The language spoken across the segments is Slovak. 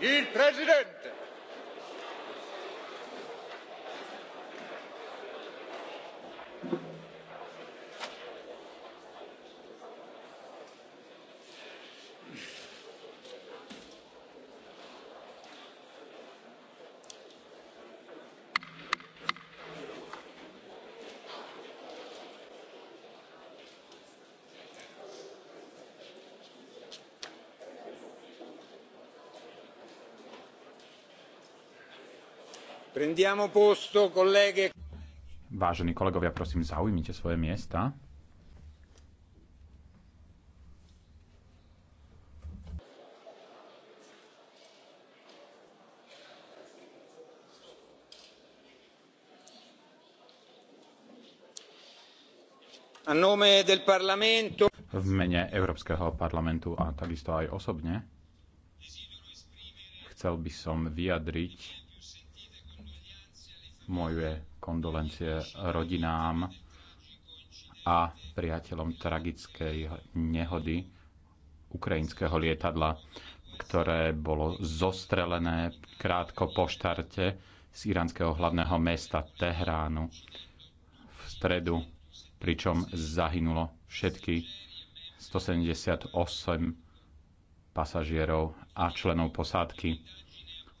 il president. Prendiamo posto, kolege. Vážení kolegovia, prosím, zaujmite svoje miesta. A nome del Parlamento. V mene Európskeho parlamentu a takisto aj osobne chcel by som vyjadriť moje kondolencie rodinám a priateľom tragickej nehody ukrajinského lietadla, ktoré bolo zostrelené krátko po štarte z iránskeho hlavného mesta Tehránu v stredu, pričom zahynulo všetky 178 pasažierov a členov posádky.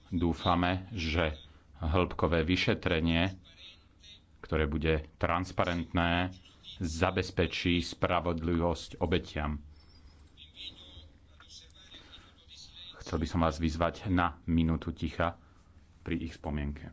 Dúfame, že hĺbkové vyšetrenie, ktoré bude transparentné, zabezpečí spravodlivosť obetiam. Chcel by som vás vyzvať na minútu ticha pri ich spomienke.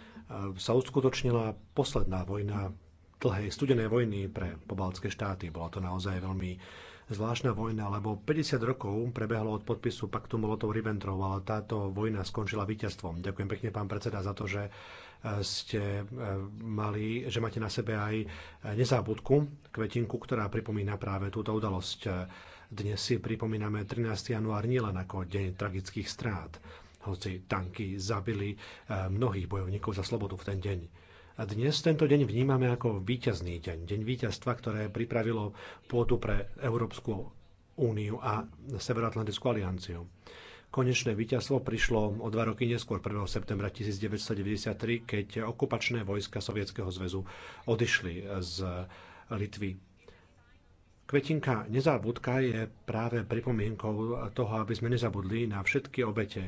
Ehm, sa uskutočnila posledná vojna dlhej studenej vojny pre pobaltské štáty. Bola to naozaj veľmi zvláštna vojna, lebo 50 rokov prebehlo od podpisu paktu Molotov-Ribbentrop, ale táto vojna skončila víťazstvom. Ďakujem pekne, pán predseda, za to, že ehm, ste ehm, mali, že máte na sebe aj nezábudku, kvetinku, ktorá pripomína práve túto udalosť. Dnes si pripomíname 13. január nielen ako deň tragických strát, hoci tanky zabili e, mnohých bojovníkov za slobodu v ten deň. A dnes tento deň vnímame ako víťazný deň, deň víťazstva, ktoré pripravilo pôdu pre Európsku úniu a Severoatlantickú alianciu. Konečné víťazstvo prišlo o dva roky neskôr, 1. septembra 1993, keď okupačné vojska Sovietskeho zväzu odišli z Litvy Kvetinka nezabudka je práve pripomienkou toho, aby sme nezabudli na všetky obete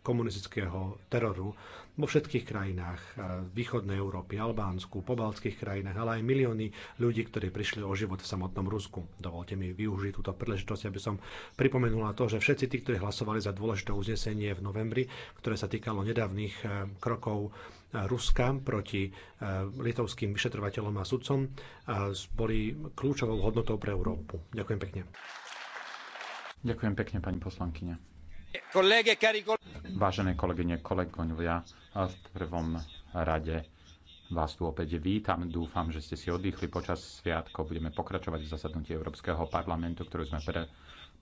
komunistického teroru vo všetkých krajinách e, východnej Európy, Albánsku, baltských krajinách, ale aj milióny ľudí, ktorí prišli o život v samotnom Rusku. Dovolte mi využiť túto príležitosť, aby som pripomenula to, že všetci tí, ktorí hlasovali za dôležité uznesenie v novembri, ktoré sa týkalo nedávnych e, krokov Ruska proti e, litovským vyšetrovateľom a sudcom boli kľúčovou hodnotou pre Európu. Ďakujem pekne. Ďakujem pekne, pani poslankyňa. Vážené kolegyne, kolegovia, v prvom rade vás tu opäť vítam. Dúfam, že ste si oddychli počas sviatkov. Budeme pokračovať v zasadnutí Európskeho parlamentu, ktorú sme pre,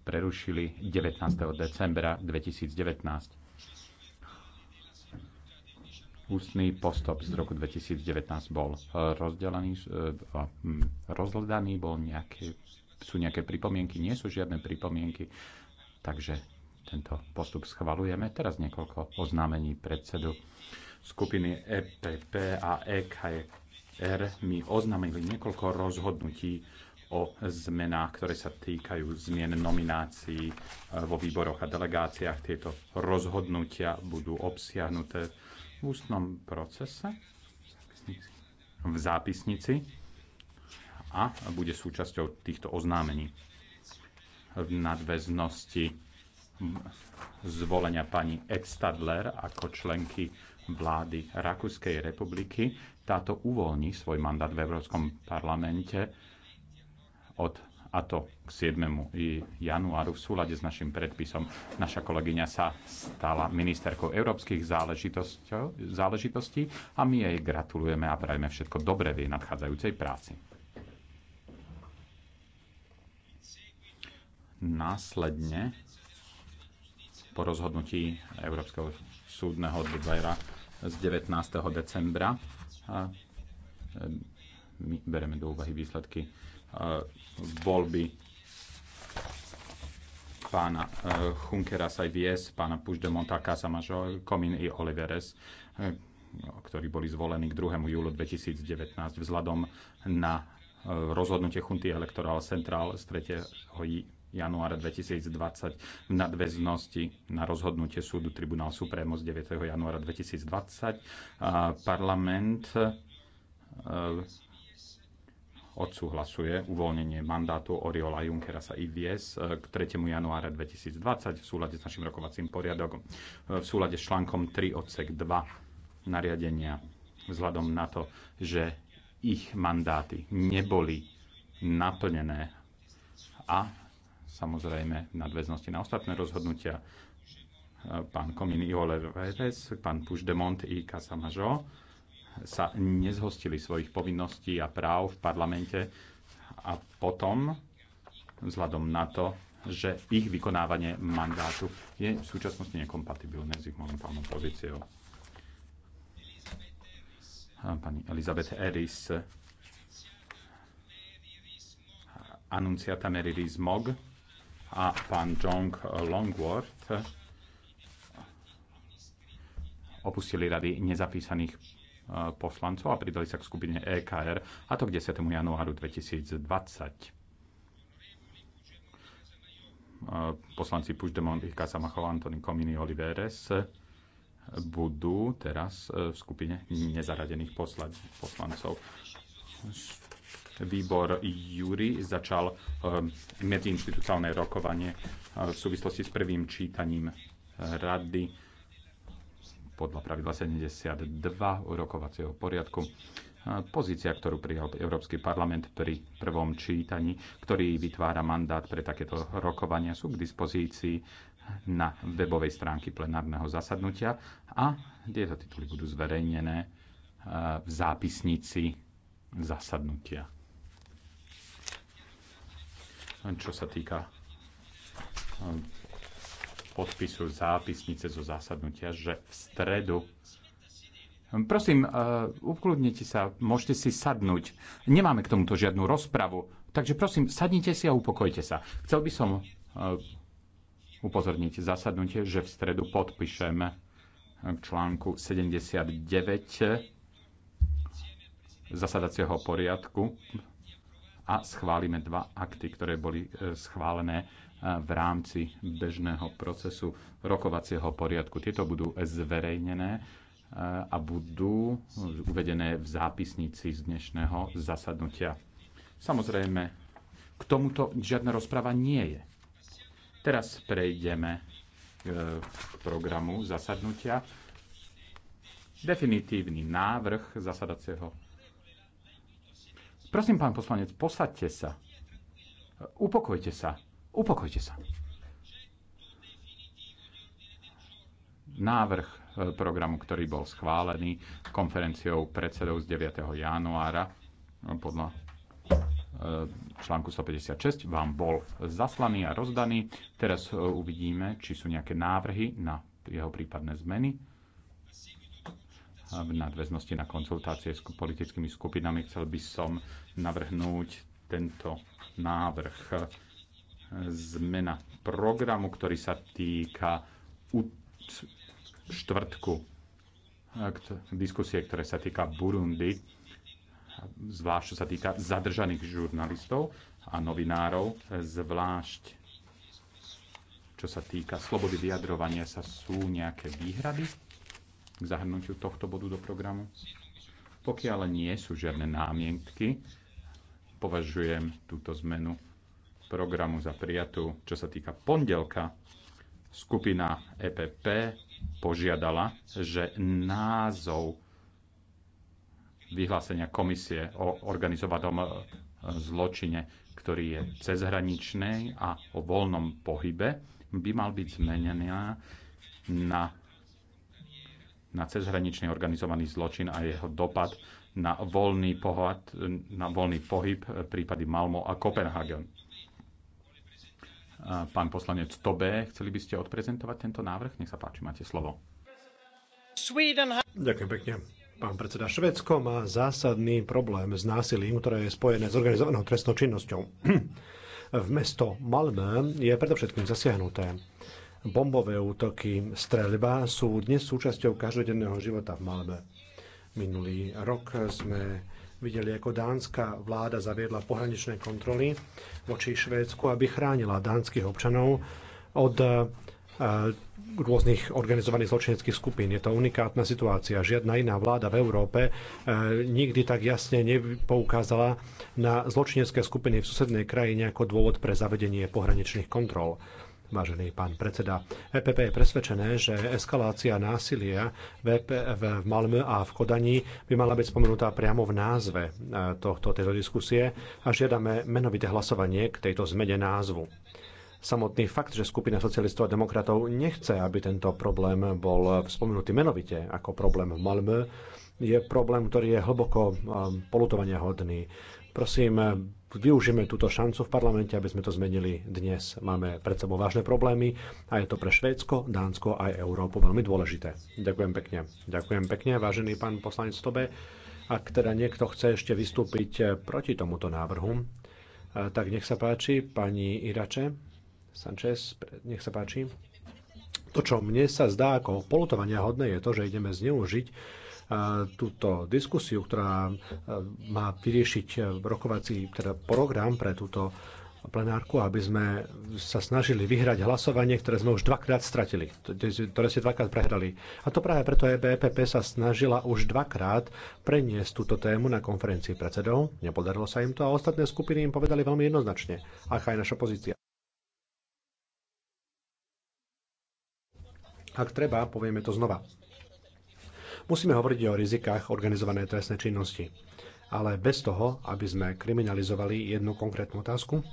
prerušili 19. decembra 2019 ústny postup z roku 2019 bol rozdelený, e, hm, rozhľadaný, bol nejaké, sú nejaké pripomienky, nie sú žiadne pripomienky, takže tento postup schvalujeme. Teraz niekoľko oznámení predsedu skupiny EPP a EKR mi oznámili niekoľko rozhodnutí o zmenách, ktoré sa týkajú zmien nominácií e, vo výboroch a delegáciách. Tieto rozhodnutia budú obsiahnuté ústnom procese v zápisnici a bude súčasťou týchto oznámení v nadväznosti zvolenia pani Edstadler ako členky vlády Rakúskej republiky. Táto uvoľní svoj mandát v Európskom parlamente od a to k 7. januáru v súlade s našim predpisom. Naša kolegyňa sa stala ministerkou európskych záležitostí a my jej gratulujeme a prajeme všetko dobré v jej nadchádzajúcej práci. Následne po rozhodnutí Európskeho súdneho dvera z 19. decembra e, my bereme do úvahy výsledky voľby pána eh, Junkera Sajvies, pána Puždemonta Casamažo, Komín i Oliveres, eh, ktorí boli zvolení k 2. júlu 2019 vzhľadom na eh, rozhodnutie Chunty Electoral Central z 3. januára 2020 v nadväznosti na rozhodnutie súdu Tribunál Supremo z 9. januára 2020. Parlament odsúhlasuje uvoľnenie mandátu Oriola Junckera sa IVS e, k 3. januára 2020 v súlade s našim rokovacím poriadokom, e, v súlade s článkom 3 odsek 2 nariadenia vzhľadom na to, že ich mandáty neboli naplnené a samozrejme v nadväznosti na ostatné rozhodnutia e, pán Komín Iole Veres, pán Puigdemont i Casamajo sa nezhostili svojich povinností a práv v parlamente a potom, vzhľadom na to, že ich vykonávanie mandátu je v súčasnosti nekompatibilné s ich momentálnou pozíciou. Pani Elizabeth Eris, Anunciata Mary Mogg a pán John Longworth opustili rady nezapísaných Eh, poslancov a pridali sa k skupine EKR, a to k 10. januáru 2020. Eh, poslanci Puigdemont, Samachov, Antony Komini, Oliveres eh, budú teraz v skupine nezaradených poslancov. Výbor Júri začal medziinstitucionálne rokovanie v súvislosti s prvým čítaním rady podľa pravidla 72 rokovacieho poriadku. Pozícia, ktorú prijal Európsky parlament pri prvom čítaní, ktorý vytvára mandát pre takéto rokovania, sú k dispozícii na webovej stránke plenárneho zasadnutia a tieto tituly budú zverejnené e, v zápisnici zasadnutia. Čo sa týka e, podpisu zápisnice zo zasadnutia, že v stredu Prosím, uh, ukludnite sa, môžete si sadnúť. Nemáme k tomuto žiadnu rozpravu, takže prosím, sadnite si a upokojte sa. Chcel by som uh, upozorniť zasadnutie, že v stredu podpíšem e, k článku 79 zasadacieho poriadku a schválime dva akty, ktoré boli schválené v rámci bežného procesu rokovacieho poriadku. Tieto budú zverejnené e, a budú uvedené v zápisnici z dnešného zasadnutia. Samozrejme, k tomuto žiadna rozpráva nie je. Teraz prejdeme e, k programu zasadnutia. Definitívny návrh zasadacieho. Prosím, pán poslanec, posaďte sa. Upokojte sa. Upokojte sa. Návrh e, programu, ktorý bol schválený konferenciou predsedov z 9. januára e, podľa e, článku 156 vám bol zaslaný a rozdaný. Teraz uvidíme, či sú nejaké návrhy na jeho prípadné zmeny v nadväznosti na konzultácie s politickými skupinami. Chcel by som navrhnúť tento návrh zmena programu, ktorý sa týka štvrtku diskusie, ktoré sa týka Burundi, zvlášť čo sa týka zadržaných žurnalistov a novinárov, zvlášť čo sa týka slobody vyjadrovania, sa sú nejaké výhrady k zahrnutiu tohto bodu do programu? Pokiaľ nie sú žiadne námienky, považujem túto zmenu programu za prijatú. Čo sa týka pondelka, skupina EPP požiadala, že názov vyhlásenia komisie o organizovanom e, zločine, ktorý je cezhraničný a o voľnom pohybe, by mal byť zmenený na, na cezhraničný organizovaný zločin a jeho dopad na voľný, pohľad, na voľný pohyb e, prípady Malmo a Kopenhagen. Pán poslanec Tobe, chceli by ste odprezentovať tento návrh? Nech sa páči, máte slovo. Ďakujem pekne. Pán predseda, Švedsko má zásadný problém s násilím, ktoré je spojené s organizovanou trestnou činnosťou. v mesto Malmö je predovšetkým zasiahnuté. Bombové útoky, streľba sú dnes súčasťou každodenného života v Malmö. Minulý rok sme videli, ako dánska vláda zaviedla pohraničné kontroly voči Švédsku, aby chránila dánskych občanov od e, rôznych organizovaných zločineckých skupín. Je to unikátna situácia. Žiadna iná vláda v Európe e, nikdy tak jasne nepoukázala na zločinecké skupiny v susednej krajine ako dôvod pre zavedenie pohraničných kontrol vážený pán predseda. EPP je presvedčené, že eskalácia násilia e v, v Malmö a v Kodani by mala byť spomenutá priamo v názve e, tohto, tejto diskusie a žiadame menovité hlasovanie k tejto zmene názvu. Samotný fakt, že skupina socialistov a demokratov nechce, aby tento problém bol spomenutý menovite ako problém v Malmö, je problém, ktorý je hlboko e, polutovania hodný. Prosím, využijeme túto šancu v parlamente, aby sme to zmenili dnes. Máme pred sebou vážne problémy a je to pre Švédsko, Dánsko aj Európu veľmi dôležité. Ďakujem pekne. Ďakujem pekne, vážený pán poslanec Tobe. Ak teda niekto chce ešte vystúpiť eh, proti tomuto návrhu, eh, tak nech sa páči, pani Irače Sanchez, nech sa páči. To, čo mne sa zdá ako polutovania hodné, je to, že ideme zneužiť túto diskusiu, ktorá má vyriešiť rokovací teda program pre túto plenárku, aby sme sa snažili vyhrať hlasovanie, ktoré sme už dvakrát stratili, ktoré ste dvakrát prehrali. A to práve preto EBPP sa snažila už dvakrát preniesť túto tému na konferencii predsedov. Nepodarilo sa im to a ostatné skupiny im povedali veľmi jednoznačne, aká je naša pozícia. Ak treba, povieme to znova. Musíme hovoriť o rizikách organizovanej trestnej činnosti. Ale bez toho, aby sme kriminalizovali jednu konkrétnu otázku,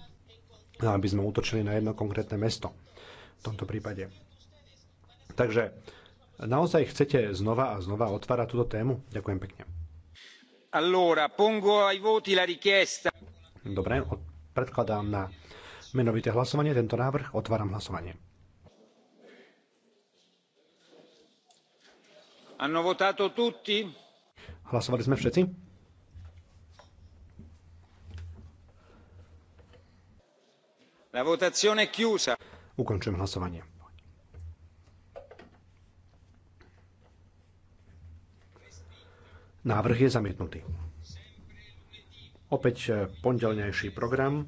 aby sme útočili na jedno konkrétne mesto v tomto prípade. Takže naozaj chcete znova a znova otvárať túto tému? Ďakujem pekne. Allora, pongo ai voti la richiesta. Dobre, predkladám na menovité hlasovanie tento návrh. Otváram hlasovanie. Hanno votato tutti? Hlasovali sme všetci? La votazione è chiusa. Ukončujem hlasovanie. Návrh je zamietnutý. Opäť eh, pondelnejší program.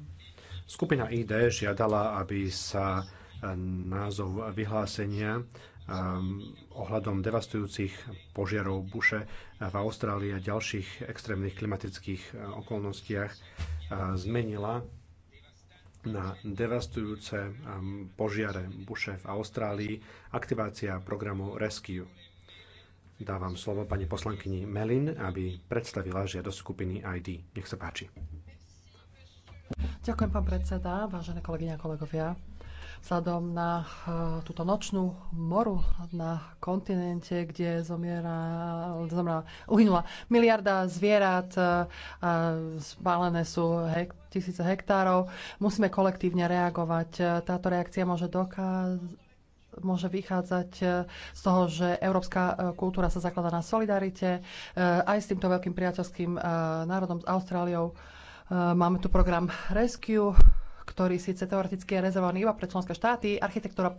Skupina ID žiadala, aby sa eh, názov vyhlásenia Ehm, ohľadom devastujúcich požiarov buše v Austrálii a ďalších extrémnych klimatických eh, okolnostiach eh, zmenila na devastujúce ehm, požiare buše v Austrálii aktivácia programu Rescue. Dávam slovo pani poslankyni Melin, aby predstavila žiadosť skupiny ID. Nech sa páči. Ďakujem, pán predseda, vážené kolegyne a kolegovia vzhľadom na eh, túto nočnú moru na kontinente, kde zomiera, zomiera, uhynula miliarda zvierat, eh, spálené sú hek, tisíce hektárov. Musíme kolektívne reagovať. Eh, táto reakcia môže dokázať môže vychádzať z toho, že európska kultúra sa zakladá na solidarite aj s týmto veľkým priateľským národom, s Austráliou. Máme tu program Rescue, ktorý síce teoreticky je rezervovaný iba pre členské štáty, architektúra e,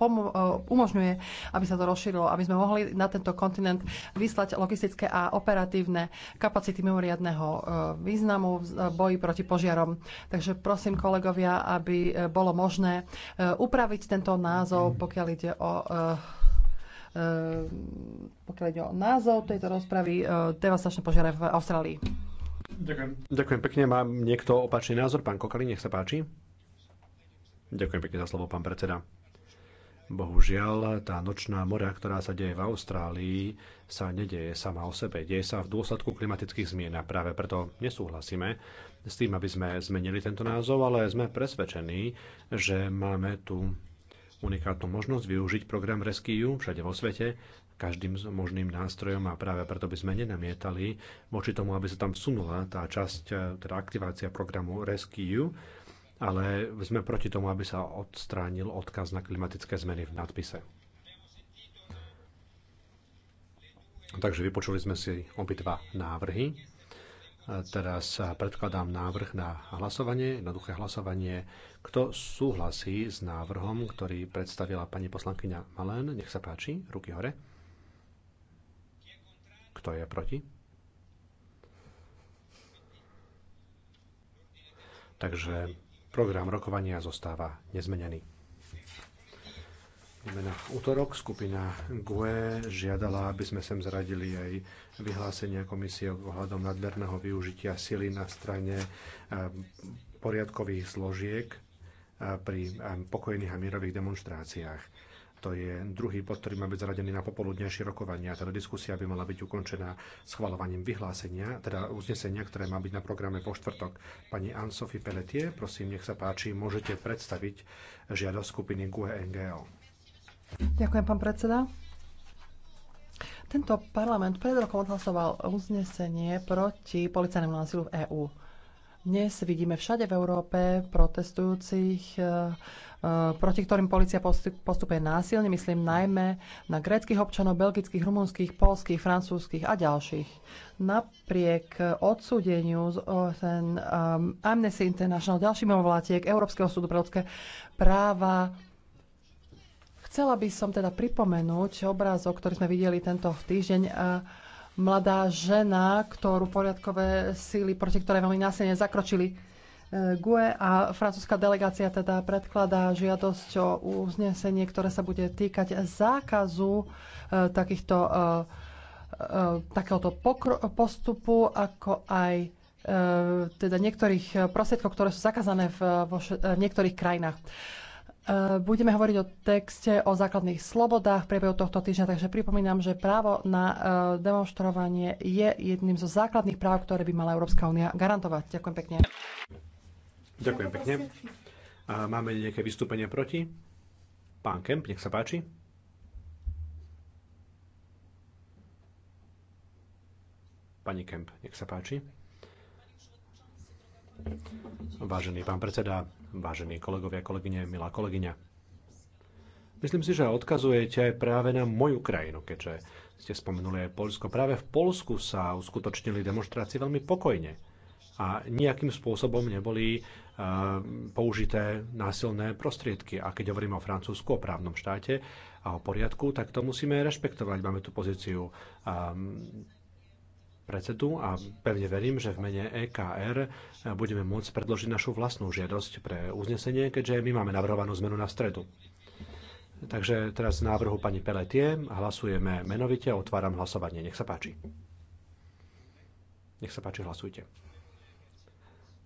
umožňuje, aby sa to rozšírilo, aby sme mohli na tento kontinent vyslať logistické a operatívne kapacity mimoriadného e, významu v boji proti požiarom. Takže prosím kolegovia, aby e, bolo možné upraviť tento názov, pokiaľ ide o pokiaľ ide o názov tejto rozpravy, devastačné požiare v Austrálii. Ďakujem. Ďakujem pekne. Mám niekto opačný názor? Pán Kokali, nech sa páči. Ďakujem pekne za slovo, pán predseda. Bohužiaľ, tá nočná mora, ktorá sa deje v Austrálii, sa nedieje sama o sebe. Deje sa v dôsledku klimatických zmien a práve preto nesúhlasíme s tým, aby sme zmenili tento názov, ale sme presvedčení, že máme tu unikátnu možnosť využiť program Rescue všade vo svete každým možným nástrojom a práve preto by sme nenamietali voči tomu, aby sa tam vsunula tá časť, teda aktivácia programu Rescue, ale sme proti tomu, aby sa odstránil odkaz na klimatické zmeny v nadpise. Takže vypočuli sme si obidva návrhy. Teraz predkladám návrh na hlasovanie, jednoduché hlasovanie. Kto súhlasí s návrhom, ktorý predstavila pani poslankyňa Malén? Nech sa páči, ruky hore. Kto je proti? Takže Program rokovania zostáva nezmenený. Na útorok skupina GUE žiadala, aby sme sem zradili aj vyhlásenia komisie ohľadom nadmerného využitia sily na strane eh, poriadkových zložiek eh, pri eh, pokojných a mierových demonstráciách. To je druhý bod, ktorý má byť zaradený na popoludnejšie rokovania. Teda diskusia by mala byť ukončená schvalovaním vyhlásenia, teda uznesenia, ktoré má byť na programe po štvrtok. Pani Ansofi Peletie, prosím, nech sa páči, môžete predstaviť žiadosť skupiny GUE NGO. Ďakujem, pán predseda. Tento parlament pred rokom odhlasoval uznesenie proti policajnému násilu v EÚ. Dnes vidíme všade v Európe protestujúcich E, proti ktorým policia postupuje násilne, myslím najmä na gréckých občanov, belgických, rumunských, polských, francúzských a ďalších. Napriek odsúdeniu z OSN, um, e, Amnesty International, ďalších mimovlátiek, Európskeho súdu pre ľudské práva, chcela by som teda pripomenúť obrázok, ktorý sme videli tento týždeň. E, mladá žena, ktorú poriadkové síly, proti ktorej veľmi násilne zakročili, GUE a francúzska delegácia teda predkladá žiadosť o uznesenie, ktoré sa bude týkať zákazu e, takýchto e, e, takéhoto postupu, ako aj teda niektorých prostriedkov, ktoré sú zakázané v, v niektorých krajinách. Budeme hovoriť o texte o základných slobodách v priebehu tohto týždňa, takže pripomínam, že právo na demonstrovanie je jedným zo základných práv, ktoré by mala Európska únia garantovať. Ďakujem pekne. Ďakujem pekne. A máme nejaké vystúpenie proti? Pán Kemp, nech sa páči. Pani Kemp, nech sa páči. Vážený pán predseda, vážení kolegovia, kolegyne, milá kolegyňa. Myslím si, že odkazujete aj práve na moju krajinu, keďže ste spomenuli aj Polsko. Práve v Polsku sa uskutočnili demonstrácie veľmi pokojne a nejakým spôsobom neboli Eh, použité násilné prostriedky. A keď hovoríme o Francúzsku, o právnom štáte a o poriadku, tak to musíme rešpektovať. Máme tu pozíciu eh, predsedu a pevne verím, že v mene EKR eh, budeme môcť predložiť našu vlastnú žiadosť pre uznesenie, keďže my máme navrhovanú zmenu na stredu. Takže teraz z návrhu pani Peletie hlasujeme menovite a otváram hlasovanie. Nech sa páči. Nech sa páči, hlasujte.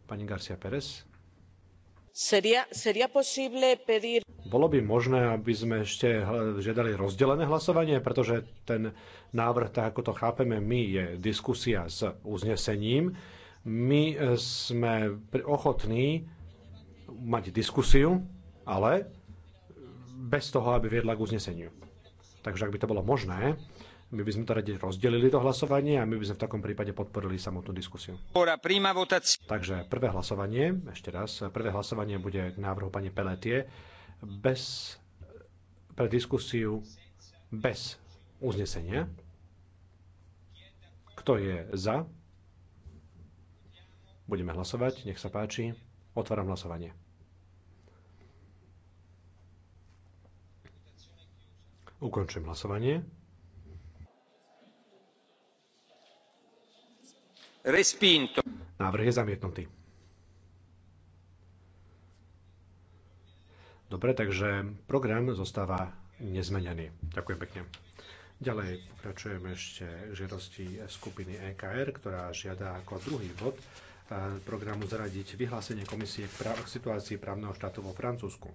Pani Garcia Pérez. Bolo by možné, aby sme ešte žiadali rozdelené hlasovanie, pretože ten návrh, tak ako to chápeme my, je diskusia s uznesením. My e, sme ochotní mať diskusiu, ale bez toho, aby viedla k uzneseniu. Takže ak by to bolo možné, my by sme to radi rozdelili to hlasovanie a my by sme v takom prípade podporili samotnú diskusiu. Takže prvé hlasovanie, ešte raz, prvé hlasovanie bude k návrhu pani Peletie bez, pre diskusiu bez uznesenia. Kto je za? Budeme hlasovať, nech sa páči. Otváram hlasovanie. Ukončujem hlasovanie. Respinto. Návrh je zamietnutý. Dobre, takže program zostáva nezmenený. Ďakujem pekne. Ďalej pokračujeme ešte žiadosti skupiny EKR, ktorá žiada ako druhý bod programu zaradiť vyhlásenie komisie k, k situácii právneho štátu vo Francúzsku,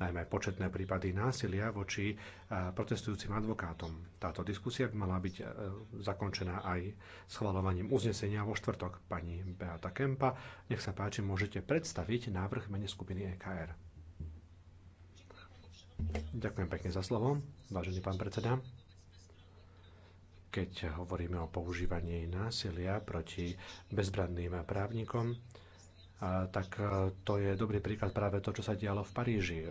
najmä početné prípady násilia voči protestujúcim advokátom. Táto diskusia by mala byť zakončená aj schvalovaním uznesenia vo štvrtok. Pani Beata Kempa, nech sa páči, môžete predstaviť návrh mene skupiny EKR. Ďakujem pekne za slovo, vážený pán predseda keď hovoríme o používaní násilia proti bezbranným právnikom, tak e, to je dobrý príklad práve to, čo sa dialo v Paríži. E,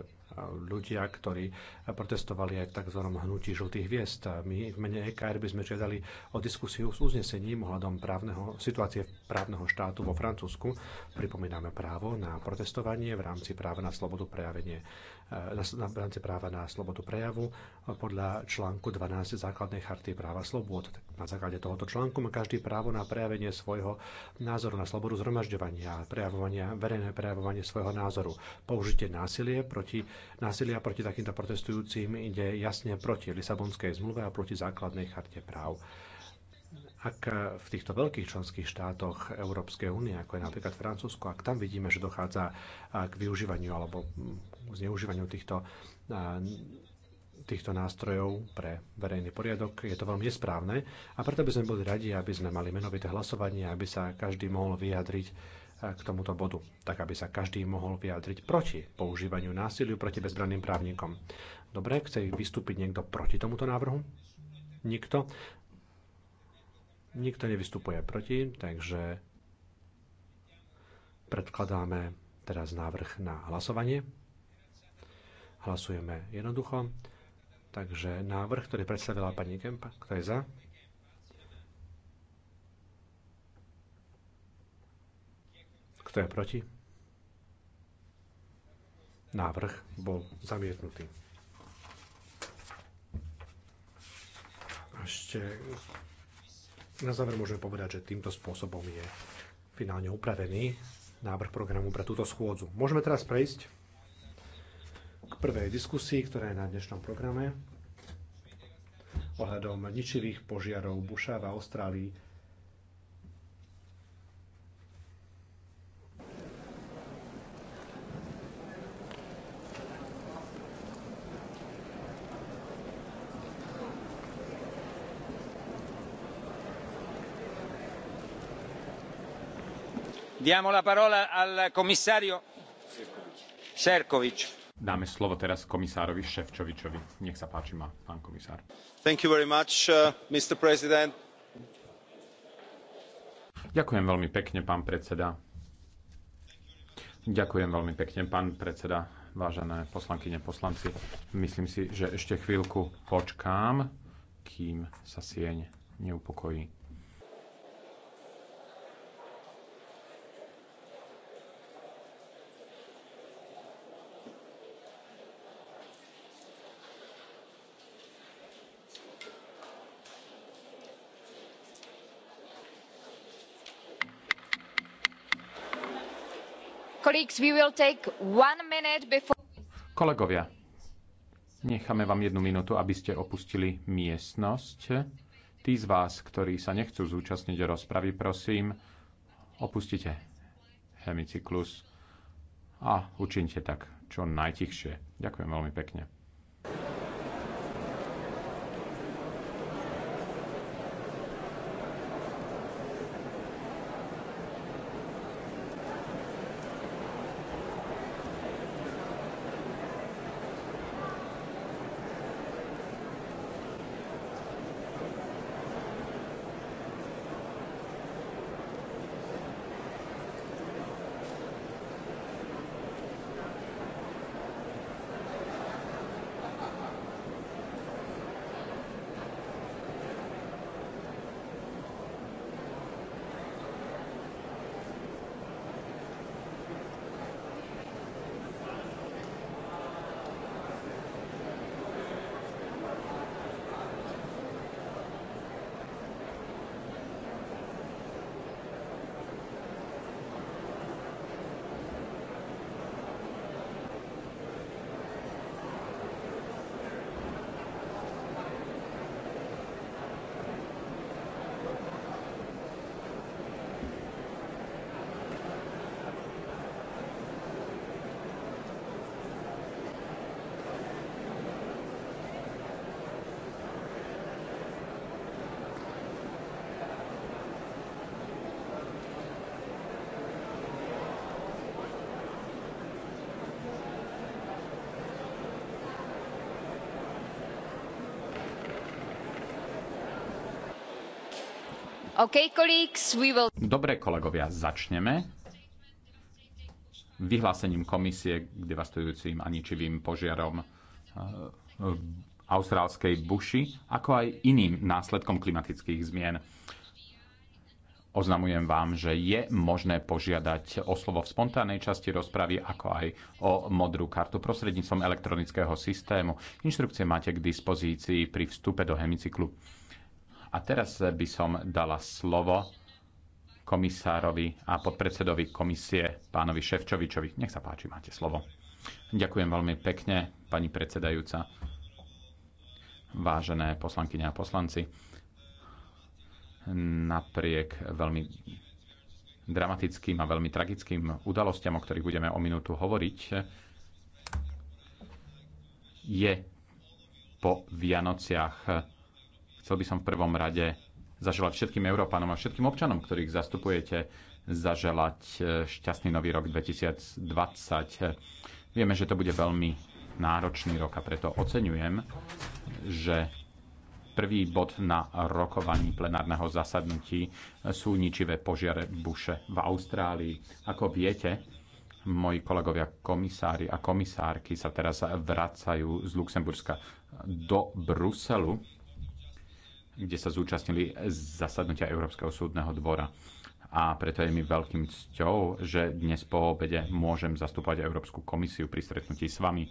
ľudia, ktorí protestovali aj v tzv. hnutí žltých hviezd. My v mene EKR by sme žiadali o diskusiu s uznesením ohľadom právneho, situácie právneho štátu vo Francúzsku. Pripomíname právo na protestovanie v rámci práva na slobodu prejavenie E, na rámci práva na slobodu prejavu e, podľa článku 12 základnej charty práva slobod. Na základe tohoto článku má každý právo na prejavenie svojho názoru na slobodu zhromažďovania, prejavovania, verejné prejavovanie svojho názoru. Použitie násilie proti, násilia proti takýmto protestujúcim ide jasne proti Lisabonskej zmluve a proti základnej charte práv ak v týchto veľkých členských štátoch Európskej únie, ako je napríklad Francúzsko, ak tam vidíme, že dochádza k využívaniu alebo zneužívaniu týchto, týchto nástrojov pre verejný poriadok. Je to veľmi nesprávne a preto by sme boli radi, aby sme mali menovité hlasovanie, aby sa každý mohol vyjadriť k tomuto bodu, tak aby sa každý mohol vyjadriť proti používaniu násiliu proti bezbranným právnikom. Dobre, chce vystúpiť niekto proti tomuto návrhu? Nikto? Nikto nevystupuje proti, takže predkladáme teraz návrh na hlasovanie. Hlasujeme jednoducho. Takže návrh, ktorý predstavila pani Kempa, kto je za? Kto je proti? Návrh bol zamietnutý. Ešte na záver môžeme povedať, že týmto spôsobom je finálne upravený návrh programu pre túto schôdzu. Môžeme teraz prejsť k prvej diskusii, ktorá je na dnešnom programe ohľadom ničivých požiarov Buša v Austrálii diamo la parola al commissario efovi. Dáme slovo teraz komisárovi Ševčovičovi. Nech sa páči, má pán komisár. Thank you very much, uh, Mr. President. Ďakujem veľmi pekne, pán predseda. Ďakujem veľmi pekne, pán predseda, vážené poslankyne, poslanci. Myslím si, že ešte chvíľku počkám, kým sa sieň neupokojí. Kolegovia, necháme vám jednu minútu, aby ste opustili miestnosť. Tí z vás, ktorí sa nechcú zúčastniť rozpravy, prosím, opustite hemicyklus a učinte tak čo najtichšie. Ďakujem veľmi pekne. Dobre, kolegovia, začneme vyhlásením komisie k devastujúcim a ničivým požiarom eh, v austrálskej buši, ako aj iným následkom klimatických zmien. Oznamujem vám, že je možné požiadať o slovo v spontánnej časti rozpravy, ako aj o modrú kartu prostredníctvom elektronického systému. Inštrukcie máte k dispozícii pri vstupe do hemicyklu. A teraz by som dala slovo komisárovi a podpredsedovi komisie, pánovi Ševčovičovi. Nech sa páči, máte slovo. Ďakujem veľmi pekne, pani predsedajúca, vážené poslankyne a poslanci. Napriek veľmi dramatickým a veľmi tragickým udalostiam, o ktorých budeme o minútu hovoriť, je po Vianociach Chcel by som v prvom rade zaželať všetkým Európanom a všetkým občanom, ktorých zastupujete, zaželať e, šťastný nový rok 2020. Vieme, že to bude veľmi náročný rok a preto oceňujem, že prvý bod na rokovaní plenárneho zasadnutí sú ničivé požiare buše v Austrálii. Ako viete, moji kolegovia komisári a komisárky sa teraz vracajú z Luxemburska do Bruselu kde sa zúčastnili zasadnutia Európskeho súdneho dvora. A preto je mi veľkým cťou, že dnes po obede môžem zastúpať Európsku komisiu pri stretnutí s vami.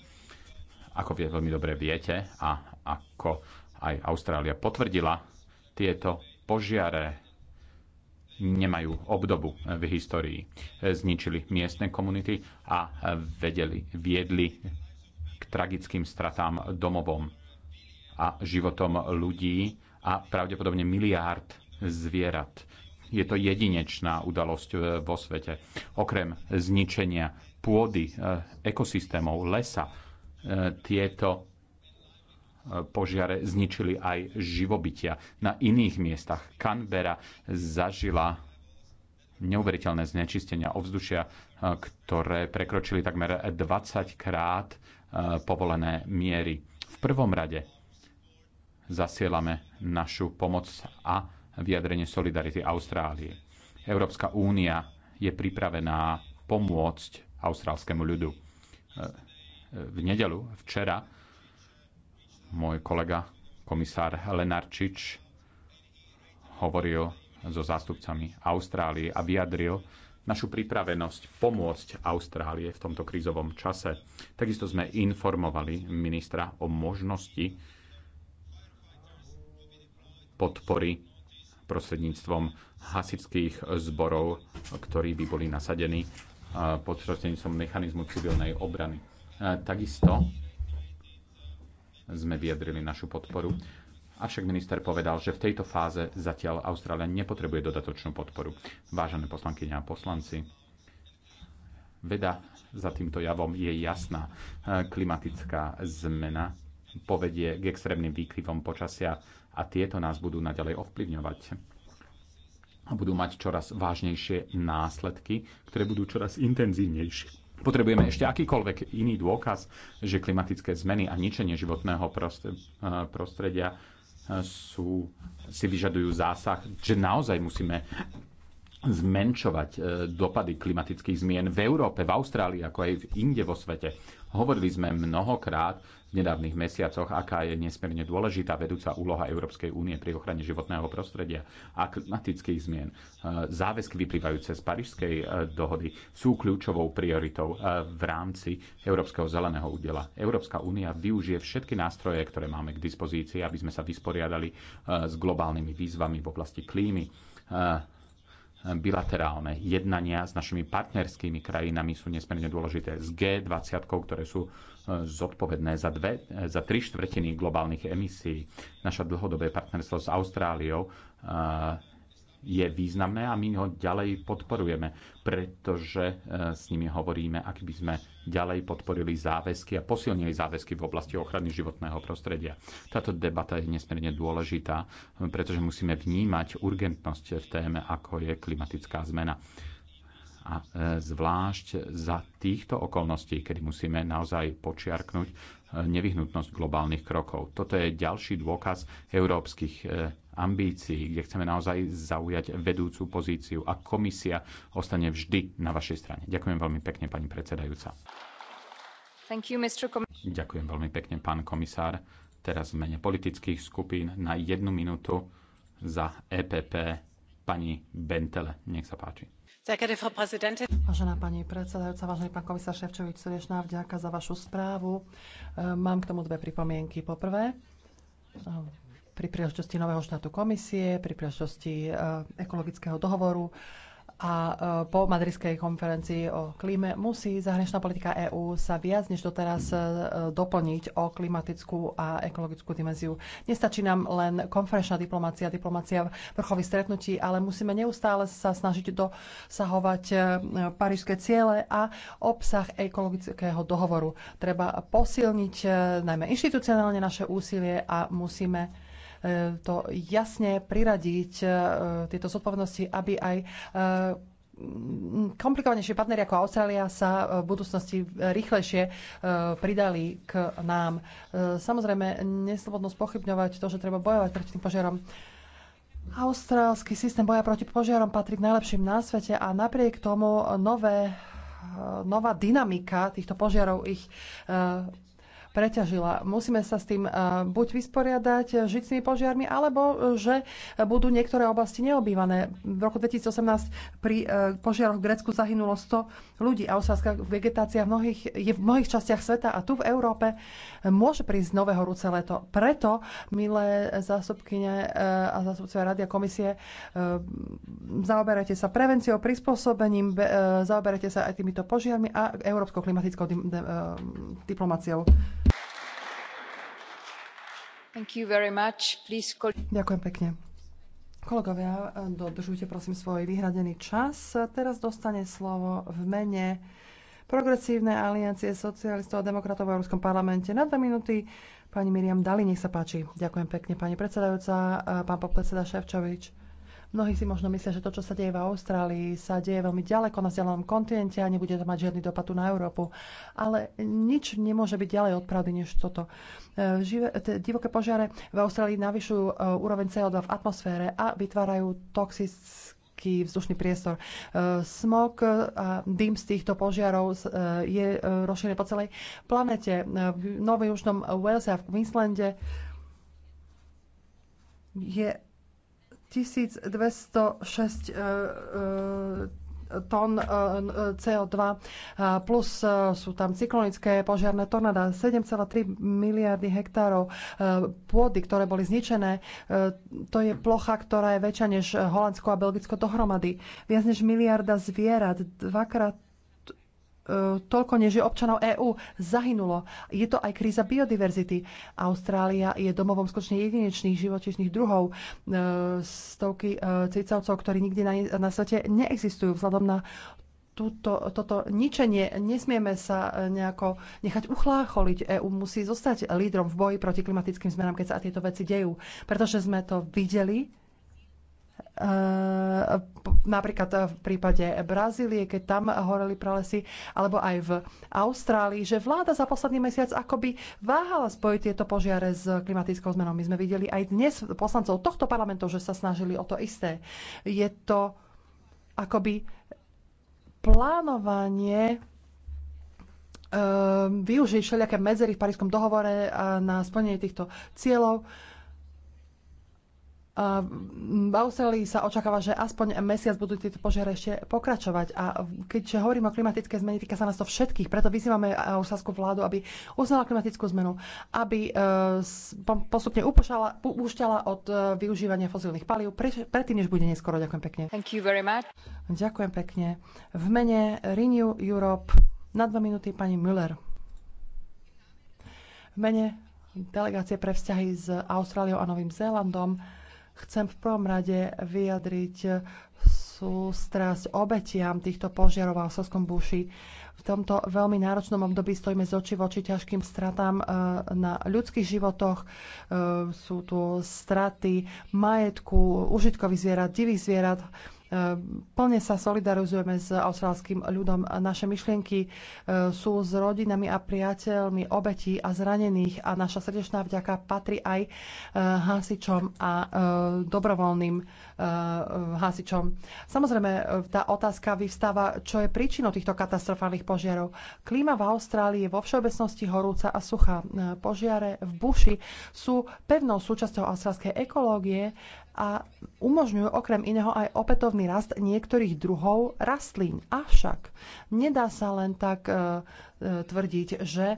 Ako vie, veľmi dobre viete a ako aj Austrália potvrdila, tieto požiare nemajú obdobu v histórii. Zničili miestne komunity a vedeli, viedli k tragickým stratám domovom a životom ľudí, a pravdepodobne miliárd zvierat. Je to jedinečná udalosť e, vo svete. Okrem zničenia pôdy, e, ekosystémov, lesa, e, tieto požiare zničili aj živobytia. Na iných miestach Canberra zažila neuveriteľné znečistenia ovzdušia, ktoré prekročili takmer 20 krát povolené miery. V prvom rade zasielame našu pomoc a vyjadrenie solidarity Austrálie. Európska únia je pripravená pomôcť austrálskému ľudu. V nedelu, včera, môj kolega, komisár Lenarčič, hovoril so zástupcami Austrálie a vyjadril našu pripravenosť pomôcť Austrálie v tomto krízovom čase. Takisto sme informovali ministra o možnosti podpory prostredníctvom hasičských zborov, ktorí by boli nasadení pod eh, prostredníctvom mechanizmu civilnej obrany. Eh, takisto sme vyjadrili našu podporu. Avšak minister povedal, že v tejto fáze zatiaľ Austrália nepotrebuje dodatočnú podporu. Vážené poslanky a poslanci, veda za týmto javom je jasná. Eh, klimatická zmena povedie k extrémnym výkyvom počasia a tieto nás budú naďalej ovplyvňovať a budú mať čoraz vážnejšie následky, ktoré budú čoraz intenzívnejšie. Potrebujeme ešte akýkoľvek iný dôkaz, že klimatické zmeny a ničenie životného eh, prostredia eh, sú, si vyžadujú zásah, že naozaj musíme zmenšovať eh, dopady klimatických zmien v Európe, v Austrálii, ako aj v inde vo svete. Hovorili sme mnohokrát v nedávnych mesiacoch, aká je nesmierne dôležitá vedúca úloha Európskej únie pri ochrane životného prostredia a klimatických zmien. E, záväzky vyplývajúce z Parížskej e, dohody sú kľúčovou prioritou e, v rámci Európskeho zeleného údela. Európska únia využije všetky nástroje, ktoré máme k dispozícii, aby sme sa vysporiadali s globálnymi výzvami v oblasti klímy bilaterálne jednania s našimi partnerskými krajinami sú nesmierne dôležité. S G20, ktoré sú zodpovedné za, dve, za tri štvrtiny globálnych emisí. Naša dlhodobé partnerstvo s Austráliou je významné a my ho ďalej podporujeme, pretože e, s nimi hovoríme, ak by sme ďalej podporili záväzky a posilnili záväzky v oblasti ochrany životného prostredia. Táto debata je nesmierne dôležitá, pretože musíme vnímať urgentnosť v téme, ako je klimatická zmena a e, zvlášť za týchto okolností, kedy musíme naozaj počiarknúť e, nevyhnutnosť globálnych krokov. Toto je ďalší dôkaz európskych e, ambícií, kde chceme naozaj zaujať vedúcu pozíciu a komisia ostane vždy na vašej strane. Ďakujem veľmi pekne, pani predsedajúca. You, Ďakujem veľmi pekne, pán komisár. Teraz v mene politických skupín na jednu minútu za EPP pani Bentele. Nech sa páči. Vážená pani predsedajúca, vážený pán komisár Ševčovič, srdečná vďaka za vašu správu. E, mám k tomu dve pripomienky. Poprvé, e, pri príležitosti nového štátu komisie, pri príležitosti e, ekologického dohovoru a e, po madridskej konferencii o klíme musí zahraničná politika EÚ sa viac než doteraz e, doplniť o klimatickú a ekologickú dimenziu. Nestačí nám len konferenčná diplomácia, diplomácia vrchových stretnutí, ale musíme neustále sa snažiť dosahovať e, parížské ciele a obsah ekologického dohovoru. Treba posilniť najmä inštitucionálne naše úsilie a musíme E, to jasne priradiť, e, tieto zodpovednosti, aby aj e, komplikovanejšie partnery ako Austrália sa v budúcnosti rýchlejšie pridali k nám. Samozrejme, neslobodno spochybňovať to, že treba bojovať proti tým požiarom. Austrálsky systém boja proti požiarom patrí k najlepším na svete a napriek tomu nové, nová dynamika týchto požiarov ich preťažila. Musíme sa s tým e, buď vysporiadať e, žiť s tými požiarmi, alebo e, že budú niektoré oblasti neobývané. V roku 2018 pri požiaroch v Grécku zahynulo 100 ľudí. a osádzka vegetácia v mnohých, je v mnohých častiach sveta a tu v Európe môže prísť nové horúce leto. Preto, milé zástupkyne a zástupcovia Rady a komisie, zaoberajte sa prevenciou, prispôsobením, zaoberajte sa aj týmito požiarmi a európsko klimatickou diplomáciou. Ďakujem pekne. Kolegovia, dodržujte prosím svoj vyhradený čas. Teraz dostane slovo v mene Progresívnej aliancie socialistov a demokratov v Európskom parlamente na dve minúty. Pani Miriam Dali, nech sa páči. Ďakujem pekne, pani predsedajúca, pán podpredseda Ševčovič Mnohí si možno myslia, že to, čo sa deje v Austrálii, sa deje veľmi ďaleko na vzdialenom kontinente a nebude to mať žiadny dopad tu na Európu. Ale nič nemôže byť ďalej od pravdy než toto. E, živé, divoké požiare v Austrálii navyšujú e, úroveň CO2 v atmosfére a vytvárajú toxické vzdušný priestor. E, smog a dym z týchto požiarov je rozšírený po celej planete. V Novom Južnom Walese a v Queenslande je 1206 e, e, tón e, CO2, plus sú tam cyklonické požiarne tornáda, 7,3 miliardy hektárov pôdy, ktoré boli zničené. To je plocha, ktorá je väčšia než Holandsko a Belgicko dohromady. Viac než miliarda zvierat, dvakrát toľko než je občanov EÚ zahynulo. Je to aj kríza biodiverzity. Austrália je domovom skutočne jedinečných živočišných druhov. E, stovky e, cicavcov, ktorí nikde na, na svete neexistujú vzhľadom na túto, toto ničenie, nesmieme sa nejako nechať uchlácholiť. EÚ musí zostať lídrom v boji proti klimatickým zmenám, keď sa tieto veci dejú. Pretože sme to videli Ehm, napríklad v prípade Brazílie, keď tam horeli pralesy, alebo aj v Austrálii, že vláda za posledný mesiac akoby váhala spojiť tieto požiare s klimatickou zmenou. My sme videli aj dnes poslancov tohto parlamentu, že sa snažili o to isté. Je to akoby plánovanie ehm, využiť všelijaké medzery v Parískom dohovore eh, na splnenie týchto cieľov v Austrálii sa očakáva, že aspoň mesiac budú tieto požiare ešte pokračovať. A keď hovorím o klimatické zmene, týka sa nás to všetkých, preto vyzývame austrálskú vládu, aby uznala klimatickú zmenu, aby e, postupne upúšťala od e, využívania fosílnych palív predtým, než bude neskoro. Ďakujem pekne. Thank you very much. Ďakujem pekne. V mene Renew Europe na dva minúty pani Müller. V mene delegácie pre vzťahy s Austráliou a Novým Zélandom Chcem v prvom rade vyjadriť sústrasť obetiam týchto požiarov v Soskom buši. V tomto veľmi náročnom období stojíme z oči voči ťažkým stratám e, na ľudských životoch. E, sú tu straty majetku, užitkových zvierat, divých zvierat Eh, plne sa solidarizujeme s australským ľudom. Naše myšlienky eh, sú s rodinami a priateľmi obetí a zranených a naša srdečná vďaka patrí aj eh, hasičom a dobrovoľným hasičom. Samozrejme, tá otázka vyvstáva, čo je príčinou týchto katastrofálnych požiarov. Klíma v Austrálii je vo všeobecnosti horúca a suchá. Požiare v buši sú pevnou súčasťou australskej ekológie a umožňujú okrem iného aj opätovný rast niektorých druhov rastlín. Avšak nedá sa len tak e, e, tvrdiť, že e,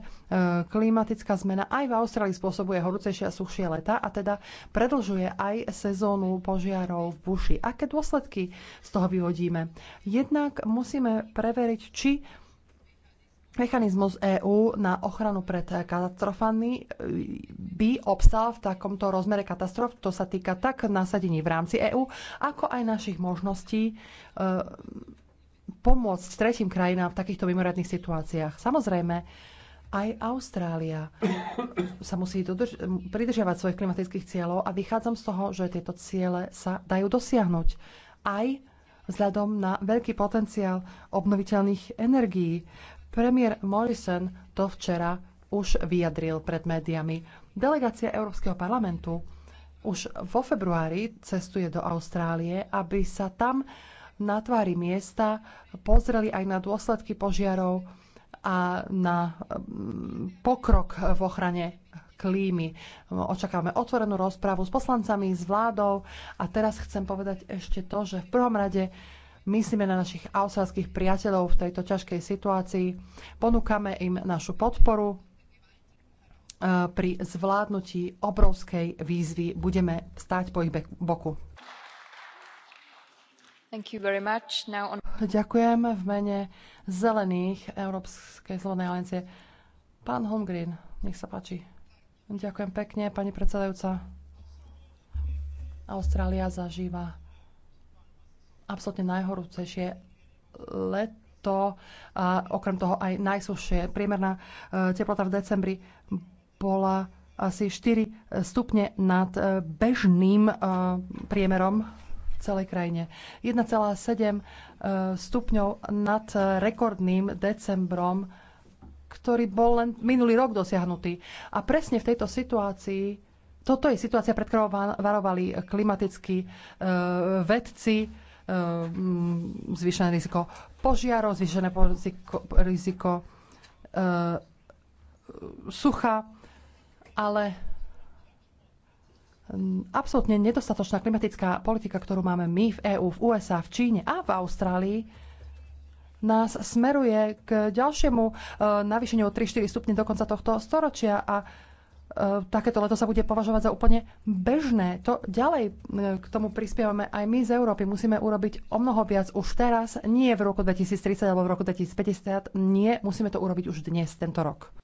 klimatická zmena aj v Austrálii spôsobuje horúcejšie a suchšie leta a teda predlžuje aj sezónu požiarov v buši. Aké dôsledky z toho vyvodíme? Jednak musíme preveriť, či mechanizmus EÚ na ochranu pred katastrofami e, by obstal v takomto rozmere katastrof. To sa týka tak nasadení v rámci EÚ, ako aj našich možností e, pomôcť tretím krajinám v takýchto mimoriadných situáciách. Samozrejme, aj Austrália sa musí dodrž- pridržiavať svojich klimatických cieľov a vychádzam z toho, že tieto ciele sa dajú dosiahnuť. Aj vzhľadom na veľký potenciál obnoviteľných energií. Premiér Morrison to včera už vyjadril pred médiami. Delegácia Európskeho parlamentu už vo februári cestuje do Austrálie, aby sa tam na tvári miesta pozreli aj na dôsledky požiarov a na mm, pokrok v ochrane klímy. Očakávame otvorenú rozpravu s poslancami, s vládou a teraz chcem povedať ešte to, že v prvom rade myslíme na našich australských priateľov v tejto ťažkej situácii, ponúkame im našu podporu e, pri zvládnutí obrovskej výzvy. Budeme stáť po ich boku. On... Ďakujem v mene zelených Európskej zelenej aliancie. Pán Holmgren, nech sa páči. Ďakujem pekne, pani predsedajúca. Austrália zažíva absolútne najhorúcejšie leto a okrem toho aj najsúšie. Priemerná e, teplota v decembri bola asi 4 stupne nad e, bežným e, priemerom v celej krajine. 1,7 stupňov nad rekordným decembrom, ktorý bol len minulý rok dosiahnutý. A presne v tejto situácii toto je situácia, pred ktorou varovali klimatickí vedci Ehm, zvýšené riziko požiarov, zvýšené riziko, riziko ehm, sucha, ale ehm, absolútne nedostatočná klimatická politika, ktorú máme my v EÚ, v USA, v Číne a v Austrálii, nás smeruje k ďalšiemu navýšeniu o 3-4 stupne do konca tohto storočia a E, takéto leto sa bude považovať za úplne bežné. To ďalej e, k tomu prispievame aj my z Európy. Musíme urobiť o mnoho viac už teraz, nie v roku 2030 alebo v roku 2050. Nie, musíme to urobiť už dnes, tento rok.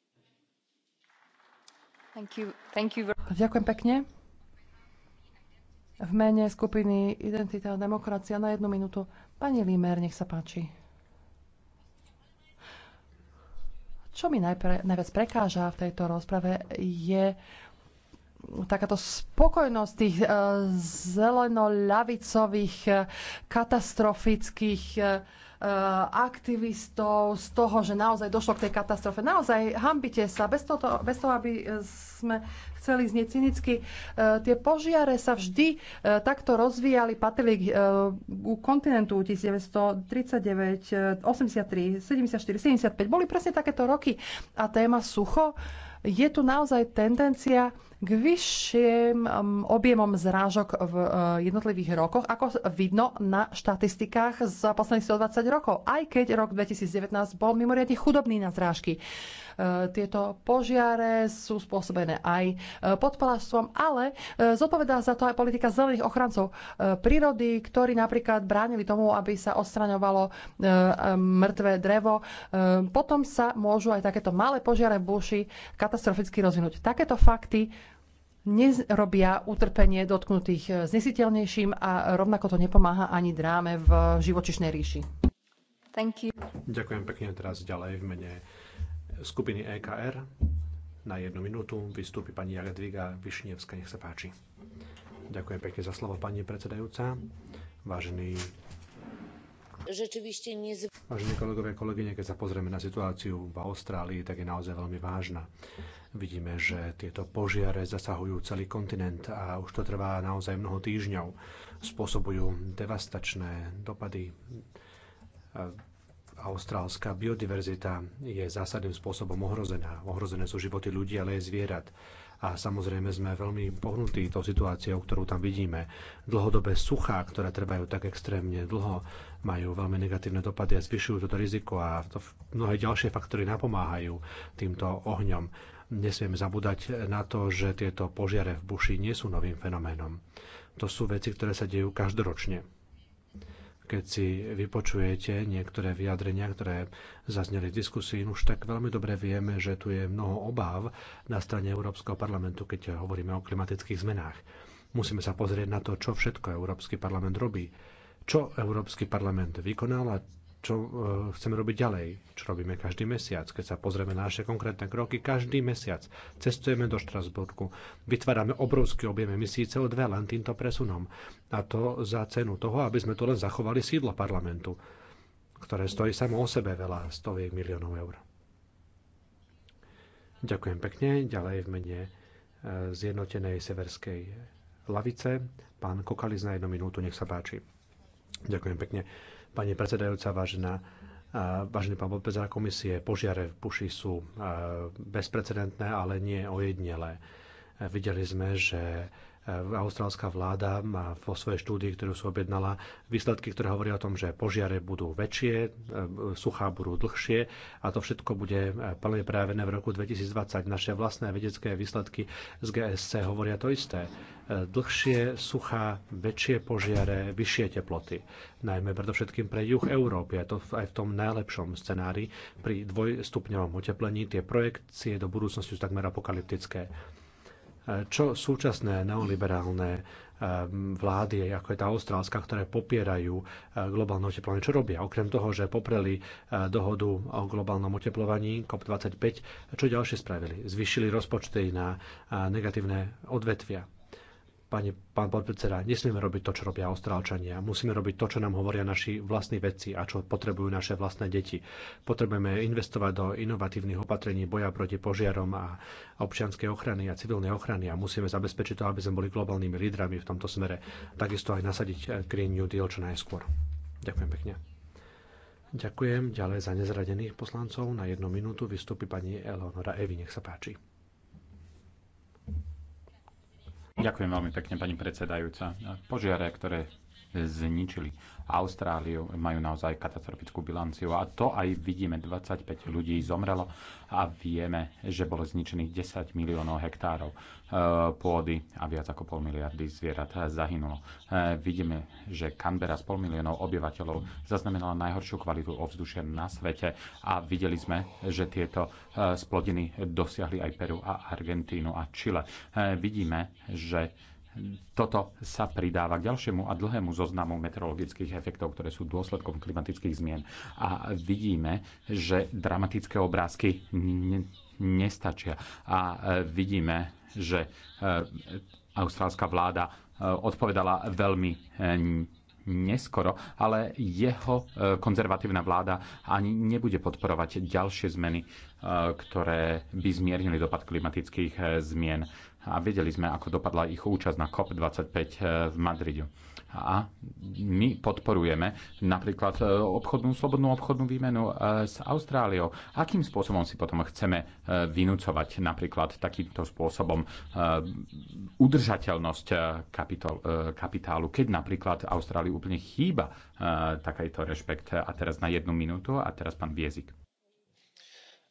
Thank you. Thank you. Ďakujem pekne. V mene skupiny Identita a demokracia na jednu minútu. Pani Limer, nech sa páči. Čo mi najpre, najviac prekáža v tejto rozprave je takáto spokojnosť tých eh, zelenolavicových eh, katastrofických eh, Eh, aktivistov z toho, že naozaj došlo k tej katastrofe. Naozaj hambite sa, bez, toto, bez toho, aby eh, sme chceli znieť cynicky, eh, tie požiare sa vždy takto rozvíjali, patrili k kontinentu 1939, 83, 74, 75. Boli presne takéto roky a téma sucho je tu naozaj tendencia k vyšším um, objemom zrážok v uh, jednotlivých rokoch, ako vidno na štatistikách za posledných 120 rokov, aj keď rok 2019 bol mimoriadne chudobný na zrážky. Eh, tieto požiare sú spôsobené aj eh, podpalaštvom, ale eh, zodpovedá za to aj politika zelených ochrancov prírody, ktorí napríklad bránili tomu, aby sa odstraňovalo mŕtve drevo. Potom sa môžu aj takéto malé požiare buši katastroficky rozvinúť. Takéto fakty nerobia utrpenie dotknutých znesiteľnejším a rovnako to nepomáha ani dráme v živočišnej ríši. Ďakujem pekne teraz ďalej v mene skupiny EKR. Na jednu minútu vystúpi pani Jadviga Višnievska. Nech sa páči. Ďakujem pekne za slovo, pani predsedajúca. Vážený Rzeczywiście nie... Vážení kolegovia, kolegyne, keď sa pozrieme na situáciu v Austrálii, tak je naozaj veľmi vážna. Vidíme, že tieto požiare zasahujú celý kontinent a už to trvá naozaj mnoho týždňov. Spôsobujú devastačné dopady austrálska biodiverzita je zásadným spôsobom ohrozená. Ohrozené sú životy ľudí, ale aj zvierat. A samozrejme sme veľmi pohnutí tou situáciou, ktorú tam vidíme. Dlhodobé suchá, ktoré trvajú tak extrémne dlho, majú veľmi negatívne dopady a zvyšujú toto riziko a to mnohé ďalšie faktory napomáhajú týmto ohňom. Nesmieme zabúdať na to, že tieto požiare v buši nie sú novým fenoménom. To sú veci, ktoré sa dejú každoročne keď si vypočujete niektoré vyjadrenia, ktoré zazneli v diskusii, už tak veľmi dobre vieme, že tu je mnoho obáv na strane Európskeho parlamentu, keď hovoríme o klimatických zmenách. Musíme sa pozrieť na to, čo všetko Európsky parlament robí. Čo Európsky parlament vykonal a čo e, chceme robiť ďalej, čo robíme každý mesiac. Keď sa pozrieme na naše konkrétne kroky, každý mesiac cestujeme do Štrasburku, vytvárame obrovský objem emisí CO2 len týmto presunom. A to za cenu toho, aby sme tu len zachovali sídlo parlamentu, ktoré stojí samo o sebe veľa stoviek miliónov eur. Ďakujem pekne. Ďalej v mene e, zjednotenej severskej lavice. Pán Kokalis na jednu minútu, nech sa páči. Ďakujem pekne. Pani predsedajúca, vážená Vážený pán podpredseda komisie, požiare v Puši sú bezprecedentné, ale nie ojednelé. Videli sme, že E, austrálska vláda má vo svojej štúdii, ktorú si objednala, výsledky, ktoré hovoria o tom, že požiare budú väčšie, e, suchá budú dlhšie a to všetko bude e, plne prejavené v roku 2020. Naše vlastné vedecké výsledky z GSC hovoria to isté. Dlhšie, suchá, väčšie požiare, vyššie teploty. Najmä predovšetkým pre juh Európy, a to aj v tom najlepšom scenári pri dvojstupňovom oteplení, tie projekcie do budúcnosti sú takmer apokalyptické čo súčasné neoliberálne eh, vlády, ako je tá austrálska, ktoré popierajú eh, globálne oteplovanie. Čo robia? Okrem toho, že popreli eh, dohodu o globálnom oteplovaní COP25, čo ďalšie spravili? Zvyšili rozpočty na negatívne odvetvia Pani, pán podpredseda, nesmieme robiť to, čo robia Austrálčania. Musíme robiť to, čo nám hovoria naši vlastní vedci a čo potrebujú naše vlastné deti. Potrebujeme investovať do inovatívnych opatrení boja proti požiarom a občianskej ochrany a civilnej ochrany a musíme zabezpečiť to, aby sme boli globálnymi lídrami v tomto smere. Takisto aj nasadiť eh, Green New Deal čo najskôr. Ďakujem pekne. Ďakujem. Ďalej za nezradených poslancov na jednu minútu vystúpi pani Eleonora Evi. Nech sa páči. Ďakujem veľmi pekne, pani predsedajúca. Požiare, ktoré zničili. Austráliu majú naozaj katastrofickú bilanciu a to aj vidíme. 25 ľudí zomrelo a vieme, že bolo zničených 10 miliónov hektárov e, pôdy a viac ako pol miliardy zvierat zahynulo. E, vidíme, že Canberra s pol miliónov obyvateľov zaznamenala najhoršiu kvalitu ovzdušia na svete a videli sme, že tieto e, splodiny dosiahli aj Peru a Argentínu a Chile. Vidíme, že toto sa pridáva k ďalšiemu a dlhému zoznamu meteorologických efektov, ktoré sú dôsledkom klimatických zmien. A vidíme, že dramatické obrázky nestačia. A e, vidíme, že e, austrálska vláda e, odpovedala veľmi neskoro, ale jeho konzervatívna vláda ani nebude podporovať ďalšie zmeny, ktoré by zmiernili dopad klimatických zmien a vedeli sme, ako dopadla ich účasť na COP25 eh, v Madride. A my podporujeme napríklad eh, obchodnú, slobodnú obchodnú výmenu eh, s Austráliou. Akým spôsobom si potom chceme vynúcovať napríklad takýmto spôsobom udržateľnosť kapitol, kapitálu, keď napríklad Austrálii úplne chýba takýto rešpekt. A teraz na jednu minútu a teraz pán Viezik.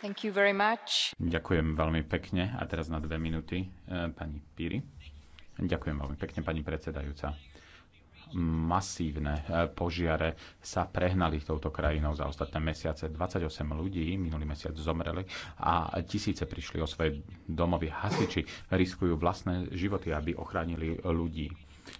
Ďakujem veľmi pekne. A teraz na dve minúty e, pani Píry. Ďakujem veľmi pekne, pani predsedajúca masívne e, požiare sa prehnali touto krajinou za ostatné mesiace. 28 ľudí minulý mesiac zomreli a tisíce prišli o svoje domovy. Hasiči riskujú vlastné životy, aby ochránili ľudí.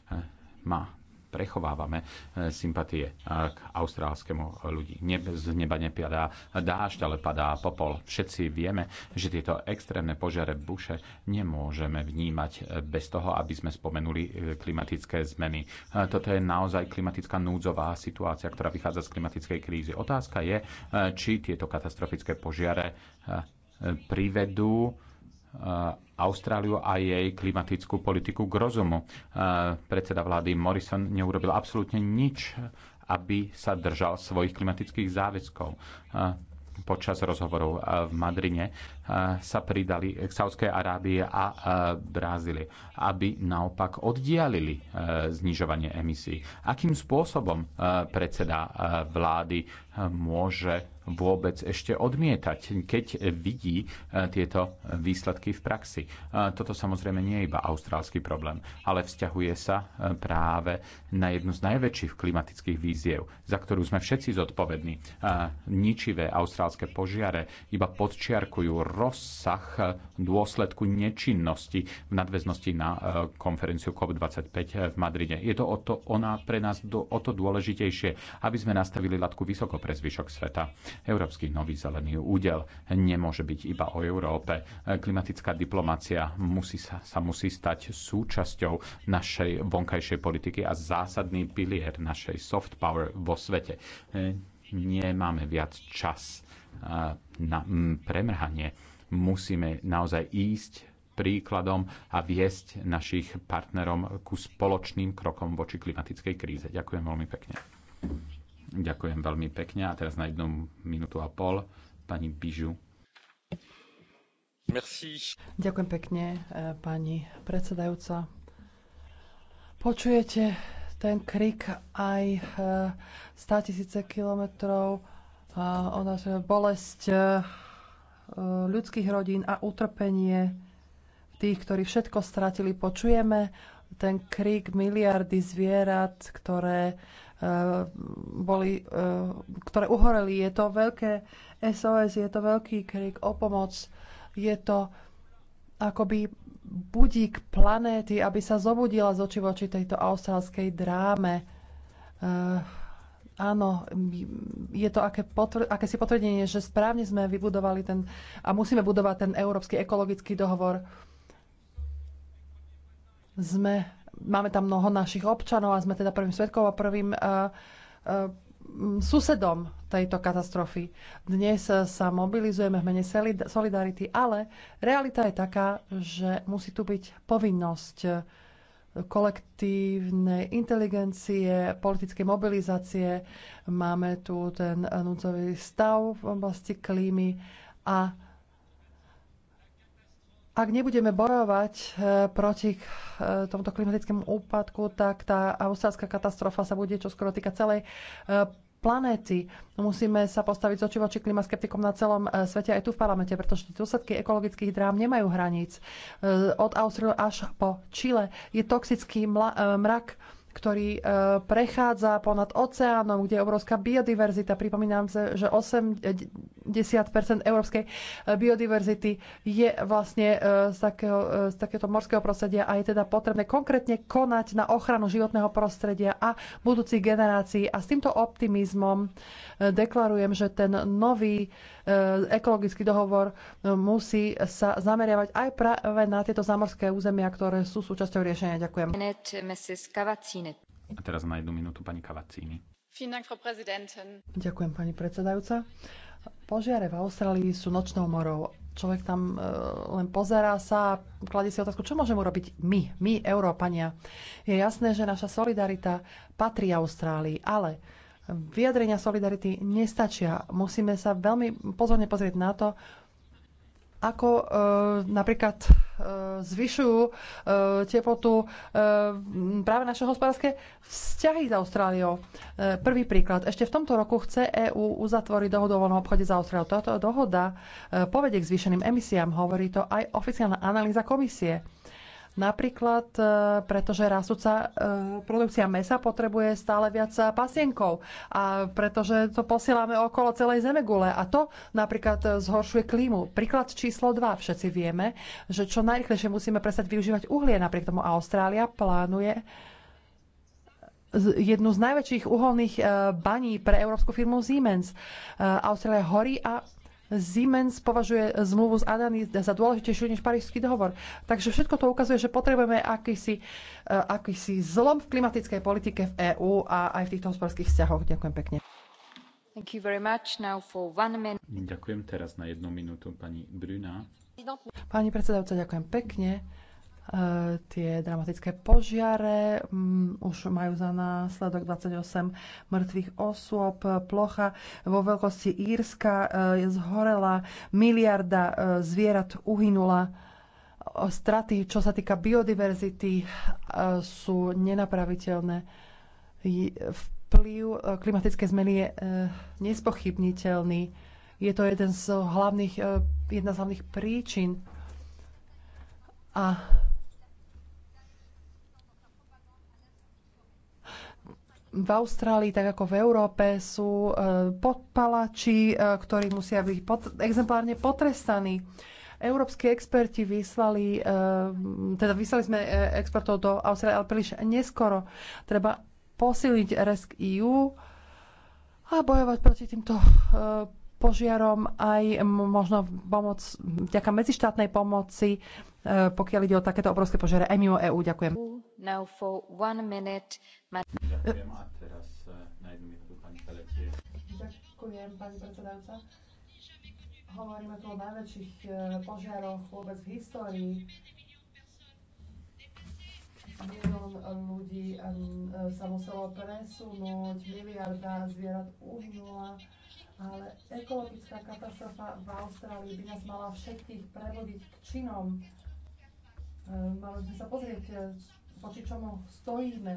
E, má prechovávame e, sympatie e, k austrálskemu ľudí. Ne, z neba nepadá dážď, ale padá popol. Všetci vieme, že tieto extrémne požiare v buše nemôžeme vnímať e, bez toho, aby sme spomenuli klimatické zmeny. Toto je naozaj klimatická núdzová situácia, ktorá vychádza z klimatickej krízy. Otázka je, či tieto katastrofické požiare privedú Eh, Austráliu a jej klimatickú politiku k rozumu. Eh, predseda vlády Morrison neurobil absolútne nič, aby sa držal svojich klimatických záväzkov eh, počas rozhovorov v Madrine sa pridali k Saudskej Arábie a Brazílii, aby naopak oddialili e, znižovanie emisí. Akým spôsobom e, predseda e, vlády môže vôbec ešte odmietať, keď vidí tieto výsledky v praxi. Toto samozrejme nie je iba austrálsky problém, ale vzťahuje sa práve na jednu z najväčších klimatických víziev, za ktorú sme všetci zodpovední. Ničivé austrálske požiare iba podčiarkujú rozsah eh, dôsledku nečinnosti v nadväznosti na eh, konferenciu COP25 eh, v Madride. Je to o to, ona pre nás do, o to dôležitejšie, aby sme nastavili latku vysoko pre zvyšok sveta. Európsky nový zelený údel nemôže byť iba o Európe. Klimatická diplomácia musí sa, sa musí stať súčasťou našej vonkajšej politiky a zásadný pilier našej soft power vo svete nemáme viac čas na mm, premrhanie Musíme naozaj ísť príkladom a viesť našich partnerom ku spoločným krokom voči klimatickej kríze. Ďakujem veľmi pekne. Ďakujem veľmi pekne a teraz na jednu minútu a pol pani Bižu. Merci. Ďakujem pekne, e, pani predsedajúca. Počujete ten krik aj 100 e, tisíce kilometrov e, od nás bolesť ľudských rodín a utrpenie tých, ktorí všetko stratili. Počujeme ten krik miliardy zvierat, ktoré, uh, boli, uh, ktoré uhoreli. Je to veľké SOS, je to veľký krik o pomoc. Je to akoby budík planéty, aby sa zobudila z oči voči tejto australskej dráme. Uh, Áno, je to aké, potvr- aké si potvrdenie, že správne sme vybudovali ten a musíme budovať ten európsky ekologický dohovor. Sme, máme tam mnoho našich občanov a sme teda prvým svetkom a prvým uh, uh, susedom tejto katastrofy. Dnes e, sa mobilizujeme v mene solidarity, ale realita je taká, že musí tu byť povinnosť kolektívnej inteligencie, politickej mobilizácie. Máme tu ten núdzový stav v oblasti klímy a ak nebudeme bojovať eh, proti eh, tomuto klimatickému úpadku, tak tá austrálska katastrofa sa bude čoskoro týka celej eh, planéty. Musíme sa postaviť z oči voči klimaskeptikom na celom e, svete aj tu v parlamente, pretože dôsledky ekologických drám nemajú hraníc. E, od Austrálie až po Čile je toxický e, mrak ktorý prechádza ponad oceánom, kde je obrovská biodiverzita. Pripomínam, že 8 90% európskej eh, biodiverzity je vlastne eh, z, takého, eh, z takéto morského prostredia a je teda potrebné konkrétne konať na ochranu životného prostredia a budúcich generácií. A s týmto optimizmom deklarujem, že ten nový ekologický dohovor musí sa zameriavať aj práve na tieto zamorské územia, ktoré sú súčasťou riešenia. Ďakujem. A teraz na jednu minútu pani Kavacíny. Ďakujem, pani predsedajúca. Požiare v Austrálii sú nočnou morou. Človek tam e, len pozerá sa a kladie si otázku, čo môžeme urobiť my, my, Európania. Je jasné, že naša solidarita patrí Austrálii, ale vyjadrenia solidarity nestačia. Musíme sa veľmi pozorne pozrieť na to, ako e, napríklad e, zvyšujú e, teplotu e, práve naše hospodárske vzťahy s Austráliou. E, prvý príklad. Ešte v tomto roku chce EÚ uzatvoriť dohodu o voľnom obchode s Austráliou. Táto dohoda e, povedie k zvýšeným emisiám, hovorí to aj oficiálna analýza komisie. Napríklad, e, pretože rastúca e, produkcia mesa potrebuje stále viac pasienkov a pretože to posielame okolo celej zemegule a to napríklad zhoršuje klímu. Príklad číslo 2. Všetci vieme, že čo najrychlejšie musíme prestať využívať uhlie. Napriek tomu Austrália plánuje jednu z najväčších uholných e, baní pre európsku firmu Siemens. Austrália horí a Siemens považuje zmluvu z Adany za dôležitejšiu než Parížský dohovor. Takže všetko to ukazuje, že potrebujeme akýsi, eh, akýsi zlom v klimatickej politike v EÚ a aj v týchto hospodárskych vzťahoch. Ďakujem pekne. Thank you very much. Now for one minute. Ďakujem teraz na jednu minútu pani Bruna. Pani predsedajúca, ďakujem pekne Eh, tie dramatické požiare mm, už majú za následok 28 mŕtvych osôb. Plocha vo veľkosti Írska je eh, zhorela, miliarda eh, zvierat uhynula. Straty, čo sa týka biodiverzity, sú nenapraviteľné. Vplyv klimatické zmeny je nespochybniteľný. Je to jeden z hlavných, jedna z hlavných príčin. A v Austrálii, tak ako v Európe, sú e, podpalači, e, ktorí musia byť pot, exemplárne potrestaní. Európsky experti vyslali, e, teda vyslali sme expertov do Austrálie, ale príliš neskoro. Treba posíliť RESC EU a bojovať proti týmto požiarom aj možno pomoc, vďaka medzištátnej pomoci E, pokiaľ ide o takéto obrovské požiare aj mimo EÚ. Ďakujem. Ďakujem e, pani pani predsedajúca. Hovoríme tu o najväčších e, požiaroch vôbec v histórii. Milión ľudí sa muselo presunúť, miliarda zvierat uhynula ale ekologická katastrofa v Austrálii by nás mala všetkých prevodiť k činom. Ehm, mali sme sa pozrieť, poči e, čomu stojíme.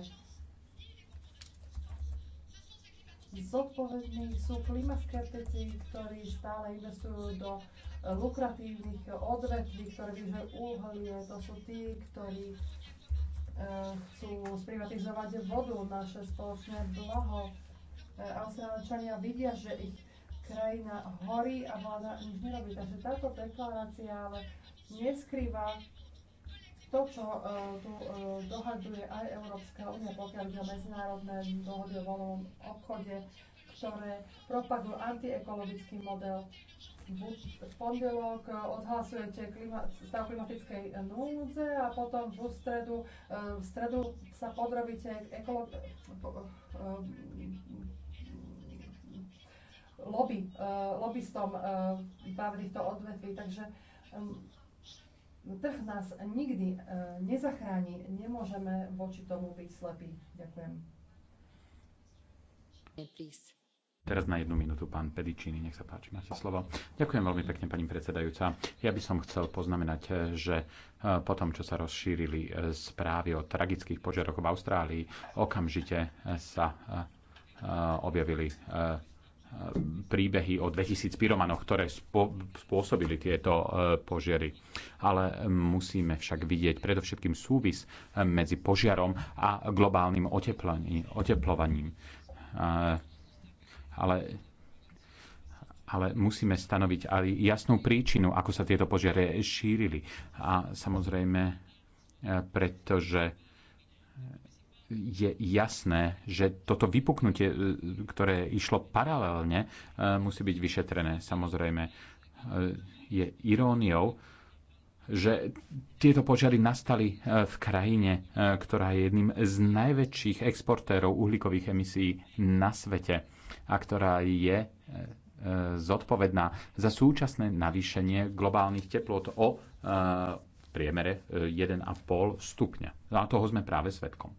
Zodpovední sú klimaskeptici, ktorí stále investujú do e, lukratívnych odvetví, ktoré vyžujú uhlie. To sú tí, ktorí e, chcú sprivatizovať vodu, naše spoločné blaho. Austrálčania vidia, že ich krajina horí a vláda nič nerobí. Takže táto deklarácia ale neskrýva to, čo uh, tu uh, dohaduje aj Európska únia, pokiaľ ide o medzinárodné dohody o voľnom obchode, ktoré propagujú antiekologický model. V pondelok e, odhlasujete klima, stav klimatickej núdze a potom v stredu, uh, v stredu sa podrobíte ekolo, lobby, lobbystom práve týchto odvetví. Takže um, Trh nás nikdy e, nezachráni, nemôžeme voči tomu byť slepí. Ďakujem. Teraz na jednu minútu pán Pedičiny, nech sa páči, máte slovo. Ďakujem veľmi pekne, pani predsedajúca. Ja by som chcel poznamenať, e, že e, po tom, čo sa rozšírili správy o tragických požiaroch v Austrálii, okamžite sa objavili príbehy o 2000 pyromanoch, ktoré spôsobili tieto e, požiary. Ale musíme však vidieť predovšetkým súvis e, medzi požiarom a globálnym oteplovaním. E, ale ale musíme stanoviť aj jasnú príčinu, ako sa tieto požiare šírili. A samozrejme, pretože je jasné, že toto vypuknutie, e, ktoré išlo paralelne, e, musí byť vyšetrené. Samozrejme, e, je iróniou, že tieto požiary nastali v krajine, ktorá je jedným z najväčších exportérov uhlíkových emisí na svete a ktorá je zodpovedná za súčasné navýšenie globálnych teplot o priemere 1,5 stupňa. A toho sme práve svetkom.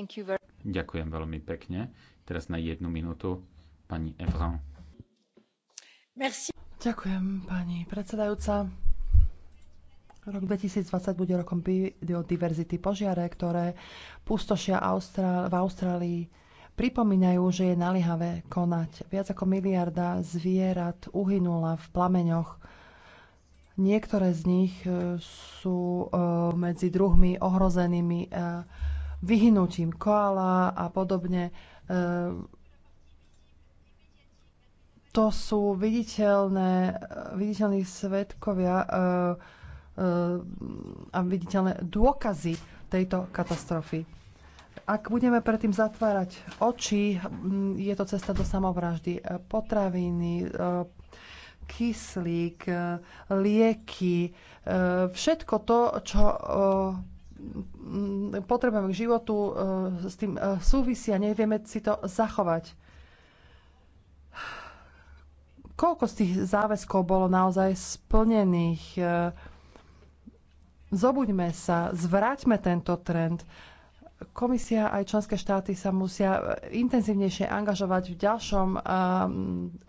Very... Ďakujem veľmi pekne. Teraz na jednu minútu pani Evran. Merci. Ďakujem, pani predsedajúca. Rok 2020 bude rokom biodiverzity požiare, ktoré pustošia Austrál- v Austrálii. Pripomínajú, že je naliehavé konať. Viac ako miliarda zvierat uhynula v plameňoch. Niektoré z nich eh, sú eh, medzi druhmi ohrozenými eh, vyhnutím koala a podobne. E, to sú viditeľné, viditeľní svetkovia e, e, a viditeľné dôkazy tejto katastrofy. Ak budeme predtým zatvárať oči, je to cesta do samovraždy. Potraviny, kyslík, lieky, všetko to, čo potrebujeme k životu, e, s tým e, súvisia, nevieme si to zachovať. Koľko z tých záväzkov bolo naozaj splnených? E, Zobuďme sa, zvráťme tento trend. Komisia aj členské štáty sa musia intenzívnejšie angažovať v ďalšom um,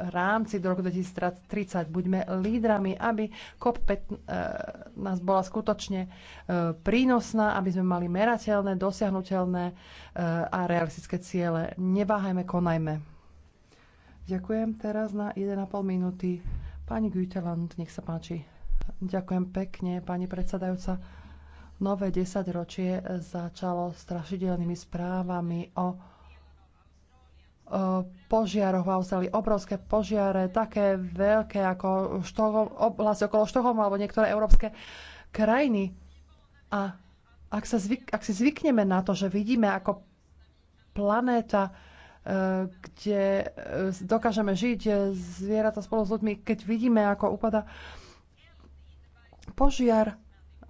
rámci do roku 2030. Buďme lídrami, aby COP15 uh, bola skutočne uh, prínosná, aby sme mali merateľné, dosiahnutelné uh, a realistické ciele. Neváhajme, konajme. Ďakujem teraz na 1,5 minúty. Pani Güteland, nech sa páči. Ďakujem pekne, pani predsedajúca Nové desaťročie e, začalo strašidelnými správami o e, požiaroch v Austrálii. Obrovské požiare, také veľké ako Štoholm, vlastne okolo Štoholmu alebo niektoré európske krajiny. A ak, sa zvyk, ak si zvykneme na to, že vidíme ako planéta, e, kde dokážeme žiť zvieratá spolu s ľuďmi, keď vidíme, ako upada požiar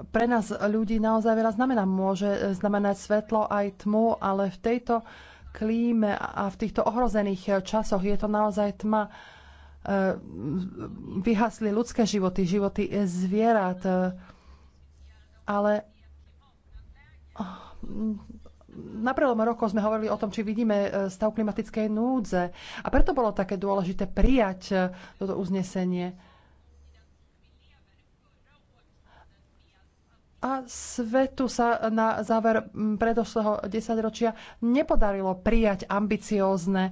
pre nás ľudí naozaj veľa znamená. Môže e, znamenať svetlo aj tmu, ale v tejto klíme a v týchto ohrozených e, časoch je to naozaj tma. E, vyhasli ľudské životy, životy zvierat, ale oh, na prelome rokov sme hovorili o tom, či vidíme stav klimatickej núdze. A preto bolo také dôležité prijať toto uznesenie a svetu sa na záver predošlého desaťročia nepodarilo prijať ambiciózne e,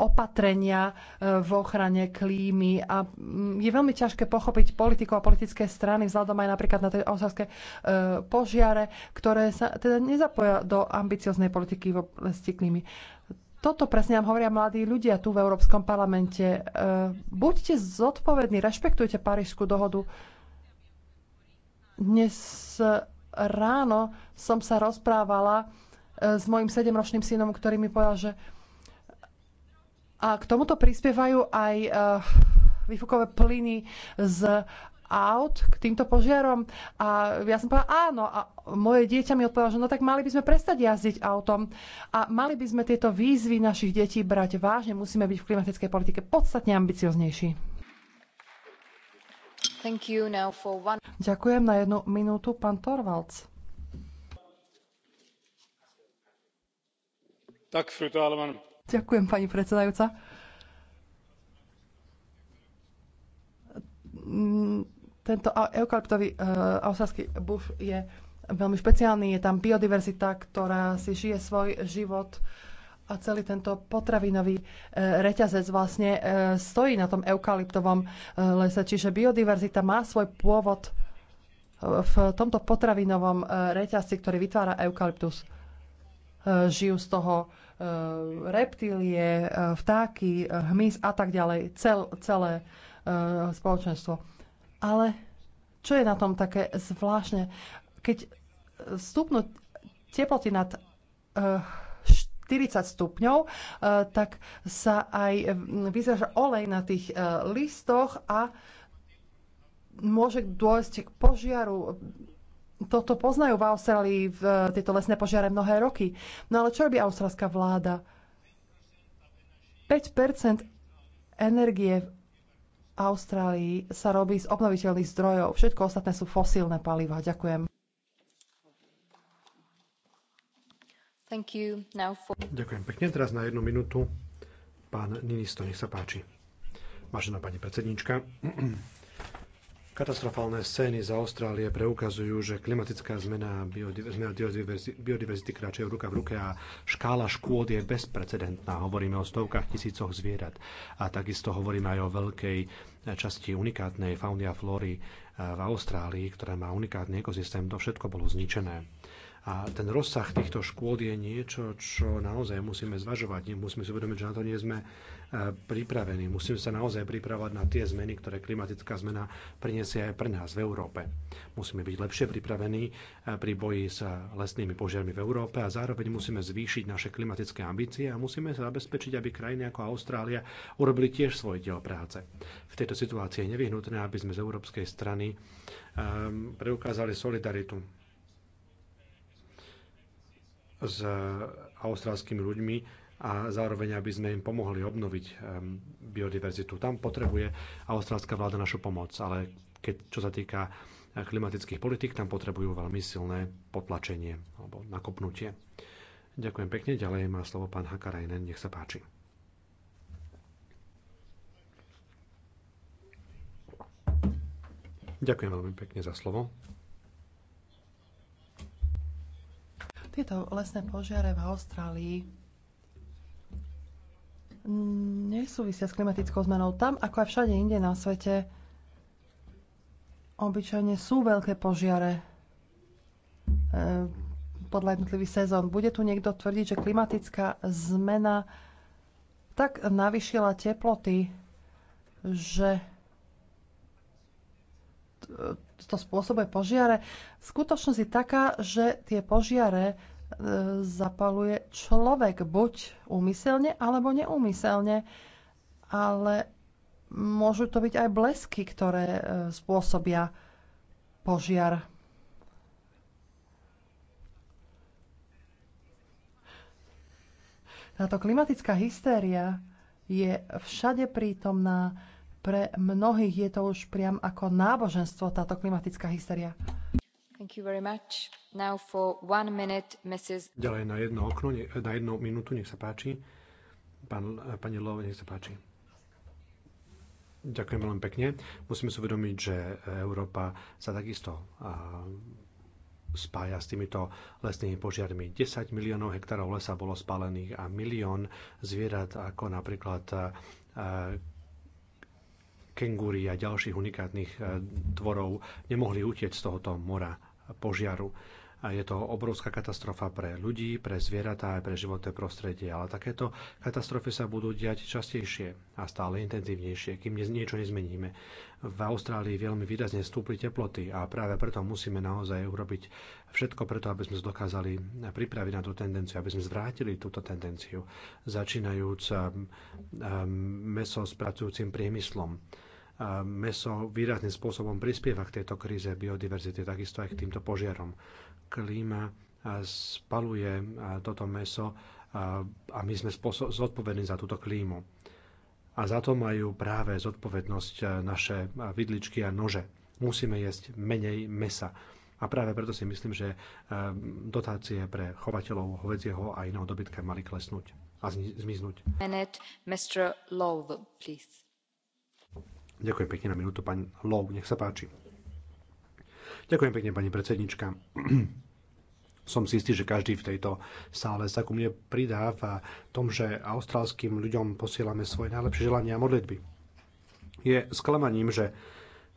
opatrenia e, v ochrane klímy a mm, je veľmi ťažké pochopiť politiku a politické strany vzhľadom aj napríklad na tej osadské e, požiare, ktoré sa teda nezapoja do ambicioznej politiky v oblasti klímy. Toto presne nám hovoria mladí ľudia tu v Európskom parlamente. Buďte zodpovední, rešpektujte Parížskú dohodu dnes eh, ráno som sa rozprávala eh, s mojim sedemročným synom, ktorý mi povedal, že a k tomuto prispievajú aj eh, výfukové plyny z aut k týmto požiarom. A ja som povedala áno. A moje dieťa mi odpovedalo, že no tak mali by sme prestať jazdiť autom a mali by sme tieto výzvy našich detí brať vážne. Musíme byť v klimatickej politike podstatne ambicioznejší. Ďakujem na jednu minútu, pán Torvalds. Tak, Ďakujem, pani predsedajúca. Tento eukalyptový uh, australský buš je veľmi špeciálny. Je tam biodiverzita, ktorá si žije svoj život uh, a celý tento potravinový e, reťazec vlastne e, stojí na tom eukalyptovom e, lese, čiže biodiverzita má svoj pôvod v tomto potravinovom reťazci, ktorý vytvára eukalyptus. Žijú z toho reptílie, vtáky, hmyz a tak ďalej, cel, celé spoločenstvo. Ale čo je na tom také zvláštne? Keď stupnú teploty nad 40 stupňov, e, tak sa aj vyzraža olej na tých e, listoch a môže dôjsť k požiaru. Toto poznajú v Austrálii v tieto lesné požiare mnohé roky. No ale čo robí austrálska vláda? 5 energie v Austrálii sa robí z obnoviteľných zdrojov. Všetko ostatné sú fosílne paliva. Ďakujem. For... Ďakujem pekne. Teraz na jednu minútu pán Ninisto, nech sa páči. Vážená pani predsednička, Katastrofálne scény z Austrálie preukazujú, že klimatická zmena a biodiverzity kráčajú ruka v ruke a škála škôd je bezprecedentná. Hovoríme o stovkách tisícoch zvierat a takisto hovoríme aj o veľkej časti unikátnej fauny a flóry eh, v Austrálii, ktorá má unikátny ekosystém. To všetko bolo zničené. A ten rozsah týchto škôd je niečo, čo naozaj musíme zvažovať. Musíme si uvedomiť, že na to nie sme e, pripravení. Musíme sa naozaj pripravať na tie zmeny, ktoré klimatická zmena priniesie aj pre nás v Európe. Musíme byť lepšie pripravení e, pri boji s lesnými požiarmi v Európe a zároveň musíme zvýšiť naše klimatické ambície a musíme sa zabezpečiť, aby krajiny ako Austrália urobili tiež svoj diel práce. V tejto situácii je nevyhnutné, aby sme z európskej strany e, preukázali solidaritu s austrálskymi ľuďmi a zároveň, aby sme im pomohli obnoviť biodiverzitu. Tam potrebuje austrálska vláda našu pomoc, ale keď, čo sa týka eh, klimatických politik, tam potrebujú veľmi silné potlačenie alebo nakopnutie. Ďakujem pekne. Ďalej má slovo pán Hakarajnen. Nech sa páči. Ďakujem veľmi pekne za slovo. Tieto lesné požiare v Austrálii nesúvisia s klimatickou zmenou. Tam, ako aj všade inde na svete, obyčajne sú veľké požiare e, podľa jednotlivých sezón. Bude tu niekto tvrdiť, že klimatická zmena tak navyšila teploty, že E, to spôsobuje požiare. Skutočnosť je taká, že tie požiare e, zapaluje človek buď úmyselne alebo neúmyselne, ale môžu to byť aj blesky, ktoré e, spôsobia požiar. Táto klimatická hystéria je všade prítomná pre mnohých je to už priam ako náboženstvo, táto klimatická hysteria. Minute, Ďalej na jedno okno, na jednu minútu, nech sa páči. Pán, pani Love, nech sa páči. Ďakujem veľmi pekne. Musíme si uvedomiť, že Európa sa takisto spája s týmito lesnými požiarmi. 10 miliónov hektárov lesa bolo spálených a milión zvierat, ako napríklad kengúri a ďalších unikátnych e, tvorov nemohli utieť z tohoto mora požiaru. A je to obrovská katastrofa pre ľudí, pre zvieratá aj pre životné prostredie. Ale takéto katastrofy sa budú diať častejšie a stále intenzívnejšie, kým niečo nezmeníme. V Austrálii veľmi výrazne stúpli teploty a práve preto musíme naozaj urobiť všetko preto, aby sme dokázali pripraviť na tú tendenciu, aby sme zvrátili túto tendenciu, začínajúc e, e, meso s pracujúcim priemyslom meso výrazným spôsobom prispieva k tejto kríze biodiverzity, takisto aj k týmto požiarom. Klíma spaluje toto meso a my sme zodpovední za túto klímu. A za to majú práve zodpovednosť naše vidličky a nože. Musíme jesť menej mesa. A práve preto si myslím, že dotácie pre chovateľov hovedzieho a iného dobytka mali klesnúť a zmiznúť. Minute, Mr. Love, please. Ďakujem pekne na minútu, pani Lov, nech sa páči. Ďakujem pekne, pani predsednička. Som si istý, že každý v tejto sále sa ku mne pridá v tom, že austrálským ľuďom posielame svoje najlepšie želania a modlitby. Je sklamaním, že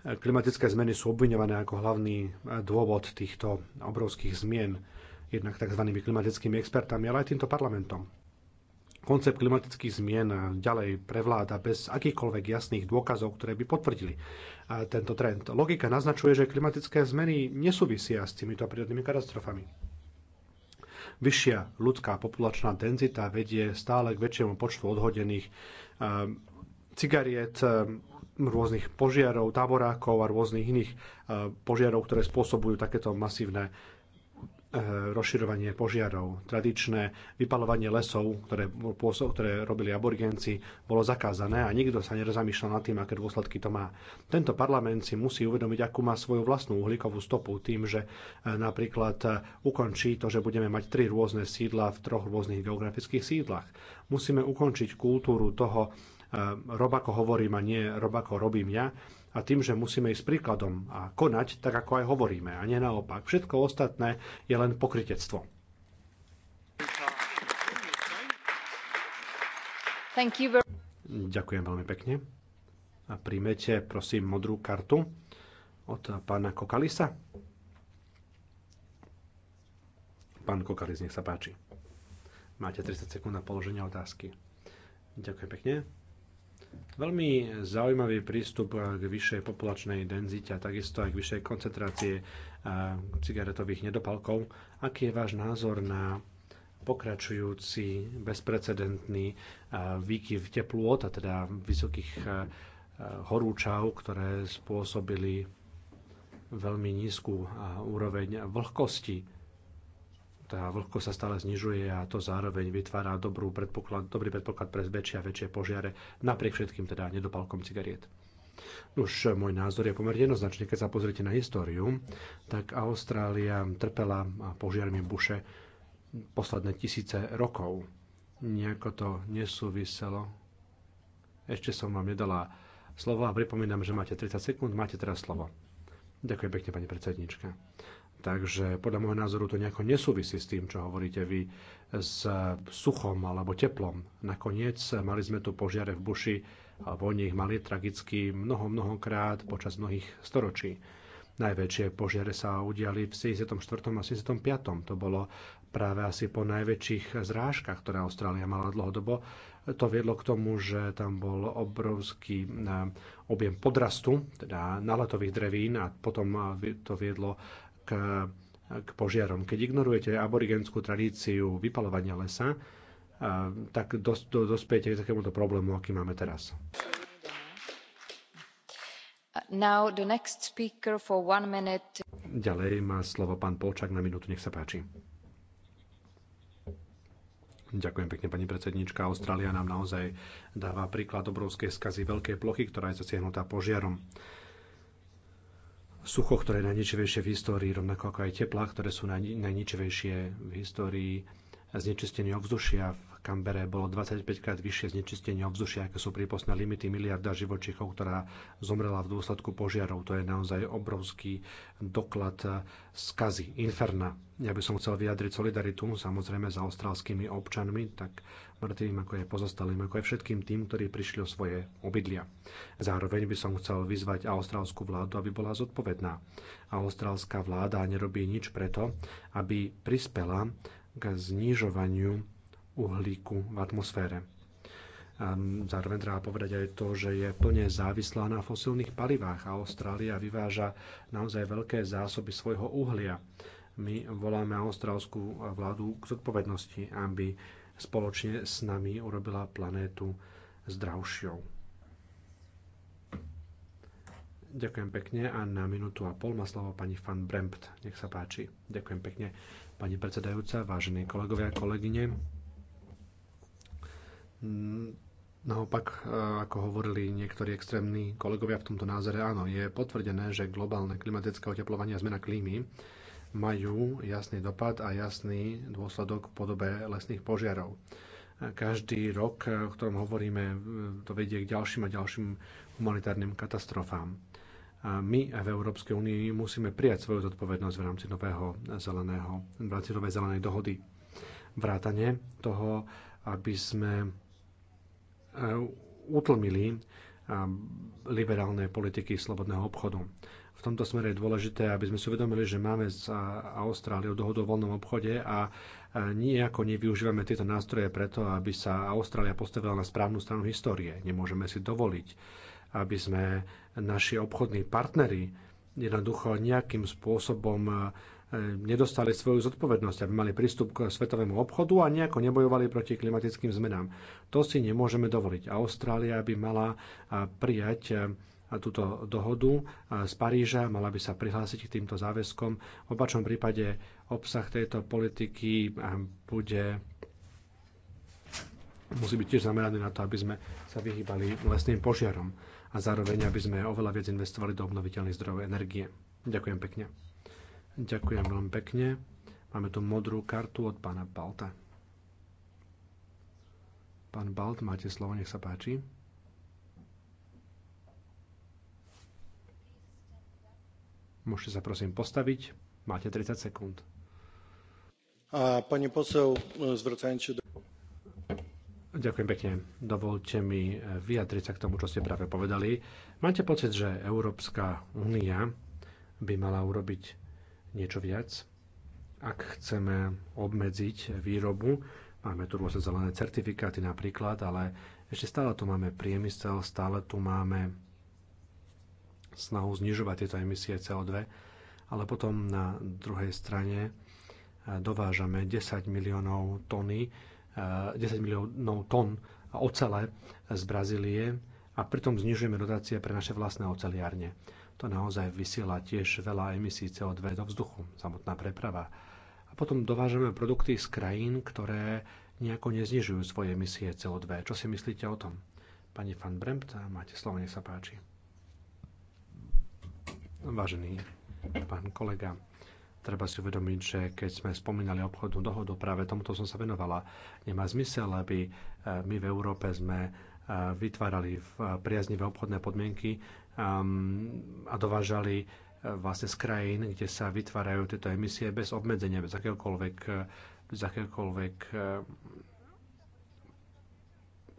klimatické zmeny sú obviňované ako hlavný dôvod týchto obrovských zmien, jednak tzv. klimatickými expertami, ale aj týmto parlamentom koncept klimatických zmien ďalej prevláda bez akýchkoľvek jasných dôkazov, ktoré by potvrdili tento trend. Logika naznačuje, že klimatické zmeny nesúvisia s týmito prírodnými katastrofami. Vyššia ľudská populačná denzita vedie stále k väčšiemu počtu odhodených cigariet, rôznych požiarov, táborákov a rôznych iných požiarov, ktoré spôsobujú takéto masívne Eh, rozširovanie požiarov. Tradičné vypalovanie lesov, ktoré, ktoré robili aborigenci, bolo zakázané a nikto sa nerozamýšľal nad tým, aké dôsledky to má. Tento parlament si musí uvedomiť, akú má svoju vlastnú uhlíkovú stopu tým, že eh, napríklad eh, ukončí to, že budeme mať tri rôzne sídla v troch rôznych geografických sídlach. Musíme ukončiť kultúru toho, robako hovorím a nie robako robím ja, a tým, že musíme ísť príkladom a konať tak, ako aj hovoríme, a nie naopak. Všetko ostatné je len pokritectvo. Very... Ďakujem veľmi pekne. A príjmete, prosím, modrú kartu od pána Kokalisa. Pán Kokalis, nech sa páči. Máte 30 sekúnd na položenie otázky. Ďakujem pekne. Veľmi zaujímavý prístup k vyššej populačnej denzite a takisto aj k vyššej koncentrácie cigaretových nedopalkov. Aký je váš názor na pokračujúci bezprecedentný výkyv teplôt, a teda vysokých horúčav, ktoré spôsobili veľmi nízku úroveň vlhkosti tá vlhkosť sa stále znižuje a to zároveň vytvára dobrú predpoklad, dobrý predpoklad pre väčšie a väčšie požiare, napriek všetkým teda nedopalkom cigariet. Už môj názor je pomerne jednoznačný, keď sa pozriete na históriu, tak Austrália trpela požiarmi buše posledné tisíce rokov. Nejako to nesúviselo. Ešte som vám nedala slovo a pripomínam, že máte 30 sekúnd, máte teraz slovo. Ďakujem pekne, pani predsednička. Takže podľa môjho názoru to nejako nesúvisí s tým, čo hovoríte vy, s suchom alebo teplom. Nakoniec mali sme tu požiare v buši a po nich mali tragicky mnoho, mnohokrát počas mnohých storočí. Najväčšie požiare sa udiali v 74. a 75. To bolo práve asi po najväčších zrážkach, ktoré Austrália mala dlhodobo. To viedlo k tomu, že tam bol obrovský eh, objem podrastu, teda naletových drevín a potom eh, to viedlo k, k požiarom. Keď ignorujete aborigenskú tradíciu vypalovania lesa, tak dos, do, dospiete k takémuto problému, aký máme teraz. Now the next speaker for one minute. Ďalej má slovo pán Polčák na minútu, nech sa páči. Ďakujem pekne, pani predsednička. Austrália nám naozaj dáva príklad obrovskej skazy veľkej plochy, ktorá je zasiahnutá požiarom sucho, ktoré je najničivejšie v histórii, rovnako ako aj teplá, ktoré sú najničivejšie v histórii znečistenie ovzdušia v Kambere bolo 25 krát vyššie znečistenie ovzdušia, aké sú prípustné limity miliarda živočichov, ktorá zomrela v dôsledku požiarov. To je naozaj obrovský doklad skazy, inferna. Ja by som chcel vyjadriť solidaritu samozrejme za austrálskymi občanmi, tak mŕtvým ako aj pozostalým, ako aj všetkým tým, ktorí prišli o svoje obydlia. Zároveň by som chcel vyzvať austrálsku vládu, aby bola zodpovedná. Austrálska vláda nerobí nič preto, aby prispela k znižovaniu uhlíku v atmosfére. Zároveň treba povedať aj to, že je plne závislá na fosílnych palivách a Austrália vyváža naozaj veľké zásoby svojho uhlia. My voláme austrálskú vládu k zodpovednosti, aby spoločne s nami urobila planétu zdravšou. Ďakujem pekne a na minútu a pol má slovo pani Van Brempt. Nech sa páči. Ďakujem pekne. Pani predsedajúca, vážení kolegovia kolegyne, Naopak, ako hovorili niektorí extrémni kolegovia v tomto názore, áno, je potvrdené, že globálne klimatické oteplovanie a zmena klímy majú jasný dopad a jasný dôsledok v podobe lesných požiarov. Každý rok, o ktorom hovoríme, to vedie k ďalším a ďalším humanitárnym katastrofám. A my v Európskej únii musíme prijať svoju zodpovednosť v rámci nového zeleného, v rámci novej zelenej dohody. Vrátane toho, aby sme e, utlmili e, liberálne politiky slobodného obchodu. V tomto smere je dôležité, aby sme si uvedomili, že máme s Austráliou dohodu o voľnom obchode a e, nejako nevyužívame tieto nástroje preto, aby sa Austrália postavila na správnu stranu histórie. Nemôžeme si dovoliť aby sme naši obchodní partnery jednoducho nejakým spôsobom e, nedostali svoju zodpovednosť, aby mali prístup k svetovému obchodu a nejako nebojovali proti klimatickým zmenám. To si nemôžeme dovoliť. Austrália by mala e, prijať e, túto dohodu z Paríža, mala by sa prihlásiť k týmto záväzkom. V opačnom prípade obsah tejto politiky bude musí byť tiež zameraný na to, aby sme sa vyhýbali lesným požiarom a zároveň, aby sme oveľa viac investovali do obnoviteľných zdrojov energie. Ďakujem pekne. Ďakujem veľmi pekne. Máme tu modrú kartu od pána Balta. Pán Balt, máte slovo, nech sa páči. Môžete sa prosím postaviť. Máte 30 sekúnd. A pani posel, e, zvracajúci do... Ďakujem pekne. Dovolte mi eh, vyjadriť sa k tomu, čo ste práve povedali. Máte pocit, že Európska únia by mala urobiť niečo viac? Ak chceme obmedziť výrobu, máme tu rôzne zelené certifikáty napríklad, ale ešte stále tu máme priemysel, stále tu máme snahu znižovať tieto emisie CO2, ale potom na druhej strane eh, dovážame 10 miliónov tony 10 eh, miliónov tón ocele z Brazílie a pritom znižujeme dotácie pre naše vlastné oceliárne. To naozaj vysiela tiež veľa emisí CO2 do vzduchu, samotná preprava. A potom dovážame produkty z krajín, ktoré nejako neznižujú svoje emisie CO2. Čo si myslíte o tom? Pani van Brempt, máte slovo, nech sa páči. Vážený pán kolega, Treba si uvedomiť, že keď sme spomínali obchodnú dohodu, práve tomuto som sa venovala. Nemá zmysel, aby e, my v Európe sme e, vytvárali e, priaznivé obchodné podmienky a dovážali vlastne z krajín, kde sa vytvárajú tieto emisie bez obmedzenia, bez akéhokoľvek, bez akéhokoľvek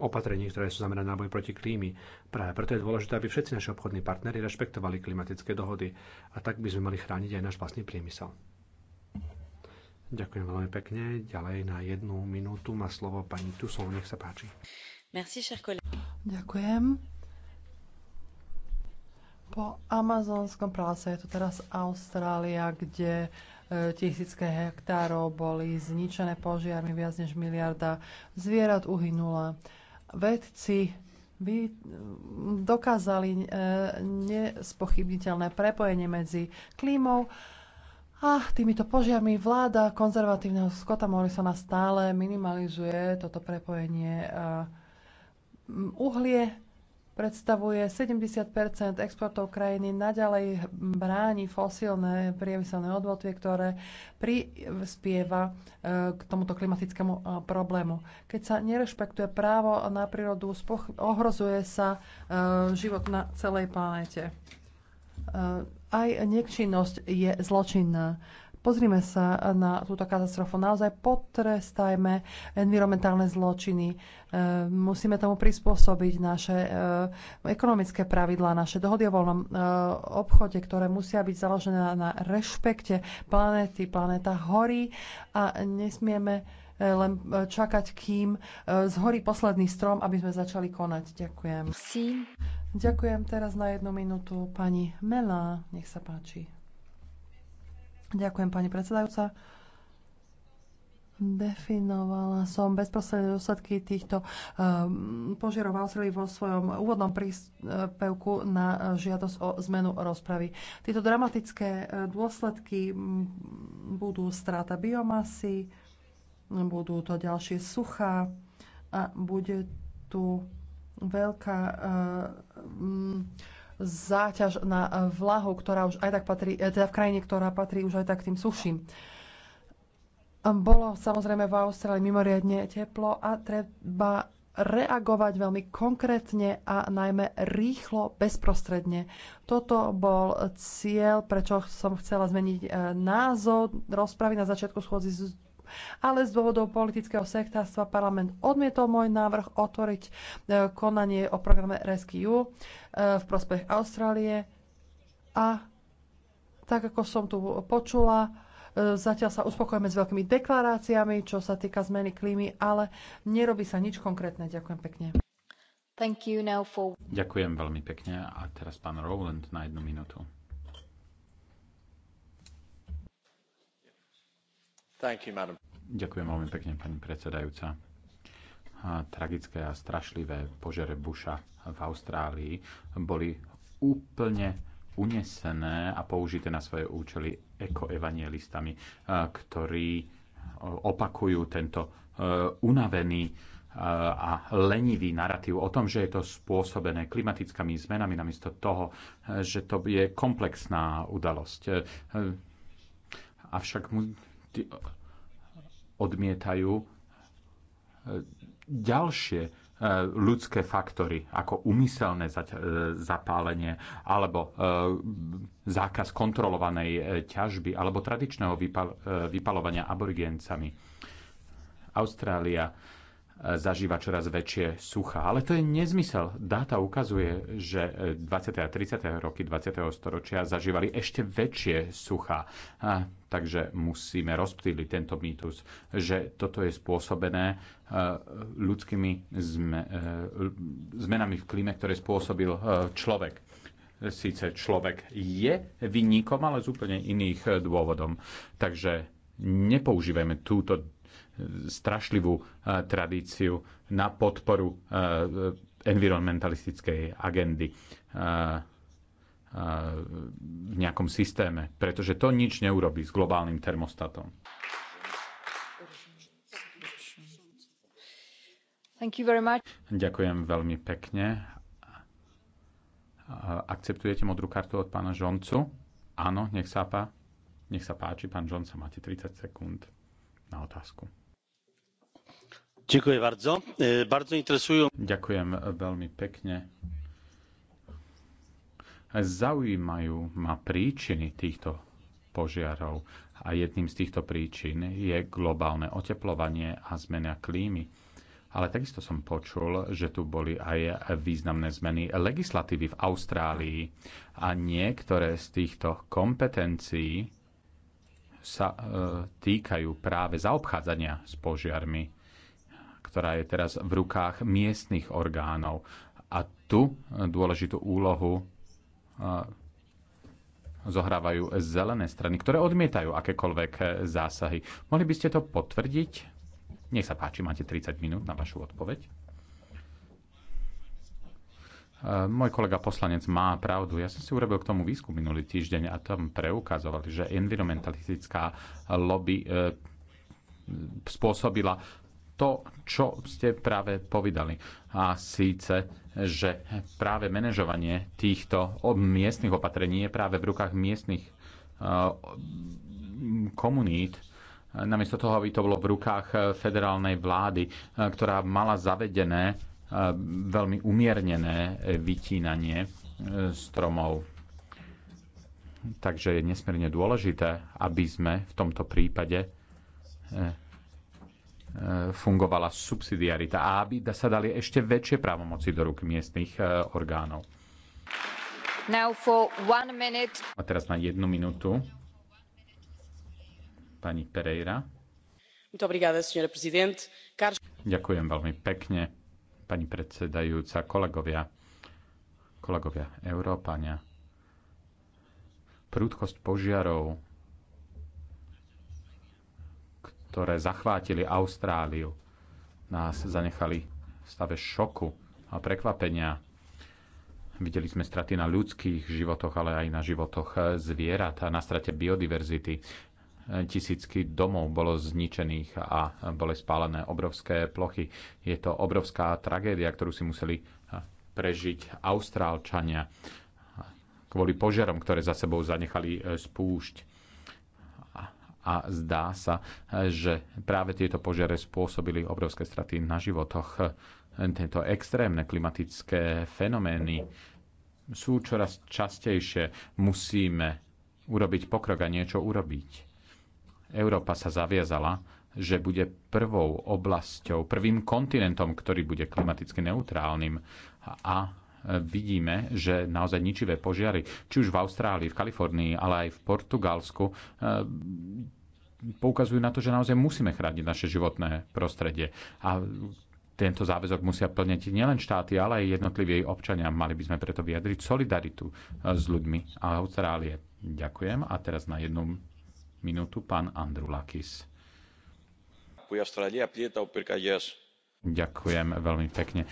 opatrení, ktoré sú zamerané na boj proti klímy. Práve preto je dôležité, aby všetci naši obchodní partnery rešpektovali klimatické dohody a tak by sme mali chrániť aj náš vlastný priemysel. Ďakujem veľmi pekne. Ďalej na jednu minútu má slovo pani Tusov. Nech sa páči. Merci, Ďakujem. Po amazonskom práse je to teraz Austrália, kde e, tisícké hektárov boli zničené požiarmi, viac než miliarda zvierat uhynula vedci by dokázali e, nespochybniteľné prepojenie medzi klímou a týmito požiarmi vláda konzervatívneho Scotta Morrisona stále minimalizuje toto prepojenie e, uhlie predstavuje 70 exportov krajiny, naďalej bráni fosílne priemyselné odvetvie, ktoré prispieva eh, k tomuto klimatickému eh, problému. Keď sa nerešpektuje právo na prírodu, ohrozuje sa eh, život na celej planéte. Aj nečinnosť je zločinná. Pozrime sa na túto katastrofu. Naozaj potrestajme environmentálne zločiny. E, musíme tomu prispôsobiť naše e, ekonomické pravidlá, naše dohody o voľnom e, obchode, ktoré musia byť založené na rešpekte planéty. Planéta horí a nesmieme len čakať, kým zhorí posledný strom, aby sme začali konať. Ďakujem. Sí. Ďakujem teraz na jednu minútu pani Mela. Nech sa páči. Ďakujem, pani predsedajúca. Definovala som bezprostredné dôsledky týchto um, požiarov v Austrálii vo svojom úvodnom príspevku na žiadosť o zmenu rozpravy. Tieto dramatické e, dôsledky mm, budú strata biomasy, budú to ďalšie suchá a bude tu veľká uh, záťaž na vlahu, ktorá už aj tak patrí, eh, teda v krajine, ktorá patrí už aj tak tým suším. Bolo samozrejme v Austrálii mimoriadne teplo a treba reagovať veľmi konkrétne a najmä rýchlo, bezprostredne. Toto bol cieľ, prečo som chcela zmeniť eh, názov rozpravy na začiatku schôdzi ale z dôvodov politického sektárstva parlament odmietol môj návrh otvoriť e, konanie o programe Rescue e, v prospech Austrálie a tak ako som tu počula, e, zatiaľ sa uspokojíme s veľkými deklaráciami, čo sa týka zmeny klímy, ale nerobí sa nič konkrétne. Ďakujem pekne. Thank you now for... Ďakujem veľmi pekne. A teraz pán Rowland na jednu minútu. Ďakujem veľmi pekne, pani predsedajúca. A tragické a strašlivé požere buša v Austrálii boli úplne unesené a použité na svoje účely ekoevanielistami, ktorí e, opakujú tento e, unavený e, a lenivý narratív o tom, že je to spôsobené klimatickými zmenami, namiesto toho, že to je komplexná udalosť. Avšak odmietajú e, ďalšie e, ľudské faktory, ako umyselné e, zapálenie, alebo zákaz kontrolovanej ťažby, alebo tradičného vypalovania aborigencami. Austrália zažíva čoraz väčšie sucha. Ale to je nezmysel. Dáta ukazuje, že 20. a 30. roky 20. storočia zažívali ešte väčšie sucha. A, takže musíme rozptýliť tento mýtus, že toto je spôsobené e, ľudskými e, zmenami v klíme, ktoré spôsobil e, človek. Sice človek je vynikom, ale z úplne iných dôvodom. Takže nepoužívajme túto strašlivú e, tradíciu na podporu e, environmentalistickej agendy e, v nejakom systéme, pretože to nič neurobí s globálnym termostatom. Thank you very much. Ďakujem veľmi pekne. Akceptujete modrú kartu od pána Žoncu? Áno, nech sa, pá. nech sa páči. Pán Žonca, máte 30 sekúnd na otázku. E, Ďakujem veľmi pekne. Zaujímajú ma príčiny týchto požiarov a jedným z týchto príčin je globálne oteplovanie a zmena klímy. Ale takisto som počul, že tu boli aj významné zmeny legislatívy v Austrálii a niektoré z týchto kompetencií sa e, týkajú práve zaobchádzania s požiarmi ktorá je teraz v rukách miestnych orgánov. A tu dôležitú úlohu zohrávajú zelené strany, ktoré odmietajú akékoľvek zásahy. Mohli by ste to potvrdiť? Nech sa páči, máte 30 minút na vašu odpoveď. Môj kolega poslanec má pravdu. Ja som si urobil k tomu výskum minulý týždeň a tam preukázovali, že environmentalistická lobby e, spôsobila to, čo ste práve povedali. A síce, že práve manažovanie týchto miestnych opatrení je práve v rukách miestnych eh, komunít, namiesto toho, aby to bolo v rukách eh, federálnej vlády, eh, ktorá mala zavedené veľmi umiernené vytínanie stromov. Takže je nesmierne dôležité, aby sme v tomto prípade E, fungovala subsidiarita a aby sa dali ešte väčšie právomoci do rúk miestnych e, orgánov. A teraz na jednu minútu pani Pereira. Ďakujem veľmi pekne, pani predsedajúca, kolegovia, kolegovia Európania. Prúdkosť požiarov ktoré zachvátili Austráliu, nás zanechali v stave šoku a prekvapenia. Videli sme straty na ľudských životoch, ale aj na životoch zvierat a na strate biodiverzity. Tisícky domov bolo zničených a boli spálené obrovské plochy. Je to obrovská tragédia, ktorú si museli prežiť Austrálčania kvôli požiarom, ktoré za sebou zanechali spúšť a zdá sa, že práve tieto požiare spôsobili obrovské straty na životoch. Tieto extrémne klimatické fenomény sú čoraz častejšie. Musíme urobiť pokrok a niečo urobiť. Európa sa zaviazala, že bude prvou oblasťou, prvým kontinentom, ktorý bude klimaticky neutrálnym a vidíme, že naozaj ničivé požiary, či už v Austrálii, v Kalifornii, ale aj v Portugalsku, eh, poukazujú na to, že naozaj musíme chrániť naše životné prostredie. A tento záväzok musia plniť nielen štáty, ale aj jednotliví občania. Mali by sme preto vyjadriť solidaritu eh, s ľuďmi a Austrálie. Ďakujem. A teraz na jednu minútu pán Lakis. Ďakujem veľmi pekne.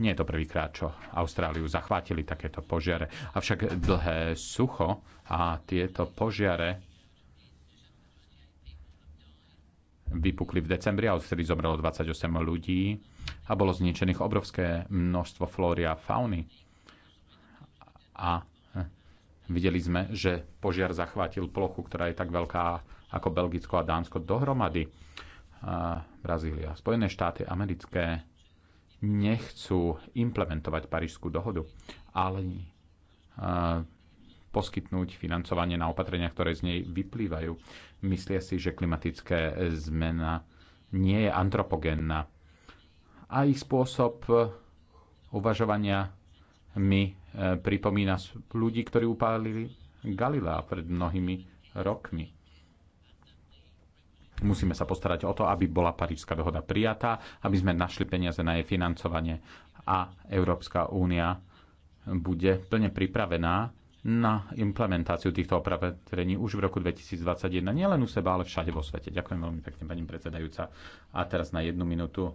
Nie je to prvýkrát, čo Austráliu zachvátili takéto požiare. Avšak dlhé sucho a tieto požiare vypukli v decembri a odvtedy zomrelo 28 ľudí a bolo zničených obrovské množstvo flóry a fauny. A hm, videli sme, že požiar zachvátil plochu, ktorá je tak veľká ako Belgicko a Dánsko dohromady. Brazília, Spojené štáty americké nechcú implementovať Parížskú dohodu, ale e, poskytnúť financovanie na opatrenia, ktoré z nej vyplývajú. Myslia si, že klimatická zmena nie je antropogénna. A ich spôsob uvažovania mi e, pripomína ľudí, ktorí upálili Galilea pred mnohými rokmi. Musíme sa postarať o to, aby bola Parížská dohoda prijatá, aby sme našli peniaze na jej financovanie a Európska únia bude plne pripravená na implementáciu týchto opatrení už v roku 2021, nielen u seba, ale všade vo svete. Ďakujem veľmi pekne, pani predsedajúca. A teraz na jednu minútu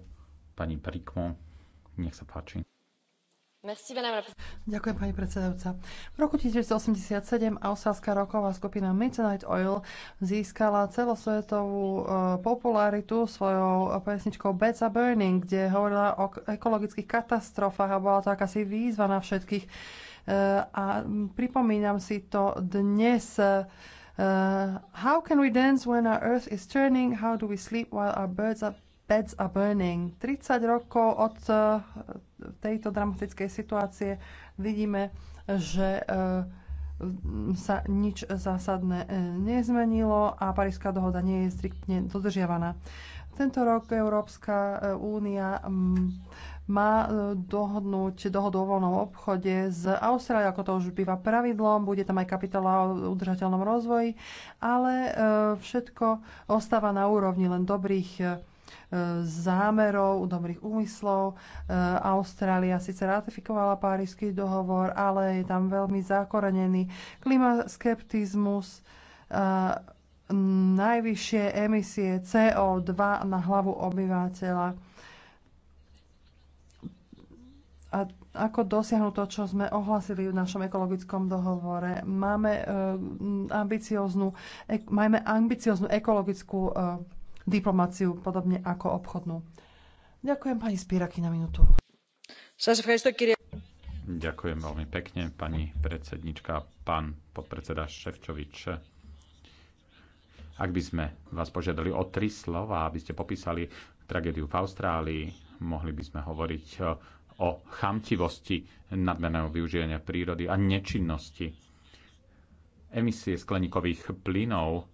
pani Prikmo. Nech sa páči. Ďakujem, pani predsedajúca. V roku 1987 austrálska roková skupina Midnight Oil získala celosvetovú e, popularitu svojou pesničkou Beds are Burning, kde hovorila o ekologických katastrofách a bola to akási výzva na všetkých. E, a pripomínam si to dnes. E, How can we dance when our earth is turning? How do we sleep while our birds are Beds are Burning. 30 rokov od eh, tejto dramatickej situácie vidíme, že eh, sa nič zásadné eh, nezmenilo a Parížská dohoda nie je striktne dodržiavaná. Tento rok Európska únia mm, má dohodnúť dohodu o voľnom obchode s Austráliou, ako to už býva pravidlom, bude tam aj kapitola o udržateľnom rozvoji, ale všetko ostáva na úrovni len dobrých zámerov, dobrých úmyslov. E, Austrália síce ratifikovala Párizský dohovor, ale je tam veľmi zakorenený klimaskeptizmus, e, najvyššie emisie CO2 na hlavu obyvateľa. A ako dosiahnuť to, čo sme ohlasili v našom ekologickom dohovore. Máme, ambicióznu e, ambicioznú, ambicioznú ekologickú diplomáciu, podobne ako obchodnú. Ďakujem pani Spiraky na minútu. Ďakujem veľmi pekne, pani predsednička, pán podpredseda Ševčovič. Ak by sme vás požiadali o tri slova, aby ste popísali tragédiu v Austrálii, mohli by sme hovoriť e, o chamtivosti nadmerného využívania prírody a nečinnosti. Emisie skleníkových plynov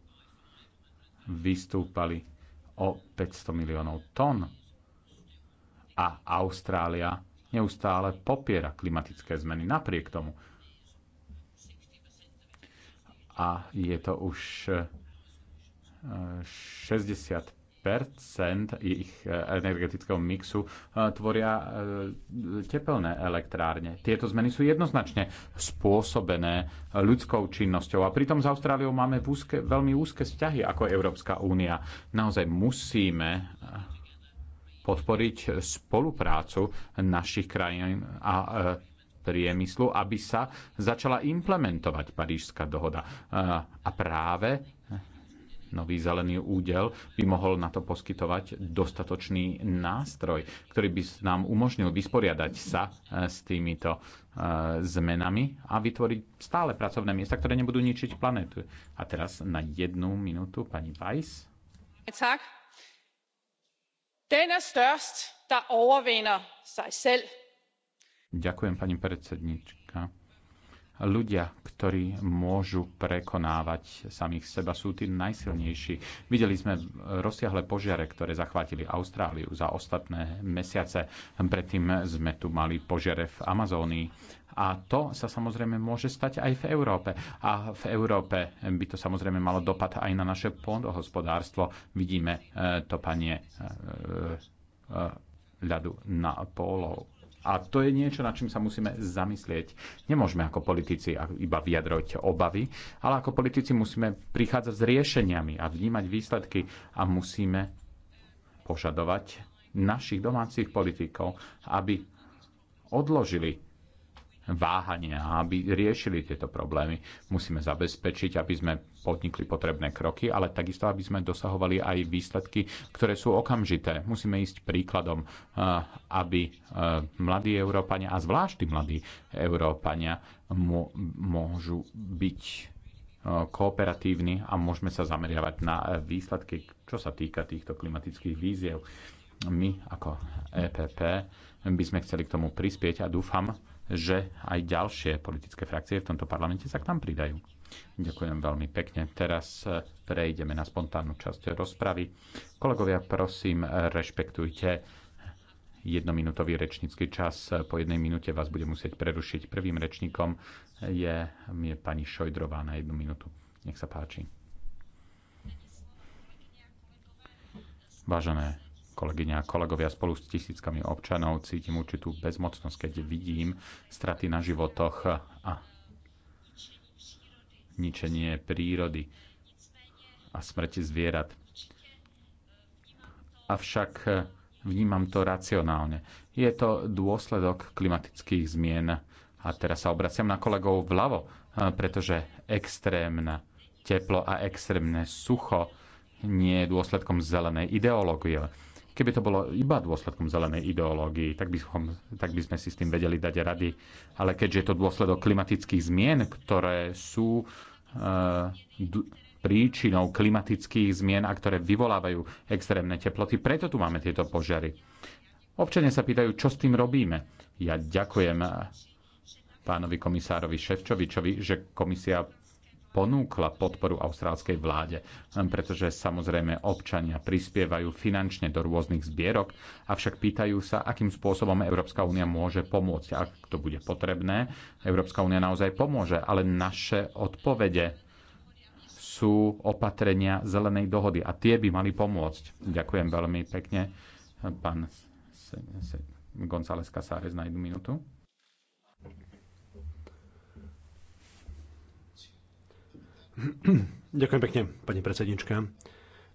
vystúpali o 500 miliónov tón. A Austrália neustále popiera klimatické zmeny napriek tomu. A je to už 60 eh, ich eh, energetického mixu eh, tvoria eh, tepelné elektrárne. Tieto zmeny sú jednoznačne spôsobené ľudskou činnosťou a pritom s Austráliou máme v úzke, veľmi úzke vzťahy ako Európska únia. Naozaj musíme podporiť spoluprácu našich krajín a priemyslu, aby sa začala implementovať Parížská dohoda. A práve Nový zelený údel by mohol na to poskytovať dostatočný nástroj, ktorý by nám umožnil vysporiadať sa e, s týmito e, zmenami a vytvoriť stále pracovné miesta, ktoré nebudú ničiť planetu. A teraz na jednu minútu pani Weiss. Tak. Den er størst, der overvinder sig selv. Ďakujem, pani predsednička ľudia, ktorí môžu prekonávať samých seba, sú tí najsilnejší. Videli sme rozsiahle požiare, ktoré zachvátili Austráliu za ostatné mesiace. Predtým sme tu mali požiare v Amazónii. A to sa samozrejme môže stať aj v Európe. A v Európe by to samozrejme malo dopad aj na naše pôdohospodárstvo. Vidíme eh, topanie eh, eh, ľadu na pólov a to je niečo, na čím sa musíme zamyslieť. Nemôžeme ako politici iba vyjadrovať obavy, ale ako politici musíme prichádzať s riešeniami a vnímať výsledky a musíme požadovať našich domácich politikov, aby odložili váhania, aby riešili tieto problémy. Musíme zabezpečiť, aby sme podnikli potrebné kroky, ale takisto, aby sme dosahovali aj výsledky, ktoré sú okamžité. Musíme ísť príkladom, eh, aby eh, mladí Európania, a zvlášť tí mladí Európania, môžu byť eh, kooperatívni a môžeme sa zameriavať na výsledky, čo sa týka týchto klimatických víziev. My ako EPP by sme chceli k tomu prispieť a dúfam, že aj ďalšie politické frakcie v tomto parlamente sa k nám pridajú. Ďakujem veľmi pekne. Teraz eh, prejdeme na spontánnu časť rozpravy. Kolegovia, prosím, rešpektujte jednominútový rečnícky čas. Po jednej minúte vás bude musieť prerušiť. Prvým rečníkom je, je pani Šojdrová na jednu minútu. Nech sa páči. Vážené kolegyňa a kolegovia, spolu s tisíckami občanov cítim určitú bezmocnosť, keď vidím straty na životoch a ničenie prírody a smrti zvierat. Avšak vnímam to racionálne. Je to dôsledok klimatických zmien. A teraz sa obraciam na kolegov vľavo, pretože extrémne teplo a extrémne sucho nie je dôsledkom zelenej ideológie Keby to bolo iba dôsledkom zelenej ideológii, tak by, som, tak by sme si s tým vedeli dať rady. Ale keďže je to dôsledok klimatických zmien, ktoré sú eh, príčinou klimatických zmien a ktoré vyvolávajú extrémne teploty. Preto tu máme tieto požiary. Občania sa pýtajú, čo s tým robíme. Ja ďakujem eh, pánovi komisárovi Ševčovičovi, že komisia ponúkla podporu austrálskej vláde, pretože samozrejme občania prispievajú finančne do rôznych zbierok, avšak pýtajú sa, akým spôsobom Európska únia môže pomôcť. Ak to bude potrebné, Európska únia naozaj pomôže, ale naše odpovede sú opatrenia zelenej dohody a tie by mali pomôcť. Ďakujem veľmi pekne, pán González Casares na jednu minútu. Ďakujem pekne, pani predsednička.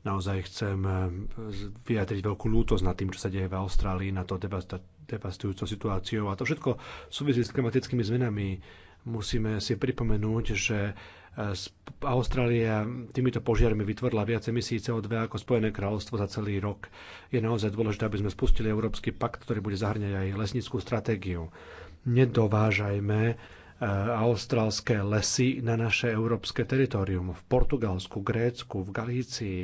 Naozaj chcem eh, vyjadriť veľkú lútosť nad tým, čo sa deje v Austrálii, na to devastujúco situáciou. A to všetko súvisí s klimatickými zmenami. Musíme si pripomenúť, že eh, Austrália týmito požiarmi vytvorila viac emisí CO2 ako Spojené kráľovstvo za celý rok. Je naozaj dôležité, aby sme spustili Európsky pakt, ktorý bude zahrňať aj lesnickú stratégiu. Nedovážajme austrálske lesy na naše európske teritorium. V Portugalsku, Grécku, v Galícii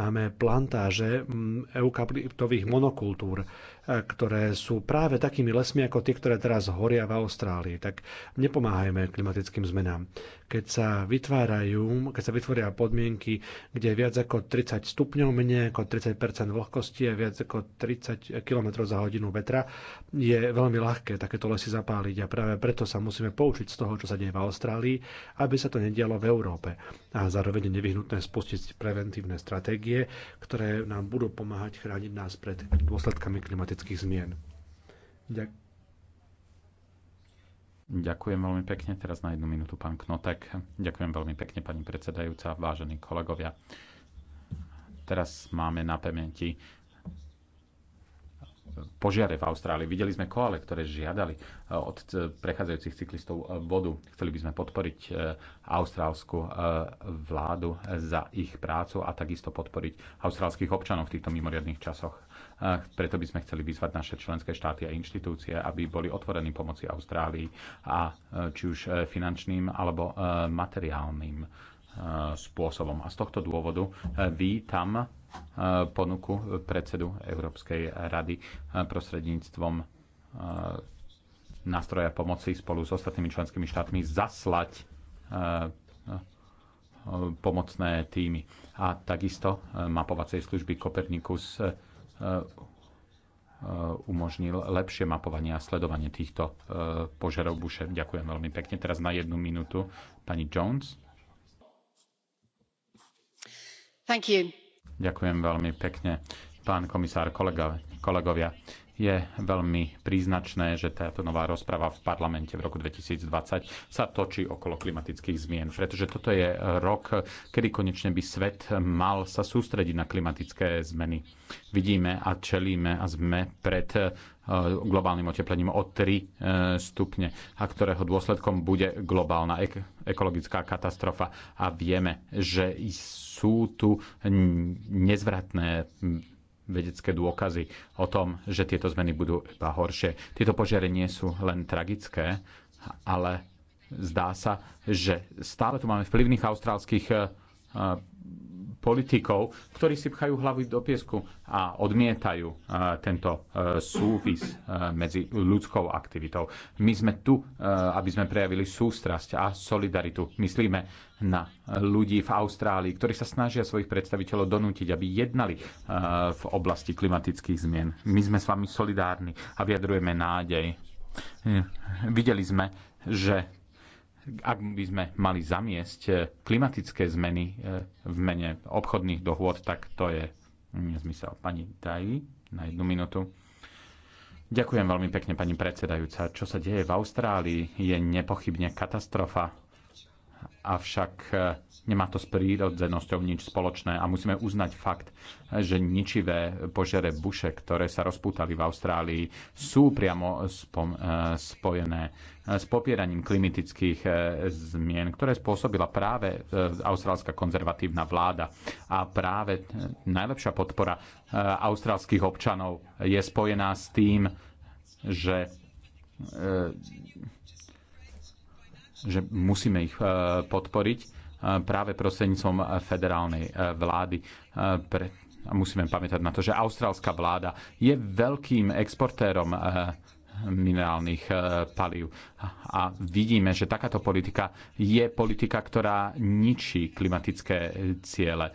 máme plantáže mm, eukalyptových monokultúr ktoré sú práve takými lesmi ako tie, ktoré teraz horia v Austrálii. Tak nepomáhajme klimatickým zmenám. Keď sa vytvárajú, keď sa vytvoria podmienky, kde je viac ako 30 stupňov, menej ako 30 vlhkosti a viac ako 30 km za hodinu vetra, je veľmi ľahké takéto lesy zapáliť a práve preto sa musíme poučiť z toho, čo sa deje v Austrálii, aby sa to nedialo v Európe. A zároveň je nevyhnutné spustiť preventívne stratégie, ktoré nám budú pomáhať chrániť nás pred dôsledkami klimatických klimatických zmien. Ďakujem. Ďakujem veľmi pekne. Teraz na jednu minútu pán Knotek. Ďakujem veľmi pekne, pani predsedajúca, vážení kolegovia. Teraz máme na pamäti požiare v Austrálii. Videli sme koale, ktoré žiadali eh, od eh, prechádzajúcich cyklistov eh, vodu. Chceli by sme podporiť austrálsku vládu za ich prácu a takisto podporiť austrálskych občanov v týchto mimoriadných časoch. Preto by sme chceli vyzvať naše členské štáty a inštitúcie, aby boli otvorení pomoci Austrálii a e, či už e, finančným alebo e, materiálnym spôsobom. A z tohto dôvodu vítam ponuku predsedu Európskej rady prostredníctvom nástroja pomoci spolu s ostatnými členskými štátmi zaslať pomocné týmy. A takisto mapovacej služby Kopernikus E, e, umožnil lepšie mapovanie a sledovanie týchto e, požiarov buše. Ďakujem veľmi pekne. Teraz na jednu minútu pani Jones. Thank you. Ďakujem veľmi pekne, pán komisár, kolega, kolegovia je veľmi príznačné, že táto nová rozprava v parlamente v roku 2020 sa točí okolo klimatických zmien, pretože toto je rok, kedy konečne by svet mal sa sústrediť na klimatické zmeny. Vidíme a čelíme a sme pred eh, globálnym oteplením o 3 eh, stupne, a ktorého dôsledkom bude globálna ekologická katastrofa. A vieme, že sú tu nezvratné vedecké dôkazy o tom, že tieto zmeny budú iba horšie. Tieto požiare nie sú len tragické, ale zdá sa, že stále tu máme vplyvných austrálskych eh, politikov, ktorí si pchajú hlavy do piesku a odmietajú e, tento e, súvis e, medzi ľudskou aktivitou. My sme tu, aby sme prejavili sústrasť a solidaritu. Myslíme na ľudí v Austrálii, ktorí sa snažia svojich predstaviteľov donútiť, aby jednali v oblasti klimatických zmien. My sme s vami solidárni a vyjadrujeme nádej. Videli sme, že ak by sme mali zamiesť e, klimatické zmeny e, v mene obchodných dohôd, tak to je nezmysel. Pani Dají, na jednu minútu. Ďakujem veľmi pekne, pani predsedajúca. Čo sa deje v Austrálii, je nepochybne katastrofa avšak e, nemá to s prírodzenosťou nič spoločné a musíme uznať fakt, že ničivé požiare buše, ktoré sa rozpútali v Austrálii, sú priamo spo- e, spojené e, s popieraním klimatických zmien, ktoré spôsobila práve austrálska konzervatívna vláda. A práve najlepšia podpora austrálskych občanov je spojená s tým, že že musíme ich e, podporiť e, práve prostredníctvom federálnej e, vlády. Pre, musíme pamätať na to, že austrálska vláda je veľkým exportérom minerálnych palív. A vidíme, že takáto politika je politika, ktorá ničí klimatické ciele.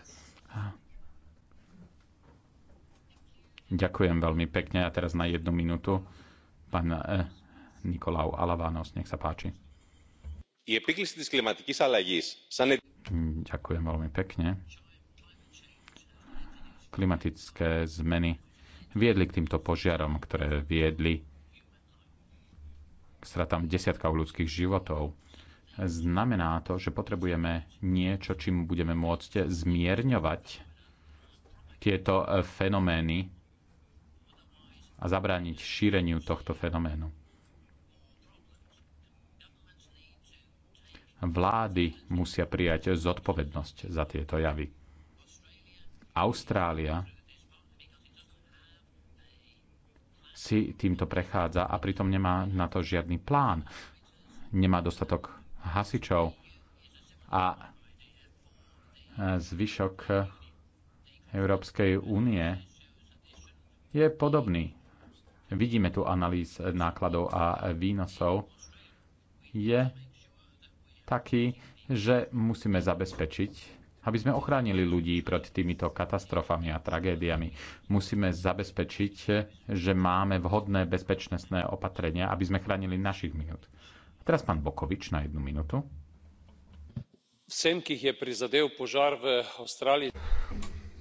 Ďakujem veľmi pekne. A teraz na jednu minútu pán Nikolau Alavános, nech sa páči. Ďakujem veľmi pekne. Klimatické zmeny viedli k týmto požiarom, ktoré viedli k stratám desiatkov ľudských životov. Znamená to, že potrebujeme niečo, čím budeme môcť zmierňovať tieto e, fenomény a zabrániť šíreniu tohto fenoménu Vlády musia prijať zodpovednosť za tieto javy. Austrália si týmto prechádza a pritom nemá na to žiadny plán. Nemá dostatok hasičov a zvyšok Európskej únie je podobný. Vidíme tu analýz nákladov a výnosov. Je taký, že musíme zabezpečiť, aby sme ochránili ľudí proti týmito katastrofami a tragédiami. Musíme zabezpečiť, že máme vhodné bezpečnostné opatrenia, aby sme chránili našich minút. A teraz pán Bokovič na jednu minútu. je požár v Austrálii.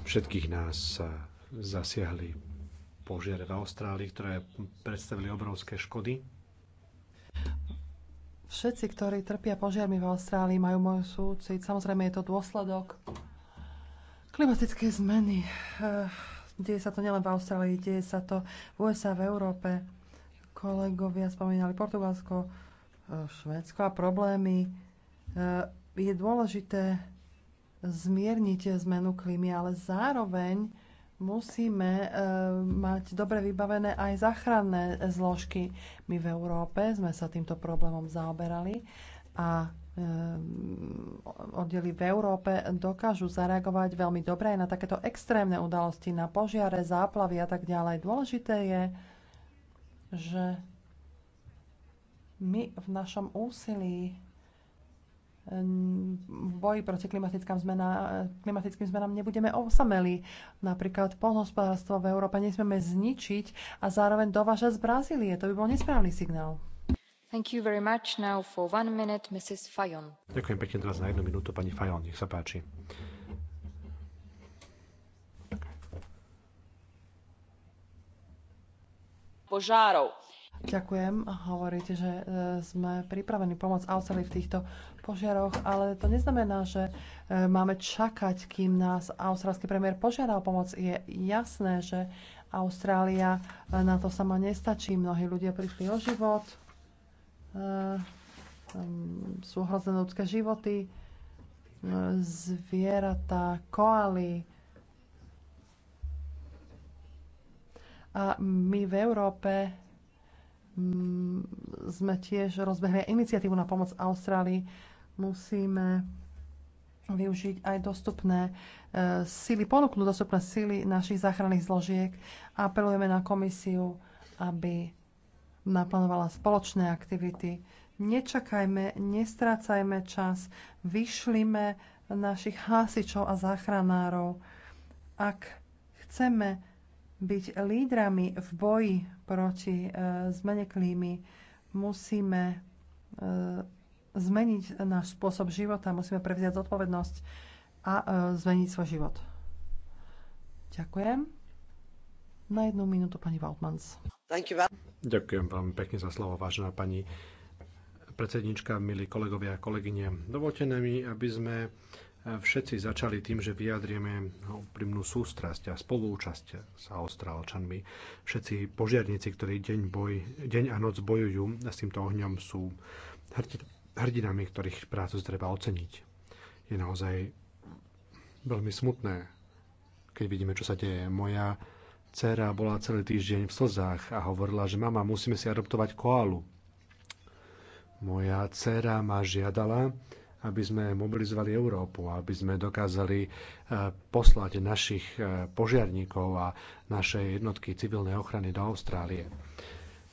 Všetkých nás zasiahli požiare v Austrálii, ktoré predstavili obrovské škody. Všetci, ktorí trpia požiarmi v Austrálii, majú môj súcit. Samozrejme je to dôsledok klimatickej zmeny. Eh, deje sa to nielen v Austrálii, deje sa to v USA, v Európe. Kolegovia spomínali Portugalsko, eh, Švédsko a problémy. Eh, je dôležité zmierniť zmenu klímy, ale zároveň Musíme e, mať dobre vybavené aj záchranné zložky. My v Európe sme sa týmto problémom zaoberali a eh, oddeli v Európe dokážu zareagovať veľmi dobre aj na takéto extrémne udalosti, na požiare, záplavy a tak ďalej. Dôležité je, že my v našom úsilí Ehm, boji proti klimatickým, zmena, klimatickým zmenám nebudeme osameli. Napríklad polnohospodárstvo v Európe nesmieme zničiť a zároveň dovažať z Brazílie. To by bol nesprávny signál. Thank you very much. Now for one minute, Mrs. Fajon. Ďakujem pekne teraz na jednu minútu, pani Fajon. Nech sa páči. Požárov Ďakujem. Hovoríte, že e, sme pripravení pomôcť Auseli v týchto požiaroch, ale to neznamená, že e, máme čakať, kým nás austrálsky premiér požiada o pomoc. Je jasné, že Austrália e, na to sama nestačí. Mnohí ľudia prišli o život, sú ohrozené ľudské životy, zvieratá, koaly, A my v Európe Mm, sme tiež rozbehli iniciatívu na pomoc Austrálii. Musíme využiť aj dostupné e, sily, ponúknuť dostupné sily našich záchranných zložiek. Apelujeme na komisiu, aby naplánovala spoločné aktivity. Nečakajme, nestrácajme čas, vyšlime našich hasičov a záchranárov. Ak chceme byť lídrami v boji proti e, zmene klímy. Musíme e, zmeniť náš spôsob života, musíme prevziať zodpovednosť a e, zmeniť svoj život. Ďakujem. Na jednu minútu pani Valtmans. Ďakujem vám pekne za slovo, vážená pani predsednička, milí kolegovia a kolegyne. Dovolte mi, aby sme všetci začali tým, že vyjadrieme úprimnú sústrasť a spolúčasť sa ostrálčanmi. Všetci požiarníci, ktorí deň, boj, deň a noc bojujú s týmto ohňom, sú hrdinami, ktorých prácu treba oceniť. Je naozaj veľmi smutné, keď vidíme, čo sa deje. Moja dcera bola celý týždeň v slzách a hovorila, že mama, musíme si adoptovať koalu. Moja dcera ma žiadala, aby sme mobilizovali Európu, aby sme dokázali e, poslať našich e, požiarníkov a naše jednotky civilnej ochrany do Austrálie.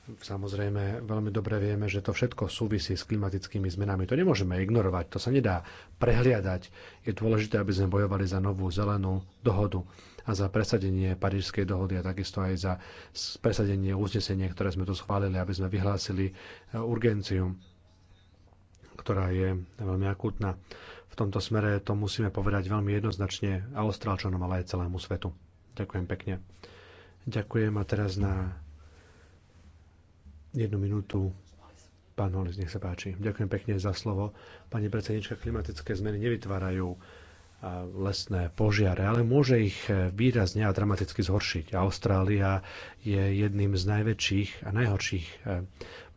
Samozrejme, veľmi dobre vieme, že to všetko súvisí s klimatickými zmenami. To nemôžeme ignorovať, to sa nedá prehliadať. Je dôležité, aby sme bojovali za novú zelenú dohodu a za presadenie Parížskej dohody a takisto aj za presadenie uznesenia, ktoré sme tu schválili, aby sme vyhlásili e, urgencium ktorá je veľmi akútna. V tomto smere to musíme povedať veľmi jednoznačne Austrálčanom, ale aj celému svetu. Ďakujem pekne. Ďakujem a teraz na jednu minútu pán Holis, nech sa páči. Ďakujem pekne za slovo. Pani predsednička, klimatické zmeny nevytvárajú lesné požiare, ale môže ich e, výrazne a dramaticky zhoršiť. Austrália je jedným z najväčších a najhorších e,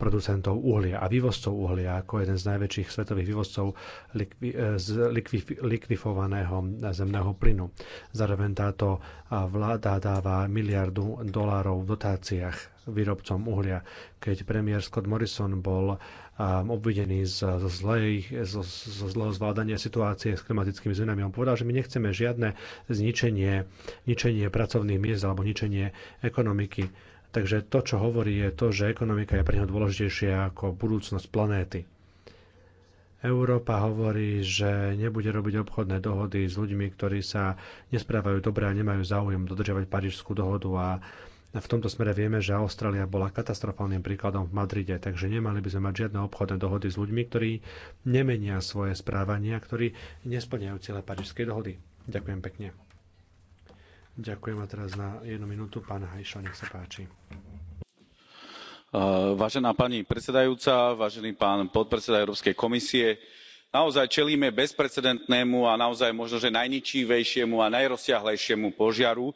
producentov uhlia a vývozcov uhlia ako jeden z najväčších svetových vývozcov likvi, e, z likvi, likvifovaného zemného plynu. Zároveň táto vláda dáva miliardu dolárov v dotáciách výrobcom uhlia. Keď premiér Scott Morrison bol obvinený zo, zlej, zo, zo zlého zvládania situácie s klimatickými zmenami. On povedal, že my nechceme žiadne zničenie, ničenie pracovných miest alebo ničenie ekonomiky. Takže to, čo hovorí, je to, že ekonomika je pre neho dôležitejšia ako budúcnosť planéty. Európa hovorí, že nebude robiť obchodné dohody s ľuďmi, ktorí sa nesprávajú dobre a nemajú záujem dodržiavať Parížskú dohodu a v tomto smere vieme, že Austrália bola katastrofálnym príkladom v Madride, takže nemali by sme mať žiadne obchodné dohody s ľuďmi, ktorí nemenia svoje správania, ktorí nesplňajú cieľe Parížskej dohody. Ďakujem pekne. Ďakujem a teraz na jednu minútu pán Hajšo, nech sa páči. Vážená pani predsedajúca, vážený pán podpredseda Európskej komisie, naozaj čelíme bezprecedentnému a naozaj možno že najničivejšiemu a najrozsiahlejšiemu požiaru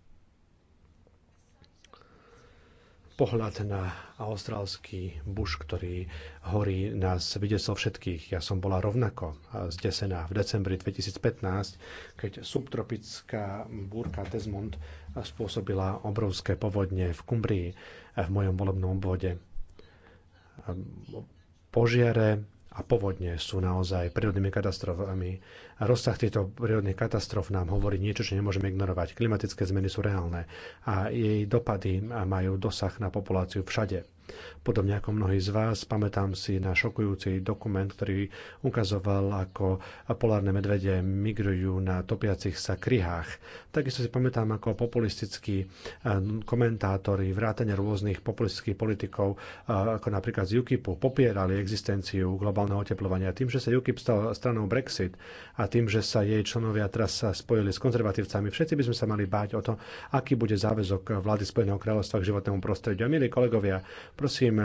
pohľad na austrálsky buš, ktorý horí, nás vydesol všetkých. Ja som bola rovnako zdesená v decembri 2015, keď subtropická búrka Desmond spôsobila obrovské povodne v Kumbrii v mojom volebnom obvode. Požiare a povodne sú naozaj prírodnými katastrofami. A rozsah týchto prírodných katastrof nám hovorí niečo, čo nemôžeme ignorovať. Klimatické zmeny sú reálne a jej dopady majú dosah na populáciu všade. Podobne ako mnohí z vás, pamätám si na šokujúci dokument, ktorý ukazoval, ako polárne medvede migrujú na topiacich sa kryhách. Takisto si pamätám, ako populistickí eh, komentátori, vrátane rôznych populistických politikov, eh, ako napríklad z UKIPu, popierali existenciu globálneho oteplovania tým, že sa UKIP stal stranou Brexit a tým, že sa jej členovia teraz sa spojili s konzervatívcami. Všetci by sme sa mali báť o to, aký bude záväzok vlády Spojeného kráľovstva k životnému prostrediu. A milí kolegovia, Prosím,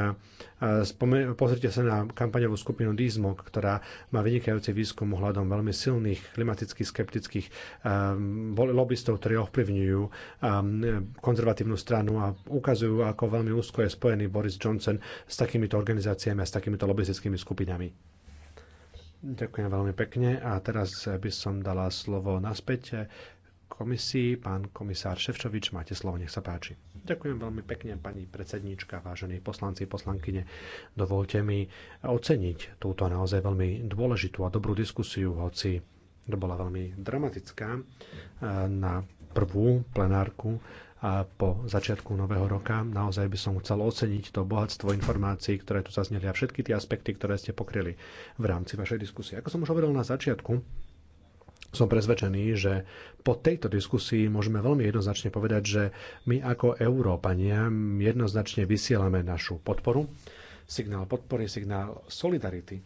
pozrite sa na kampaňovú skupinu Dizmo, ktorá má vynikajúci výskum ohľadom veľmi silných klimatických skeptických lobbystov, ktorí ovplyvňujú konzervatívnu stranu a ukazujú, ako veľmi úzko je spojený Boris Johnson s takýmito organizáciami a s takýmito lobbystickými skupinami. Ďakujem veľmi pekne a teraz by som dala slovo naspäť komisii. Pán komisár Ševčovič, máte slovo, nech sa páči. Ďakujem veľmi pekne, pani predsednička, vážení poslanci, poslankyne. Dovolte mi oceniť túto naozaj veľmi dôležitú a dobrú diskusiu, hoci to bola veľmi dramatická eh, na prvú plenárku a po začiatku nového roka. Naozaj by som chcel oceniť to bohatstvo informácií, ktoré tu zazneli a všetky tie aspekty, ktoré ste pokryli v rámci vašej diskusie. Ako som už hovoril na začiatku, som prezvedčený, že po tejto diskusii môžeme veľmi jednoznačne povedať, že my ako Európania jednoznačne vysielame našu podporu, signál podpory, signál solidarity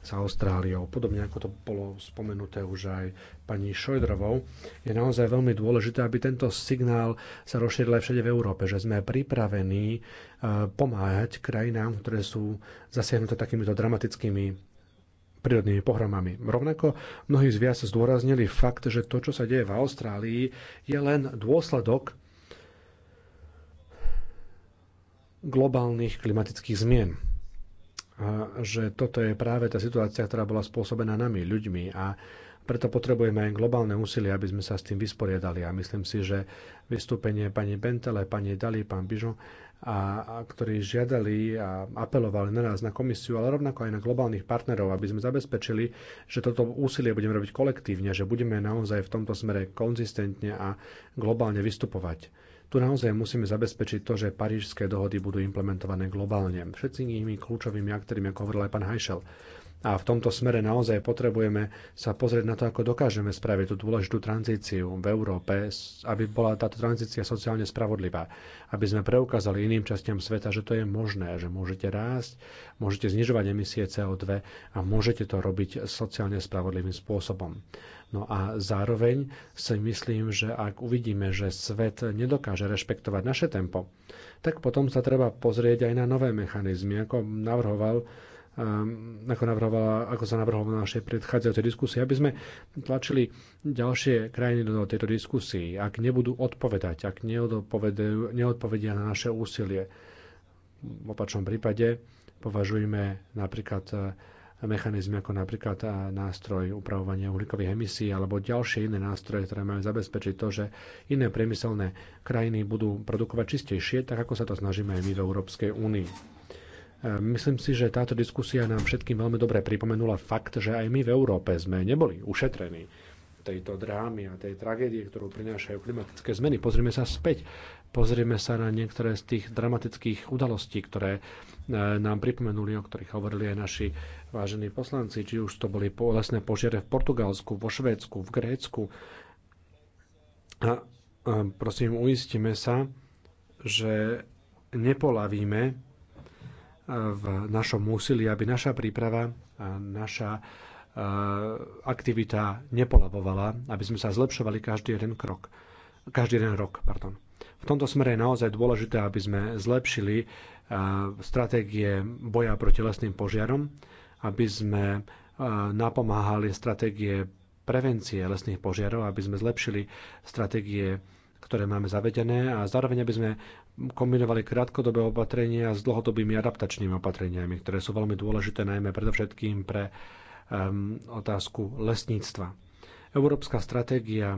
s Austráliou. Podobne ako to bolo spomenuté už aj pani Šojdrovou, je naozaj veľmi dôležité, aby tento signál sa rozšíril aj všade v Európe, že sme pripravení eh, pomáhať krajinám, ktoré sú zasiahnuté takýmito dramatickými prírodnými pohromami. Rovnako mnohí z viac zdôraznili fakt, že to, čo sa deje v Austrálii, je len dôsledok globálnych klimatických zmien. A že toto je práve tá situácia, ktorá bola spôsobená nami, ľuďmi a preto potrebujeme aj globálne úsilie, aby sme sa s tým vysporiadali. A myslím si, že vystúpenie pani Bentele, pani Dali, pán Bižo a, a ktorí žiadali a apelovali na nás, na komisiu, ale rovnako aj na globálnych partnerov, aby sme zabezpečili, že toto úsilie budeme robiť kolektívne, že budeme naozaj v tomto smere konzistentne a globálne vystupovať. Tu naozaj musíme zabezpečiť to, že parížské dohody budú implementované globálne. Všetci nimi kľúčovými aktérmi, ako hovoril aj pán Hajšel. A v tomto smere naozaj potrebujeme sa pozrieť na to, ako dokážeme spraviť tú dôležitú tranzíciu v Európe, aby bola táto tranzícia sociálne spravodlivá. Aby sme preukázali iným častiam sveta, že to je možné, že môžete rásť, môžete znižovať emisie CO2 a môžete to robiť sociálne spravodlivým spôsobom. No a zároveň si myslím, že ak uvidíme, že svet nedokáže rešpektovať naše tempo, tak potom sa treba pozrieť aj na nové mechanizmy, ako navrhoval Ehm, ako, ako sa navrhovalo na našej predchádzajúcej diskusii, aby sme tlačili ďalšie krajiny do tejto diskusii, ak nebudú odpovedať, ak neodpovedia na naše úsilie. V opačnom prípade považujme napríklad eh, mechanizmy ako napríklad eh, nástroj upravovania uhlíkových emisí alebo ďalšie iné nástroje, ktoré majú zabezpečiť to, že iné priemyselné krajiny budú produkovať čistejšie, tak ako sa to snažíme aj my v Európskej únii. Myslím si, že táto diskusia nám všetkým veľmi dobre pripomenula fakt, že aj my v Európe sme neboli ušetrení tejto drámy a tej tragédie, ktorú prinášajú klimatické zmeny. Pozrieme sa späť, pozrieme sa na niektoré z tých dramatických udalostí, ktoré e, nám pripomenuli, o ktorých hovorili aj naši vážení poslanci, či už to boli lesné požiare v Portugalsku, vo Švédsku, v Grécku. A prosím, uistíme sa, že nepolavíme v našom úsilí, aby naša príprava, a naša e, aktivita nepolabovala, aby sme sa zlepšovali každý jeden krok. Každý jeden rok, pardon. V tomto smere je naozaj dôležité, aby sme zlepšili e, stratégie boja proti lesným požiarom, aby sme e, napomáhali stratégie prevencie lesných požiarov, aby sme zlepšili stratégie ktoré máme zavedené a zároveň aby sme kombinovali krátkodobé opatrenia s dlhodobými adaptačnými opatreniami, ktoré sú veľmi dôležité najmä predovšetkým pre um, otázku lesníctva. Európska stratégia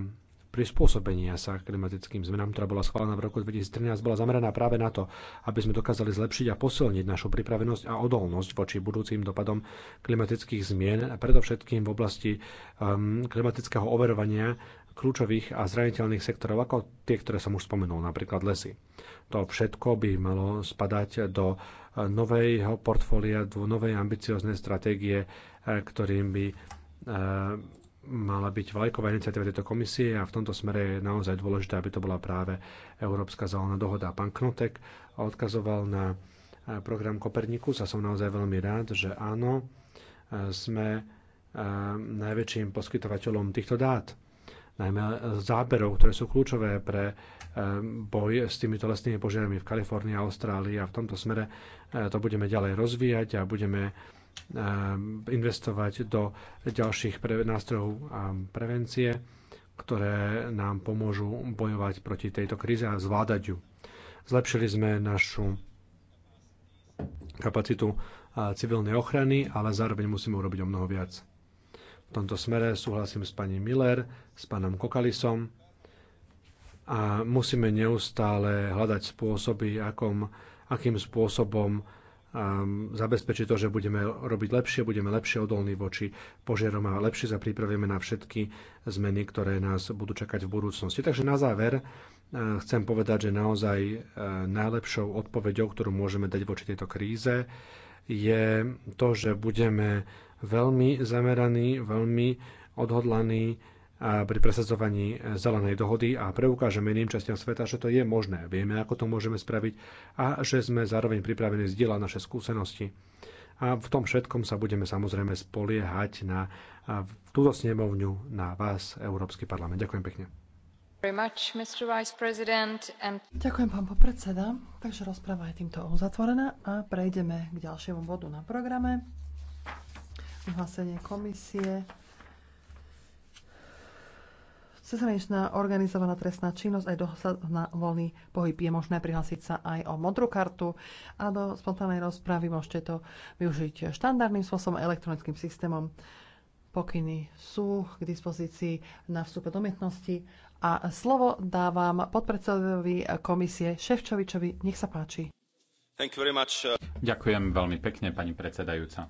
prispôsobenia sa klimatickým zmenám, ktorá bola schválená v roku 2013, bola zameraná práve na to, aby sme dokázali zlepšiť a posilniť našu pripravenosť a odolnosť voči budúcim dopadom klimatických zmien, predovšetkým v oblasti um, klimatického overovania kľúčových a zraniteľných sektorov, ako tie, ktoré som už spomenul, napríklad lesy. To všetko by malo spadať do eh, nového portfólia, do novej ambicioznej stratégie, eh, ktorým by eh, mala byť vlajková iniciatíva tejto komisie a v tomto smere je naozaj dôležité, aby to bola práve Európska zelená dohoda. Pán Knotek odkazoval na program Kopernikus a som naozaj veľmi rád, že áno, sme najväčším poskytovateľom týchto dát najmä e, záberov, ktoré sú kľúčové pre e, boj s týmito lesnými požiarmi v Kalifornii a Austrálii a v tomto smere e, to budeme ďalej rozvíjať a budeme investovať do ďalších nástrojov prevencie, ktoré nám pomôžu bojovať proti tejto kríze a zvládať ju. Zlepšili sme našu kapacitu civilnej ochrany, ale zároveň musíme urobiť o mnoho viac. V tomto smere súhlasím s pani Miller, s pánom Kokalisom a musíme neustále hľadať spôsoby, akom, akým spôsobom um, zabezpečiť to, že budeme robiť lepšie, budeme lepšie odolní voči požiarom a lepšie sa pripravíme na všetky zmeny, ktoré nás budú čakať v budúcnosti. Takže na záver uh, chcem povedať, že naozaj uh, najlepšou odpoveďou, ktorú môžeme dať voči tejto kríze, je to, že budeme veľmi zameraní, veľmi odhodlaní pri presadzovaní zelenej dohody a preukážeme iným častiam sveta, že to je možné, vieme, ako to môžeme spraviť a že sme zároveň pripravení zdieľať naše skúsenosti. A v tom všetkom sa budeme samozrejme spoliehať na túto snemovňu, na vás, Európsky parlament. Ďakujem pekne. Much, And... Ďakujem, pán podpredseda. Takže rozpráva je týmto uzatvorená a prejdeme k ďalšiemu bodu na programe. Vyhlásenie komisie Cezhraničná organizovaná trestná činnosť aj dosad na voľný pohyb je možné prihlásiť sa aj o modrú kartu a do spontánnej rozpravy môžete to využiť štandardným spôsobom elektronickým systémom. Pokyny sú k dispozícii na vstupe do miestnosti a slovo dávam podpredsedovi komisie Ševčovičovi. Nech sa páči. Uh, Ďakujem veľmi pekne, pani predsedajúca.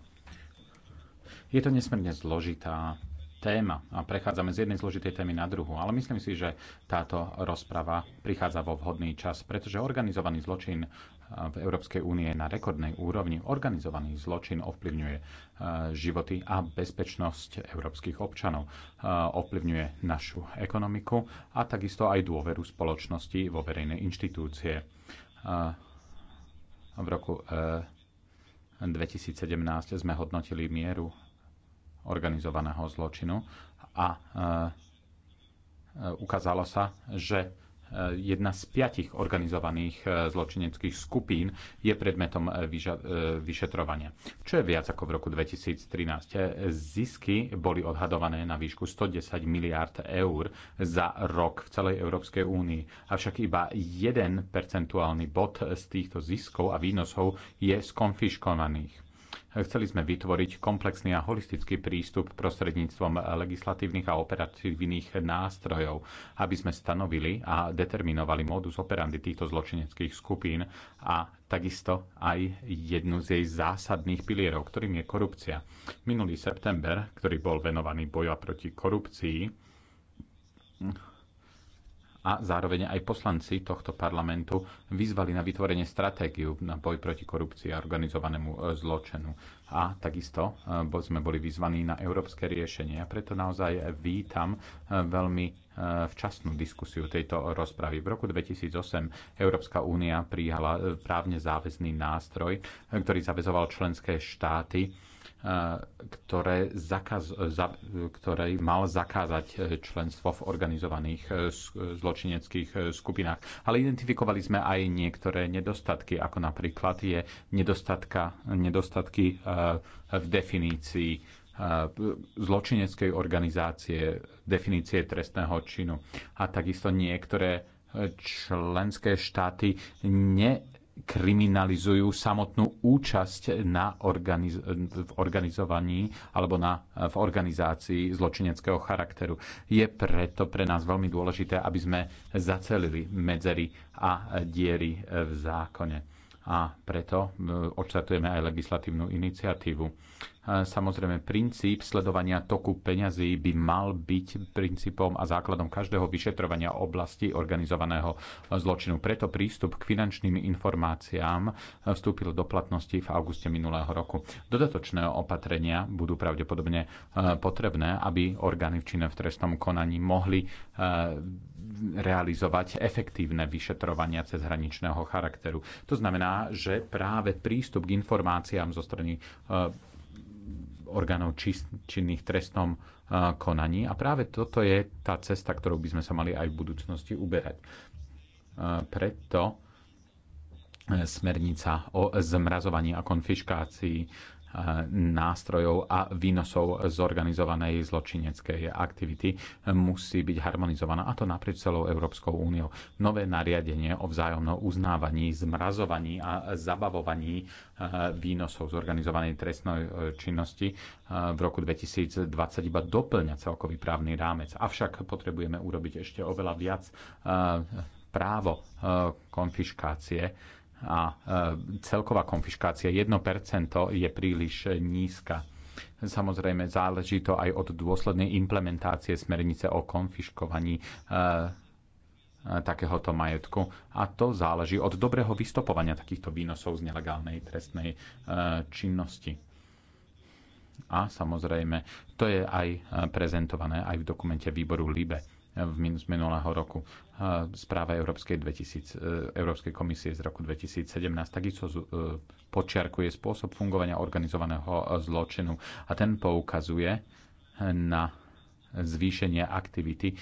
Je to nesmierne zložitá téma a prechádzame z jednej zložitej témy na druhú. Ale myslím si, že táto rozprava prichádza vo vhodný čas, pretože organizovaný zločin eh, v Európskej únie na rekordnej úrovni. Organizovaný zločin ovplyvňuje eh, životy a bezpečnosť európskych občanov. Eh, ovplyvňuje našu ekonomiku a takisto aj dôveru spoločnosti vo verejné inštitúcie. V roku 2017 sme hodnotili mieru organizovaného zločinu a e, e, ukázalo sa, že e, jedna z piatich organizovaných zločineckých skupín je predmetom vyšetrovania. Čo je viac ako v roku 2013. Zisky boli odhadované na výšku 110 miliárd eur za rok v celej Európskej únii. Avšak iba jeden percentuálny bod z týchto ziskov a výnosov je skonfiškovaných Chceli sme vytvoriť komplexný a holistický prístup prostredníctvom legislatívnych a operatívnych nástrojov, aby sme stanovili a determinovali modus operandi týchto zločineckých skupín a takisto aj jednu z jej zásadných pilierov, ktorým je korupcia. Minulý september, ktorý bol venovaný boja proti korupcii, a zároveň aj poslanci tohto parlamentu vyzvali na vytvorenie stratégiu na boj proti korupcii a organizovanému e, zločinu. A takisto e, sme boli vyzvaní na európske riešenie. A preto naozaj vítam e, veľmi včasnú diskusiu tejto rozpravy. V roku 2008 Európska únia prijala právne záväzný nástroj, ktorý zavezoval členské štáty Eh, ktoré, zakaz, eh, za, ktoré mal zakázať eh, členstvo v organizovaných zločineckých skupinách. Ale identifikovali sme aj niektoré nedostatky, ako napríklad je nedostatka, nedostatky v definícii zločineckej organizácie, definície trestného činu. A takisto niektoré členské štáty ne kriminalizujú samotnú účasť na organiz- v organizovaní alebo na, v organizácii zločineckého charakteru. Je preto pre nás veľmi dôležité, aby sme zacelili medzery a diery v zákone a preto e, odštartujeme aj legislatívnu iniciatívu. E, samozrejme, princíp sledovania toku peňazí by mal byť princípom a základom každého vyšetrovania oblasti organizovaného zločinu. Preto prístup k finančným informáciám e, vstúpil do platnosti v auguste minulého roku. Dodatočné opatrenia budú pravdepodobne potrebné, aby orgány v v trestnom konaní mohli realizovať efektívne vyšetrovania cezhraničného charakteru. To znamená, že práve prístup k informáciám zo strany eh, orgánov činných trestnom eh, konaní a práve toto je tá cesta, ktorou by sme sa mali aj v budúcnosti uberať. Eh, preto smernica o zmrazovaní a konfiškácii nástrojov a výnosov z organizovanej zločineckej aktivity musí byť harmonizovaná, a to naprieč celou Európskou úniou. Nové nariadenie o vzájomnom uznávaní, zmrazovaní a zabavovaní e, výnosov z organizovanej trestnej e, činnosti e, v roku 2020 iba doplňa celkový právny rámec. Avšak potrebujeme urobiť ešte oveľa viac právo konfiškácie a e, celková konfiškácia 1% je príliš nízka. Samozrejme, záleží to aj od dôslednej implementácie smernice o konfiškovaní e, e, takéhoto majetku. A to záleží od dobrého vystopovania takýchto výnosov z nelegálnej trestnej činnosti. A samozrejme, to je aj prezentované aj v dokumente výboru LIBE z minulého roku správa Európskej, 2000, e, Európskej komisie z roku 2017 takisto e, počiarkuje spôsob fungovania organizovaného zločinu a ten poukazuje na zvýšenie aktivity eh,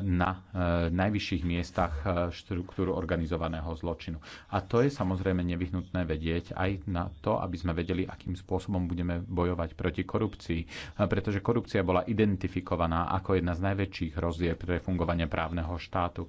na eh, najvyšších miestach eh, štruktúru organizovaného zločinu. A to je samozrejme nevyhnutné vedieť aj na to, aby sme vedeli, akým spôsobom budeme bojovať proti korupcii, pretože korupcia bola identifikovaná ako jedna z najväčších rozdieb pre fungovanie právneho štátu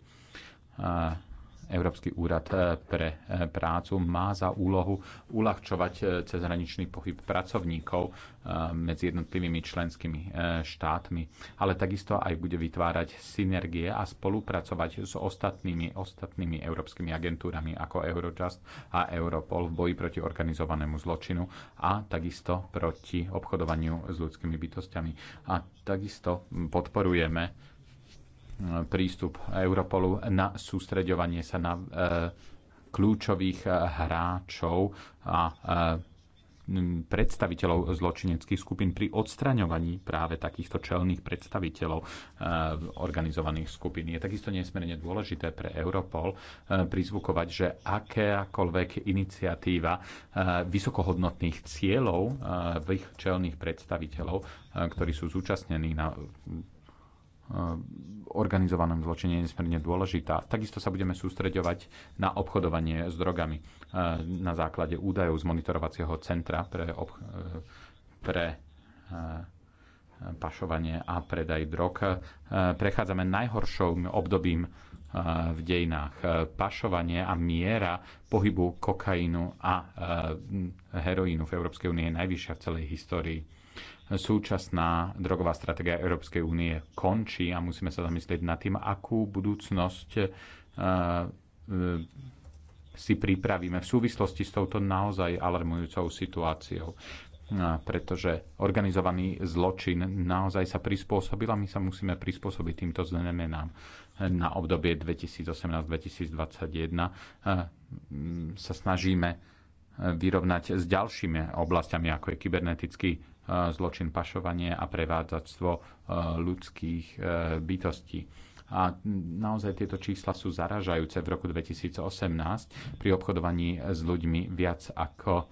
Európsky úrad eh, pre eh, prácu má za úlohu uľahčovať eh, cezhraničný pohyb pracovníkov medzi jednotlivými členskými štátmi, ale takisto aj bude vytvárať synergie a spolupracovať s ostatnými, ostatnými európskymi agentúrami ako Eurojust a Europol v boji proti organizovanému zločinu a takisto proti obchodovaniu s ľudskými bytostiami. A takisto podporujeme prístup Europolu na sústreďovanie sa na e, kľúčových e, hráčov a e, predstaviteľov zločineckých skupín pri odstraňovaní práve takýchto čelných predstaviteľov organizovaných skupín. Je takisto nesmierne dôležité pre Europol prizvukovať, že akákoľvek iniciatíva vysokohodnotných cieľov ich čelných predstaviteľov, ktorí sú zúčastnení na organizovanom zločine je nesmierne dôležitá. Takisto sa budeme sústreďovať na obchodovanie s drogami e, na základe údajov z monitorovacieho centra pre, ob, e, pre e, pašovanie a predaj drog. Prechádzame najhoršou obdobím v dejinách. Pašovanie a miera pohybu kokainu a heroínu v Európskej únie je najvyššia v celej histórii súčasná drogová stratégia Európskej únie končí a musíme sa zamyslieť nad tým, akú budúcnosť e, e, si pripravíme v súvislosti s touto naozaj alarmujúcou situáciou pretože organizovaný zločin naozaj sa prispôsobil a my sa musíme prispôsobiť týmto znamenám. Na obdobie 2018-2021 e, sa snažíme vyrovnať s ďalšími oblastiami, ako je kybernetický zločin pašovanie a prevádzactvo e, ľudských e, bytostí. A naozaj tieto čísla sú zaražajúce. V roku 2018 pri obchodovaní s ľuďmi viac ako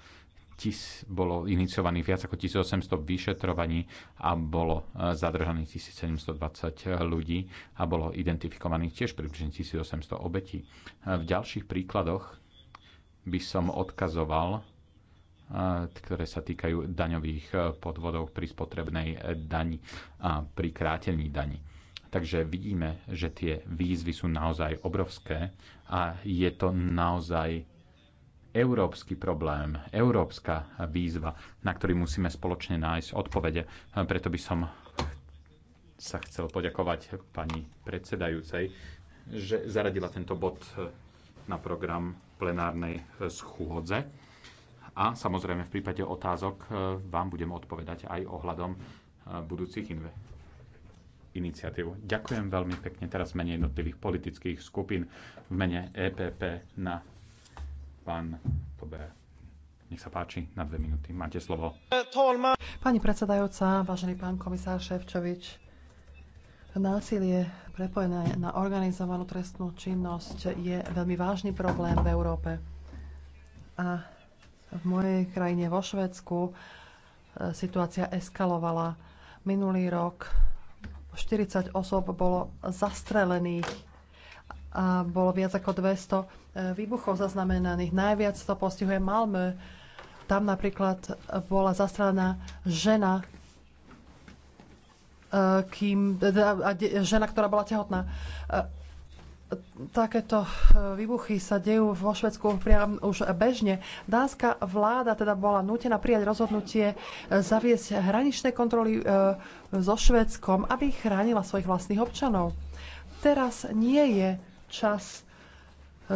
tis, bolo iniciovaných viac ako 1800 vyšetrovaní a bolo e, zadržaných 1720 ľudí a bolo identifikovaných tiež približne 1800 obetí. V ďalších príkladoch by som odkazoval ktoré sa týkajú daňových e, podvodov pri spotrebnej e, dani a pri krátení dani. Takže vidíme, že tie výzvy sú naozaj obrovské a je to naozaj európsky problém, európska výzva, na ktorý musíme spoločne nájsť odpovede. Preto by som sa chcel poďakovať pani predsedajúcej, že zaradila tento bod na program plenárnej schôdze. A samozrejme v prípade otázok e, vám budem odpovedať aj ohľadom e, budúcich inve iniciatív. Ďakujem veľmi pekne teraz v mene jednotlivých politických skupín v mene EPP na pán Tobé. Nech sa páči, na dve minúty. Máte slovo. Pani predsedajúca, vážený pán komisár Ševčovič, násilie prepojené na organizovanú trestnú činnosť je veľmi vážny problém v Európe. A v mojej krajine, vo Švedsku, e, situácia eskalovala. Minulý rok 40 osôb bolo zastrelených a bolo viac ako 200 e, výbuchov zaznamenaných. Najviac to postihuje Malmö. Tam napríklad bola zastrelená žena, e, kým, teda, žena, ktorá bola tehotná. Takéto e, výbuchy sa dejú vo Švedsku priam už bežne. Dánska vláda teda bola nutená prijať rozhodnutie e, zaviesť hraničné kontroly e, so Švedskom, aby chránila svojich vlastných občanov. Teraz nie je čas E,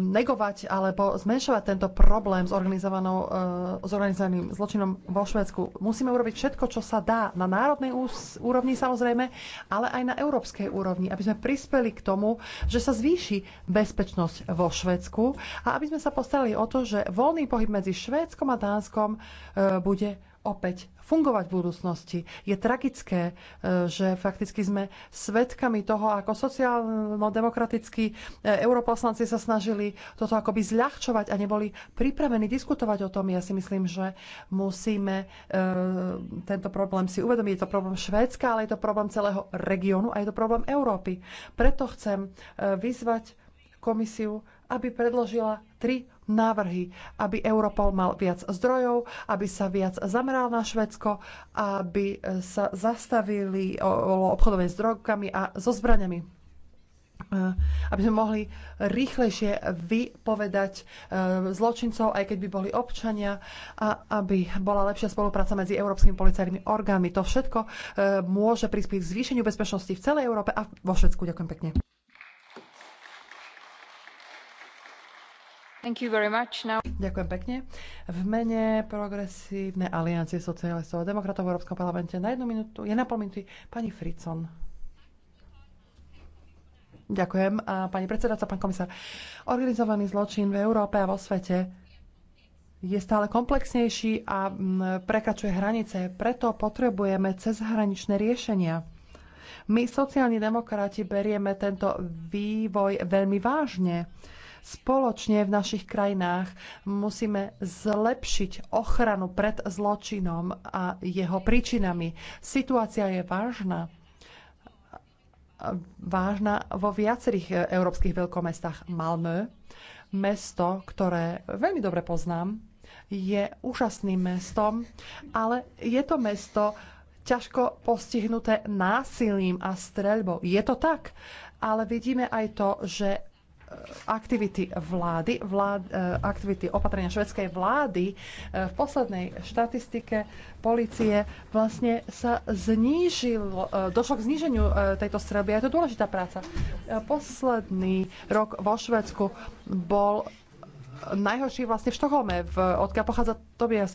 negovať alebo zmenšovať tento problém s, organizovanou, e, s organizovaným zločinom vo Švedsku. Musíme urobiť všetko, čo sa dá na národnej úrovni samozrejme, ale aj na európskej úrovni, aby sme prispeli k tomu, že sa zvýši bezpečnosť vo Švedsku a aby sme sa postarali o to, že voľný pohyb medzi Švédskom a Dánskom e, bude opäť fungovať v budúcnosti. Je tragické, e, že fakticky sme svedkami toho, ako sociálno-demokratickí e, europoslanci sa snažili toto akoby zľahčovať a neboli pripravení diskutovať o tom. Ja si myslím, že musíme e, tento problém si uvedomiť. Je to problém Švédska, ale je to problém celého regiónu a je to problém Európy. Preto chcem vyzvať komisiu, aby predložila tri návrhy, aby Europol mal viac zdrojov, aby sa viac zameral na Švedsko, aby sa zastavili obchodovanie s drogami a so zbraniami eh, aby sme mohli rýchlejšie vypovedať eh, zločincov, aj keď by boli občania, a aby bola lepšia spolupráca medzi európskymi policajnými orgánmi. To všetko eh, môže prispieť k zvýšeniu bezpečnosti v celej Európe a vo Švedsku. Ďakujem pekne. Now... Ďakujem pekne. V mene Progresívnej aliancie socialistov a demokratov v Európskom parlamente na jednu minútu, je na pol minúty pani Fricon. Ďakujem. A pani predsedáca, pán komisár, organizovaný zločin v Európe a vo svete je stále komplexnejší a prekračuje hranice. Preto potrebujeme cezhraničné riešenia. My, sociálni demokrati, berieme tento vývoj veľmi vážne spoločne v našich krajinách. Musíme zlepšiť ochranu pred zločinom a jeho príčinami. Situácia je vážna vážna vo viacerých európskych veľkomestách. Malmö, mesto, ktoré veľmi dobre poznám, je úžasným mestom, ale je to mesto ťažko postihnuté násilím a streľbou. Je to tak, ale vidíme aj to, že Eh, aktivity vlády, vlád, eh, aktivity opatrenia švedskej vlády. Eh, v poslednej štatistike policie vlastne sa znížil, došlo k zníženiu tejto streľby. Je to dôležitá práca. Posledný rok vo Švedsku bol najhorší vlastne v Štokholme, odkiaľ pochádza Tobias.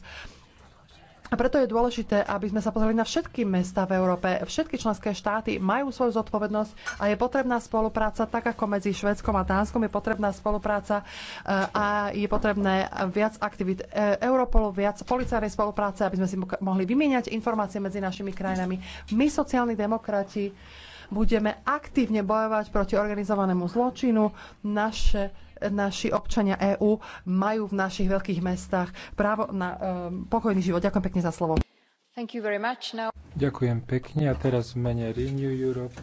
A preto je dôležité, aby sme sa pozreli na všetky mesta v Európe. Všetky členské štáty majú svoju zodpovednosť a je potrebná spolupráca, tak ako medzi Švedskom a Dánskom je potrebná spolupráca eh, a je potrebné viac aktivít eh, Europolu, viac policárnej spolupráce, aby sme si mohli vymieňať informácie medzi našimi krajinami. My, sociálni demokrati, budeme aktívne bojovať proti organizovanému zločinu. Naše naši občania EÚ majú v našich veľkých mestách právo na ehm, pokojný život. Ďakujem pekne za slovo. Now... Ďakujem pekne a teraz v mene Renew Europe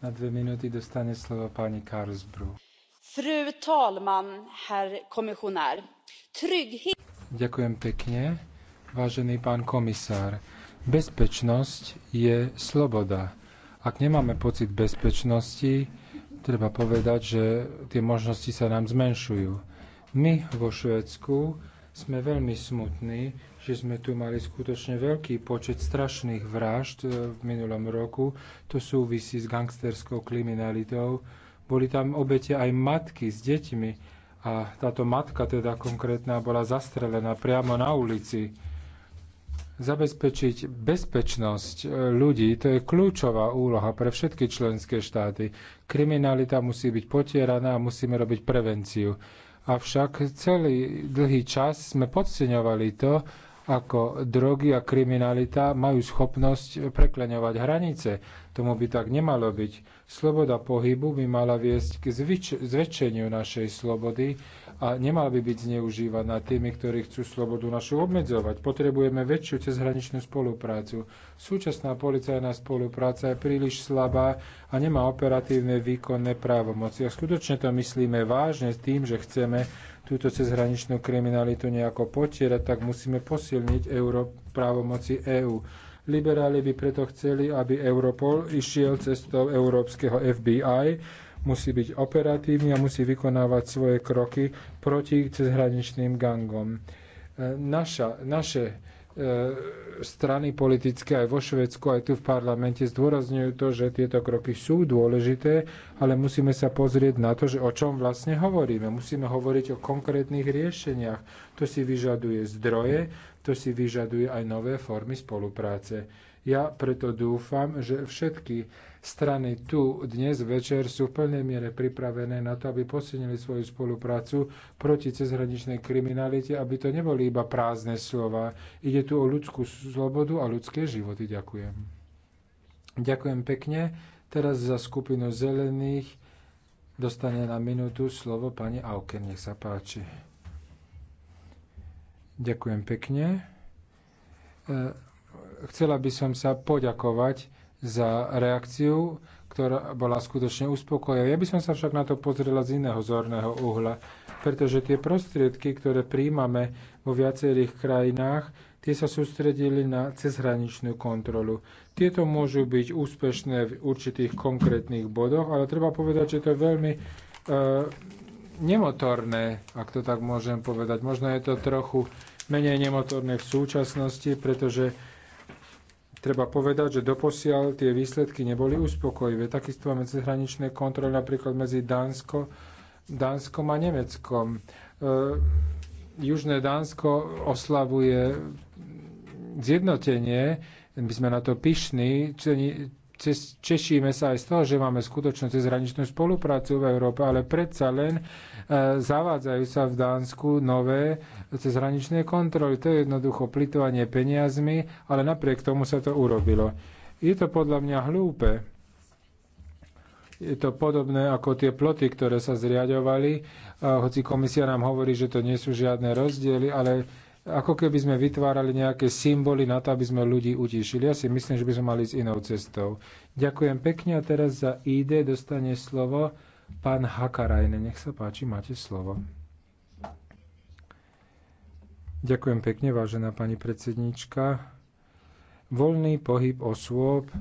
na dve minúty dostane slovo pani Karlsbru. Fru talman, herr komisionár. Trygghet... Ďakujem pekne, vážený pán komisár. Bezpečnosť je sloboda. Ak nemáme pocit bezpečnosti, treba povedať, že tie možnosti sa nám zmenšujú. My vo Švedsku sme veľmi smutní, že sme tu mali skutočne veľký počet strašných vražd e, v minulom roku. To súvisí s gangsterskou kriminalitou. Boli tam obete aj matky s deťmi a táto matka teda konkrétna bola zastrelená priamo na ulici zabezpečiť bezpečnosť e, ľudí, to je kľúčová úloha pre všetky členské štáty. Kriminalita musí byť potieraná a musíme robiť prevenciu. Avšak celý dlhý čas sme podceňovali to, ako drogy a kriminalita majú schopnosť prekleňovať hranice. Tomu by tak nemalo byť. Sloboda pohybu by mala viesť k zväčšeniu našej slobody a nemal by byť zneužívaná tými, ktorí chcú slobodu našu obmedzovať. Potrebujeme väčšiu cezhraničnú spoluprácu. Súčasná policajná spolupráca je príliš slabá a nemá operatívne výkonné právomoci. A skutočne to myslíme vážne s tým, že chceme túto cezhraničnú kriminalitu nejako potierať, tak musíme posilniť euro, právomoci EÚ. Liberáli by preto chceli, aby Europol išiel cestou európskeho FBI, musí byť operatívny a musí vykonávať svoje kroky proti cezhraničným gangom. E, naša, naše e, strany politické aj vo Švedsku, aj tu v parlamente zdôrazňujú to, že tieto kroky sú dôležité, ale musíme sa pozrieť na to, že o čom vlastne hovoríme. Musíme hovoriť o konkrétnych riešeniach. To si vyžaduje zdroje, to si vyžaduje aj nové formy spolupráce. Ja preto dúfam, že všetky strany tu dnes večer sú v plnej miere pripravené na to, aby posilnili svoju spoluprácu proti cezhraničnej kriminalite, aby to neboli iba prázdne slova. Ide tu o ľudskú slobodu a ľudské životy. Ďakujem. Ďakujem pekne. Teraz za skupinu zelených dostane na minútu slovo pani Auken. Nech sa páči. Ďakujem pekne. E, chcela by som sa poďakovať za reakciu, ktorá bola skutočne uspokojivá. Ja by som sa však na to pozrela z iného zorného uhla, pretože tie prostriedky, ktoré príjmame vo viacerých krajinách, tie sa sústredili na cezhraničnú kontrolu. Tieto môžu byť úspešné v určitých konkrétnych bodoch, ale treba povedať, že to je veľmi e, nemotorné, ak to tak môžem povedať. Možno je to trochu menej nemotorné v súčasnosti, pretože Treba povedať, že doposiaľ tie výsledky neboli uspokojivé. Takisto máme cezhraničné kontroly napríklad medzi Dánsko, Dánskom a Nemeckom. E, Južné Dánsko oslavuje zjednotenie, my sme na to pyšní, cez, češíme sa aj z toho, že máme skutočnú cezhraničnú spoluprácu v Európe, ale predsa len e, zavádzajú sa v Dánsku nové cezhraničné kontroly. To je jednoducho plitovanie peniazmi, ale napriek tomu sa to urobilo. Je to podľa mňa hlúpe. Je to podobné ako tie ploty, ktoré sa zriadovali, e, hoci komisia nám hovorí, že to nie sú žiadne rozdiely, ale ako keby sme vytvárali nejaké symboly na to, aby sme ľudí utišili. Ja si myslím, že by sme mali ísť inou cestou. Ďakujem pekne a teraz za ID dostane slovo pán Hakarajne. Nech sa páči, máte slovo. Ďakujem pekne, vážená pani predsednička. Voľný pohyb osôb e,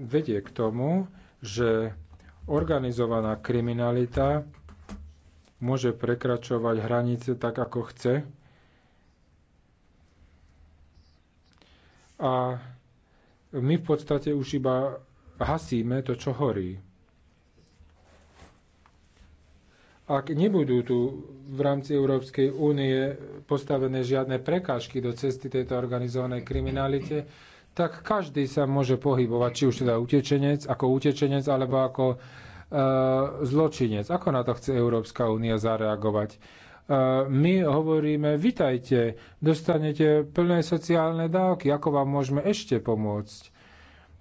vedie k tomu, že organizovaná kriminalita môže prekračovať hranice tak, ako chce a my v podstate už iba hasíme to, čo horí. Ak nebudú tu v rámci Európskej únie postavené žiadne prekážky do cesty tejto organizovanej kriminalite, tak každý sa môže pohybovať, či už teda utečenec, ako utečenec, alebo ako e, zločinec. Ako na to chce Európska únia zareagovať? my hovoríme, vitajte, dostanete plné sociálne dávky, ako vám môžeme ešte pomôcť.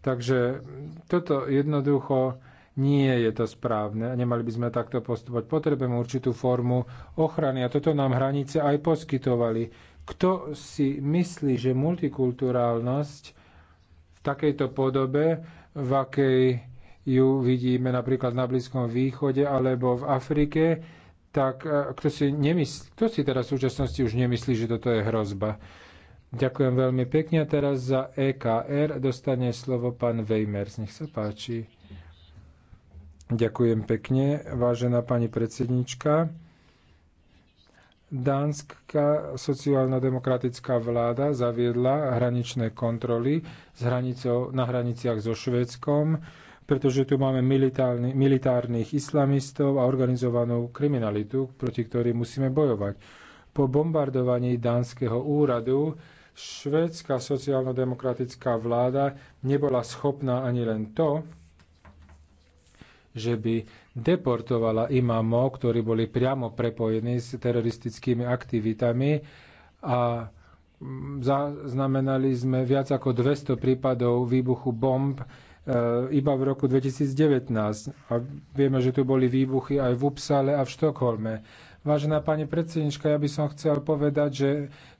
Takže toto jednoducho nie je to správne. Nemali by sme takto postupovať. Potrebujeme určitú formu ochrany a toto nám hranice aj poskytovali. Kto si myslí, že multikulturálnosť v takejto podobe, v akej ju vidíme napríklad na Blízkom východe alebo v Afrike, tak e, kto si, nemysl- kto si teraz v súčasnosti už nemyslí, že toto je hrozba? Ďakujem veľmi pekne. A teraz za EKR dostane slovo pán Weimers. Nech sa páči. Ďakujem pekne, vážená pani predsednička. Dánska sociálno-demokratická vláda zaviedla hraničné kontroly s hranicou, na hraniciach so Švedskom pretože tu máme militárny, militárnych islamistov a organizovanú kriminalitu, proti ktorým musíme bojovať. Po bombardovaní dánskeho úradu švédska sociálno-demokratická vláda nebola schopná ani len to, že by deportovala imamov, ktorí boli priamo prepojení s teroristickými aktivitami a mm, zaznamenali sme viac ako 200 prípadov výbuchu bomb E, iba v roku 2019. A vieme, že tu boli výbuchy aj v Upsale a v Štokholme. Vážená pani predsednička, ja by som chcel povedať, že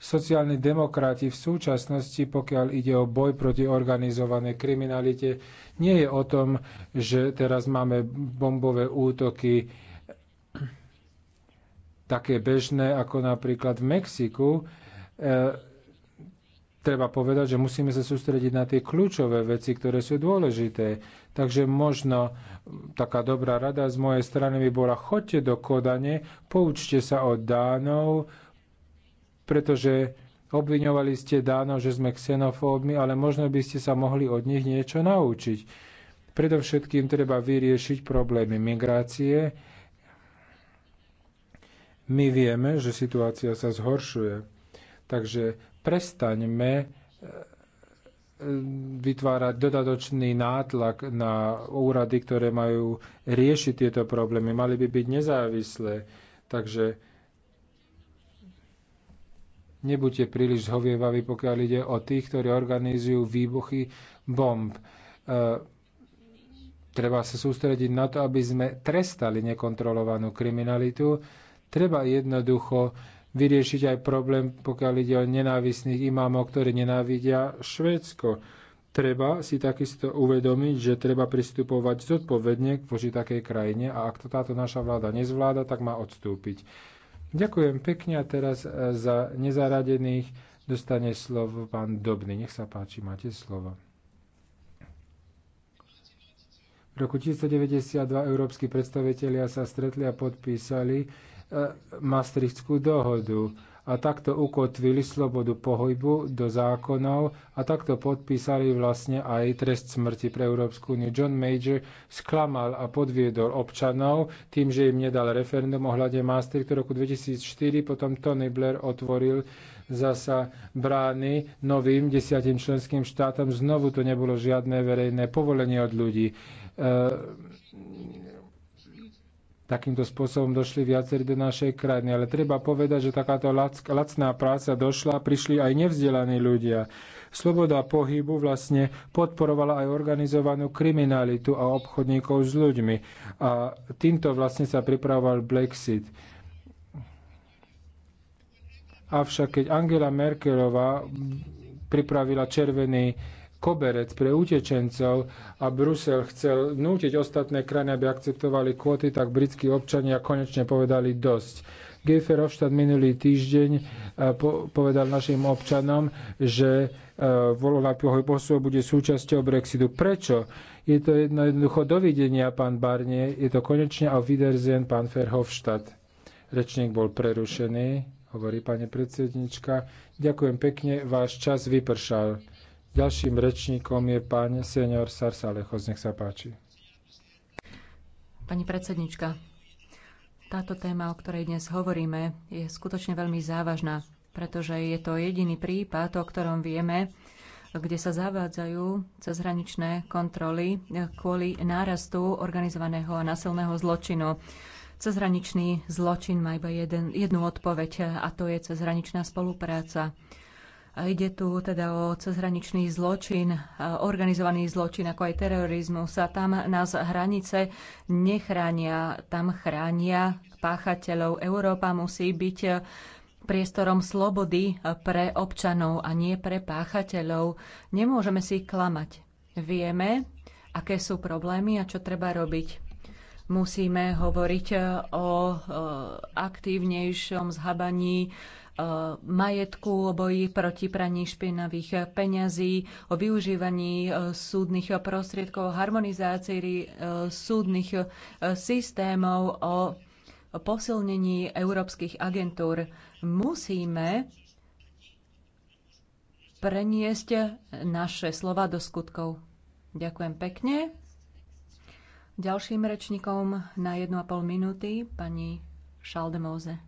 sociálni demokrati v súčasnosti, pokiaľ ide o boj proti organizovanej kriminalite, nie je o tom, že teraz máme bombové útoky také bežné ako napríklad v Mexiku. E, treba povedať, že musíme sa sústrediť na tie kľúčové veci, ktoré sú dôležité. Takže možno taká dobrá rada z mojej strany by bola, choďte do Kodane, poučte sa od Dánov, pretože obviňovali ste Dánov, že sme xenofóbmi, ale možno by ste sa mohli od nich niečo naučiť. Predovšetkým treba vyriešiť problémy migrácie. My vieme, že situácia sa zhoršuje Takže prestaňme e, e, vytvárať dodatočný nátlak na úrady, ktoré majú riešiť tieto problémy. Mali by byť nezávislé. Takže nebuďte príliš zhovievaví, pokiaľ ide o tých, ktorí organizujú výbuchy bomb. E, treba sa sústrediť na to, aby sme trestali nekontrolovanú kriminalitu. Treba jednoducho vyriešiť aj problém, pokiaľ ide o nenávisných imámov, ktorí nenávidia Švédsko. Treba si takisto uvedomiť, že treba pristupovať zodpovedne voči takej krajine a ak to táto naša vláda nezvláda, tak má odstúpiť. Ďakujem pekne a teraz e, za nezaradených dostane slovo pán Dobný. Nech sa páči, máte slovo. V roku 1992 európsky predstavitelia sa stretli a podpísali Maastrichtskú dohodu a takto ukotvili slobodu pohybu do zákonov a takto podpísali vlastne aj trest smrti pre Európsku úniu. John Major sklamal a podviedol občanov tým, že im nedal referendum ohľadne Maastrichtu roku 2004, potom Tony Blair otvoril zasa brány novým desiatim členským štátom. Znovu to nebolo žiadne verejné povolenie od ľudí. E Takýmto spôsobom došli viacerí do našej krajiny. Ale treba povedať, že takáto lacná práca došla, prišli aj nevzdelaní ľudia. Sloboda pohybu vlastne podporovala aj organizovanú kriminalitu a obchodníkov s ľuďmi. A týmto vlastne sa pripravoval Brexit. Avšak keď Angela Merkelová pripravila červený koberec pre utečencov a Brusel chcel nútiť ostatné krajiny, aby akceptovali kvóty, tak britskí občania konečne povedali dosť. Guy Verhofstadt minulý týždeň eh, povedal našim občanom, že eh, volová pohyb osôb bude súčasťou Brexitu. Prečo? Je to jedno jednoducho dovidenia, pán Barnier. Je to konečne a Wiedersehen, pán Verhofstadt. Rečník bol prerušený, hovorí pani predsednička. Ďakujem pekne, váš čas vypršal. Ďalším rečníkom je pán senior Sarsalechos. Nech sa páči. Pani predsednička, táto téma, o ktorej dnes hovoríme, je skutočne veľmi závažná, pretože je to jediný prípad, o ktorom vieme, kde sa zavádzajú cezhraničné kontroly kvôli nárastu organizovaného a násilného zločinu. Cezhraničný zločin má iba jeden, jednu odpoveď a to je cezhraničná spolupráca. Ide tu teda o cezhraničný zločin, organizovaný zločin, ako aj terorizmus. A tam nás hranice nechránia, tam chránia páchateľov. Európa musí byť e, priestorom slobody e, pre občanov a nie pre páchateľov. Nemôžeme si klamať. Vieme, aké sú problémy a čo treba robiť. Musíme hovoriť e, o aktívnejšom zhabaní E, majetku, o boji proti praní špinavých peňazí, o využívaní e, súdnych prostriedkov, o harmonizácii e, súdnych systémov, o posilnení európskych agentúr. Musíme preniesť naše slova do skutkov. Ďakujem pekne. Ďalším rečníkom na 1,5 minúty pani Šaldemóze.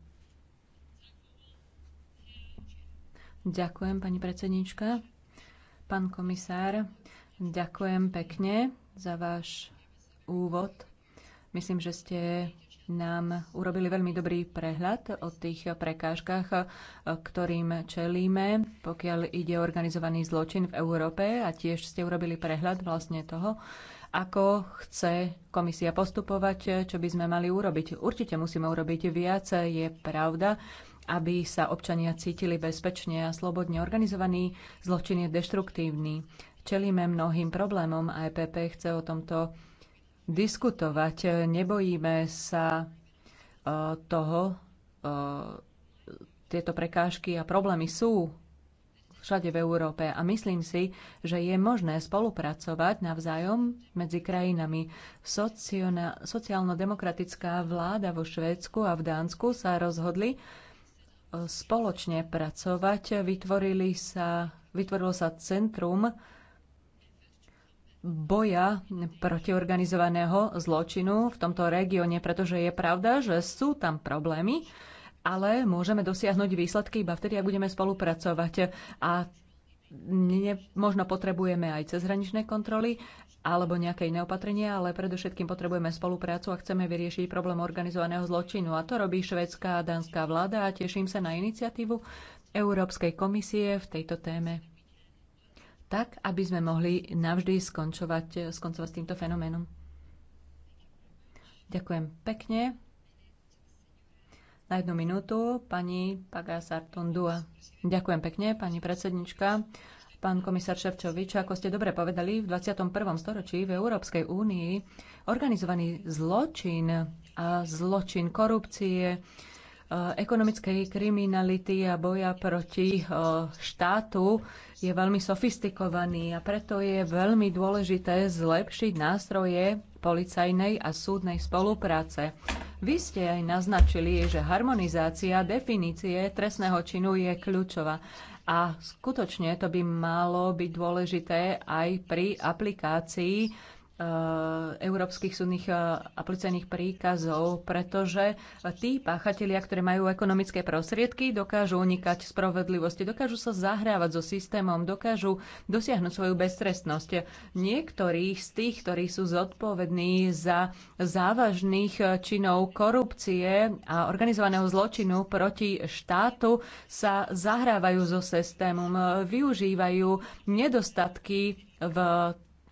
Ďakujem, pani predsednička. Pán komisár, ďakujem pekne za váš úvod. Myslím, že ste nám urobili veľmi dobrý prehľad o tých prekážkach, ktorým čelíme, pokiaľ ide organizovaný zločin v Európe a tiež ste urobili prehľad vlastne toho, ako chce komisia postupovať, čo by sme mali urobiť. Určite musíme urobiť viac, je pravda, aby sa občania cítili bezpečne a slobodne. Organizovaný zločin je deštruktívny. Čelíme mnohým problémom a EPP chce o tomto diskutovať. Nebojíme sa eh, toho, eh, tieto prekážky a problémy sú všade v Európe a myslím si, že je možné spolupracovať navzájom medzi krajinami. Sociálno-demokratická vláda vo Švédsku a v Dánsku sa rozhodli spoločne pracovať. Vytvorili sa, vytvorilo sa centrum boja proti organizovaného zločinu v tomto regióne, pretože je pravda, že sú tam problémy, ale môžeme dosiahnuť výsledky iba vtedy, ak budeme spolupracovať. A ne, možno potrebujeme aj cezhraničné kontroly, alebo nejaké iné opatrenia, ale predovšetkým potrebujeme spoluprácu a chceme vyriešiť problém organizovaného zločinu. A to robí švedská a dánska vláda a teším sa na iniciatívu Európskej komisie v tejto téme. Tak, aby sme mohli navždy skončovať, skoncovať s týmto fenoménom. Ďakujem pekne. Na jednu minútu pani Pagasartundua. Ďakujem pekne, pani predsednička. Pán komisár Ševčovič, ako ste dobre povedali, v 21. storočí v Európskej únii organizovaný zločin a zločin korupcie, e, ekonomickej kriminality a boja proti e, štátu je veľmi sofistikovaný a preto je veľmi dôležité zlepšiť nástroje policajnej a súdnej spolupráce. Vy ste aj naznačili, že harmonizácia definície trestného činu je kľúčová. A skutočne to by malo byť dôležité aj pri aplikácii Eh, európskych súdnych eh, a policajných príkazov, pretože tí páchatelia, ktorí majú ekonomické prostriedky, dokážu unikať spravodlivosti, dokážu sa zahrávať so systémom, dokážu dosiahnuť svoju beztrestnosť. Niektorí z tých, ktorí sú zodpovední za závažných eh, činov korupcie a organizovaného zločinu proti štátu, sa zahrávajú so systémom, využívajú nedostatky v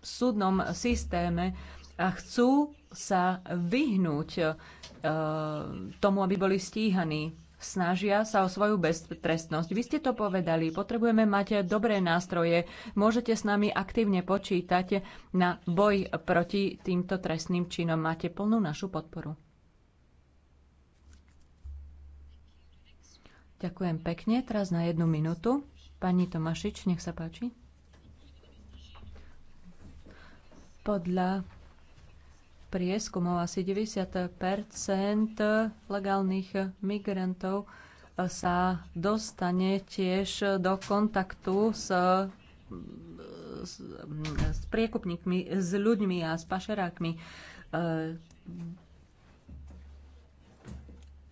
súdnom systéme a chcú sa vyhnúť e, tomu, aby boli stíhaní. Snažia sa o svoju beztrestnosť. Vy ste to povedali. Potrebujeme mať dobré nástroje. Môžete s nami aktívne počítať na boj proti týmto trestným činom. Máte plnú našu podporu. Ďakujem pekne. Teraz na jednu minútu. Pani Tomašič, nech sa páči. Podľa prieskumov asi 90 legálnych migrantov sa dostane tiež do kontaktu s, s, s priekupníkmi, s ľuďmi a s pašerákmi.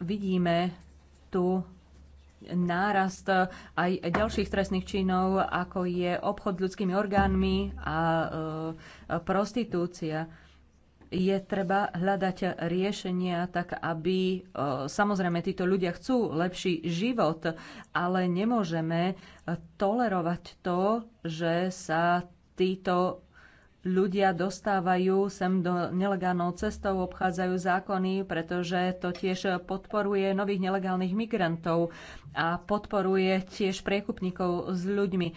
vidíme tu nárast aj ďalších trestných činov, ako je obchod s ľudskými orgánmi a e, prostitúcia. Je treba hľadať riešenia tak, aby e, samozrejme títo ľudia chcú lepší život, ale nemôžeme tolerovať to, že sa títo ľudia dostávajú sem do nelegálnou cestou, obchádzajú zákony, pretože to tiež podporuje nových nelegálnych migrantov a podporuje tiež priekupníkov s ľuďmi.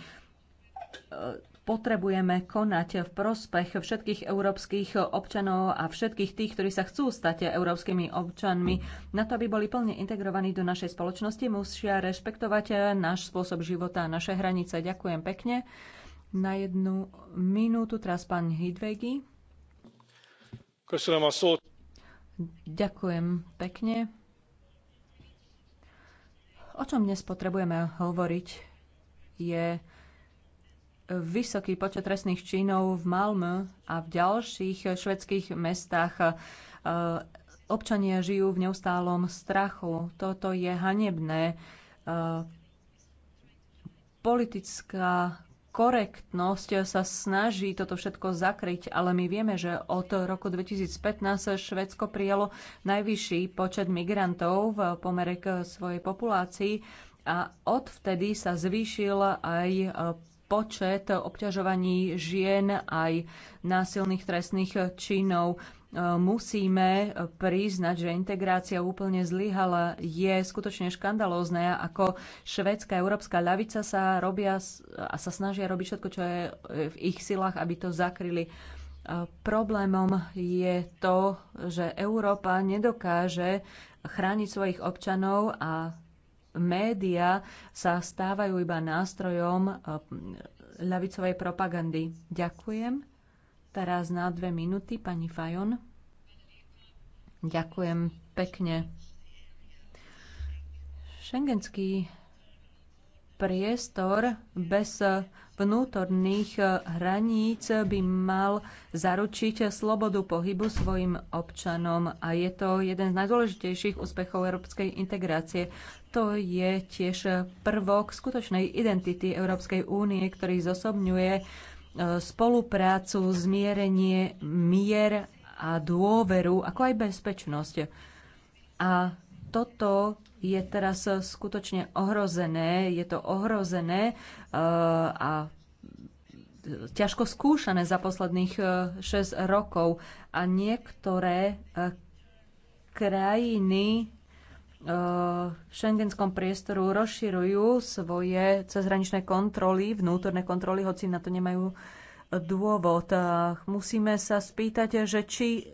Potrebujeme konať v prospech všetkých európskych občanov a všetkých tých, ktorí sa chcú stať európskymi občanmi. Na to, aby boli plne integrovaní do našej spoločnosti, musia rešpektovať náš spôsob života a naše hranice. Ďakujem pekne na jednu minútu. Teraz pán Hidvegi. Ďakujem pekne. O čom dnes potrebujeme hovoriť je vysoký počet trestných činov v Malmö a v ďalších švedských mestách. E, občania žijú v neustálom strachu. Toto je hanebné e, politická korektnosť sa snaží toto všetko zakryť, ale my vieme, že od roku 2015 Švedsko prijalo najvyšší počet migrantov v pomere k svojej populácii a odvtedy sa zvýšil aj počet obťažovaní žien aj násilných trestných činov musíme priznať, že integrácia úplne zlyhala. Je skutočne škandalózne, ako švedská európska ľavica sa robia a sa snažia robiť všetko, čo je v ich silách, aby to zakryli. Problémom je to, že Európa nedokáže chrániť svojich občanov a média sa stávajú iba nástrojom ľavicovej propagandy. Ďakujem. Teraz na dve minúty pani Fajon. Ďakujem pekne. Schengenský priestor bez vnútorných hraníc by mal zaručiť slobodu pohybu svojim občanom a je to jeden z najdôležitejších úspechov európskej integrácie. To je tiež prvok skutočnej identity Európskej únie, ktorý zosobňuje spoluprácu, zmierenie, mier a dôveru, ako aj bezpečnosť. A toto je teraz skutočne ohrozené, je to ohrozené e, a ťažko skúšané za posledných 6 e, rokov. A niektoré e, krajiny v šengenskom priestoru rozširujú svoje cezhraničné kontroly, vnútorné kontroly, hoci na to nemajú e, dôvod. Musíme sa spýtať, že či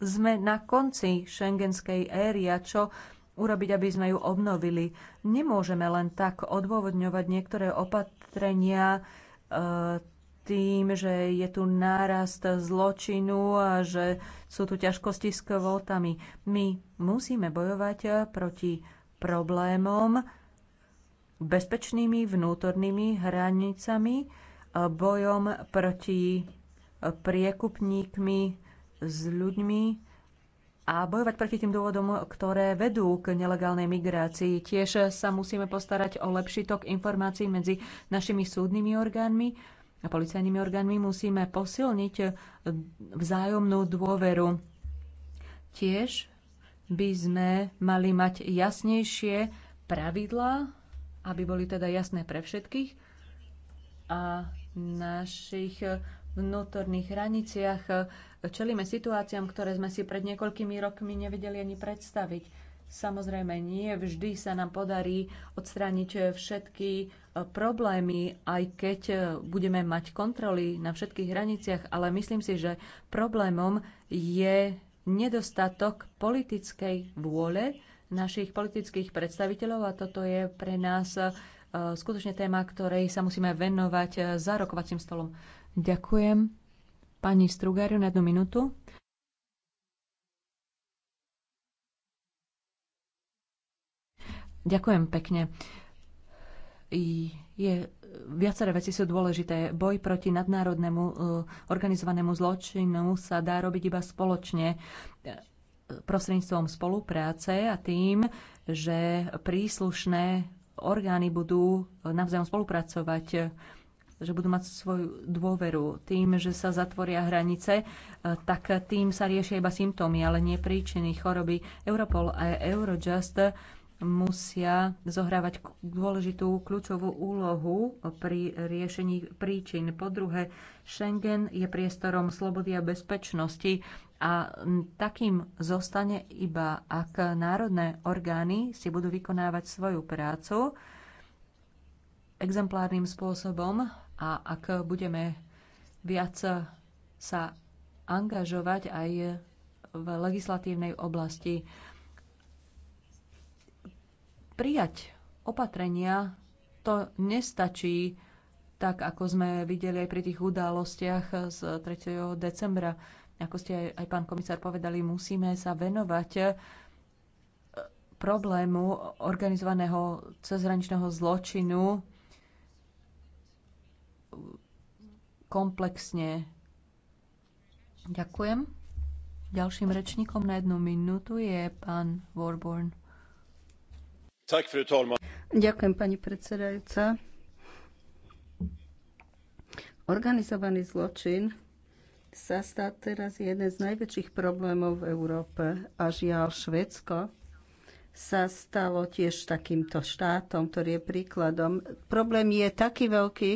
sme na konci šengenskej éry a čo urobiť, aby sme ju obnovili. Nemôžeme len tak odôvodňovať niektoré opatrenia e, tým, že je tu nárast zločinu a že sú tu ťažkosti s kvótami. My musíme bojovať proti problémom bezpečnými vnútornými hranicami, bojom proti priekupníkmi s ľuďmi a bojovať proti tým dôvodom, ktoré vedú k nelegálnej migrácii. Tiež sa musíme postarať o lepší tok informácií medzi našimi súdnymi orgánmi, a policajnými orgánmi musíme posilniť eh, vzájomnú dôveru. Tiež by sme mali mať jasnejšie pravidlá, aby boli teda jasné pre všetkých a našich eh, vnútorných hraniciach eh, čelíme situáciám, ktoré sme si pred niekoľkými rokmi nevedeli ani predstaviť. Samozrejme, nie vždy sa nám podarí odstrániť všetky problémy, aj keď e, budeme mať kontroly na všetkých hraniciach, ale myslím si, že problémom je nedostatok politickej vôle našich politických predstaviteľov a toto je pre nás e, skutočne téma, ktorej sa musíme venovať e, za rokovacím stolom. Ďakujem. Pani Strugáriu, na jednu minútu. Ďakujem pekne. Uh, je, viaceré veci sú dôležité. Boj proti nadnárodnému e, organizovanému zločinu sa dá robiť iba spoločne e, prostredníctvom spolupráce a tým, že príslušné orgány budú navzájom spolupracovať že budú mať svoju dôveru. Tým, že sa zatvoria hranice, e, tak tým sa riešia iba symptómy, ale nie príčiny choroby. Europol a Eurojust musia zohrávať dôležitú kľúčovú úlohu pri riešení príčin. Po druhé, Schengen je priestorom slobody a bezpečnosti a takým zostane iba, ak národné orgány si budú vykonávať svoju prácu exemplárnym spôsobom a ak budeme viac sa angažovať aj v legislatívnej oblasti prijať opatrenia, to nestačí, tak ako sme videli aj pri tých udalostiach z 3. decembra. Ako ste aj, aj pán komisár povedali, musíme sa venovať eh, problému organizovaného cezhraničného zločinu komplexne. Ďakujem. Ďalším rečníkom na jednu minútu je pán Warborn pani predsedajúca. Organizovaný zločin sa stá teraz jeden z najväčších problémov v Európe a žiaľ Švedsko sa stalo tiež takýmto štátom, ktorý je príkladom. Problém je taký veľký,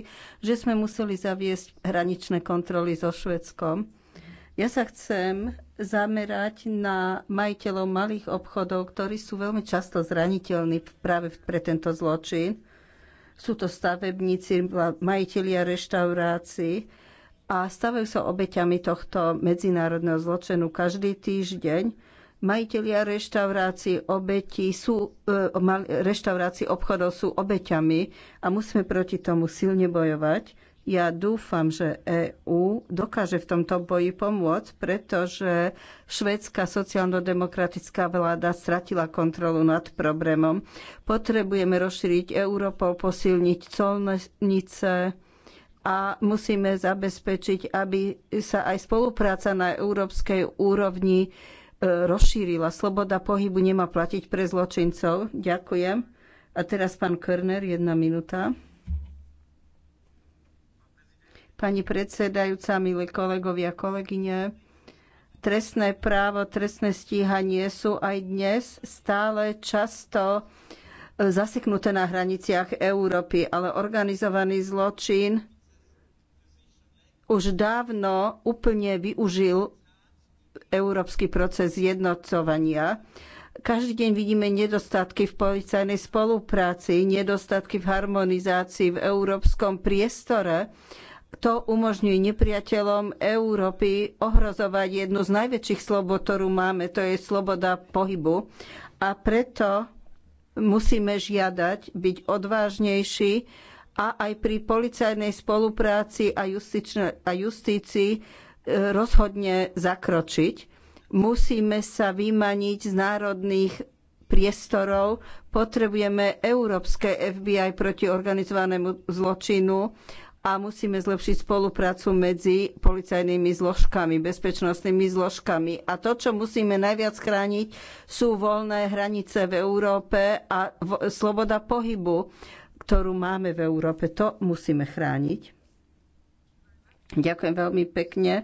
že sme museli zaviesť hraničné kontroly so Švedskom. Ja sa chcem zamerať na majiteľov malých obchodov, ktorí sú veľmi často zraniteľní práve pre tento zločin. Sú to stavebníci, majiteľia reštaurácií a stavajú sa obeťami tohto medzinárodného zločinu každý týždeň. Majiteľia reštaurácií, obeti sú, e, reštaurácií obchodov sú obeťami a musíme proti tomu silne bojovať ja dúfam, že EÚ dokáže v tomto boji pomôcť, pretože švedská sociálno-demokratická vláda stratila kontrolu nad problémom. Potrebujeme rozšíriť Europol, posilniť colnice a musíme zabezpečiť, aby sa aj spolupráca na európskej úrovni e, rozšírila. Sloboda pohybu nemá platiť pre zločincov. Ďakujem. A teraz pán Körner, jedna minúta. Pani predsedajúca, milí kolegovia, kolegyne, trestné právo, trestné stíhanie sú aj dnes stále často e, zaseknuté na hraniciach Európy, ale organizovaný zločin už dávno úplne využil európsky proces jednocovania. Každý deň vidíme nedostatky v policajnej spolupráci, nedostatky v harmonizácii v európskom priestore to umožňuje nepriateľom Európy ohrozovať jednu z najväčších slobod, ktorú máme, to je sloboda pohybu. A preto musíme žiadať byť odvážnejší a aj pri policajnej spolupráci a, justične, a justícii e, rozhodne zakročiť. Musíme sa vymaniť z národných priestorov, potrebujeme európske FBI proti organizovanému zločinu a musíme zlepšiť spoluprácu medzi policajnými zložkami, bezpečnostnými zložkami. A to, čo musíme najviac chrániť, sú voľné hranice v Európe a sloboda pohybu, ktorú máme v Európe. To musíme chrániť. Ďakujem veľmi pekne.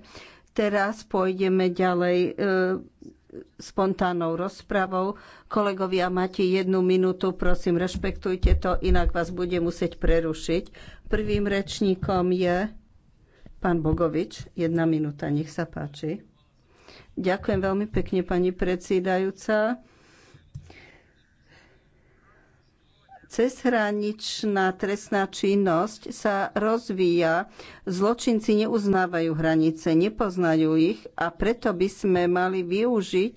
Teraz pôjdeme ďalej e, spontánnou rozpravou. Kolegovia, máte jednu minútu, prosím, rešpektujte to, inak vás bude musieť prerušiť. Prvým rečníkom je pán Bogovič. Jedna minúta, nech sa páči. Ďakujem veľmi pekne, pani predsedajúca. Cezhraničná trestná činnosť sa rozvíja, zločinci neuznávajú hranice, nepoznajú ich a preto by sme mali využiť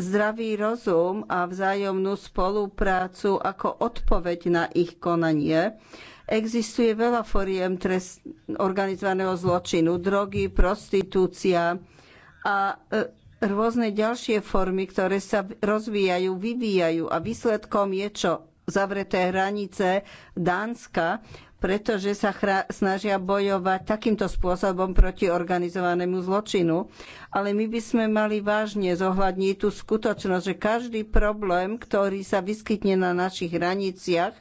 zdravý rozum a vzájomnú spoluprácu ako odpoveď na ich konanie Existuje veľa foriem trest, organizovaného zločinu, drogy, prostitúcia a e, rôzne ďalšie formy, ktoré sa rozvíjajú, vyvíjajú a výsledkom je čo? Zavreté hranice Dánska, pretože sa snažia bojovať takýmto spôsobom proti organizovanému zločinu. Ale my by sme mali vážne zohľadniť tú skutočnosť, že každý problém, ktorý sa vyskytne na našich hraniciach,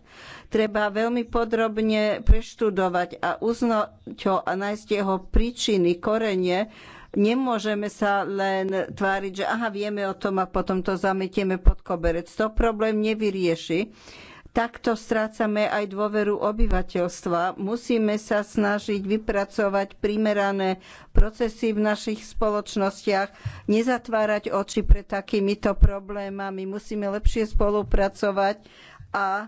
treba veľmi podrobne preštudovať a uznať ho a nájsť jeho príčiny, korene. Nemôžeme sa len tváriť, že aha, vieme o tom a potom to zametieme pod koberec. To problém nevyrieši. Takto strácame aj dôveru obyvateľstva. Musíme sa snažiť vypracovať primerané procesy v našich spoločnostiach, nezatvárať oči pred takýmito problémami. Musíme lepšie spolupracovať a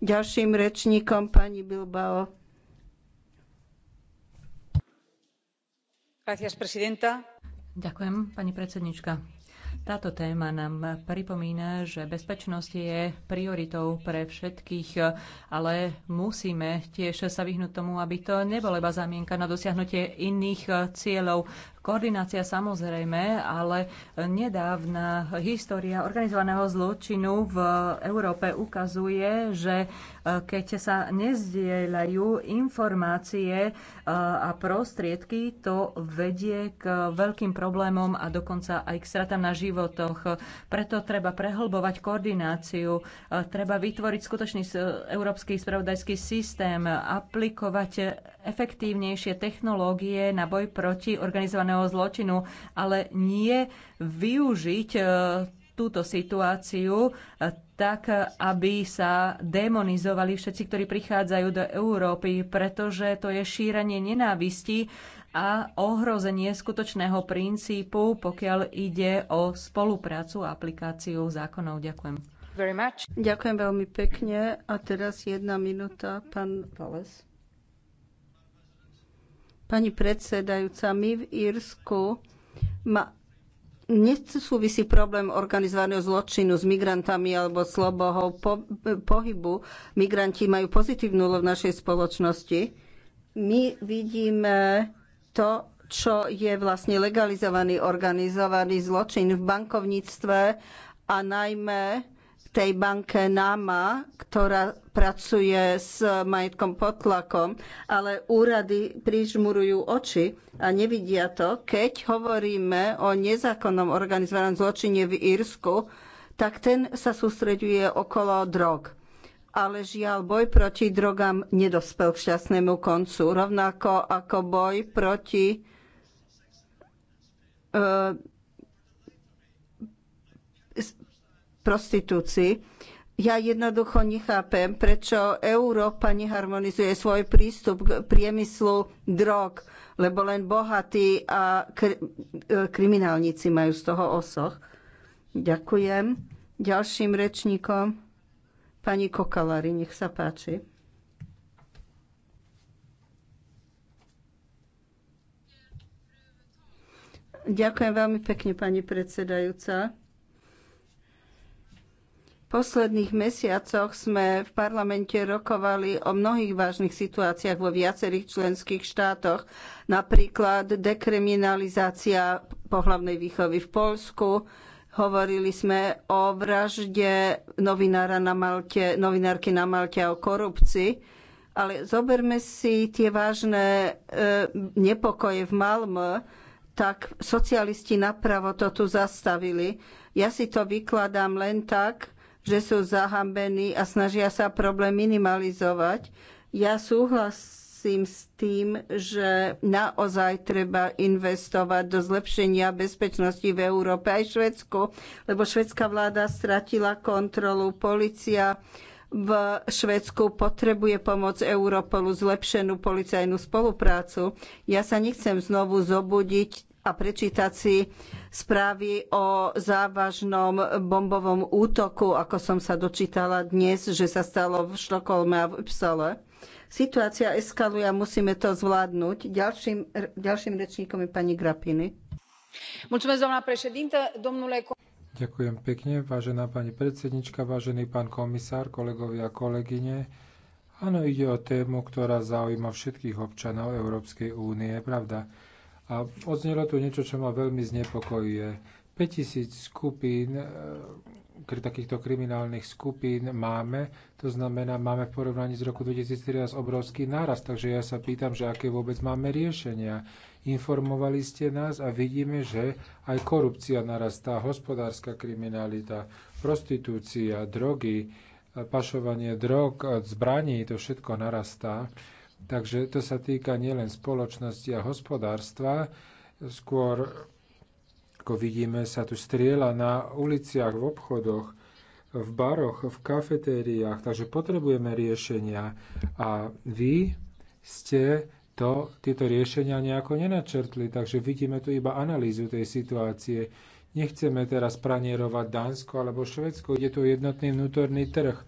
Ďalším rečníkom pani Bilbao. Ďakujem, pani predsednička. Táto téma nám pripomína, že bezpečnosť je prioritou pre všetkých, ale musíme tiež sa vyhnúť tomu, aby to nebola iba zamienka na dosiahnutie iných cieľov, Koordinácia samozrejme, ale nedávna história organizovaného zločinu v Európe ukazuje, že e, keď sa nezdieľajú informácie e, a prostriedky, to vedie k veľkým problémom a dokonca aj k stratám na životoch. Preto treba prehlbovať koordináciu, e, treba vytvoriť skutočný európsky spravodajský systém, aplikovať efektívnejšie technológie na boj proti organizovanému organizovaného zločinu, ale nie využiť e, túto situáciu e, tak, aby sa demonizovali všetci, ktorí prichádzajú do Európy, pretože to je šírenie nenávisti a ohrozenie skutočného princípu, pokiaľ ide o spoluprácu a aplikáciu zákonov. Ďakujem. Ďakujem veľmi pekne. A teraz jedna minúta, pán Vales. Pani predsedajúca, my v Írsku ma... nesúvisí problém organizovaného zločinu s migrantami alebo slobohou po... pohybu. Migranti majú pozitívnu úlohu v našej spoločnosti. My vidíme to, čo je vlastne legalizovaný organizovaný zločin v bankovníctve a najmä tej banke NAMA, ktorá pracuje s majetkom pod tlakom, ale úrady prižmurujú oči a nevidia to. Keď hovoríme o nezákonnom organizovanom zločine v Írsku, tak ten sa sústreďuje okolo drog. Ale žiaľ, boj proti drogám nedospel k šťastnému koncu, rovnako ako boj proti e, prostitúcii. Ja jednoducho nechápem, prečo Európa neharmonizuje svoj prístup k priemyslu drog, lebo len bohatí a kr- kriminálnici majú z toho osoch. Ďakujem. Ďalším rečníkom pani Kokalari, nech sa páči. Ďakujem veľmi pekne, pani predsedajúca posledných mesiacoch sme v parlamente rokovali o mnohých vážnych situáciách vo viacerých členských štátoch, napríklad dekriminalizácia pohlavnej výchovy v Polsku, hovorili sme o vražde novinára na Malte, novinárky na Malte a o korupcii. Ale zoberme si tie vážne e, nepokoje v Malmö, tak socialisti napravo to tu zastavili. Ja si to vykladám len tak, že sú zahambení a snažia sa problém minimalizovať. Ja súhlasím s tým, že naozaj treba investovať do zlepšenia bezpečnosti v Európe aj Švedsku, lebo švedská vláda stratila kontrolu, policia v Švedsku potrebuje pomoc Europolu, zlepšenú policajnú spoluprácu. Ja sa nechcem znovu zobudiť a prečítať si správy o závažnom bombovom útoku, ako som sa dočítala dnes, že sa stalo v Štokolme a v Upsale. Situácia eskaluje a musíme to zvládnuť. Ďalším, ďalším rečníkom je pani Grapiny. Ďakujem pekne, vážená pani predsednička, vážený pán komisár, kolegovia a kolegyne. Áno, ide o tému, ktorá zaujíma všetkých občanov Európskej únie, pravda. A odznelo tu niečo, čo ma veľmi znepokojuje. 5000 skupín, e, takýchto kriminálnych skupín máme, to znamená, máme v porovnaní z roku 2013 obrovský náraz, takže ja sa pýtam, že aké vôbec máme riešenia. Informovali ste nás a vidíme, že aj korupcia narastá, hospodárska kriminalita, prostitúcia, drogy, e, pašovanie drog, e, zbraní, to všetko narastá. Takže to sa týka nielen spoločnosti a hospodárstva, skôr ako vidíme, sa tu striela na uliciach, v obchodoch, v baroch, v kafetériách, takže potrebujeme riešenia. A vy ste to, tieto riešenia nejako nenačrtli, takže vidíme tu iba analýzu tej situácie. Nechceme teraz pranierovať Dánsko alebo Švedsko, kde tu jednotný vnútorný trh.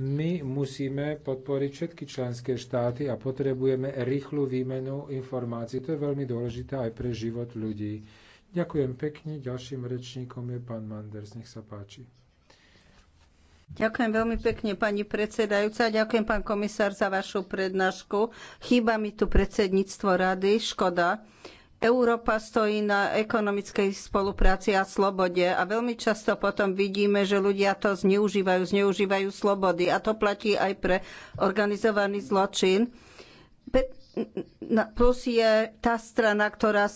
My musíme podporiť všetky členské štáty a potrebujeme rýchlu výmenu informácií. To je veľmi dôležité aj pre život ľudí. Ďakujem pekne. Ďalším rečníkom je pán Manders. Nech sa páči. Ďakujem veľmi pekne, pani predsedajúca. Ďakujem, pán komisár, za vašu prednášku. Chýba mi tu predsedníctvo rady. Škoda. Európa stojí na ekonomickej spolupráci a slobode a veľmi často potom vidíme, že ľudia to zneužívajú, zneužívajú slobody a to platí aj pre organizovaný zločin. Plus je tá strana, ktorá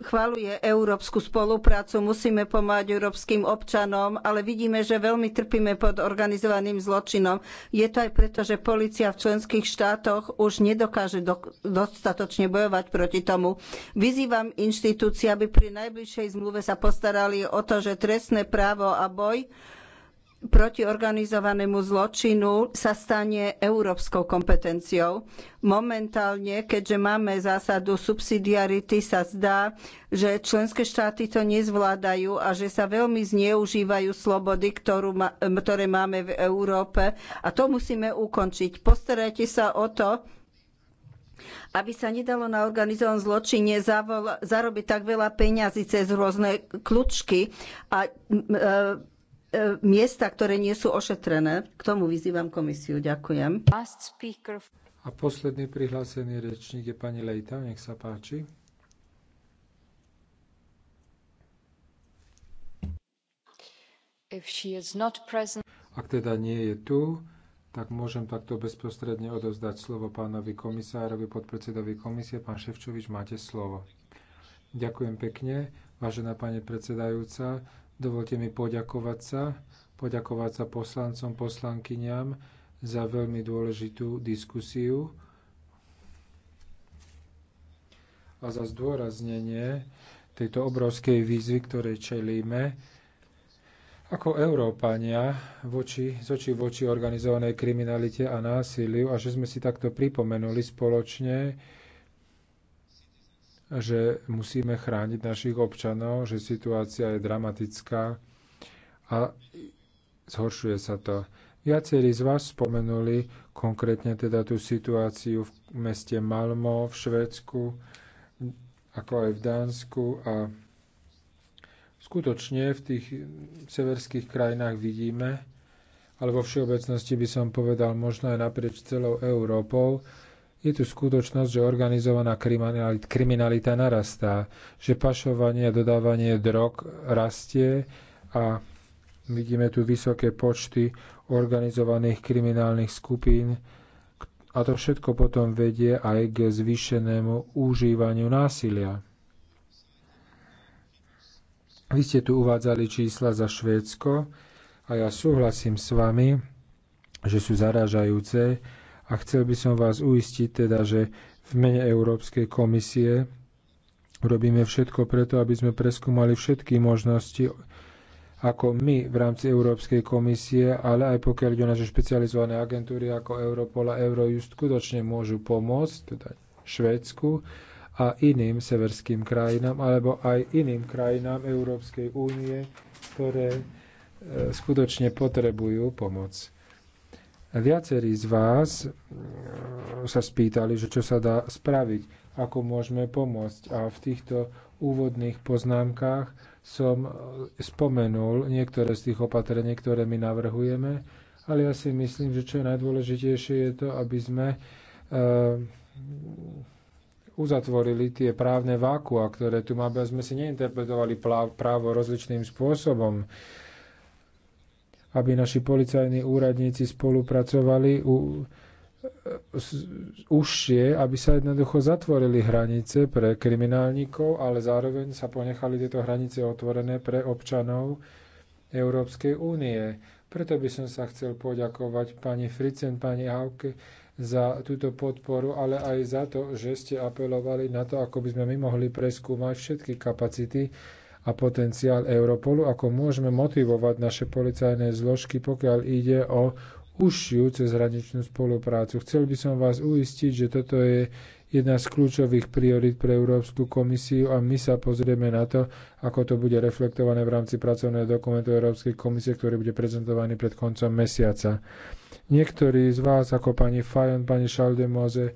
chvaluje európsku spoluprácu, musíme pomáhať európskym občanom, ale vidíme, že veľmi trpíme pod organizovaným zločinom. Je to aj preto, že policia v členských štátoch už nedokáže dostatočne bojovať proti tomu. Vyzývam inštitúcie, aby pri najbližšej zmluve sa postarali o to, že trestné právo a boj proti organizovanému zločinu sa stane európskou kompetenciou. Momentálne, keďže máme zásadu subsidiarity, sa zdá, že členské štáty to nezvládajú a že sa veľmi zneužívajú slobody, ma, ktoré máme v Európe. A to musíme ukončiť. Postarajte sa o to, aby sa nedalo na organizovanom zločine zarobiť tak veľa peňazí cez rôzne kľúčky a e, E, miesta, ktoré nie sú ošetrené. K tomu vyzývam komisiu. Ďakujem. A posledný prihlásený rečník je pani Lejta. Nech sa páči. Present... Ak teda nie je tu, tak môžem takto bezprostredne odovzdať slovo pánovi komisárovi, podpredsedovi komisie. Pán Ševčovič, máte slovo. Ďakujem pekne, vážená pani predsedajúca, Dovolte mi poďakovať sa, poďakovať sa poslancom, poslankyňam za veľmi dôležitú diskusiu a za zdôraznenie tejto obrovskej výzvy, ktorej čelíme ako Európania voči, z voči organizovanej kriminalite a násiliu a že sme si takto pripomenuli spoločne že musíme chrániť našich občanov, že situácia je dramatická a zhoršuje sa to. Viacerí z vás spomenuli konkrétne teda tú situáciu v meste Malmo v Švédsku, ako aj v Dánsku a skutočne v tých severských krajinách vidíme, ale vo všeobecnosti by som povedal možno aj naprieč celou Európou, je tu skutočnosť, že organizovaná kriminalita, narastá, že pašovanie a dodávanie drog rastie a vidíme tu vysoké počty organizovaných kriminálnych skupín a to všetko potom vedie aj k zvýšenému užívaniu násilia. Vy ste tu uvádzali čísla za Švédsko a ja súhlasím s vami, že sú zarážajúce, a chcel by som vás uistiť teda, že v mene Európskej komisie robíme všetko preto, aby sme preskúmali všetky možnosti, ako my v rámci Európskej komisie, ale aj pokiaľ ide o naše špecializované agentúry ako Europol a Eurojust, skutočne môžu pomôcť, teda Švédsku a iným severským krajinám, alebo aj iným krajinám Európskej únie, ktoré e, skutočne potrebujú pomoc. Viacerí z vás e, sa spýtali, že čo sa dá spraviť, ako môžeme pomôcť. A v týchto úvodných poznámkach som e, spomenul niektoré z tých opatrení, ktoré my navrhujeme, ale ja si myslím, že čo je najdôležitejšie je to, aby sme e, uzatvorili tie právne vákua, ktoré tu máme, aby sme si neinterpretovali právo rozličným spôsobom aby naši policajní úradníci spolupracovali u, užšie, aby sa jednoducho zatvorili hranice pre kriminálnikov, ale zároveň sa ponechali tieto hranice otvorené pre občanov Európskej únie. Preto by som sa chcel poďakovať pani Fricen, pani Hauke za túto podporu, ale aj za to, že ste apelovali na to, ako by sme my mohli preskúmať všetky kapacity a potenciál Europolu, ako môžeme motivovať naše policajné zložky, pokiaľ ide o užšiu cezhraničnú spoluprácu. Chcel by som vás uistiť, že toto je jedna z kľúčových priorit pre Európsku komisiu a my sa pozrieme na to, ako to bude reflektované v rámci pracovného dokumentu Európskej komisie, ktorý bude prezentovaný pred koncom mesiaca. Niektorí z vás, ako pani Fajon, pani Šaldemoze,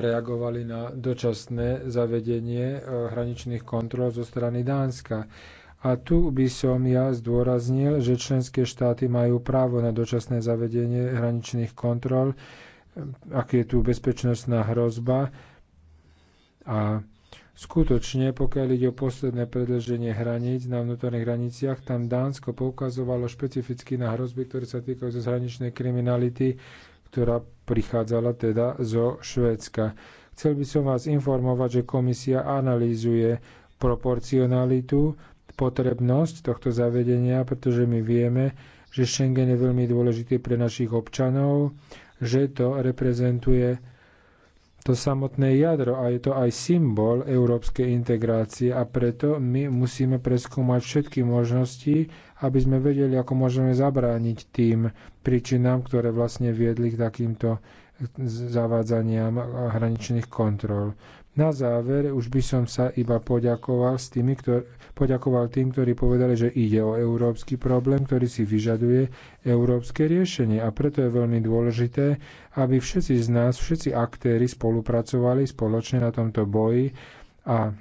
reagovali na dočasné zavedenie e, hraničných kontrol zo strany Dánska. A tu by som ja zdôraznil, že členské štáty majú právo na dočasné zavedenie hraničných kontrol, e, ak je tu bezpečnostná hrozba. A skutočne, pokiaľ ide o posledné predlženie hraníc na vnútorných hraniciach, tam Dánsko poukazovalo špecificky na hrozby, ktoré sa týkajú zo kriminality, ktorá prichádzala teda zo Švédska. Chcel by som vás informovať, že komisia analýzuje proporcionalitu, potrebnosť tohto zavedenia, pretože my vieme, že Schengen je veľmi dôležitý pre našich občanov, že to reprezentuje to samotné jadro a je to aj symbol európskej integrácie a preto my musíme preskúmať všetky možnosti, aby sme vedeli, ako môžeme zabrániť tým príčinám, ktoré vlastne viedli k takýmto zavádzaniam hraničných kontrol. Na záver už by som sa iba poďakoval, s tými, ktor- poďakoval tým, ktorí povedali, že ide o európsky problém, ktorý si vyžaduje európske riešenie. A preto je veľmi dôležité, aby všetci z nás, všetci aktéry spolupracovali spoločne na tomto boji a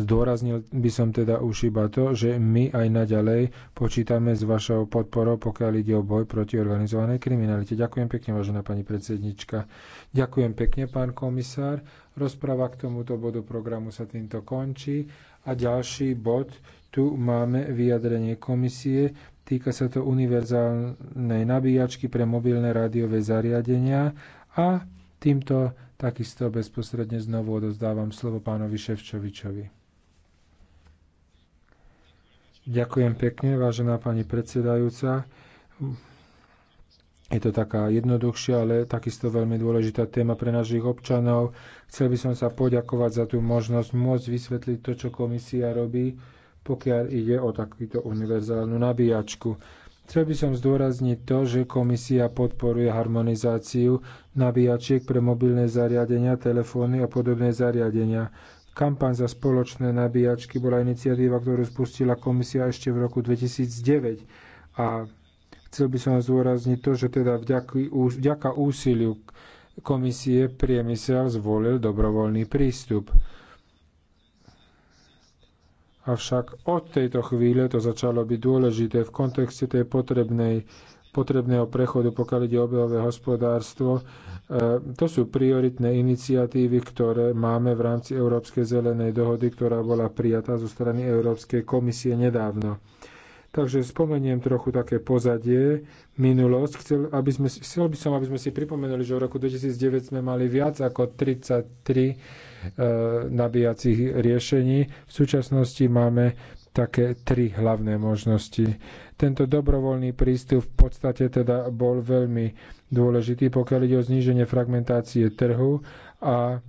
Zdôraznil by som teda už iba to, že my aj naďalej počítame s vašou podporou, pokiaľ ide o boj proti organizovanej kriminalite. Ďakujem pekne, vážená pani predsednička. Ďakujem pekne, pán komisár. Rozpráva k tomuto bodu programu sa týmto končí. A ďalší bod, tu máme vyjadrenie komisie, týka sa to univerzálnej nabíjačky pre mobilné rádiové zariadenia a týmto takisto bezposredne znovu odozdávam slovo pánovi Ševčovičovi. Ďakujem pekne, vážená pani predsedajúca. Je to taká jednoduchšia, ale takisto veľmi dôležitá téma pre našich občanov. Chcel by som sa poďakovať za tú možnosť môcť vysvetliť to, čo komisia robí, pokiaľ ide o takúto univerzálnu nabíjačku. Chcel by som zdôrazniť to, že komisia podporuje harmonizáciu nabíjačiek pre mobilné zariadenia, telefóny a podobné zariadenia. Kampaň za spoločné nabíjačky bola iniciatíva, ktorú spustila komisia ešte v roku 2009 a chcel by som zdôrazniť to, že teda vďaka úsiliu komisie priemysel zvolil dobrovoľný prístup. Avšak od tejto chvíle to začalo byť dôležité v kontexte tej potrebnej potrebného prechodu, pokiaľ ide o obehové hospodárstvo. E, to sú prioritné iniciatívy, ktoré máme v rámci Európskej zelenej dohody, ktorá bola prijatá zo strany Európskej komisie nedávno. Takže spomeniem trochu také pozadie, minulosť. Chcel, aby sme, chcel by som, aby sme si pripomenuli, že v roku 2009 sme mali viac ako 33 e, nabíjacích riešení. V súčasnosti máme také tri hlavné možnosti. Tento dobrovoľný prístup v podstate teda bol veľmi dôležitý, pokiaľ ide o zníženie fragmentácie trhu a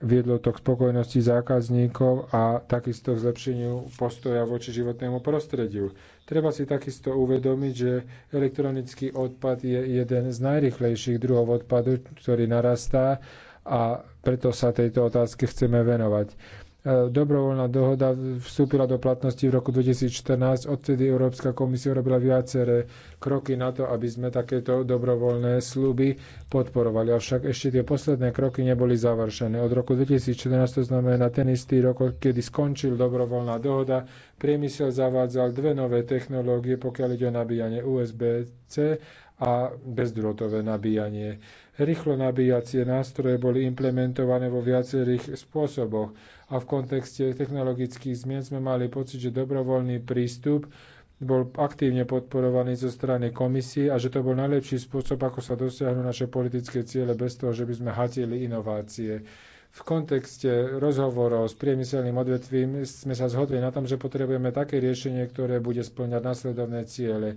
viedlo to k spokojnosti zákazníkov a takisto k zlepšeniu postoja voči životnému prostrediu. Treba si takisto uvedomiť, že elektronický odpad je jeden z najrychlejších druhov odpadu, ktorý narastá a preto sa tejto otázke chceme venovať. E, dobrovoľná dohoda vstúpila do platnosti v roku 2014. Odtedy Európska komisia robila viaceré kroky na to, aby sme takéto dobrovoľné sluby podporovali. Avšak ešte tie posledné kroky neboli završené. Od roku 2014, to znamená ten istý rok, kedy skončil dobrovoľná dohoda, priemysel zavádzal dve nové technológie, pokiaľ ide o nabíjanie USB-C a bezdrôtové nabíjanie. Rýchlo nabíjacie nástroje boli implementované vo viacerých spôsoboch a v kontexte technologických zmien sme mali pocit, že dobrovoľný prístup bol aktívne podporovaný zo strany komisie a že to bol najlepší spôsob, ako sa dosiahnu naše politické ciele bez toho, že by sme hatili inovácie. V kontexte rozhovorov s priemyselným odvetvím sme sa zhodli na tom, že potrebujeme také riešenie, ktoré bude splňať následovné ciele e,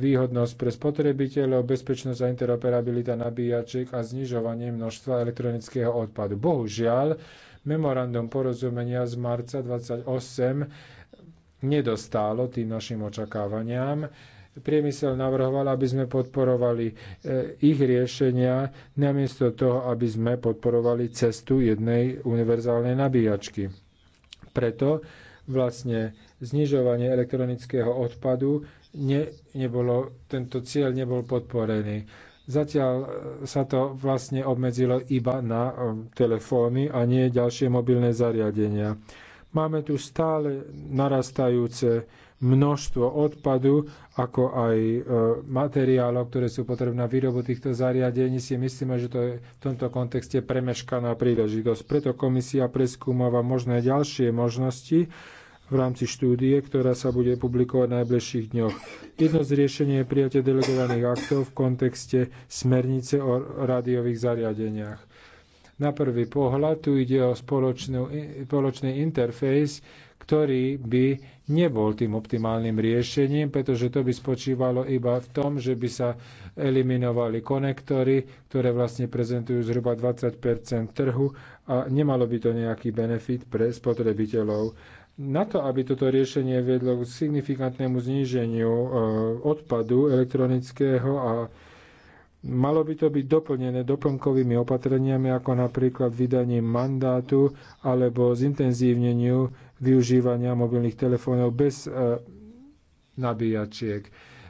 výhodnosť pre spotrebiteľov, bezpečnosť a interoperabilita nabíjačiek a znižovanie množstva elektronického odpadu. Bohužiaľ, Memorandum porozumenia z marca 28 nedostálo tým našim očakávaniam. Priemysel navrhoval, aby sme podporovali e, ich riešenia, namiesto toho, aby sme podporovali cestu jednej univerzálnej nabíjačky. Preto vlastne znižovanie elektronického odpadu ne, nebolo, tento cieľ nebol podporený. Zatiaľ e, sa to vlastne obmedzilo iba na e, telefóny a nie ďalšie mobilné zariadenia. Máme tu stále narastajúce množstvo odpadu, ako aj e, materiálov, ktoré sú potrebné na výrobu týchto zariadení, si myslíme, že to je v tomto kontexte premeškaná príležitosť. Preto komisia preskúmava možné ďalšie možnosti, v rámci štúdie, ktorá sa bude publikovať v najbližších dňoch. Jedno z riešení je prijatie delegovaných aktov v kontexte smernice o rádiových zariadeniach. Na prvý pohľad tu ide o spoločnú, spoločný interfejs, ktorý by nebol tým optimálnym riešením, pretože to by spočívalo iba v tom, že by sa eliminovali konektory, ktoré vlastne prezentujú zhruba 20 trhu a nemalo by to nejaký benefit pre spotrebiteľov. Na to, aby toto riešenie viedlo k signifikantnému zníženiu e, odpadu elektronického a malo by to byť doplnené doplnkovými opatreniami, ako napríklad vydaním mandátu alebo zintenzívneniu využívania mobilných telefónov bez e, nabíjačiek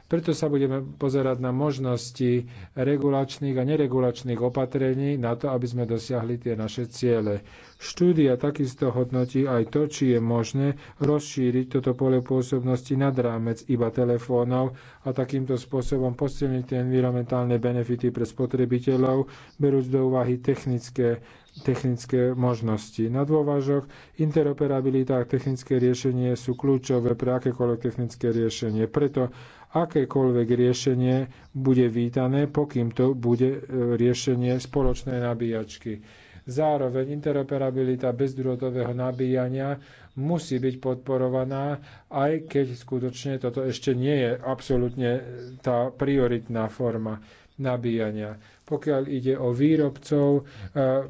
preto sa budeme pozerať na možnosti regulačných a neregulačných opatrení na to, aby sme dosiahli tie naše ciele. Štúdia takisto hodnotí aj to, či je možné rozšíriť toto pole pôsobnosti nad rámec iba telefónov a takýmto spôsobom posilniť tie environmentálne benefity pre spotrebiteľov, berúc do úvahy technické technické možnosti. Na dôvažok interoperabilita a technické riešenie sú kľúčové pre akékoľvek technické riešenie. Preto Akékoľvek riešenie bude vítané, pokým to bude e, riešenie spoločnej nabíjačky. Zároveň interoperabilita bezdrôtového nabíjania musí byť podporovaná, aj keď skutočne toto ešte nie je absolútne tá prioritná forma nabíjania pokiaľ ide o výrobcov, e,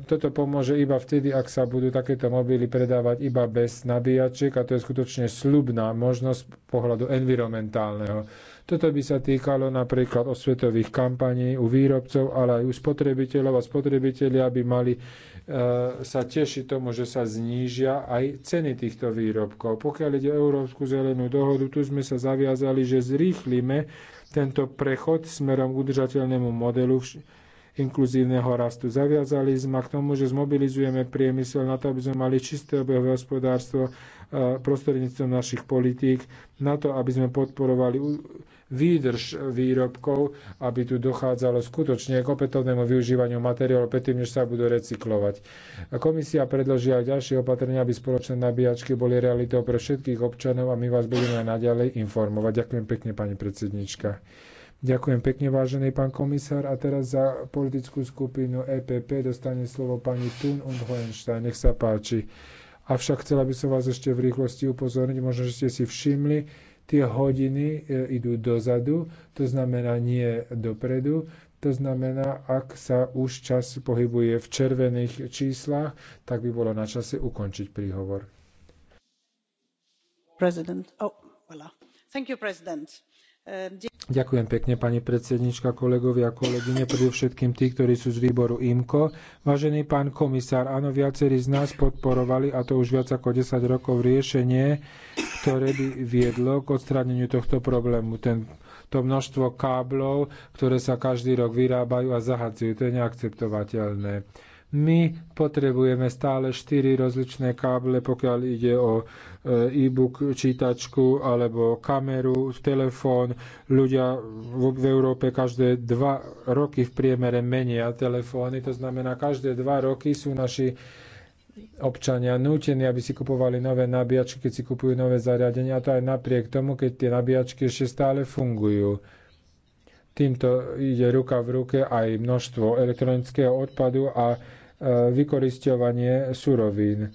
toto pomôže iba vtedy, ak sa budú takéto mobily predávať iba bez nabíjačiek a to je skutočne slubná možnosť pohľadu environmentálneho. Toto by sa týkalo napríklad osvetových kampaní u výrobcov, ale aj u spotrebiteľov a spotrebitelia by mali e, sa tešiť tomu, že sa znížia aj ceny týchto výrobkov. Pokiaľ ide o Európsku zelenú dohodu, tu sme sa zaviazali, že zrýchlime tento prechod smerom k udržateľnému modelu inkluzívneho rastu. Zaviazali sme k tomu, že zmobilizujeme priemysel na to, aby sme mali čisté obehové hospodárstvo e, prostredníctvom našich politík, na to, aby sme podporovali výdrž výrobkov, aby tu dochádzalo skutočne k opätovnému využívaniu materiálu predtým, než sa budú recyklovať. Komisia aj ďalšie opatrenia, aby spoločné nabíjačky boli realitou pre všetkých občanov a my vás budeme aj naďalej informovať. Ďakujem pekne, pani predsednička. Ďakujem pekne, vážený pán komisár. A teraz za politickú skupinu EPP dostane slovo pani Thun und Hohenstein. Nech sa páči. Avšak chcela by som vás ešte v rýchlosti upozorniť, možno, že ste si všimli, tie hodiny e, idú dozadu, to znamená nie dopredu. To znamená, ak sa už čas pohybuje v červených číslach, tak by bolo na čase ukončiť príhovor. President. Oh, voilà. Thank you, president Ďakujem pekne, pani predsednička, kolegovia a kolegyne, predovšetkým tí, ktorí sú z výboru IMKO. Vážený pán komisár, áno, viacerí z nás podporovali, a to už viac ako 10 rokov, riešenie, ktoré by viedlo k odstráneniu tohto problému. Ten, to množstvo káblov, ktoré sa každý rok vyrábajú a zahadzujú, to je neakceptovateľné. My potrebujeme stále štyri rozličné káble, pokiaľ ide o e, e-book, čítačku alebo kameru, telefón. Ľudia v Európe každé dva roky v priemere menia telefóny, to znamená, každé dva roky sú naši občania nútení, aby si kupovali nové nabíjačky, keď si kupujú nové zariadenia, a to aj napriek tomu, keď tie nabíjačky ešte stále fungujú. Týmto ide ruka v ruke aj množstvo elektronického odpadu a Eh, vykoristovanie surovín.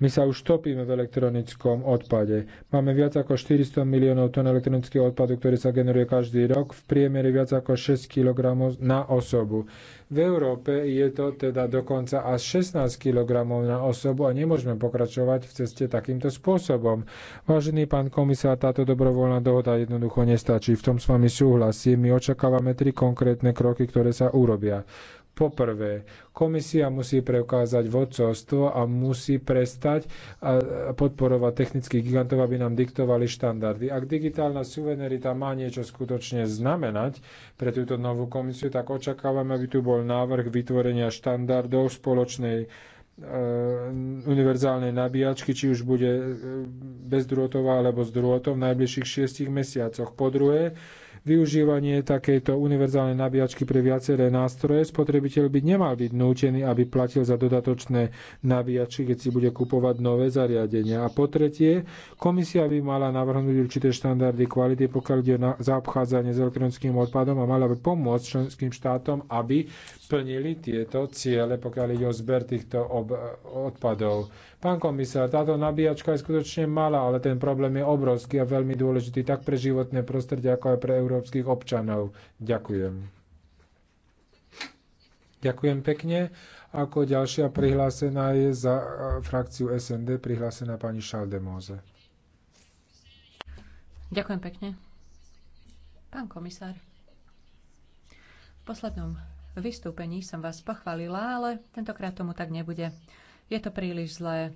My sa už topíme v elektronickom odpade. Máme viac ako 400 miliónov tón elektronického odpadu, ktorý sa generuje každý rok, v priemere viac ako 6 kg na osobu. V Európe je to teda dokonca až 16 kg na osobu a nemôžeme pokračovať v ceste takýmto spôsobom. Vážený pán komisár, táto dobrovoľná dohoda jednoducho nestačí. V tom s vami súhlasím. My očakávame tri konkrétne kroky, ktoré sa urobia. Poprvé, komisia musí preukázať vodcovstvo a musí prestať podporovať technických gigantov, aby nám diktovali štandardy. Ak digitálna suverenita má niečo skutočne znamenať pre túto novú komisiu, tak očakávame, aby tu bol návrh vytvorenia štandardov spoločnej eh, univerzálnej nabíjačky, či už bude eh, bezdrôtová alebo s drôtom v najbližších šiestich mesiacoch. Po druhé, využívanie takejto univerzálnej nabíjačky pre viaceré nástroje, spotrebiteľ by nemal byť nútený, aby platil za dodatočné nabíjačky, keď si bude kupovať nové zariadenia. A po tretie, komisia by mala navrhnúť určité štandardy kvality, pokiaľ ide na zaobchádzanie s elektronickým odpadom a mala by pomôcť členským štátom, aby Splnili tieto ciele, pokiaľ ide o zber týchto odpadov. Pán komisár, táto nabíjačka je skutočne malá, ale ten problém je obrovský a veľmi dôležitý tak pre životné prostredie, ako aj pre európskych občanov. Ďakujem. Ďakujem pekne. Ako ďalšia prihlásená je za e, frakciu SND prihlásená pani Šaldemóze. Ďakujem pekne. Pán komisár, v poslednom vystúpení som vás pochválila, ale tentokrát tomu tak nebude. Je to príliš zlé.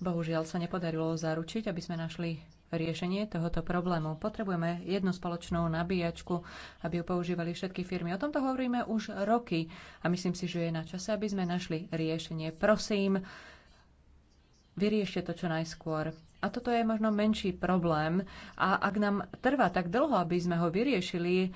Bohužiaľ sa nepodarilo zaručiť, aby sme našli riešenie tohoto problému. Potrebujeme jednu spoločnú nabíjačku, aby ju používali všetky firmy. O tomto hovoríme už roky a myslím si, že je na čase, aby sme našli riešenie. Prosím, vyriešte to čo najskôr. A toto je možno menší problém. A ak nám trvá tak dlho, aby sme ho vyriešili,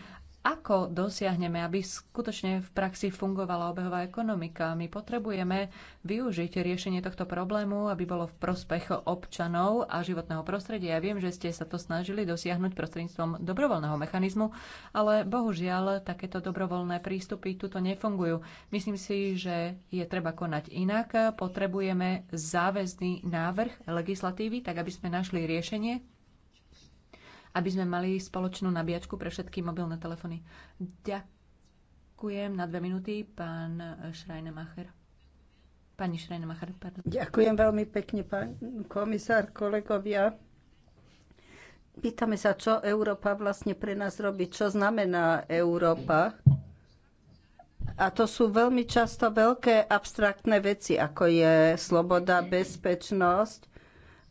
ako dosiahneme, aby skutočne v praxi fungovala obehová ekonomika. My potrebujeme využiť riešenie tohto problému, aby bolo v prospech občanov a životného prostredia. Ja viem, že ste sa to snažili dosiahnuť prostredníctvom dobrovoľného mechanizmu, ale bohužiaľ takéto dobrovoľné prístupy tuto nefungujú. Myslím si, že je treba konať inak. Potrebujeme záväzný návrh legislatívy, tak aby sme našli riešenie, aby sme mali spoločnú nabíjačku pre všetky mobilné telefóny. Ďakujem na dve minúty, pán Schreinemacher. Pani Šrajnemacher, pardon. Ďakujem veľmi pekne, pán komisár, kolegovia. Pýtame sa, čo Európa vlastne pre nás robí, čo znamená Európa. A to sú veľmi často veľké abstraktné veci, ako je sloboda, bezpečnosť,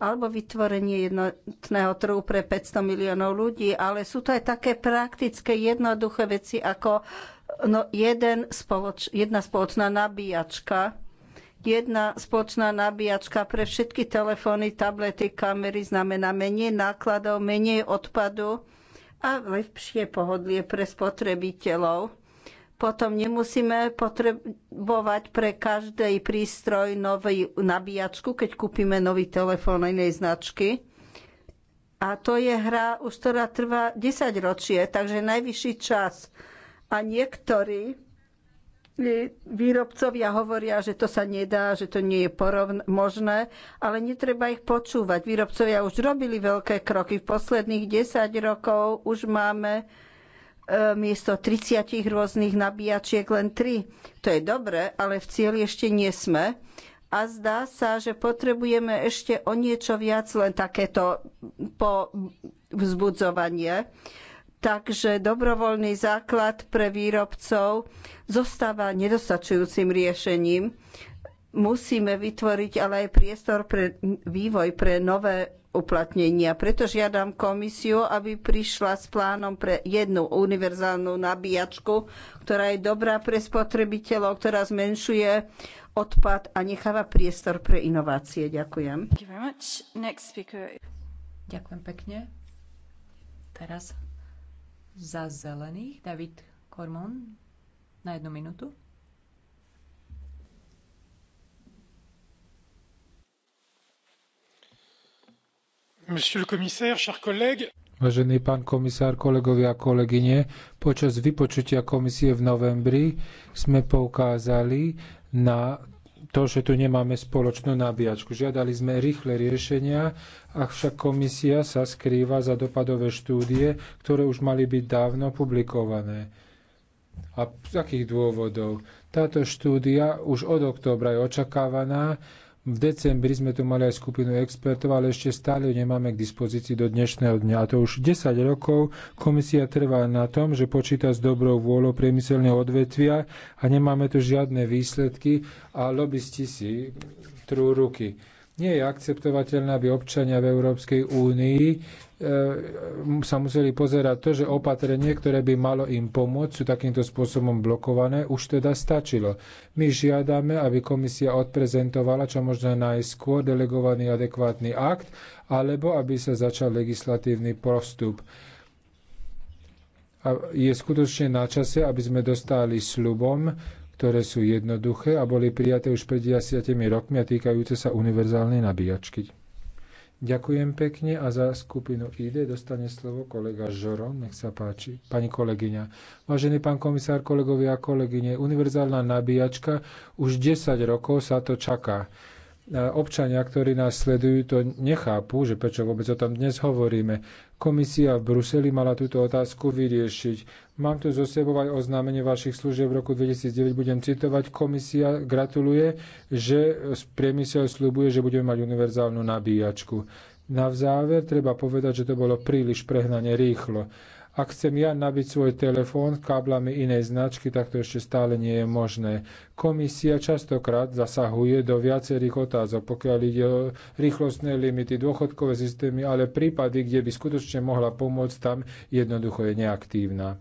alebo vytvorenie jednotného trhu pre 500 miliónov ľudí, ale sú to aj také praktické, jednoduché veci ako no, jeden spoloč, jedna spoločná nabíjačka, jedna spoločná nabíjačka pre všetky telefóny, tablety, kamery znamená menej nákladov, menej odpadu a lepšie pohodlie pre spotrebiteľov potom nemusíme potrebovať pre každý prístroj novú nabíjačku, keď kúpime nový telefón inej značky. A to je hra už, ktorá trvá 10 ročie, takže najvyšší čas. A niektorí výrobcovia hovoria, že to sa nedá, že to nie je porovn- možné, ale netreba ich počúvať. Výrobcovia už robili veľké kroky. V posledných 10 rokov už máme E, miesto 30 rôznych nabíjačiek len 3. To je dobre, ale v cieli ešte nie sme. A zdá sa, že potrebujeme ešte o niečo viac len takéto po vzbudzovanie. Takže dobrovoľný základ pre výrobcov zostáva nedostačujúcim riešením. Musíme vytvoriť ale aj priestor pre vývoj, pre nové uplatnenia. Preto žiadam komisiu, aby prišla s plánom pre jednu univerzálnu nabíjačku, ktorá je dobrá pre spotrebiteľov, ktorá zmenšuje odpad a necháva priestor pre inovácie. Ďakujem. Ďakujem pekne. Teraz za zelených David Kormon na jednu minútu. Vážený pán komisár, kolegovia a kolegyne, počas vypočutia komisie v novembri sme poukázali na to, že tu nemáme spoločnú nabíjačku. Žiadali sme rýchle riešenia, avšak komisia sa skrýva za dopadové štúdie, ktoré už mali byť dávno publikované. A z akých dôvodov? Táto štúdia už od októbra je očakávaná v decembri sme tu mali aj skupinu expertov, ale ešte stále ju nemáme k dispozícii do dnešného dňa. A to už 10 rokov komisia trvá na tom, že počíta s dobrou vôľou priemyselného odvetvia a nemáme tu žiadne výsledky a lobbysti si trú ruky. Nie je akceptovateľné, aby občania v Európskej únii E, e, sa museli pozerať to, že opatrenie, ktoré by malo im pomôcť, sú takýmto spôsobom blokované, už teda stačilo. My žiadame, aby komisia odprezentovala čo možno najskôr delegovaný adekvátny akt, alebo aby sa začal legislatívny postup. A je skutočne na čase, aby sme dostali slubom, ktoré sú jednoduché a boli prijaté už pred 10 rokmi a týkajúce sa univerzálnej nabíjačky. Ďakujem pekne a za skupinu ID dostane slovo kolega Žoro. nech sa páči, pani kolegyňa. Vážený pán komisár, kolegovia a kolegyne, univerzálna nabíjačka už 10 rokov sa to čaká občania, ktorí nás sledujú, to nechápu, že prečo vôbec o tom dnes hovoríme. Komisia v Bruseli mala túto otázku vyriešiť. Mám tu zo sebou aj oznámenie vašich služieb v roku 2009. Budem citovať. Komisia gratuluje, že priemysel slúbuje, že budeme mať univerzálnu nabíjačku. Na záver treba povedať, že to bolo príliš prehnane rýchlo. Ak chcem ja nabiť svoj telefón káblami inej značky, tak to ešte stále nie je možné. Komisia častokrát zasahuje do viacerých otázok, pokiaľ ide o rýchlostné limity, dôchodkové systémy, ale prípady, kde by skutočne mohla pomôcť, tam jednoducho je neaktívna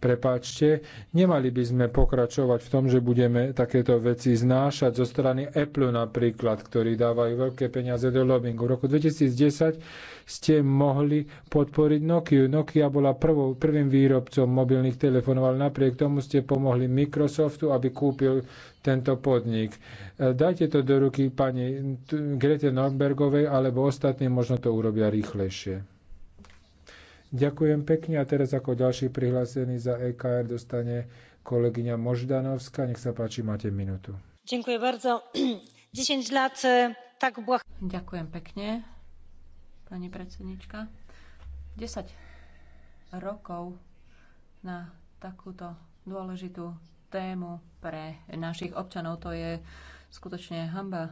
prepáčte, nemali by sme pokračovať v tom, že budeme takéto veci znášať zo strany Apple napríklad, ktorí dávajú veľké peniaze do lobbyingu. V roku 2010 ste mohli podporiť Nokia. Nokia bola prvou, prvým výrobcom mobilných telefónov, ale napriek tomu ste pomohli Microsoftu, aby kúpil tento podnik. E, dajte to do ruky pani Grete Norbergovej, alebo ostatní možno to urobia rýchlejšie. Ďakujem pekne a teraz ako ďalší prihlásený za EKR dostane kolegyňa Moždanovská. Nech sa páči, máte minútu. Ďakujem bardzo. 10 lat e, tak blah... Ďakujem pekne, pani predsednička. 10 rokov na takúto dôležitú tému pre našich občanov. To je skutočne hamba.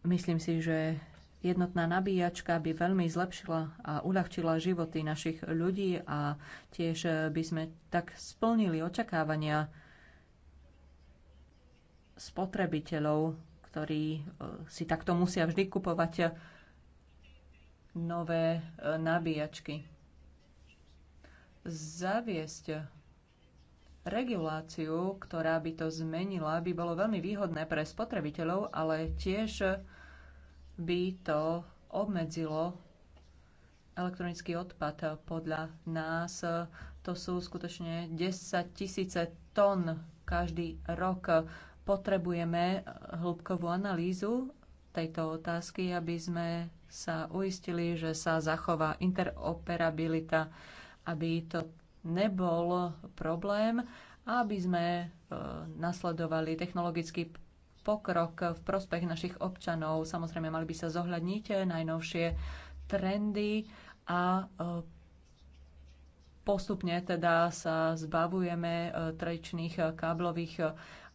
Myslím si, že Jednotná nabíjačka by veľmi zlepšila a uľahčila životy našich ľudí a tiež by sme tak splnili očakávania spotrebiteľov, ktorí e, si takto musia vždy kupovať nové e, nabíjačky. Zaviesť reguláciu, ktorá by to zmenila, by bolo veľmi výhodné pre spotrebiteľov, ale tiež by to obmedzilo elektronický odpad. Podľa nás to sú skutočne 10 tisíce tón každý rok. Potrebujeme hĺbkovú analýzu tejto otázky, aby sme sa uistili, že sa zachová interoperabilita, aby to nebol problém, aby sme e, nasledovali technologický pokrok v prospech našich občanov. Samozrejme, mali by sa zohľadniť najnovšie trendy a e, postupne teda sa zbavujeme e, tradičných e, káblových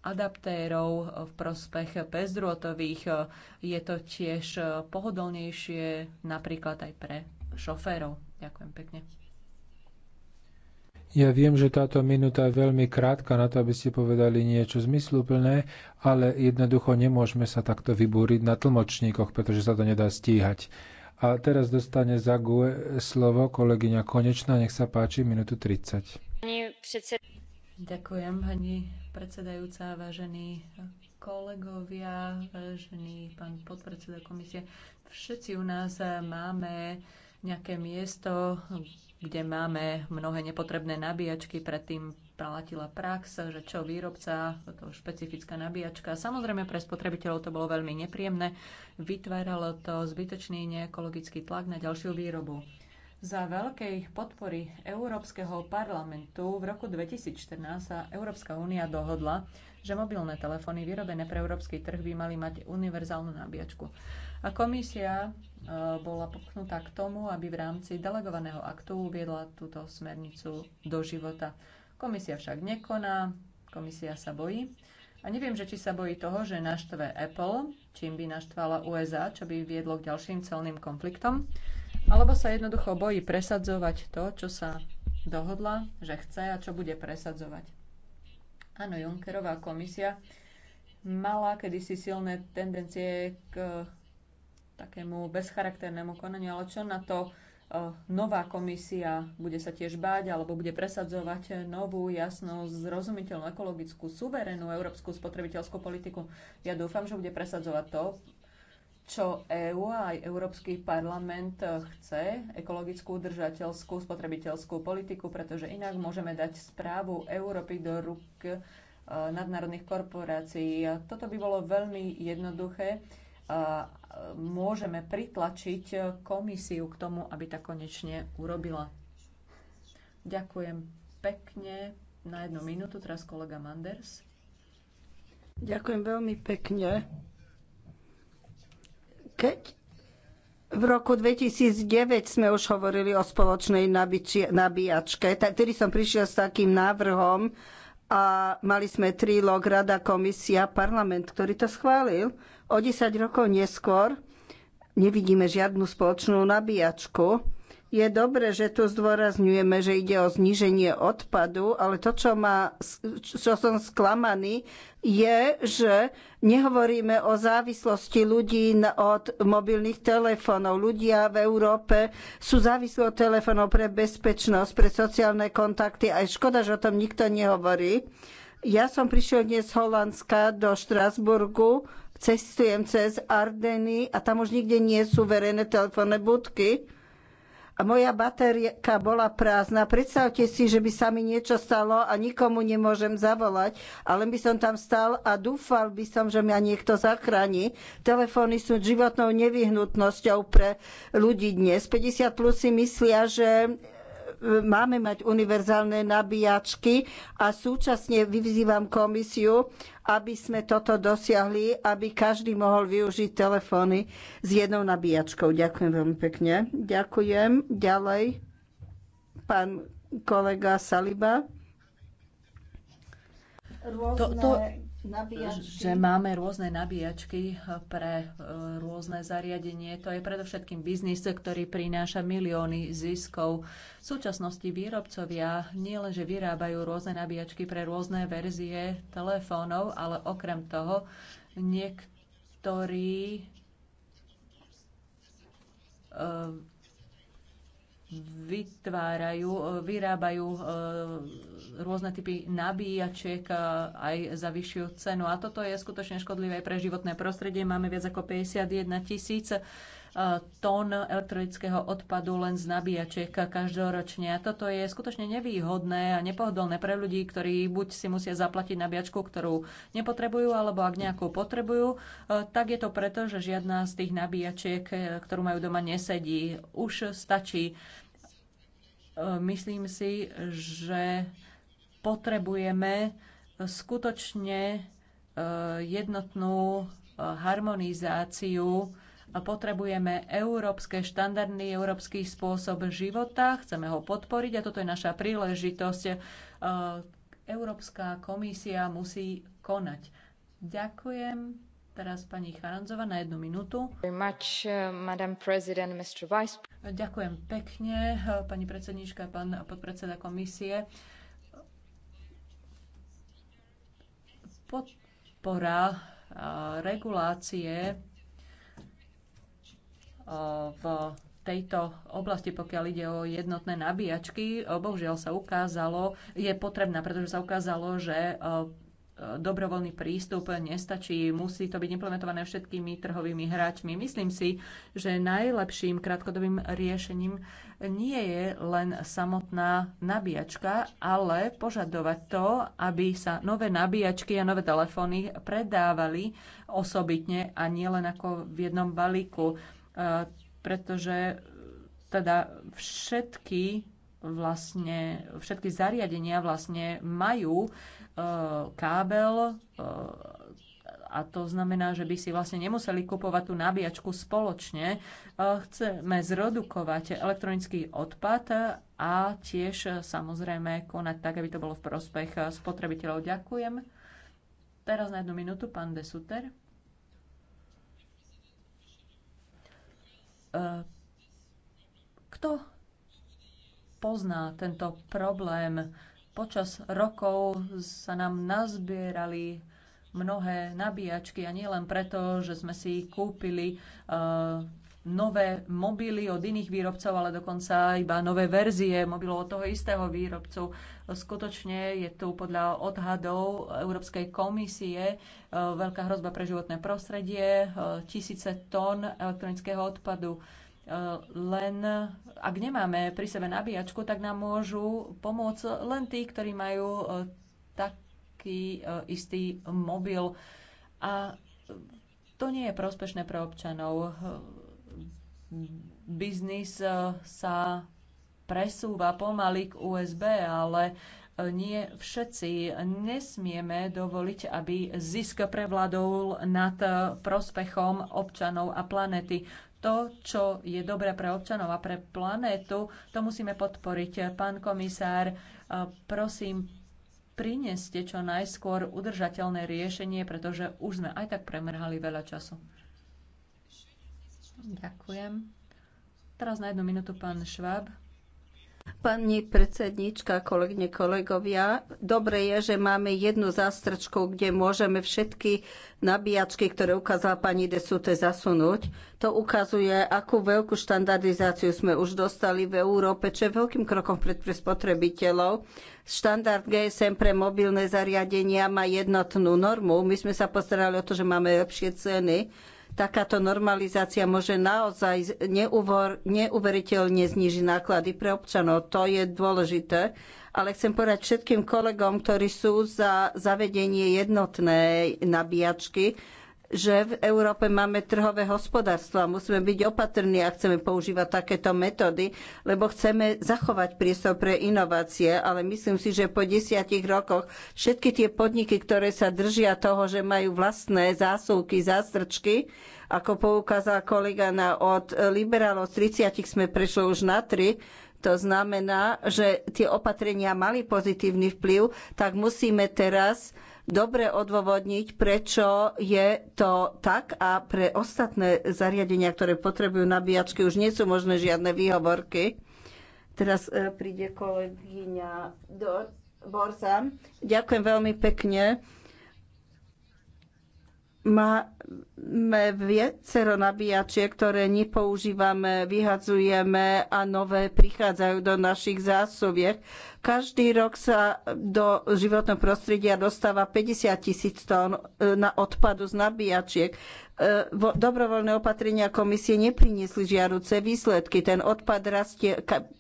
adaptérov v prospech bezdrôtových. Je to tiež pohodlnejšie napríklad aj pre šoférov. Ďakujem pekne. Ja viem, že táto minúta je veľmi krátka na to, aby ste povedali niečo zmysluplné, ale jednoducho nemôžeme sa takto vybúriť na tlmočníkoch, pretože sa to nedá stíhať. A teraz dostane za GUE slovo kolegyňa Konečná, nech sa páči, minútu 30. Ďakujem, pani predsedajúca, vážení kolegovia, vážený pán podpredseda komisie. Všetci u nás máme nejaké miesto, kde máme mnohé nepotrebné nabíjačky. Predtým platila prax, že čo výrobca, to špecifická nabíjačka. Samozrejme pre spotrebiteľov to bolo veľmi nepríjemné. Vytváralo to zbytočný neekologický tlak na ďalšiu výrobu. Za veľkej podpory Európskeho parlamentu v roku 2014 sa Európska únia dohodla, že mobilné telefóny vyrobené pre európsky trh by mali mať univerzálnu nabíjačku. A komisia E, bola popchnutá k tomu, aby v rámci delegovaného aktu uviedla túto smernicu do života. Komisia však nekoná, komisia sa bojí. A neviem, že či sa bojí toho, že naštve Apple, čím by naštvala USA, čo by viedlo k ďalším celným konfliktom, alebo sa jednoducho bojí presadzovať to, čo sa dohodla, že chce a čo bude presadzovať. Áno, Junckerová komisia mala kedysi silné tendencie k takému bezcharakternému konaniu, ale čo na to e, nová komisia bude sa tiež báť alebo bude presadzovať novú, jasnú, zrozumiteľnú, ekologickú, suverénnu európsku spotrebiteľskú politiku. Ja dúfam, že bude presadzovať to, čo EÚ a aj Európsky parlament chce, ekologickú, držateľskú, spotrebiteľskú politiku, pretože inak môžeme dať správu Európy do rúk e, nadnárodných korporácií. Toto by bolo veľmi jednoduché E, môžeme pritlačiť komisiu k tomu, aby tak konečne urobila. Ďakujem pekne. Na jednu minútu teraz kolega Manders. Ďakujem veľmi pekne. Keď v roku 2009 sme už hovorili o spoločnej nabíjačke, vtedy som prišiel s takým návrhom a mali sme trílog, rada, komisia, parlament, ktorý to schválil. O 10 rokov neskôr nevidíme žiadnu spoločnú nabíjačku. Je dobre, že tu zdôrazňujeme, že ide o zníženie odpadu, ale to, čo, má, čo som sklamaný, je, že nehovoríme o závislosti ľudí od mobilných telefónov. Ľudia v Európe sú závislí od telefónov pre bezpečnosť, pre sociálne kontakty. Aj škoda, že o tom nikto nehovorí. Ja som prišiel dnes z Holandska do Štrasburgu cestujem cez Ardeny a tam už nikde nie sú verejné telefónne budky. A moja baterka bola prázdna. Predstavte si, že by sa mi niečo stalo a nikomu nemôžem zavolať, ale by som tam stal a dúfal by som, že ma niekto zachráni. Telefóny sú životnou nevyhnutnosťou pre ľudí dnes. 50 plus si myslia, že máme mať univerzálne nabíjačky a súčasne vyzývam komisiu, aby sme toto dosiahli, aby každý mohol využiť telefóny s jednou nabíjačkou. Ďakujem veľmi pekne. Ďakujem. Ďalej pán kolega Saliba. Rôzne... To, to nabíjačky. že máme rôzne nabíjačky eh, pre eh, rôzne zariadenie. To je predovšetkým biznis, ktorý prináša milióny ziskov. V súčasnosti výrobcovia nielenže vyrábajú rôzne nabíjačky pre rôzne verzie telefónov, ale okrem toho niektorí eh, vytvárajú, e, vyrábajú e, rôzne typy nabíjačiek e, aj za vyššiu cenu. A toto je skutočne škodlivé aj pre životné prostredie. Máme viac ako 51 tisíc tón elektronického odpadu len z nabíjačiek každoročne. A toto je skutočne nevýhodné a nepohodlné pre ľudí, ktorí buď si musia zaplatiť nabíjačku, ktorú nepotrebujú, alebo ak nejakú potrebujú, tak je to preto, že žiadna z tých nabíjačiek, ktorú majú doma, nesedí. Už stačí E, myslím si, že potrebujeme skutočne e, jednotnú e, harmonizáciu potrebujeme európske štandardy, európsky spôsob života, chceme ho podporiť a toto je naša príležitosť. Európska komisia musí konať. Ďakujem. Teraz pani Charanzova na jednu minútu. Uh, Ďakujem pekne, uh, pani predsedníčka, pán podpredseda komisie. Podpora uh, regulácie v tejto oblasti, pokiaľ ide o jednotné nabíjačky, bohužiaľ sa ukázalo, je potrebná, pretože sa ukázalo, že dobrovoľný prístup nestačí, musí to byť implementované všetkými trhovými hráčmi. Myslím si, že najlepším krátkodobým riešením nie je len samotná nabíjačka, ale požadovať to, aby sa nové nabíjačky a nové telefóny predávali osobitne a nielen ako v jednom balíku, e, pretože e, teda všetky vlastne všetky zariadenia vlastne majú E, kábel e, a to znamená, že by si vlastne nemuseli kupovať tú nabíjačku spoločne. E, chceme zredukovať elektronický odpad a tiež samozrejme konať tak, aby to bolo v prospech spotrebiteľov. Ďakujem. Teraz na jednu minútu pán Desuter. Kto pozná tento problém? Počas rokov sa nám nazbierali mnohé nabíjačky a nie len preto, že sme si kúpili uh, nové mobily od iných výrobcov, ale dokonca iba nové verzie mobilov od toho istého výrobcu. Skutočne je tu podľa odhadov Európskej komisie eh, veľká hrozba pre životné prostredie, eh, tisíce tón elektronického odpadu len ak nemáme pri sebe nabíjačku, tak nám môžu pomôcť len tí, ktorí majú e, taký e, istý mobil. A to nie je prospešné pre občanov. Biznis e, sa presúva pomaly k USB, ale nie všetci. Nesmieme dovoliť, aby zisk prevladol nad prospechom občanov a planety to, čo je dobré pre občanov a pre planétu, to musíme podporiť. Pán komisár, e, prosím, prineste čo najskôr udržateľné riešenie, pretože už sme aj tak premrhali veľa času. Ďakujem. Teraz na jednu minútu pán Šváb. Pani predsednička, kolegne, kolegovia, dobre je, že máme jednu zástrčku, kde môžeme všetky nabíjačky, ktoré ukázala pani Desute, zasunúť. To ukazuje, akú veľkú štandardizáciu sme už dostali v Európe, čo je veľkým krokom pred pre spotrebiteľov. Štandard GSM pre mobilné zariadenia má jednotnú normu. My sme sa postarali o to, že máme lepšie ceny Takáto normalizácia môže naozaj neuvor, neuveriteľne znižiť náklady pre občanov. To je dôležité. Ale chcem povedať všetkým kolegom, ktorí sú za zavedenie jednotnej nabíjačky, že v Európe máme trhové hospodárstvo a musíme byť opatrní, ak chceme používať takéto metódy, lebo chceme zachovať priestor pre inovácie, ale myslím si, že po desiatich rokoch všetky tie podniky, ktoré sa držia toho, že majú vlastné zásuvky, zástrčky, ako poukázal kolega na od liberálov z 30 sme prešli už na 3, to znamená, že tie opatrenia mali pozitívny vplyv, tak musíme teraz dobre odôvodniť, prečo je to tak a pre ostatné zariadenia, ktoré potrebujú nabíjačky, už nie sú možné žiadne výhovorky. Teraz e, príde kolegyňa Borza. Ďakujem veľmi pekne. Máme viacero nabíjačiek, ktoré nepoužívame, vyhadzujeme a nové prichádzajú do našich zásobiek. Každý rok sa do životného prostredia dostáva 50 tisíc tón e, na odpadu z nabíjačiek. E, dobrovoľné opatrenia komisie nepriniesli žiaruce výsledky. Ten odpad rastie 5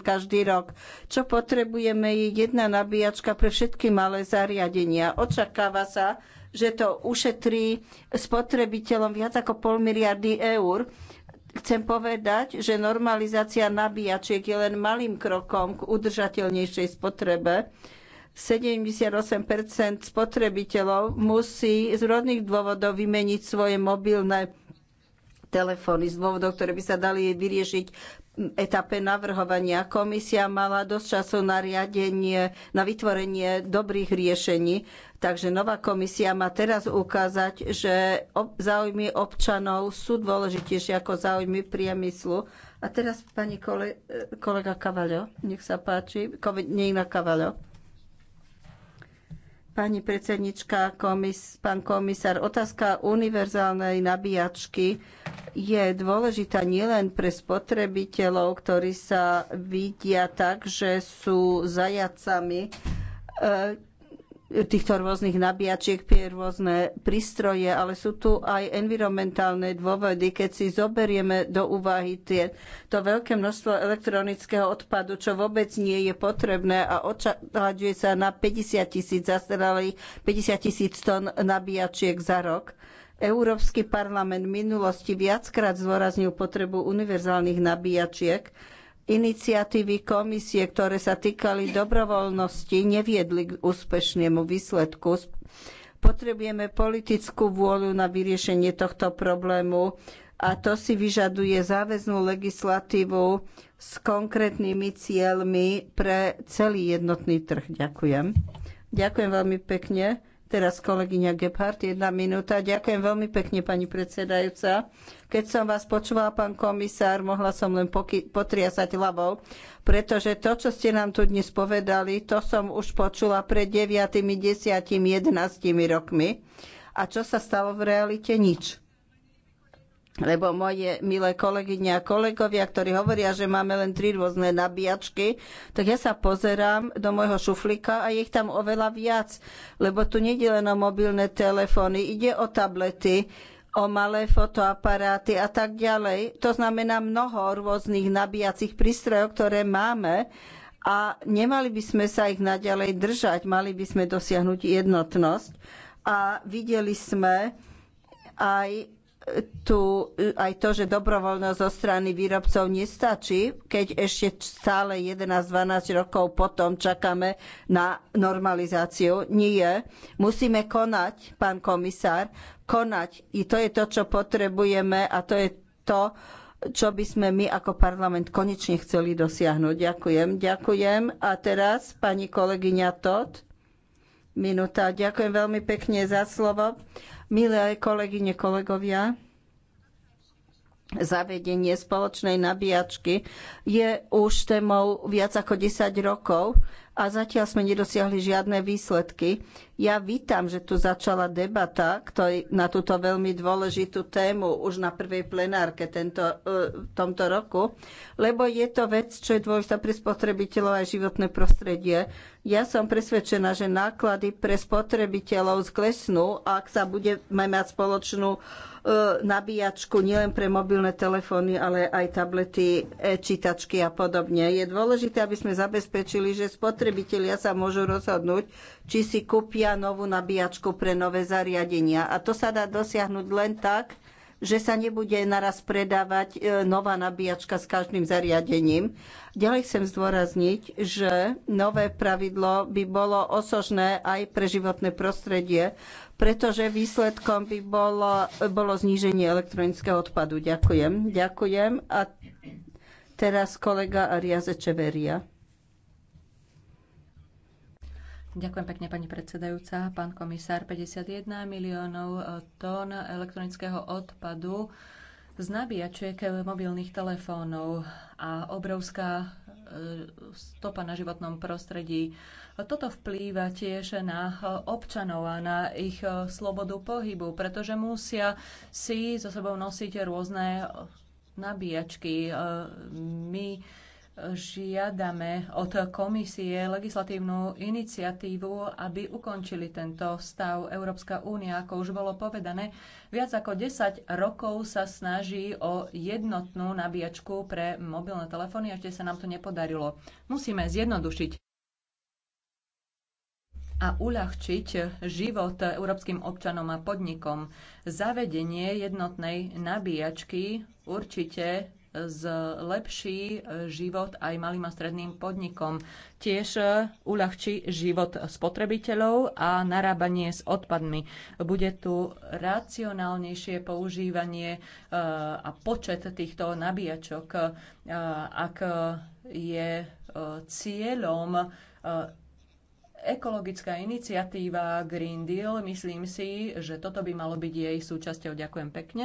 každý rok. Čo potrebujeme je jedna nabíjačka pre všetky malé zariadenia. Očakáva sa, že to ušetrí spotrebiteľom viac ako pol miliardy eur. Chcem povedať, že normalizácia nabíjačiek je len malým krokom k udržateľnejšej spotrebe. 78 spotrebiteľov musí z rodných dôvodov vymeniť svoje mobilné telefóny z dôvodov, ktoré by sa dali vyriešiť etape navrhovania. Komisia mala dosť času na riadenie, na vytvorenie dobrých riešení, takže nová komisia má teraz ukázať, že záujmy občanov sú dôležitejšie ako záujmy priemyslu. A teraz pani kole, kolega Kavaľo, nech sa páči, kolegyňa Kavaľo. Pani predsednička, komis, pán komisár, otázka univerzálnej nabíjačky je dôležitá nielen pre spotrebiteľov, ktorí sa vidia tak, že sú zajacami e, týchto rôznych nabíjačiek tie rôzne prístroje, ale sú tu aj environmentálne dôvody. Keď si zoberieme do úvahy tie, to veľké množstvo elektronického odpadu, čo vôbec nie je potrebné a očakávajú sa na 50 tisíc zastaralých 50 tisíc tón nabíjačiek za rok. Európsky parlament v minulosti viackrát zdôraznil potrebu univerzálnych nabíjačiek, Iniciatívy komisie, ktoré sa týkali dobrovoľnosti, neviedli k úspešnému výsledku. Potrebujeme politickú vôľu na vyriešenie tohto problému a to si vyžaduje záväznú legislatívu s konkrétnymi cieľmi pre celý jednotný trh. Ďakujem. Ďakujem veľmi pekne. Teraz kolegyňa Gebhardt, jedna minúta. Ďakujem veľmi pekne, pani predsedajúca. Keď som vás počúvala, pán komisár, mohla som len potriasať hlavou, pretože to, čo ste nám tu dnes povedali, to som už počula pred 9, 10, 11 rokmi. A čo sa stalo v realite? Nič lebo moje milé kolegyne a kolegovia, ktorí hovoria, že máme len tri rôzne nabíjačky, tak ja sa pozerám do môjho šuflíka a je ich tam oveľa viac, lebo tu je len o mobilné telefóny, ide o tablety, o malé fotoaparáty a tak ďalej. To znamená mnoho rôznych nabíjacích prístrojov, ktoré máme a nemali by sme sa ich naďalej držať, mali by sme dosiahnuť jednotnosť. A videli sme aj tu e, aj to, že dobrovoľnosť zo strany výrobcov nestačí, keď ešte stále 11-12 rokov potom čakáme na normalizáciu. Nie. Musíme konať, pán komisár, konať. I to je to, čo potrebujeme a to je to, čo by sme my ako parlament konečne chceli dosiahnuť. Ďakujem, ďakujem. A teraz pani kolegyňa Todd. Minúta. Ďakujem veľmi pekne za slovo. Milé kolegyne, kolegovia, zavedenie spoločnej nabíjačky je už témou viac ako 10 rokov a zatiaľ sme nedosiahli žiadne výsledky. Ja vítam, že tu začala debata ktorý, na túto veľmi dôležitú tému už na prvej plenárke tento, e, v tomto roku, lebo je to vec, čo je dôležitá pre spotrebiteľov aj životné prostredie. Ja som presvedčená, že náklady pre spotrebiteľov klesnú, ak sa budeme mať spoločnú E, nabíjačku nielen pre mobilné telefóny, ale aj tablety, e-čítačky a podobne. Je dôležité, aby sme zabezpečili, že spotrebitelia sa môžu rozhodnúť, či si kúpia novú nabíjačku pre nové zariadenia. A to sa dá dosiahnuť len tak, že sa nebude naraz predávať e, nová nabíjačka s každým zariadením. Ďalej chcem zdôrazniť, že nové pravidlo by bolo osožné aj pre životné prostredie, pretože výsledkom by bolo, bolo zníženie elektronického odpadu. Ďakujem. Ďakujem. A teraz kolega Aria Zečeveria. Ďakujem pekne, pani predsedajúca. Pán komisár, 51 miliónov e, tón elektronického odpadu z nabíjačiek mobilných telefónov a obrovská e, stopa na životnom prostredí. E, toto vplýva tiež na občanov a na ich slobodu pohybu, pretože musia si so sebou nosiť rôzne nabíjačky. My žiadame od komisie legislatívnu iniciatívu, aby ukončili tento stav. Európska únia, ako už bolo povedané, viac ako 10 rokov sa snaží o jednotnú nabíjačku pre mobilné telefóny, ešte sa nám to nepodarilo. Musíme zjednodušiť a uľahčiť život európskym občanom a podnikom. Zavedenie jednotnej nabíjačky určite zlepší eh, život aj malým a stredným podnikom. Tiež eh, uľahčí život spotrebiteľov a narábanie s odpadmi. Bude tu racionálnejšie používanie eh, a počet týchto nabíjačok, ak je cieľom ekologická iniciatíva Green Deal. Myslím si, že toto by malo byť jej súčasťou. Ďakujem pekne.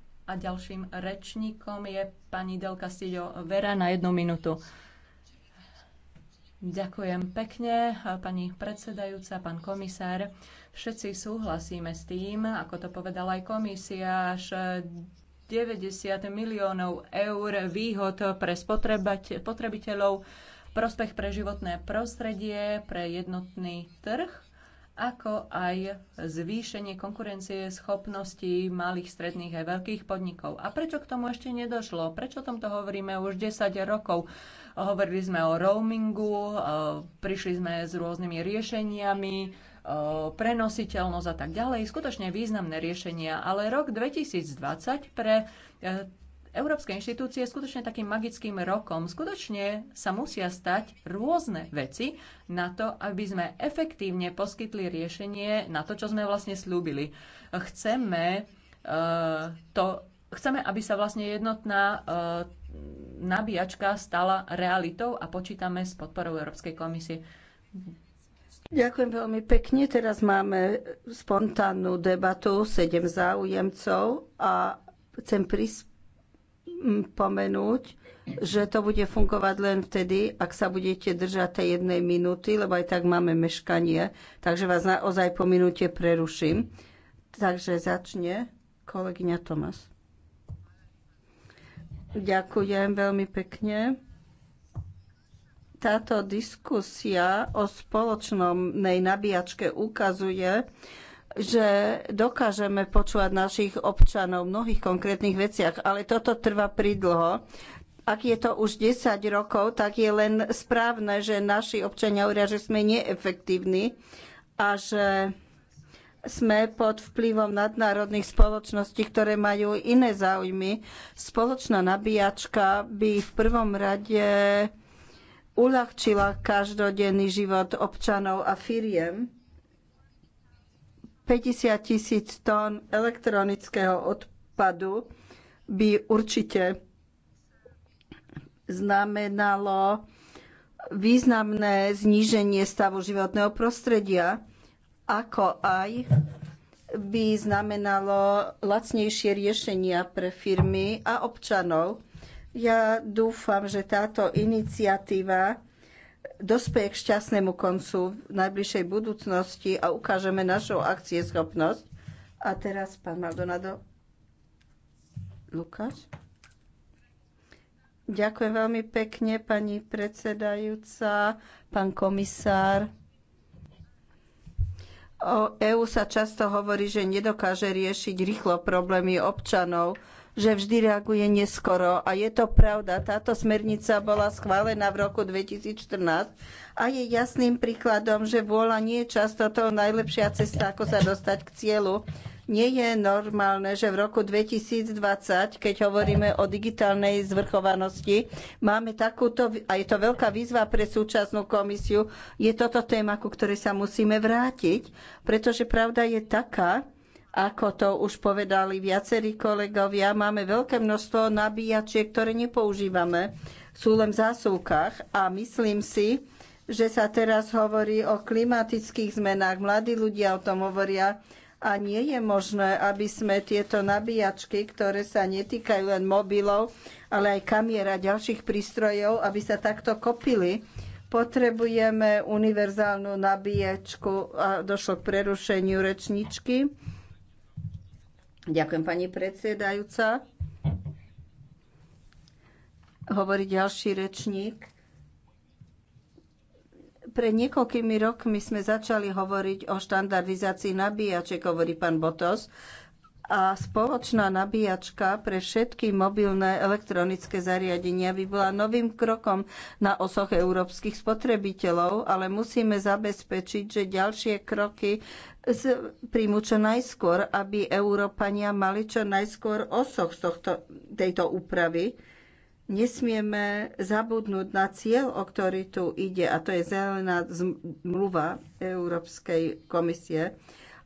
A ďalším rečníkom je pani Del Castillo Vera na jednu minútu. Ďakujem pekne, pani predsedajúca, pán komisár. Všetci súhlasíme s tým, ako to povedala aj komisia, až 90 miliónov eur výhod pre spotrebiteľov, prospech pre životné prostredie, pre jednotný trh ako aj zvýšenie konkurencie schopností malých, stredných a veľkých podnikov. A prečo k tomu ešte nedošlo? Prečo o tomto hovoríme už 10 rokov? Hovorili sme o roamingu, e, prišli sme s rôznymi riešeniami, e, prenositeľnosť a tak ďalej. Skutočne významné riešenia, ale rok 2020 pre e, európske inštitúcie skutočne takým magickým rokom. Skutočne sa musia stať rôzne veci na to, aby sme efektívne poskytli riešenie na to, čo sme vlastne slúbili. Chceme uh, to chceme, aby sa vlastne jednotná uh, nabíjačka stala realitou a počítame s podporou Európskej komisie. Ďakujem veľmi pekne. Teraz máme spontánnu debatu, sedem záujemcov a chcem prispieť pomenúť, že to bude fungovať len vtedy, ak sa budete držať tej jednej minúty, lebo aj tak máme meškanie. Takže vás naozaj po minúte preruším. Takže začne kolegyňa Tomas. Ďakujem veľmi pekne. Táto diskusia o spoločnej nabíjačke ukazuje, že dokážeme počúvať našich občanov v mnohých konkrétnych veciach, ale toto trvá pridlho. Ak je to už 10 rokov, tak je len správne, že naši občania hovoria, že sme neefektívni a že sme pod vplyvom nadnárodných spoločností, ktoré majú iné záujmy. Spoločná nabíjačka by v prvom rade uľahčila každodenný život občanov a firiem 50 tisíc tón elektronického odpadu by určite znamenalo významné zníženie stavu životného prostredia, ako aj by znamenalo lacnejšie riešenia pre firmy a občanov. Ja dúfam, že táto iniciatíva dospeje k šťastnému koncu v najbližšej budúcnosti a ukážeme našu akcieschopnosť. A teraz pán Maldonado. Lukáš. Ďakujem veľmi pekne, pani predsedajúca, pán komisár. O EÚ sa často hovorí, že nedokáže riešiť rýchlo problémy občanov že vždy reaguje neskoro. A je to pravda, táto smernica bola schválená v roku 2014 a je jasným príkladom, že vôľa nie je často to najlepšia cesta, ako sa dostať k cieľu. Nie je normálne, že v roku 2020, keď hovoríme o digitálnej zvrchovanosti, máme takúto, a je to veľká výzva pre súčasnú komisiu, je toto téma, ku ktorej sa musíme vrátiť, pretože pravda je taká, ako to už povedali viacerí kolegovia, máme veľké množstvo nabíjačiek, ktoré nepoužívame. Sú len v zásuvkách a myslím si, že sa teraz hovorí o klimatických zmenách. Mladí ľudia o tom hovoria a nie je možné, aby sme tieto nabíjačky, ktoré sa netýkajú len mobilov, ale aj kamier a ďalších prístrojov, aby sa takto kopili potrebujeme univerzálnu nabíjačku a došlo k prerušeniu rečničky. Ďakujem, pani predsedajúca. Hovorí ďalší rečník. Pred niekoľkými rokmi sme začali hovoriť o štandardizácii nabíjaček, hovorí pán Botos a spoločná nabíjačka pre všetky mobilné elektronické zariadenia by bola novým krokom na osoch európskych spotrebiteľov, ale musíme zabezpečiť, že ďalšie kroky príjmu čo najskôr, aby Európania mali čo najskôr osoch z tohto, tejto úpravy. Nesmieme zabudnúť na cieľ, o ktorý tu ide, a to je zelená zmluva Európskej komisie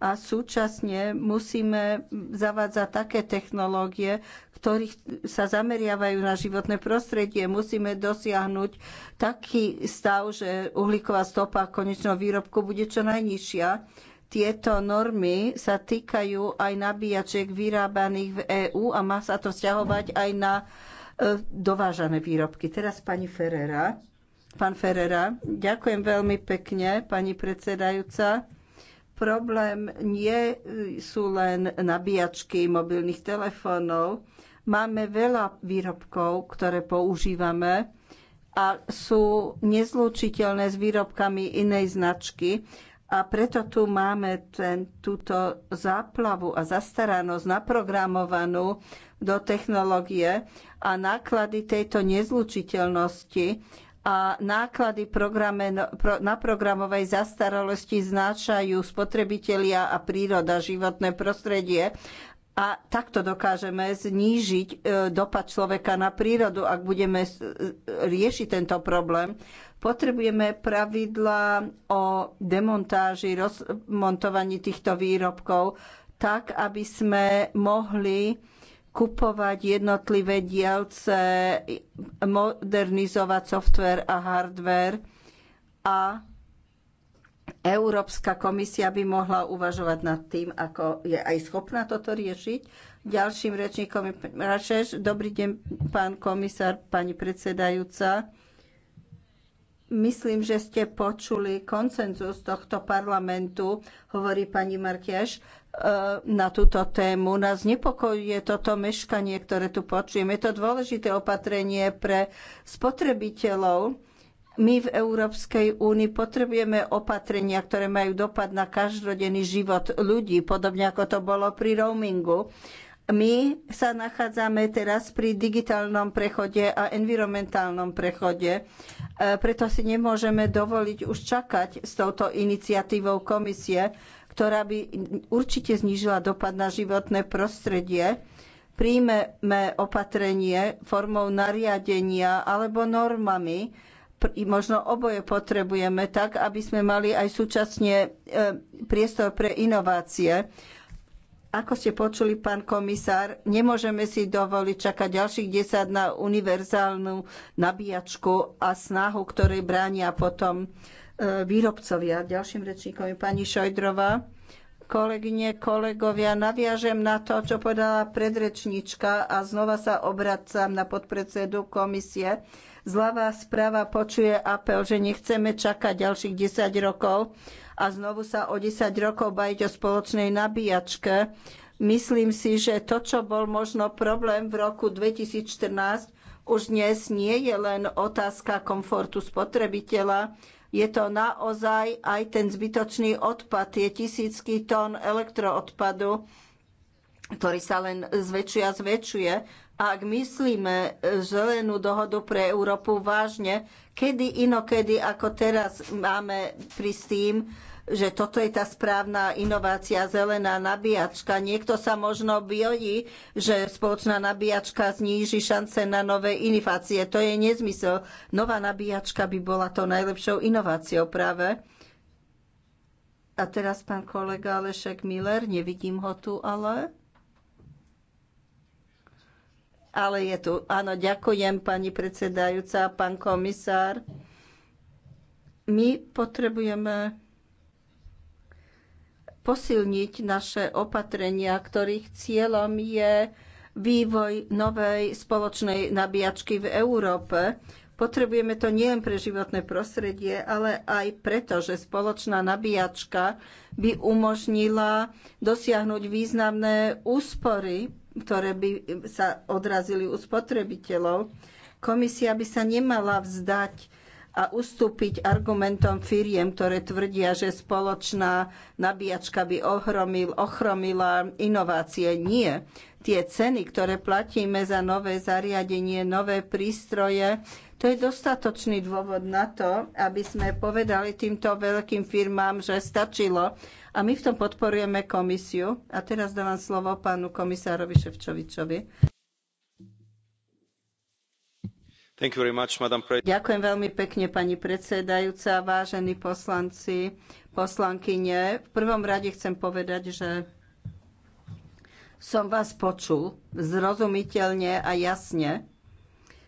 a súčasne musíme zavádzať také technológie, ktorých sa zameriavajú na životné prostredie. Musíme dosiahnuť taký stav, že uhlíková stopa konečného výrobku bude čo najnižšia. Tieto normy sa týkajú aj nabíjačiek vyrábaných v EÚ a má sa to vzťahovať aj na e, dovážané výrobky. Teraz pani Ferrera. Pán Ferrera, ďakujem veľmi pekne, pani predsedajúca. Problém nie e, sú len nabíjačky mobilných telefónov. Máme veľa výrobkov, ktoré používame a sú nezlučiteľné s výrobkami inej značky. A preto tu máme ten, túto záplavu a zastaranosť naprogramovanú do technológie a náklady tejto nezlučiteľnosti a náklady programe, na programovej zastaralosti znášajú spotrebitelia a príroda, životné prostredie. A takto dokážeme znížiť e, dopad človeka na prírodu, ak budeme riešiť tento problém. Potrebujeme pravidlá o demontáži, rozmontovaní týchto výrobkov, tak aby sme mohli kupovať jednotlivé dielce, modernizovať software a hardware a Európska komisia by mohla uvažovať nad tým, ako je aj schopná toto riešiť. Ďalším rečníkom je Rašeš. Dobrý deň, pán komisár, pani predsedajúca. Myslím, že ste počuli koncenzus tohto parlamentu, hovorí pani Markeš, na túto tému. Nás nepokojuje toto meškanie, ktoré tu počujeme. Je to dôležité opatrenie pre spotrebiteľov. My v Európskej únii potrebujeme opatrenia, ktoré majú dopad na každodenný život ľudí, podobne ako to bolo pri roamingu. My sa nachádzame teraz pri digitálnom prechode a environmentálnom prechode, e, preto si nemôžeme dovoliť už čakať s touto iniciatívou komisie, ktorá by určite znížila dopad na životné prostredie. Príjmeme opatrenie formou nariadenia alebo normami, možno oboje potrebujeme tak, aby sme mali aj súčasne e, priestor pre inovácie. Ako ste počuli, pán komisár, nemôžeme si dovoliť čakať ďalších 10 na univerzálnu nabíjačku a snahu, ktorej bránia potom E, výrobcovia. Ďalším rečníkom je pani Šojdrová. Kolegyne, kolegovia, naviažem na to, čo povedala predrečnička a znova sa obracam na podpredsedu komisie. Zľava správa počuje apel, že nechceme čakať ďalších 10 rokov a znovu sa o 10 rokov bajiť o spoločnej nabíjačke. Myslím si, že to, čo bol možno problém v roku 2014, už dnes nie je len otázka komfortu spotrebiteľa, je to naozaj aj ten zbytočný odpad, tie tisícky tón elektroodpadu, ktorý sa len zväčšuje a zväčšuje. A ak myslíme zelenú dohodu pre Európu vážne, kedy inokedy ako teraz máme pri s tým, že toto je tá správna inovácia, zelená nabíjačka. Niekto sa možno bojí, že spoločná nabíjačka zníži šance na nové inovácie. To je nezmysel. Nová nabíjačka by bola tou najlepšou inováciou práve. A teraz pán kolega Lešek Miller, nevidím ho tu ale. Ale je tu. Áno, ďakujem pani predsedajúca, pán komisár. My potrebujeme posilniť naše opatrenia, ktorých cieľom je vývoj novej spoločnej nabíjačky v Európe. Potrebujeme to nielen pre životné prostredie, ale aj preto, že spoločná nabíjačka by umožnila dosiahnuť významné úspory, ktoré by sa odrazili u spotrebiteľov. Komisia by sa nemala vzdať a ustúpiť argumentom firiem, ktoré tvrdia, že spoločná nabíjačka by ohromil, ochromila inovácie. Nie. Tie ceny, ktoré platíme za nové zariadenie, nové prístroje, to je dostatočný dôvod na to, aby sme povedali týmto veľkým firmám, že stačilo. A my v tom podporujeme komisiu. A teraz dávam slovo pánu komisárovi Ševčovičovi. Ďakujem veľmi pekne, pani predsedajúca, vážení poslanci, poslankyne. V prvom rade chcem povedať, že som vás počul zrozumiteľne a jasne.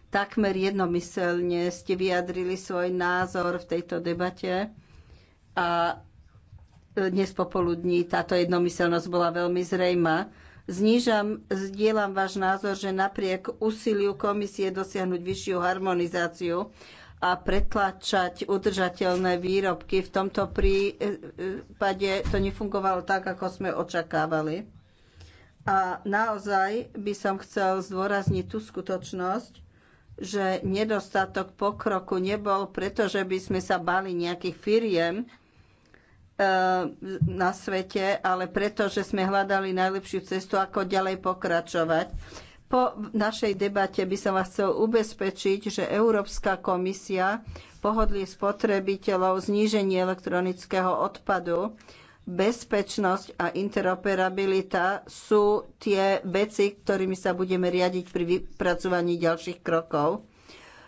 Takmer jednomyselne ste vyjadrili svoj názor v tejto debate a dnes popoludní táto jednomyselnosť bola veľmi zrejma. Znížam, zdieľam váš názor, že napriek úsiliu komisie dosiahnuť vyššiu harmonizáciu a pretlačať udržateľné výrobky. V tomto prípade to nefungovalo tak, ako sme očakávali. A naozaj by som chcel zdôrazniť tú skutočnosť, že nedostatok pokroku nebol, pretože by sme sa bali nejakých firiem, na svete, ale preto, že sme hľadali najlepšiu cestu, ako ďalej pokračovať. Po našej debate by som vás chcel ubezpečiť, že Európska komisia pohodlie spotrebiteľov zníženie elektronického odpadu. Bezpečnosť a interoperabilita sú tie veci, ktorými sa budeme riadiť pri vypracovaní ďalších krokov.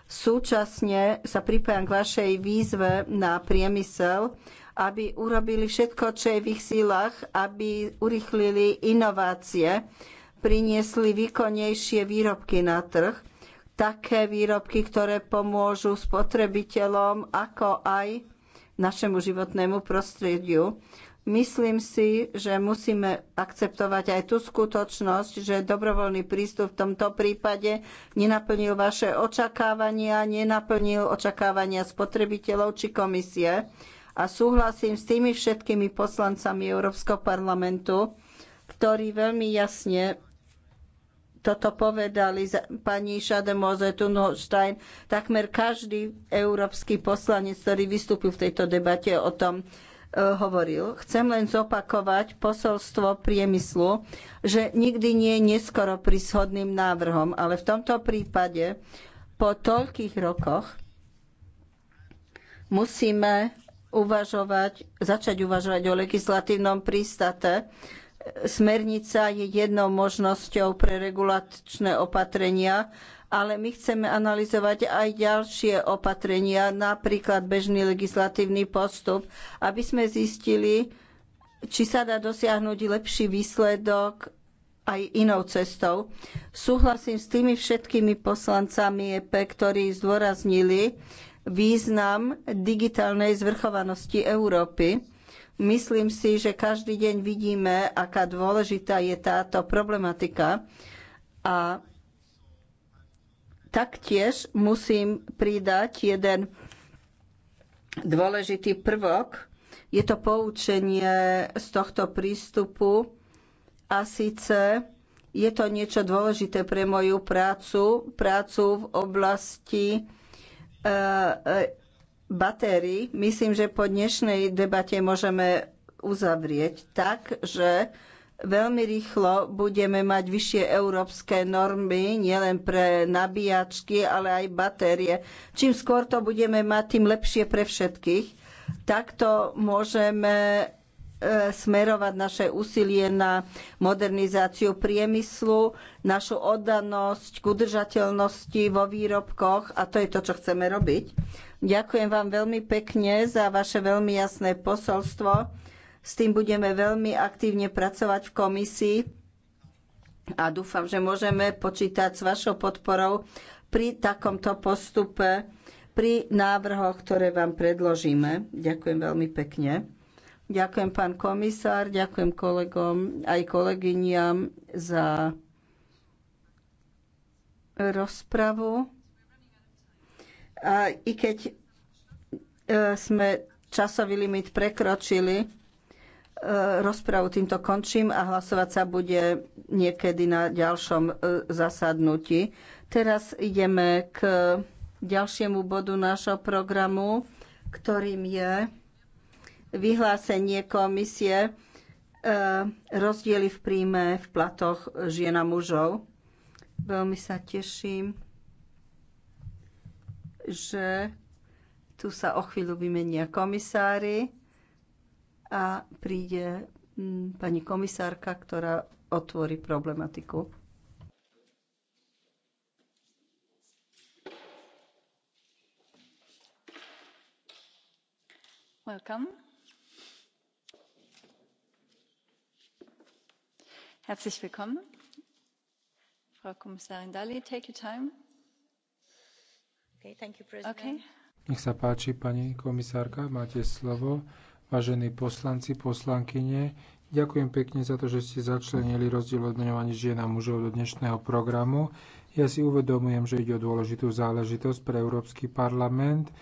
Súčasne sa pripájam k vašej výzve na priemysel, aby urobili všetko, čo je v ich sílach, aby urychlili inovácie, priniesli výkonnejšie výrobky na trh, také výrobky, ktoré pomôžu spotrebiteľom, ako aj našemu životnému prostrediu. Myslím si, že musíme akceptovať aj tú skutočnosť, že dobrovoľný prístup v tomto prípade nenaplnil vaše očakávania, nenaplnil očakávania spotrebiteľov či komisie a súhlasím s tými všetkými poslancami Európskeho parlamentu, ktorí veľmi jasne toto povedali pani Šademoze Tunholstein, takmer každý európsky poslanec, ktorý vystúpil v tejto debate o tom, e, hovoril. Chcem len zopakovať posolstvo priemyslu, že nikdy nie je neskoro pri shodným návrhom, ale v tomto prípade po toľkých rokoch musíme uvažovať, začať uvažovať o legislatívnom prístate. Smernica je jednou možnosťou pre regulačné opatrenia, ale my chceme analyzovať aj ďalšie opatrenia, napríklad bežný legislatívny postup, aby sme zistili, či sa dá dosiahnuť lepší výsledok aj inou cestou. Súhlasím s tými všetkými poslancami EP, ktorí zdôraznili, význam digitálnej zvrchovanosti Európy. Myslím si, že každý deň vidíme, aká dôležitá je táto problematika a taktiež musím pridať jeden dôležitý prvok. Je to poučenie z tohto prístupu a síce je to niečo dôležité pre moju prácu, prácu v oblasti E, e, batérií, myslím, že po dnešnej debate môžeme uzavrieť tak, že veľmi rýchlo budeme mať vyššie európske normy, nielen pre nabíjačky, ale aj batérie. Čím skôr to budeme mať, tým lepšie pre všetkých. Takto môžeme E, smerovať naše úsilie na modernizáciu priemyslu, našu oddanosť k udržateľnosti vo výrobkoch a to je to, čo chceme robiť. Ďakujem vám veľmi pekne za vaše veľmi jasné posolstvo. S tým budeme veľmi aktívne pracovať v komisii a dúfam, že môžeme počítať s vašou podporou pri takomto postupe, pri návrhoch, ktoré vám predložíme. Ďakujem veľmi pekne. Ďakujem pán komisár, ďakujem kolegom aj kolegyniam za rozpravu. A I keď e, sme časový limit prekročili, e, rozpravu týmto končím a hlasovať sa bude niekedy na ďalšom e, zasadnutí. Teraz ideme k ďalšiemu bodu nášho programu, ktorým je vyhlásenie komisie e, rozdiely v príjme v platoch žien a mužov. Veľmi sa teším, že tu sa o chvíľu vymenia komisári a príde pani komisárka, ktorá otvorí problematiku. Welcome. herzlich willkommen frau kommissarin dalli take your time. Okay, you, okay. nech sa páči pani komisárka máte slovo vážení poslanci poslankyne ďakujem pekne za to že ste začlenili rozdiel odmeňovaní žien a mužov do dnešného programu ja si uvedomujem že ide o dôležitú záležitosť pre európsky parlament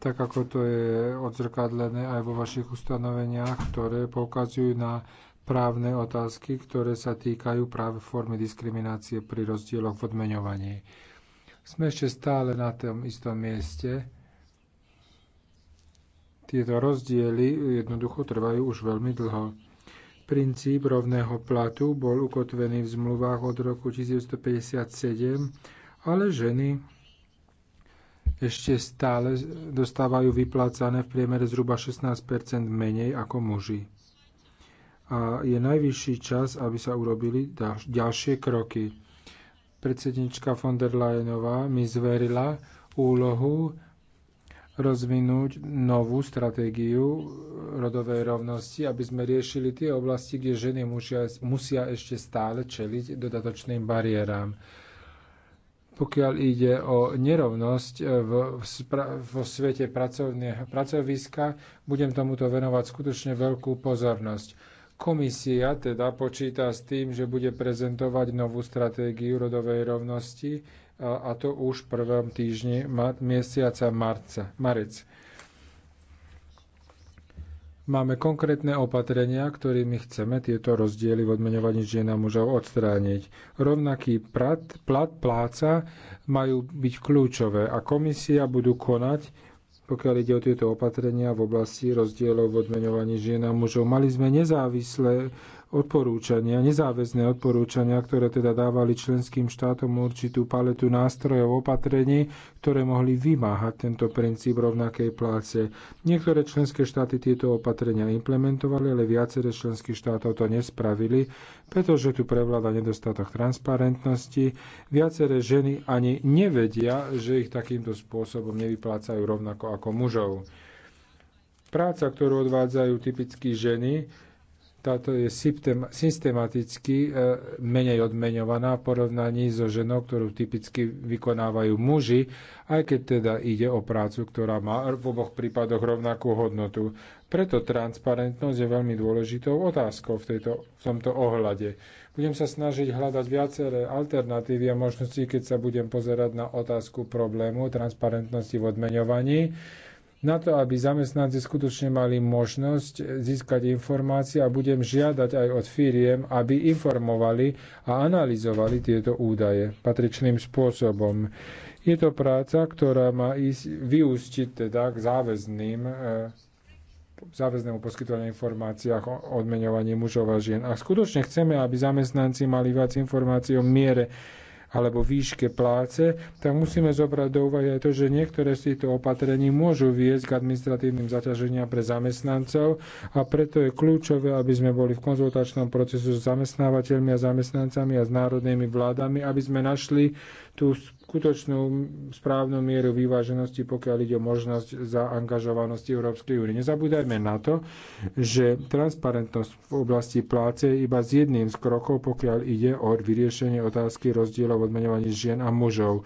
tak ako to je odzrkadlené aj vo vašich ustanoveniach, ktoré poukazujú na právne otázky, ktoré sa týkajú práve formy diskriminácie pri rozdieloch v odmeňovaní. Sme ešte stále na tom istom mieste. Tieto rozdiely jednoducho trvajú už veľmi dlho. Princíp rovného platu bol ukotvený v zmluvách od roku 1957, ale ženy ešte stále dostávajú vyplácané v priemere zhruba 16 menej ako muži a je najvyšší čas, aby sa urobili ďalšie kroky. Predsednička von der Leyenová mi zverila úlohu rozvinúť novú stratégiu rodovej rovnosti, aby sme riešili tie oblasti, kde ženy musia, musia ešte stále čeliť dodatočným bariéram. Pokiaľ ide o nerovnosť v, vo svete pracovne, pracoviska, budem tomuto venovať skutočne veľkú pozornosť Komisia teda počíta s tým, že bude prezentovať novú stratégiu rodovej rovnosti a, to už v prvom týždni mesiaca marca, marec. Máme konkrétne opatrenia, ktorými chceme tieto rozdiely v odmeňovaní žien a mužov odstrániť. Rovnaký plat, plat pláca majú byť kľúčové a komisia budú konať pokiaľ ide o tieto opatrenia v oblasti rozdielov v odmeňovaní žien a mužov. Mali sme nezávislé odporúčania, nezáväzné odporúčania, ktoré teda dávali členským štátom určitú paletu nástrojov, opatrení, ktoré mohli vymáhať tento princíp rovnakej pláce. Niektoré členské štáty tieto opatrenia implementovali, ale viaceré členských štátov to nespravili, pretože tu prevláda nedostatok transparentnosti. Viaceré ženy ani nevedia, že ich takýmto spôsobom nevyplácajú rovnako ako mužov. Práca, ktorú odvádzajú typicky ženy, táto je systematicky e, menej odmeňovaná v porovnaní so ženou, ktorú typicky vykonávajú muži, aj keď teda ide o prácu, ktorá má v oboch prípadoch rovnakú hodnotu. Preto transparentnosť je veľmi dôležitou otázkou v, tejto, v tomto ohľade. Budem sa snažiť hľadať viaceré alternatívy a možnosti, keď sa budem pozerať na otázku problému transparentnosti v odmeňovaní na to, aby zamestnanci skutočne mali možnosť získať informácie a budem žiadať aj od firiem, aby informovali a analyzovali tieto údaje patričným spôsobom. Je to práca, ktorá má ísť, vyústiť teda k záväzným e, záväznému poskytovaniu informáciách o odmeňovaní mužov a žien. a skutočne chceme, aby zamestnanci mali viac informácií o miere alebo výške pláce, tak musíme zobrať do úvahy aj to, že niektoré z týchto opatrení môžu viesť k administratívnym zaťaženiam pre zamestnancov a preto je kľúčové, aby sme boli v konzultačnom procesu s zamestnávateľmi a zamestnancami a s národnými vládami, aby sme našli tú skutočnú správnu mieru vyváženosti, pokiaľ ide o možnosť zaangažovanosti Európskej únie. Nezabúdajme na to, že transparentnosť v oblasti pláce je iba z jedným z krokov, pokiaľ ide o vyriešenie otázky rozdielov odmenovaní žien a mužov.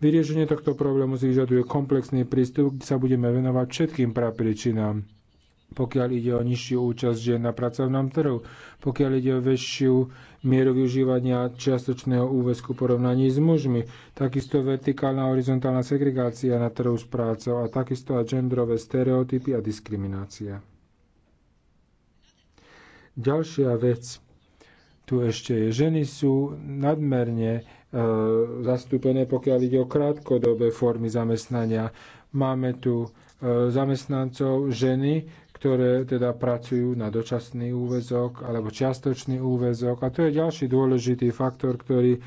Vyriešenie tohto problému si vyžaduje komplexný prístup, kde sa budeme venovať všetkým prapričinám pokiaľ ide o nižšiu účasť žien na pracovnom trhu, pokiaľ ide o väčšiu mieru využívania čiastočného úväzku porovnaní s mužmi, takisto vertikálna a horizontálna segregácia na trhu s prácou a takisto aj genderové stereotypy a diskriminácia. Ďalšia vec tu ešte je. Ženy sú nadmerne e, zastúpené, pokiaľ ide o krátkodobé formy zamestnania. Máme tu e, zamestnancov ženy, ktoré teda pracujú na dočasný úvezok alebo čiastočný úvezok. A to je ďalší dôležitý faktor, ktorý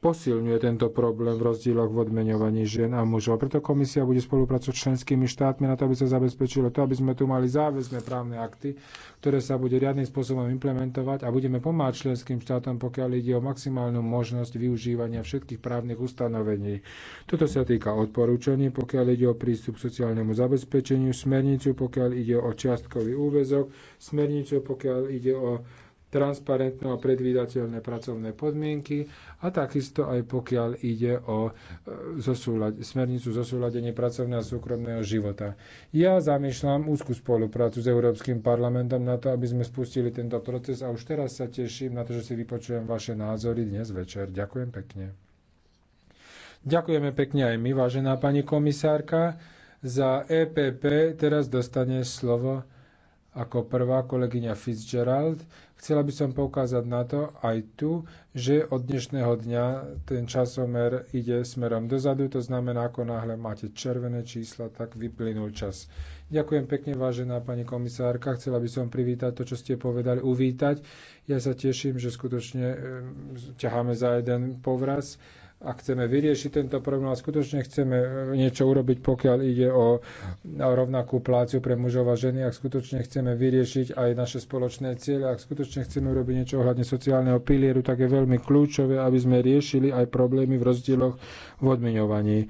posilňuje tento problém v rozdieloch v odmeňovaní žien a mužov. Preto komisia bude spolupracovať s členskými štátmi na to, aby sa zabezpečilo to, aby sme tu mali záväzné právne akty, ktoré sa bude riadnym spôsobom implementovať a budeme pomáhať členským štátom, pokiaľ ide o maximálnu možnosť využívania všetkých právnych ustanovení. Toto sa týka odporúčaní, pokiaľ ide o prístup k sociálnemu zabezpečeniu, smernicu, pokiaľ ide o čiastkový úvezok, smernicu, pokiaľ ide o transparentné a predvídateľné pracovné podmienky a takisto aj pokiaľ ide o e, zosúľad, smernicu zosúladenie pracovného a súkromného života. Ja zamýšľam úzkú spoluprácu s Európskym parlamentom na to, aby sme spustili tento proces a už teraz sa teším na to, že si vypočujem vaše názory dnes večer. Ďakujem pekne. Ďakujeme pekne aj my, vážená pani komisárka. Za EPP teraz dostane slovo ako prvá kolegyňa Fitzgerald, Chcela by som poukázať na to aj tu, že od dnešného dňa ten časomer ide smerom dozadu, to znamená, ako náhle máte červené čísla, tak vyplynul čas. Ďakujem pekne, vážená pani komisárka. Chcela by som privítať to, čo ste povedali, uvítať. Ja sa teším, že skutočne ehm, ťaháme za jeden povraz ak chceme vyriešiť tento problém a skutočne chceme e, niečo urobiť, pokiaľ ide o rovnakú pláciu pre mužov a ženy, ak skutočne chceme vyriešiť aj naše spoločné cieľe, ak skutočne chceme urobiť niečo ohľadne sociálneho pilieru, tak je veľmi kľúčové, aby sme riešili aj problémy v rozdieloch v odmiňovaní.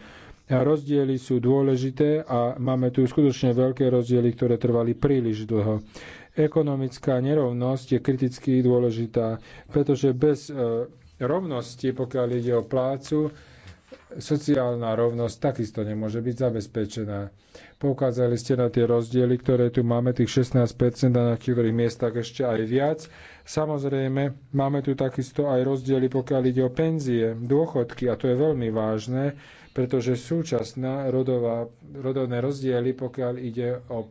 A rozdiely sú dôležité a máme tu skutočne veľké rozdiely, ktoré trvali príliš dlho. Ekonomická nerovnosť je kriticky dôležitá, pretože bez e, rovnosti, pokiaľ ide o plácu, sociálna rovnosť takisto nemôže byť zabezpečená. Poukázali ste na tie rozdiely, ktoré tu máme, tých 16% a na ktorých miestach ešte aj viac. Samozrejme, máme tu takisto aj rozdiely, pokiaľ ide o penzie, dôchodky a to je veľmi vážne, pretože súčasná rodová, rodovné rozdiely, pokiaľ ide o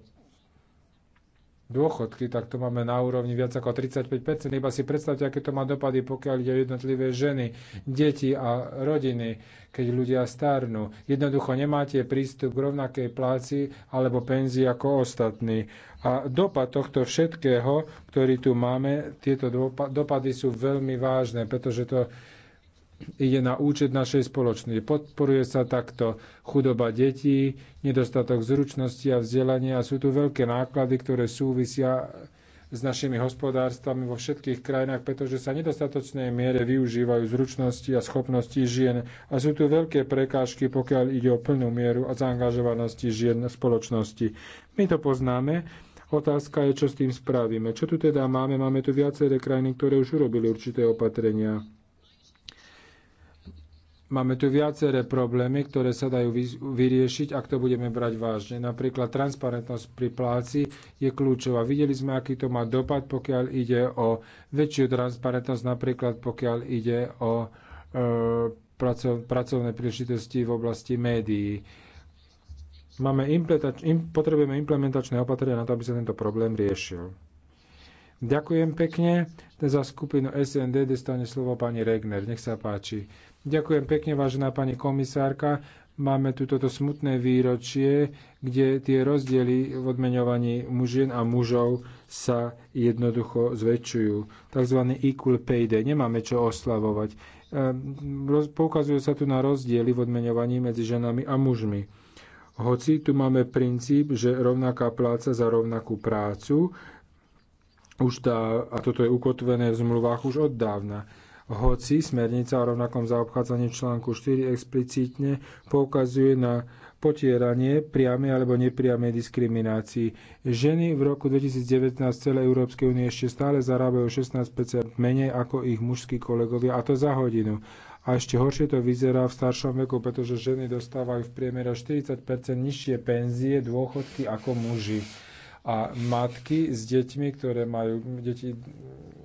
dôchodky, tak to máme na úrovni viac ako 35%. Iba si predstavte, aké to má dopady, pokiaľ ide o jednotlivé ženy, deti a rodiny, keď ľudia starnú. Jednoducho nemáte prístup k rovnakej pláci alebo penzii ako ostatní. A dopad tohto všetkého, ktorý tu máme, tieto dopady sú veľmi vážne, pretože to ide na účet našej spoločnosti. Podporuje sa takto chudoba detí, nedostatok zručnosti a vzdelania a sú tu veľké náklady, ktoré súvisia s našimi hospodárstvami vo všetkých krajinách, pretože sa nedostatočnej miere využívajú zručnosti a schopnosti žien a sú tu veľké prekážky, pokiaľ ide o plnú mieru a zaangažovanosti žien v spoločnosti. My to poznáme, Otázka je, čo s tým spravíme. Čo tu teda máme? Máme tu viaceré krajiny, ktoré už urobili určité opatrenia. Máme tu viaceré problémy, ktoré sa dajú vyriešiť, ak to budeme brať vážne. Napríklad transparentnosť pri pláci je kľúčová. Videli sme, aký to má dopad, pokiaľ ide o väčšiu transparentnosť, napríklad pokiaľ ide o e, pracov, pracovné príležitosti v oblasti médií. Máme implementač, im, potrebujeme implementačné opatrenia na to, aby sa tento problém riešil. Ďakujem pekne. Za skupinu SND dostane slovo pani Regner. Nech sa páči. Ďakujem pekne, vážená pani komisárka. Máme tu toto smutné výročie, kde tie rozdiely v odmeňovaní mužien a mužov sa jednoducho zväčšujú. Takzvaný equal pay day. Nemáme čo oslavovať. Ehm, poukazujú sa tu na rozdiely v odmeňovaní medzi ženami a mužmi. Hoci tu máme princíp, že rovnaká pláca za rovnakú prácu, už tá, a toto je ukotvené v zmluvách už od dávna hoci smernica o rovnakom zaobchádzaní v článku 4 explicitne poukazuje na potieranie priamej alebo nepriamej diskriminácii. Ženy v roku 2019 v celej Európskej únie ešte stále zarábajú 16% menej ako ich mužskí kolegovia, a to za hodinu. A ešte horšie to vyzerá v staršom veku, pretože ženy dostávajú v priemere 40 nižšie penzie, dôchodky ako muži. A matky s deťmi, ktoré majú deti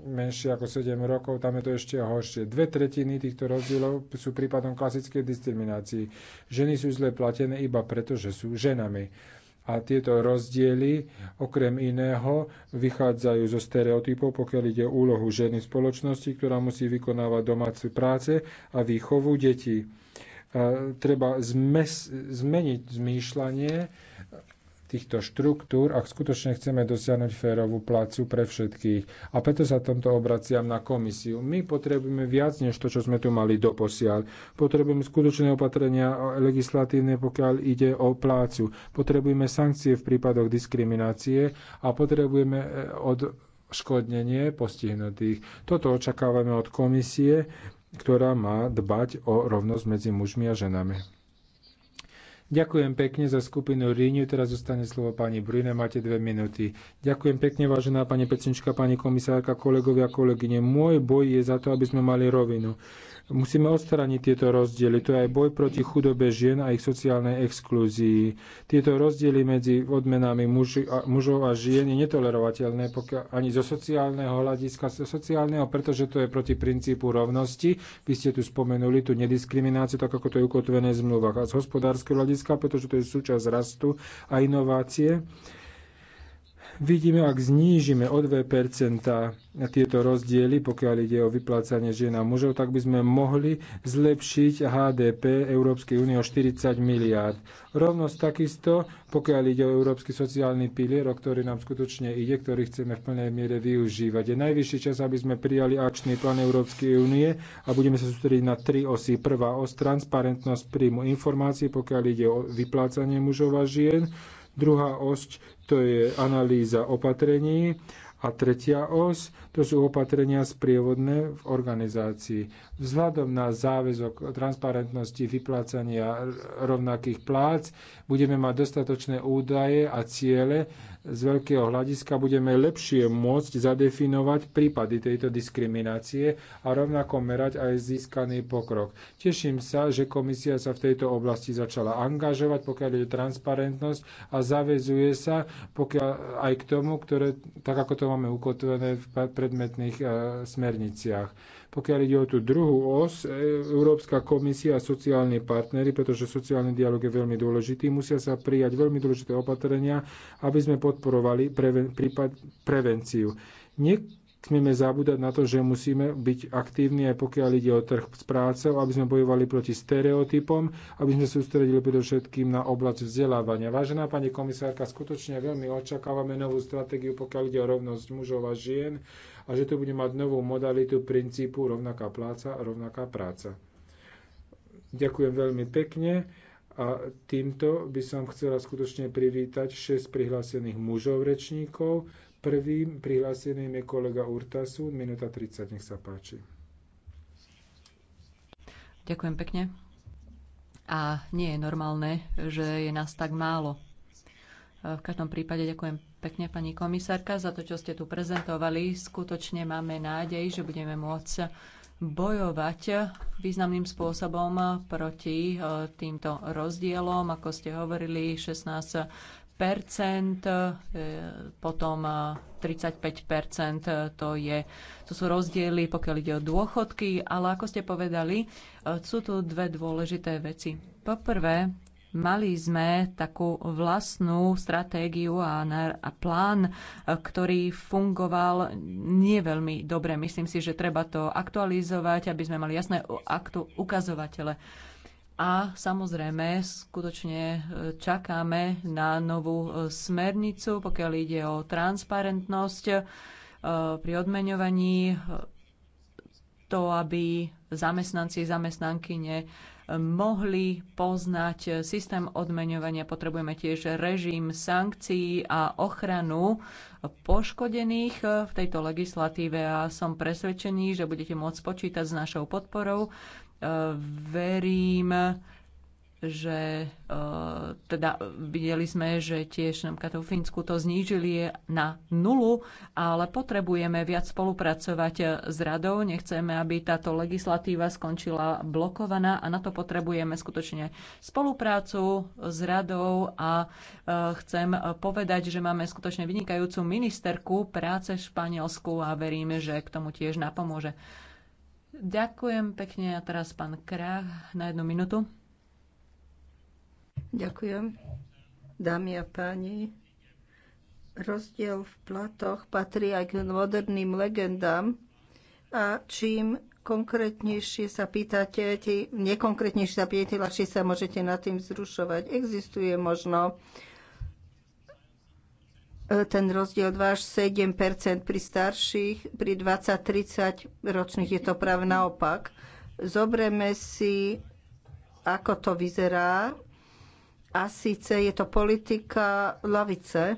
menšie ako 7 rokov, tam je to ešte horšie. Dve tretiny týchto rozdielov sú prípadom klasickej diskriminácii. Ženy sú zle platené iba preto, že sú ženami. A tieto rozdiely, okrem iného, vychádzajú zo stereotypov, pokiaľ ide o úlohu ženy v spoločnosti, ktorá musí vykonávať domácu práce a výchovu detí. Treba zmes, zmeniť zmýšľanie, týchto štruktúr, ak skutočne chceme dosiahnuť férovú plácu pre všetkých. A preto sa tomto obraciam na komisiu. My potrebujeme viac než to, čo sme tu mali doposiaľ. Potrebujeme skutočné opatrenia legislatívne, pokiaľ ide o plácu. Potrebujeme sankcie v prípadoch diskriminácie a potrebujeme e, od škodnenie postihnutých. Toto očakávame od komisie, ktorá má dbať o rovnosť medzi mužmi a ženami. Ďakujem pekne za skupinu Ríňu. Teraz zostane slovo pani Brune. Máte dve minúty. Ďakujem pekne, vážená pani Pecnička, pani komisárka, kolegovia, kolegyne. Môj boj je za to, aby sme mali rovinu. Musíme odstrániť tieto rozdiely. To je aj boj proti chudobe žien a ich sociálnej exklúzii. Tieto rozdiely medzi odmenami muži a, mužov a žien je netolerovateľné pokia ani zo sociálneho hľadiska, zo sociálneho, pretože to je proti princípu rovnosti. Vy ste tu spomenuli tú nediskrimináciu, tak ako to je ukotvené v zmluvách. A z hospodárskeho hľadiska, pretože to je súčasť rastu a inovácie. Vidíme, ak znížime o 2% tieto rozdiely, pokiaľ ide o vyplácanie žien a mužov, tak by sme mohli zlepšiť HDP Európskej únie o 40 miliárd. Rovnosť takisto, pokiaľ ide o Európsky sociálny pilier, o ktorý nám skutočne ide, ktorý chceme v plnej miere využívať. Je najvyšší čas, aby sme prijali akčný plán Európskej únie a budeme sa sústrediť na tri osy. Prvá os transparentnosť príjmu informácií, pokiaľ ide o vyplácanie mužov a žien Druhá osť to je analýza opatrení a tretia os, to sú opatrenia sprievodné v organizácii. Vzhľadom na záväzok transparentnosti vyplácania rovnakých plác budeme mať dostatočné údaje a ciele z veľkého hľadiska budeme lepšie môcť zadefinovať prípady tejto diskriminácie a rovnako merať aj získaný pokrok. Teším sa, že komisia sa v tejto oblasti začala angažovať, pokiaľ je transparentnosť a zavezuje sa pokiaľ, aj k tomu, ktoré, tak ako to máme ukotvené v predmetných e, smerniciach. Pokiaľ ide o tú druhú os, e, Európska komisia a sociálni partnery, pretože sociálny dialog je veľmi dôležitý, musia sa prijať veľmi dôležité opatrenia, aby sme podporovali preven- prípad prevenciu. Nie Smieme zabúdať na to, že musíme byť aktívni aj pokiaľ ide o trh s prácou, aby sme bojovali proti stereotypom, aby sme sústredili predovšetkým na oblasť vzdelávania. Vážená pani komisárka, skutočne veľmi očakávame novú stratégiu, pokiaľ ide o rovnosť mužov a žien a že to bude mať novú modalitu princípu rovnaká pláca a rovnaká práca. Ďakujem veľmi pekne a týmto by som chcela skutočne privítať 6 prihlásených mužov rečníkov. Prvým prihláseným je kolega Urtasu, minúta 30, nech sa páči. Ďakujem pekne. A nie je normálne, že je nás tak málo. V každom prípade ďakujem pekne, pani komisárka, za to, čo ste tu prezentovali. Skutočne máme nádej, že budeme môcť bojovať významným spôsobom proti eh, týmto rozdielom, ako ste hovorili, 16 eh, potom 35 eh, to, je, to sú rozdiely, pokiaľ ide o dôchodky, ale ako ste povedali, sú tu dve dôležité veci. Poprvé, Mali sme takú vlastnú stratégiu a, a plán, e, ktorý fungoval nie veľmi dobre. Myslím si, že treba to aktualizovať, aby sme mali jasné aktu ukazovatele. A samozrejme, skutočne e, čakáme na novú e, smernicu, pokiaľ ide o transparentnosť pri odmeňovaní, to, aby zamestnanci, zamestnankyne mohli poznať systém odmeňovania. Potrebujeme tiež režim sankcií a ochranu poškodených v tejto legislatíve a som presvedčený, že budete môcť počítať s našou podporou. Verím, že uh, teda videli sme, že tiež napríklad v Fínsku to znížili na nulu, ale potrebujeme viac spolupracovať s radou. Nechceme, aby táto legislatíva skončila blokovaná a na to potrebujeme skutočne spoluprácu s radou a uh, chcem povedať, že máme skutočne vynikajúcu ministerku práce v Španielsku a veríme, že k tomu tiež napomôže. Ďakujem pekne a teraz pán Krach na jednu minútu. Ďakujem. Dámy a páni, rozdiel v platoch patrí aj k moderným legendám a čím konkrétnejšie sa pýtate, nekonkrétnejšie sa pýtate, ľahšie sa môžete nad tým zrušovať. Existuje možno e, ten rozdiel 2 až 7 pri starších, pri 20-30 ročných je to práve naopak. Zobreme si, ako to vyzerá a síce je to politika lavice,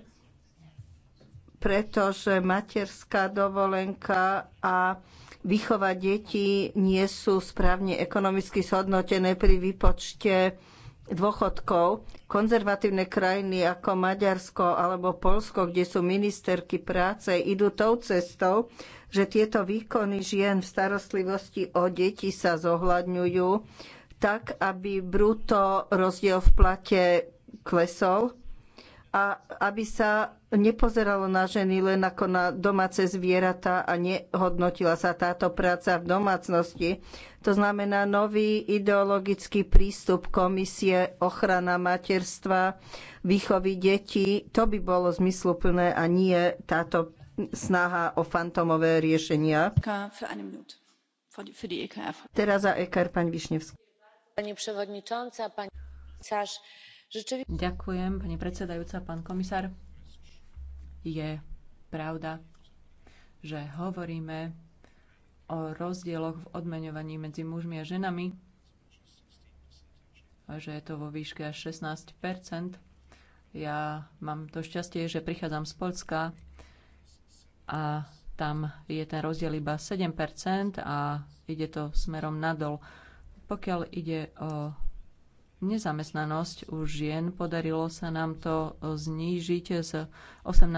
pretože materská dovolenka a výchova detí nie sú správne ekonomicky zhodnotené pri výpočte dôchodkov. Konzervatívne krajiny ako Maďarsko alebo Polsko, kde sú ministerky práce, idú tou cestou, že tieto výkony žien v starostlivosti o deti sa zohľadňujú tak, aby bruto rozdiel v plate klesol a aby sa nepozeralo na ženy len ako na domáce zvieratá a nehodnotila sa táto práca v domácnosti. To znamená nový ideologický prístup komisie, ochrana materstva, výchovy detí. To by bolo zmysluplné a nie táto snaha o fantomové riešenia. E Teraz za EKR, pani Višnevská. Ďakujem, pani predsedajúca, pán komisár. Je pravda, že hovoríme o rozdieloch v odmeňovaní medzi mužmi a ženami, že je to vo výške až 16 Ja mám to šťastie, že prichádzam z Poľska a tam je ten rozdiel iba 7 a ide to smerom nadol. Pokiaľ ide o nezamestnanosť u žien, podarilo sa nám to znížiť z 18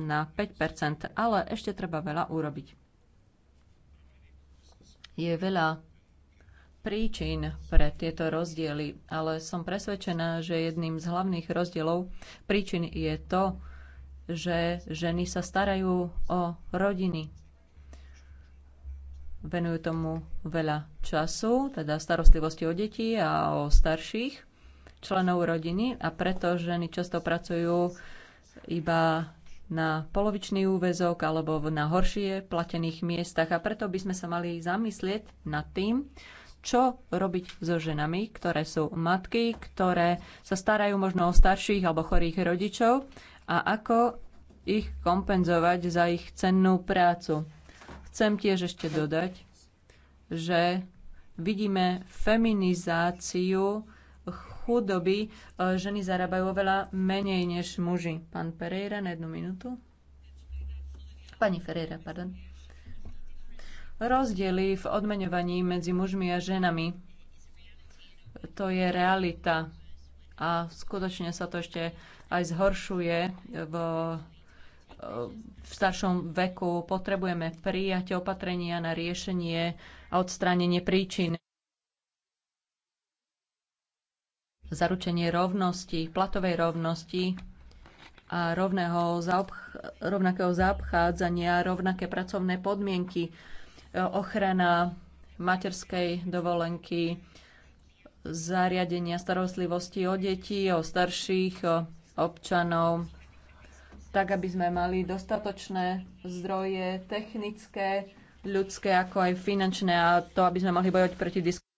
na 5 ale ešte treba veľa urobiť. Je veľa príčin pre tieto rozdiely, ale som presvedčená, že jedným z hlavných rozdielov príčin je to, že ženy sa starajú o rodiny, venujú tomu veľa času, teda starostlivosti o deti a o starších členov rodiny a preto ženy často pracujú iba na polovičný úvezok alebo na horšie platených miestach a preto by sme sa mali zamyslieť nad tým, čo robiť so ženami, ktoré sú matky, ktoré sa starajú možno o starších alebo chorých rodičov a ako ich kompenzovať za ich cennú prácu. Chcem tiež ešte dodať, že vidíme feminizáciu chudoby. E, ženy zarábajú oveľa menej než muži. Pán Pereira na jednu minútu. Pani Ferreira, pardon. Rozdiely v odmeňovaní medzi mužmi a ženami. To je realita. A skutočne sa to ešte aj zhoršuje v v staršom veku potrebujeme prijať opatrenia na riešenie a odstránenie príčin. Zaručenie rovnosti, platovej rovnosti a rovného zaobch- rovnakého zaobchádzania, rovnaké pracovné podmienky, e, ochrana materskej dovolenky, zariadenia starostlivosti o deti, o starších občanov, tak aby sme mali dostatočné zdroje technické, ľudské, ako aj finančné a to, aby sme mohli bojovať proti diskriminácii.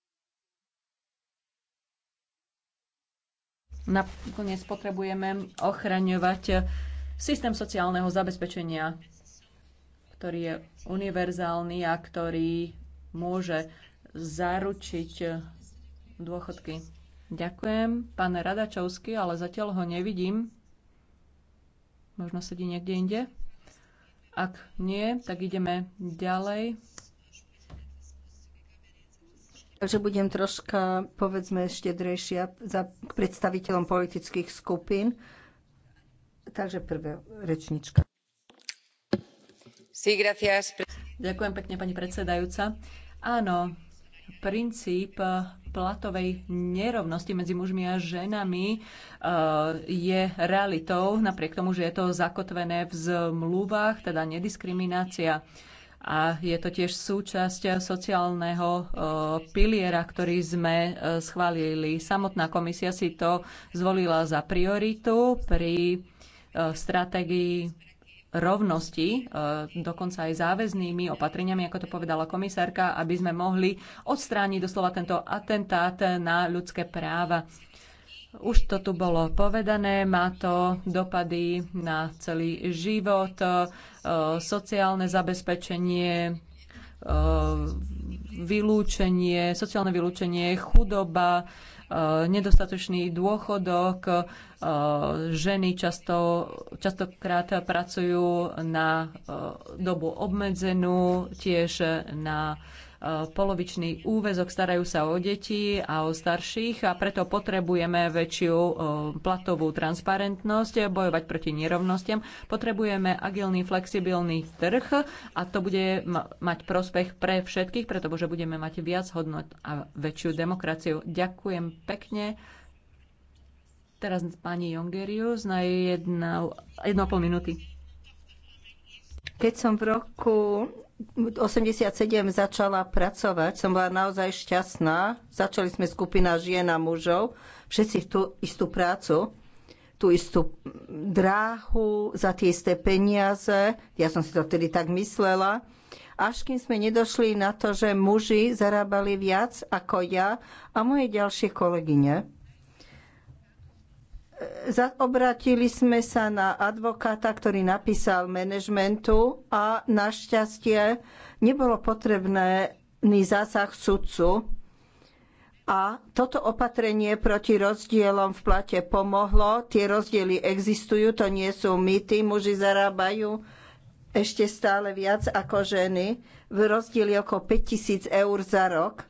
Nakoniec potrebujeme ochraňovať systém sociálneho zabezpečenia, ktorý je univerzálny a ktorý môže zaručiť dôchodky. Ďakujem, pán Radačovský, ale zatiaľ ho nevidím. Možno sedí niekde inde. Ak nie, tak ideme ďalej. Takže budem troška, povedzme, štedrejšia za predstaviteľom politických skupín. Takže prvá rečnička. Sí, gracias. Ďakujem pekne, pani predsedajúca. Áno, princíp platovej nerovnosti medzi mužmi a ženami e, je realitou, napriek tomu, že je to zakotvené v zmluvách, teda nediskriminácia. A je to tiež súčasť sociálneho e, piliera, ktorý sme e, schválili. Samotná komisia si to zvolila za prioritu pri stratégii rovnosti, e, dokonca aj záväznými opatreniami, ako to povedala komisárka, aby sme mohli odstrániť doslova tento atentát na ľudské práva. Už to tu bolo povedané, má to dopady na celý život, e, sociálne zabezpečenie, e, vylúčenie, sociálne vylúčenie, chudoba, Eh, nedostatočný dôchodok, eh, ženy často, častokrát pracujú na eh, dobu obmedzenú, tiež na Eh, polovičný úvezok, starajú sa o deti a o starších a preto potrebujeme väčšiu eh, platovú transparentnosť, bojovať proti nerovnostiam. Potrebujeme agilný, flexibilný trh a to bude mať prospech pre všetkých, pretože budeme mať viac hodnot a väčšiu demokraciu. Ďakujem pekne. Teraz pani Jongerius na jedno, jedno pol minúty. Keď som v roku 87 začala pracovať, som bola naozaj šťastná. Začali sme skupina žien a mužov, všetci tú istú prácu, tú istú dráhu, za tie isté peniaze. Ja som si to vtedy tak myslela. Až kým sme nedošli na to, že muži zarábali viac ako ja a moje ďalšie kolegyne obratili sme sa na advokáta, ktorý napísal manažmentu a našťastie nebolo potrebné zásah sudcu. A toto opatrenie proti rozdielom v plate pomohlo. Tie rozdiely existujú, to nie sú mýty. Muži zarábajú ešte stále viac ako ženy. V rozdieli okolo 5000 eur za rok.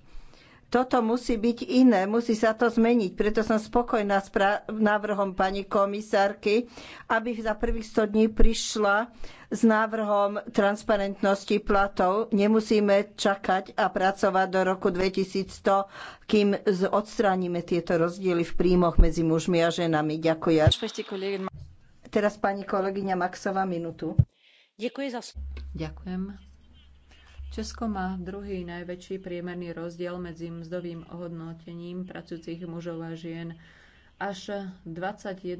Toto musí byť iné, musí sa to zmeniť. Preto som spokojná s návrhom pani komisárky, aby za prvých 100 dní prišla s návrhom transparentnosti platov. Nemusíme čakať a pracovať do roku 2100, kým odstránime tieto rozdiely v príjmoch medzi mužmi a ženami. Ďakujem. Teraz pani kolegyňa Maxová minútu. Ďakujem. Česko má druhý najväčší priemerný rozdiel medzi mzdovým ohodnotením pracujúcich mužov a žien až 21,1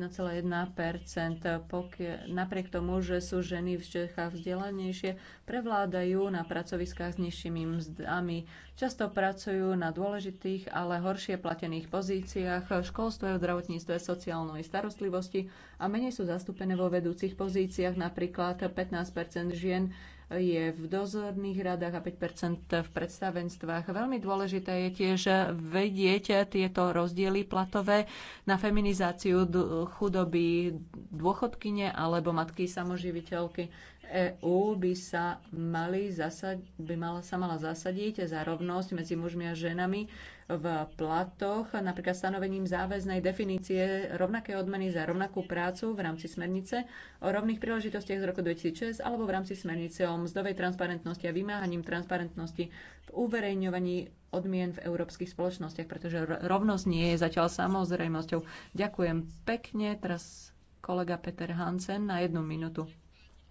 Napriek tomu, že sú ženy v Čechách vzdelanejšie, prevládajú na pracoviskách s nižšími mzdami. Často pracujú na dôležitých, ale horšie platených pozíciách v školstve, v zdravotníctve, sociálnej starostlivosti a menej sú zastúpené vo vedúcich pozíciách. Napríklad 15 žien je v dozorných radách a 5 v predstavenstvách. Veľmi dôležité je tiež vedieť tieto rozdiely platové na feminizáciu chudoby dôchodkyne alebo matky samoživiteľky. EÚ by sa mali zasa- by mala, sa mala zasadiť za rovnosť medzi mužmi a ženami v platoch, napríklad stanovením záväznej definície rovnaké odmeny za rovnakú prácu v rámci smernice o rovných príležitostiach z roku 2006 alebo v rámci smernice o mzdovej transparentnosti a vymáhaním transparentnosti v uverejňovaní odmien v európskych spoločnostiach, pretože rovnosť nie je zatiaľ samozrejmosťou. Ďakujem pekne. Teraz kolega Peter Hansen na jednu minútu.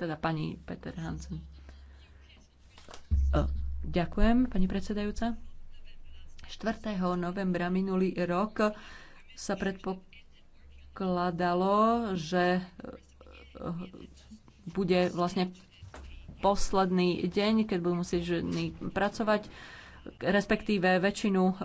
Teda pani Peter Hansen. Ďakujem, pani predsedajúca. 4. novembra minulý rok sa predpokladalo, že eh, bude vlastne posledný deň, keď budú musieť ženy pracovať respektíve väčšinu eh,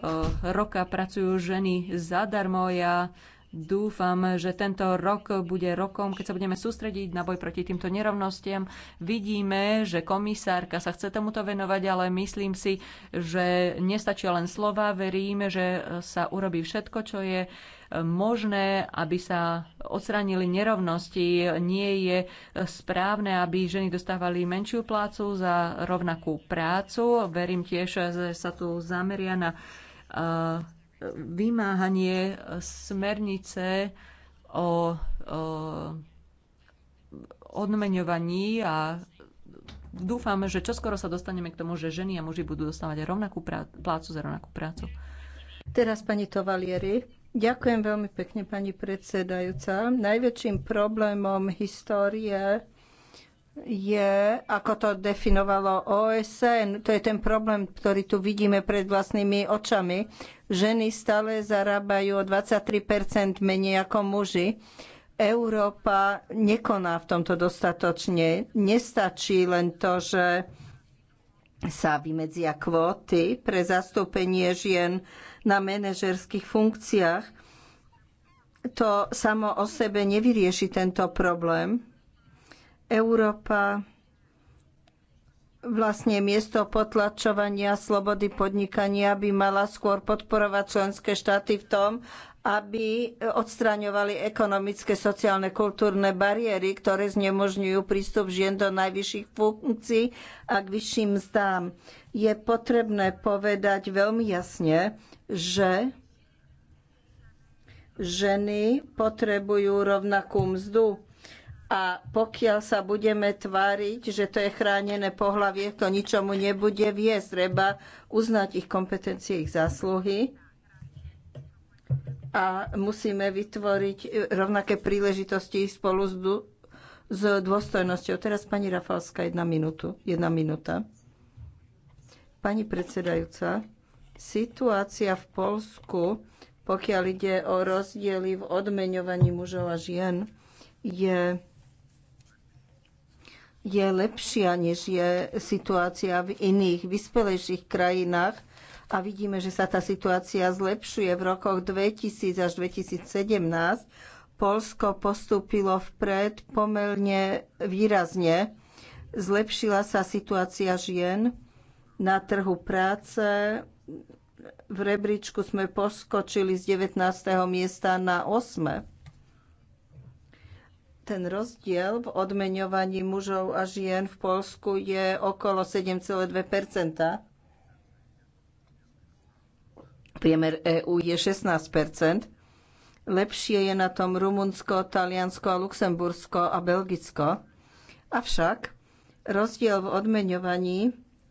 roka pracujú ženy zadarmo. Ja Dúfam, že tento rok bude rokom, keď sa budeme sústrediť na boj proti týmto nerovnostiam. Vidíme, že komisárka sa chce tomuto venovať, ale myslím si, že nestačia len slova. Veríme, že sa urobí všetko, čo je možné, aby sa odstránili nerovnosti. Nie je správne, aby ženy dostávali menšiu plácu za rovnakú prácu. Verím tiež, že sa tu zameria na eh, vymáhanie smernice o, o odmeňovaní a dúfame, že čoskoro sa dostaneme k tomu, že ženy a muži budú dostávať rovnakú plácu za rovnakú prácu. Teraz pani Tovalieri. Ďakujem veľmi pekne, pani predsedajúca. Najväčším problémom histórie je, ako to definovalo OSN, to je ten problém, ktorý tu vidíme pred vlastnými očami. Ženy stále zarábajú o 23 menej ako muži. Európa nekoná v tomto dostatočne. Nestačí len to, že sa vymedzia kvóty pre zastúpenie žien na manažerských funkciách. To samo o sebe nevyrieši tento problém. Európa vlastne miesto potlačovania slobody podnikania by mala skôr podporovať členské štáty v tom, aby odstraňovali ekonomické, sociálne, kultúrne bariéry, ktoré znemožňujú prístup žien do najvyšších funkcií a k vyšším mzdám. Je potrebné povedať veľmi jasne, že ženy potrebujú rovnakú mzdu a pokiaľ sa budeme tváriť, že to je chránené pohlavie, to ničomu nebude viesť. Treba uznať ich kompetencie, ich zásluhy a musíme vytvoriť rovnaké príležitosti spolu s, s dôstojnosťou. Teraz pani Rafalská, jedna, minútu, jedna minúta. Pani predsedajúca, situácia v Polsku, pokiaľ ide o rozdiely v odmeňovaní mužov a žien, je je lepšia, než je situácia v iných vyspelejších krajinách a vidíme, že sa tá situácia zlepšuje. V rokoch 2000 až 2017 Polsko postúpilo vpred pomerne výrazne. Zlepšila sa situácia žien na trhu práce. V rebríčku sme poskočili z 19. miesta na 8 ten rozdiel v odmeňovaní mužov a žien v Polsku je okolo 7,2 Priemer EÚ je 16 Lepšie je na tom Rumunsko, Taliansko Luxembursko a Belgicko. Avšak rozdiel v odmeňovaní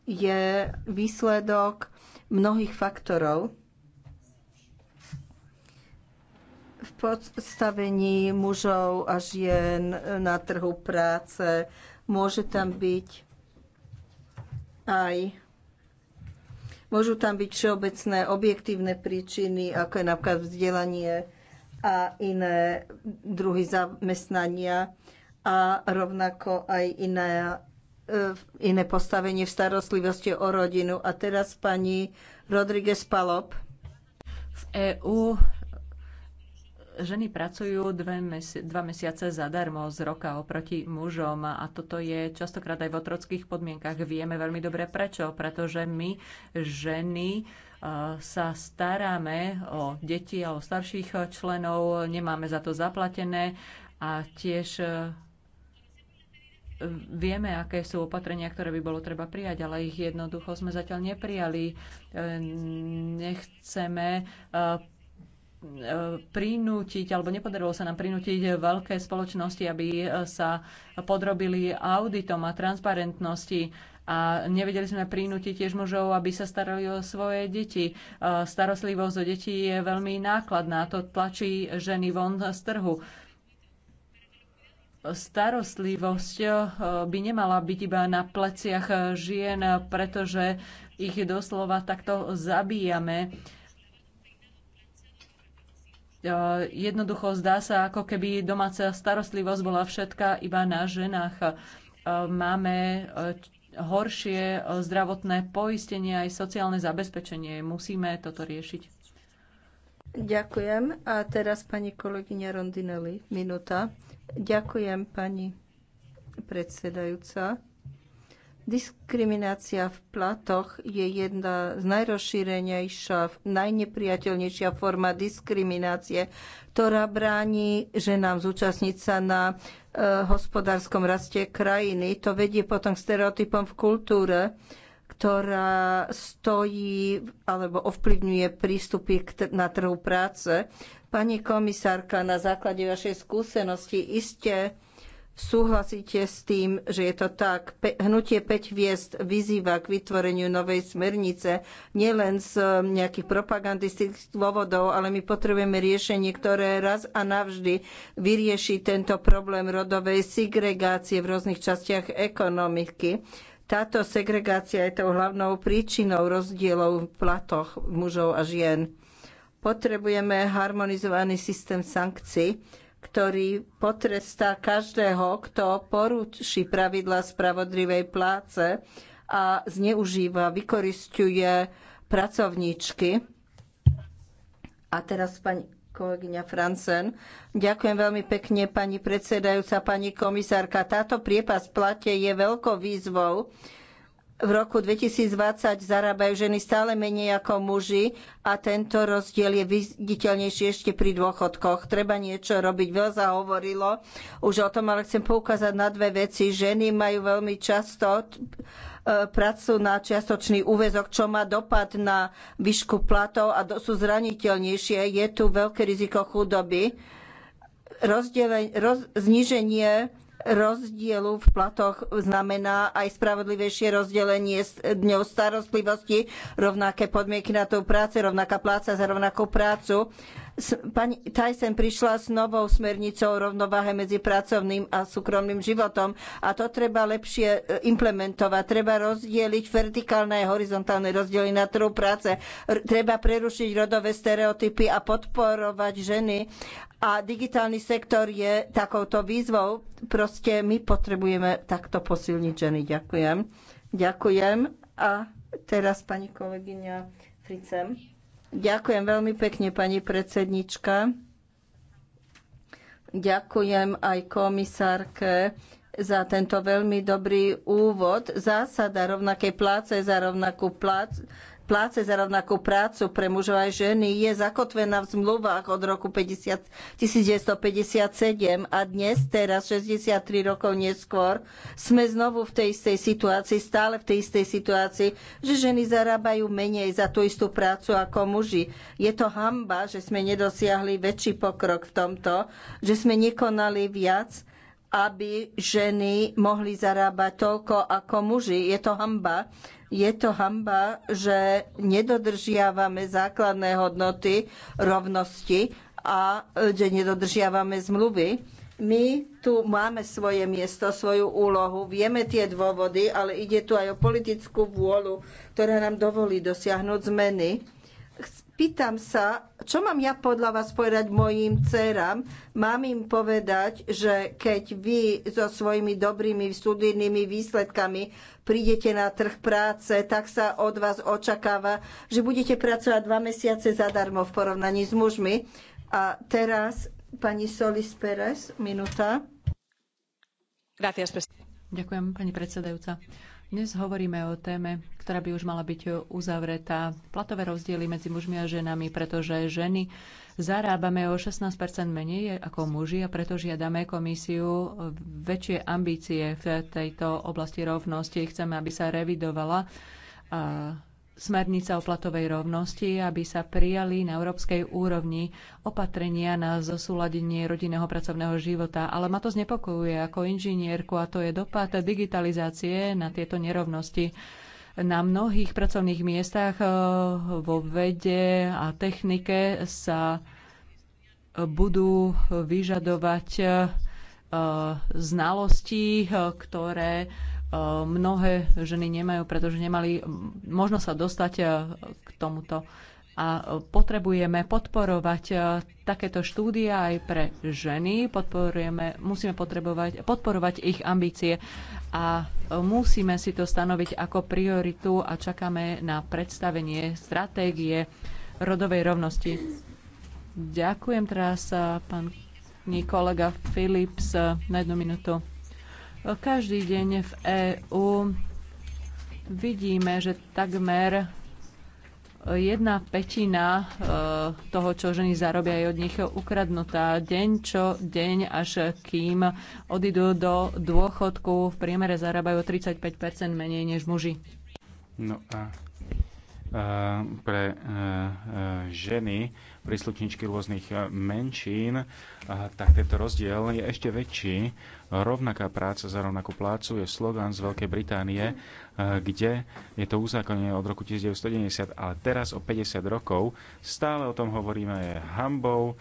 je výsledok mnohých faktorov. v podstavení mužov a žien na trhu práce. Môže tam byť aj Môžu tam byť všeobecné objektívne príčiny, ako je napríklad vzdelanie a iné druhy zamestnania a rovnako aj iné, e, iné postavenie v starostlivosti o rodinu. A teraz pani Rodriguez Palop. V EÚ ženy pracujú dve mesi- dva mesiace zadarmo z roka oproti mužom a toto je častokrát aj v otrockých podmienkach. Vieme veľmi dobre prečo, pretože my ženy e, sa staráme o deti a o starších členov, nemáme za to zaplatené a tiež e, vieme, aké sú opatrenia, ktoré by bolo treba prijať, ale ich jednoducho sme zatiaľ neprijali. E, nechceme Eh, prinútiť, alebo nepodarilo sa nám prinútiť veľké spoločnosti, aby eh, sa podrobili auditom a transparentnosti. A nevedeli sme prinútiť tiež mužov, aby sa starali o svoje deti. Eh, starostlivosť o deti je veľmi nákladná. To tlačí ženy von z trhu starostlivosť by nemala byť iba na pleciach žien, pretože ich doslova takto zabíjame. E, jednoducho zdá sa, ako keby domáca starostlivosť bola všetká iba na ženách. E, máme e, horšie zdravotné poistenie aj sociálne zabezpečenie. Musíme toto riešiť. Ďakujem. A teraz pani kolegyňa Rondinelli, minúta. Ďakujem, pani predsedajúca. Diskriminácia v platoch je jedna z najrozšírenejšia, najnepriateľnejšia forma diskriminácie, ktorá bráni ženám zúčastniť sa na e, hospodárskom raste krajiny. To vedie potom k stereotypom v kultúre, ktorá stojí alebo ovplyvňuje prístupy k na trhu práce. Pani komisárka, na základe vašej skúsenosti iste Súhlasíte s tým, že je to tak? Hnutie 5 hviezd vyzýva k vytvoreniu novej smernice nielen z um, nejakých propagandistických dôvodov, ale my potrebujeme riešenie, ktoré raz a navždy vyrieši tento problém rodovej segregácie v rôznych častiach ekonomiky. Táto segregácia je tou hlavnou príčinou rozdielov v platoch mužov a žien. Potrebujeme harmonizovaný systém sankcií ktorý potrestá každého, kto poruší pravidla spravodlivej pláce a zneužíva, vykoristuje pracovníčky. A teraz pani kolegyňa Francen. Ďakujem veľmi pekne, pani predsedajúca, pani komisárka. Táto priepas plate je veľkou výzvou v roku 2020 zarábajú ženy stále menej ako muži a tento rozdiel je viditeľnejší ešte pri dôchodkoch. Treba niečo robiť. Veľa sa hovorilo už o tom, ale chcem poukázať na dve veci. Ženy majú veľmi často e, prácu na čiastočný úväzok, čo má dopad na výšku platov a sú zraniteľnejšie. Je tu veľké riziko chudoby. Rozdiel, roz, zníženie rozdielu v platoch znamená aj spravodlivejšie rozdelenie dňov starostlivosti, rovnaké podmienky na tú prácu, rovnaká pláca za rovnakú prácu. Pani Tyson prišla s novou smernicou o rovnováhe medzi pracovným a súkromným životom a to treba lepšie e, implementovať. Treba rozdieliť vertikálne a horizontálne rozdiely na trhu práce. Treba prerušiť rodové stereotypy a podporovať ženy. A digitálny sektor je takouto výzvou. Proste my potrebujeme takto posilniť ženy. Ďakujem. Ďakujem. A teraz pani kolegyňa Fricem. Ďakujem veľmi pekne, pani predsednička. Ďakujem aj komisárke za tento veľmi dobrý úvod. Zásada rovnakej pláce za rovnakú plácu pláce za rovnakú prácu pre mužov aj ženy je zakotvená v zmluvách od roku 50, 1957 a dnes, teraz 63 rokov neskôr, sme znovu v tej istej situácii, stále v tej istej situácii, že ženy zarábajú menej za tú istú prácu ako muži. Je to hamba, že sme nedosiahli väčší pokrok v tomto, že sme nekonali viac, aby ženy mohli zarábať toľko ako muži. Je to hamba. Je to hamba, že nedodržiavame základné hodnoty rovnosti a že nedodržiavame zmluvy. My tu máme svoje miesto, svoju úlohu, vieme tie dôvody, ale ide tu aj o politickú vôľu, ktorá nám dovolí dosiahnuť zmeny Pýtam sa, čo mám ja podľa vás povedať mojim dcerám? Mám im povedať, že keď vy so svojimi dobrými studijnými výsledkami prídete na trh práce, tak sa od vás očakáva, že budete pracovať dva mesiace zadarmo v porovnaní s mužmi. A teraz pani Solis Perez, minúta. Ďakujem, pani predsedajúca. Dnes hovoríme o téme, ktorá by už mala byť uzavretá. Platové rozdiely medzi mužmi a ženami, pretože ženy zarábame o 16 menej ako muži a preto žiadame komisiu väčšie ambície v tejto oblasti rovnosti. Chceme, aby sa revidovala smernica o platovej rovnosti, aby sa prijali na európskej úrovni opatrenia na zosúladenie rodinného pracovného života. Ale ma to znepokojuje ako inžinierku a to je dopad digitalizácie na tieto nerovnosti. Na mnohých pracovných miestach eh, vo vede a technike sa budú vyžadovať eh, znalosti, eh, ktoré Eh, mnohé ženy nemajú, pretože nemali možnosť sa dostať eh, k tomuto. A eh, potrebujeme podporovať takéto štúdia aj pre ženy, Podporujeme, musíme potrebovať, podporovať ich ambície a musíme si to stanoviť ako prioritu a čakáme na predstavenie stratégie rodovej rovnosti. Ďakujem teraz pán kolega Philips na jednu minútu. Každý deň v EÚ vidíme, že takmer jedna petina e, toho, čo ženy zarobia, je od nich ukradnutá deň čo deň, až kým odídu do dôchodku. V priemere zarábajú 35 menej než muži. No a e, pre e, ženy, príslušničky rôznych menšín, tak tento rozdiel je ešte väčší. Rovnaká práca za rovnakú plácu je slogan z Veľkej Británie, eh, kde je to uzákonenie od roku 1990, ale teraz o 50 rokov stále o tom hovoríme je hambou,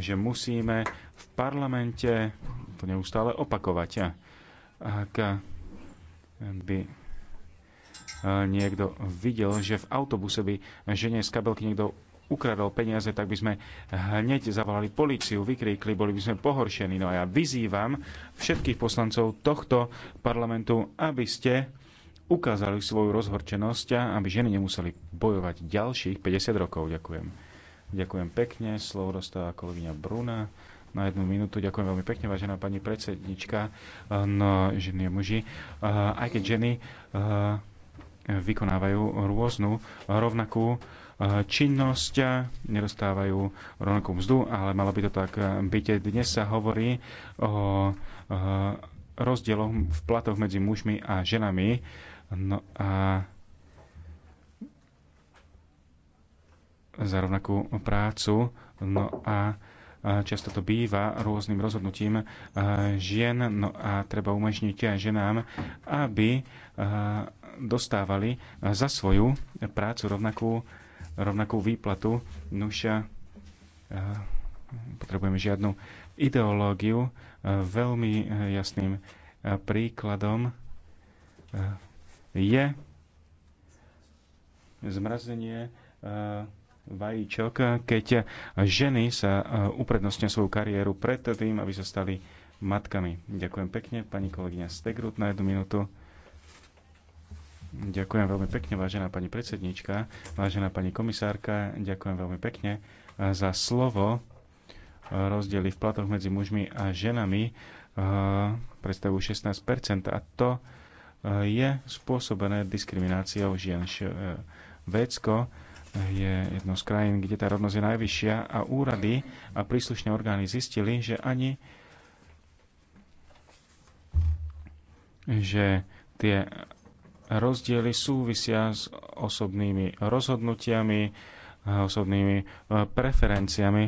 že musíme v parlamente to neustále opakovať. Ak by eh, niekto videl, že v autobuse by žene z kabelky niekto ukradol peniaze, tak by sme hneď zavolali policiu vykríkli, boli by sme pohoršení. No a ja vyzývam všetkých poslancov tohto parlamentu, aby ste ukázali svoju rozhorčenosť a aby ženy nemuseli bojovať ďalších 50 rokov. Ďakujem. Ďakujem pekne. Slovo dostáva kolegyňa Bruna na jednu minútu. Ďakujem veľmi pekne, vážená pani predsednička. No, ženy a muži. Eh, aj keď ženy eh, vykonávajú rôznu, rovnakú činnosť, nedostávajú rovnakú mzdu, ale malo by to tak byť. Dnes sa hovorí o rozdieloch v platoch medzi mužmi a ženami. No a za rovnakú prácu. No a často to býva rôznym rozhodnutím eh, žien, no a treba umožniť aj ženám, aby eh, dostávali za svoju prácu rovnakú rovnakú výplatu. Nuša, eh, potrebujeme žiadnu ideológiu. Eh, veľmi eh, jasným príkladom je zmrazenie vajíčok, keď ženy sa uprednostňujú svoju kariéru pred tým, aby sa stali matkami. Ďakujem pekne, pani kolegyňa Stegrut na jednu minútu. Ďakujem veľmi pekne, vážená pani predsednička, vážená pani komisárka, ďakujem veľmi pekne eh, za slovo. Eh, rozdiely v platoch medzi mužmi a ženami eh, predstavujú 16 a to je spôsobené diskrimináciou žien. Vécko je jedno z krajín, kde tá rovnosť je najvyššia a úrady a príslušné orgány zistili, že ani že tie rozdiely súvisia s osobnými rozhodnutiami, osobnými e, preferenciami.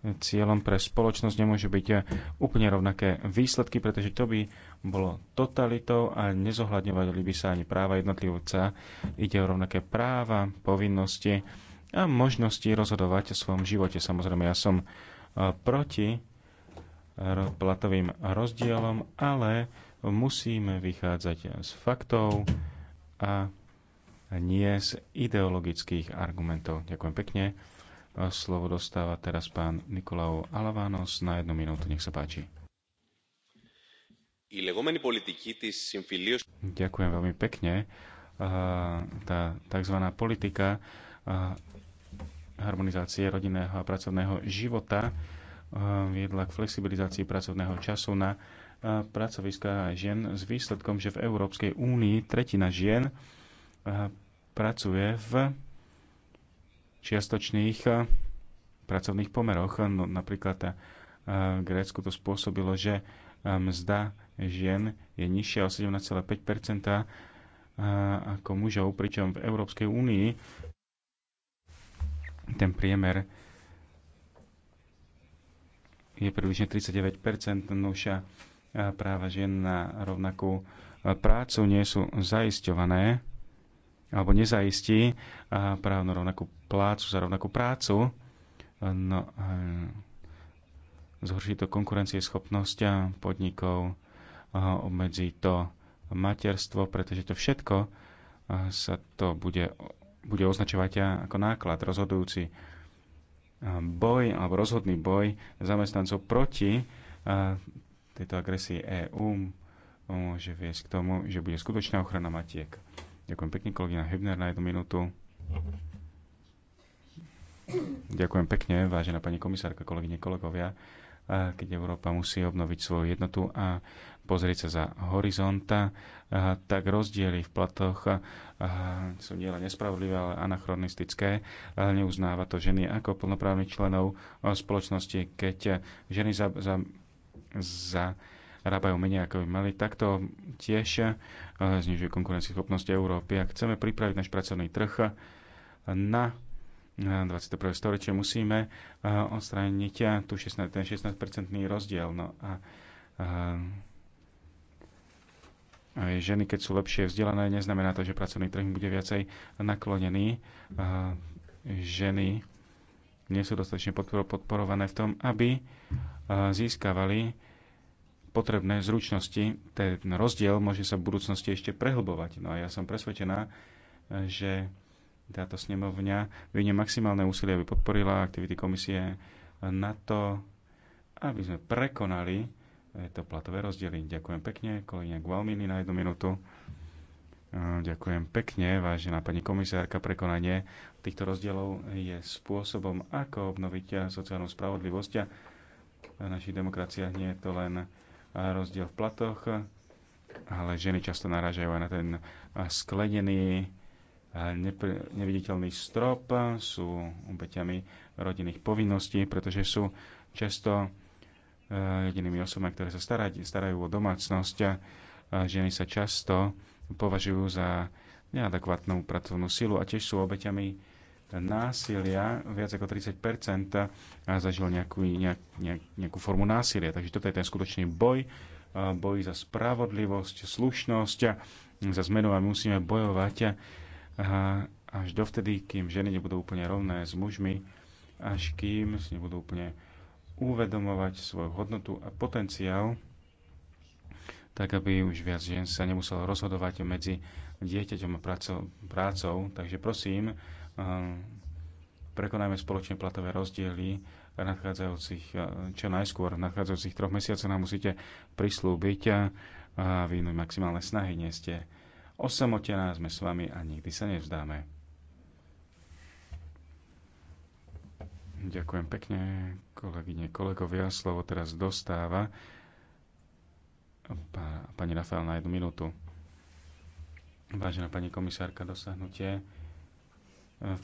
Cieľom pre spoločnosť nemôžu byť e, úplne rovnaké výsledky, pretože to by bolo totalitou a nezohľadňovali by sa ani práva jednotlivca. Ide o rovnaké práva, povinnosti a možnosti rozhodovať o svojom živote. Samozrejme, ja som e, proti platovým rozdielom, ale musíme vychádzať z faktov a nie z ideologických argumentov. Ďakujem pekne. Slovo dostáva teraz pán Nikolau Alavános na jednu minútu. Nech sa páči. Ďakujem veľmi pekne. Tá tzv. politika harmonizácie rodinného a pracovného života viedla k flexibilizácii pracovného času na pracoviska žien s výsledkom, že v Európskej únii tretina žien pracuje v čiastočných pracovných pomeroch. No, napríklad v Grécku to spôsobilo, že mzda žien je nižšia o 17,5 ako mužov, pričom v Európskej únii ten priemer je približne 39 novšia práva žien na rovnakú e, prácu nie sú zaisťované alebo nezaistí na rovnakú plácu za rovnakú prácu. E, no, e, zhorší to schopnosti podnikov, obmedzí to materstvo, pretože to všetko sa to bude, bude označovať ako náklad rozhodujúci boj alebo rozhodný boj zamestnancov proti tejto agresie EÚ môže viesť k tomu, že bude skutočná ochrana matiek. Ďakujem pekne, kolegyňa Hebner, na jednu minútu. Ďakujem pekne, vážená pani komisárka, kolegyne, kolegovia. Keď Európa musí obnoviť svoju jednotu a pozrieť sa za horizonta, tak rozdiely v platoch sú len nespravodlivé, ale anachronistické. Neuznáva to ženy ako plnoprávnych členov spoločnosti, keď ženy za, za zarábajú menej, ako by mali. Takto tiež eh, znižuje konkurencieschopnosť Európy. Ak chceme pripraviť náš pracovný trh na 21. Eh, storočie, musíme eh, odstrániť tu 16, ten 16-percentný rozdiel. No a, a ženy, keď sú lepšie vzdelané, neznamená to, že pracovný trh bude viacej naklonený. Ženy nie sú dostatočne podporované v tom, aby e, získavali potrebné zručnosti. Ten rozdiel môže sa v budúcnosti ešte prehlbovať. No a ja som presvedčená, e, že táto snemovňa vynie maximálne úsilie, aby podporila aktivity komisie na to, aby sme prekonali e, to platové rozdiely. Ďakujem pekne, kolegyňa Gualmini na jednu minútu. Ďakujem pekne, vážená pani komisárka. Prekonanie týchto rozdielov je spôsobom, ako obnoviť sociálnu spravodlivosť v našich demokraciách. Nie je to len rozdiel v platoch, ale ženy často narážajú aj na ten sklenený, neviditeľný strop, sú obeťami rodinných povinností, pretože sú často eh, jedinými osobami, ktoré sa starajú o domácnosť. Ženy sa často považujú za neadekvátnu pracovnú silu a tiež sú obeťami násilia, viac ako 30% zažil nejakú, nejak, nejak, nejakú formu násilia. Takže toto je ten skutočný boj, boj za spravodlivosť, slušnosť, za zmenu a my musíme bojovať až dovtedy, kým ženy nebudú úplne rovné s mužmi, až kým si nebudú úplne uvedomovať svoju hodnotu a potenciál tak aby už viac žien sa nemuselo rozhodovať medzi dieťaťom a prácou. Takže prosím, ehm, prekonajme spoločne platové rozdiely nadchádzajúcich, e, čo najskôr, v nadchádzajúcich troch mesiacov nám musíte prislúbiť a vyvinúť no, maximálne snahy. Nie ste osamotená, sme s vami a nikdy sa nevzdáme. Ďakujem pekne, kolegyne, kolegovia. Slovo teraz dostáva pani Rafael na jednu minútu. Vážená pani komisárka, dosahnutie e,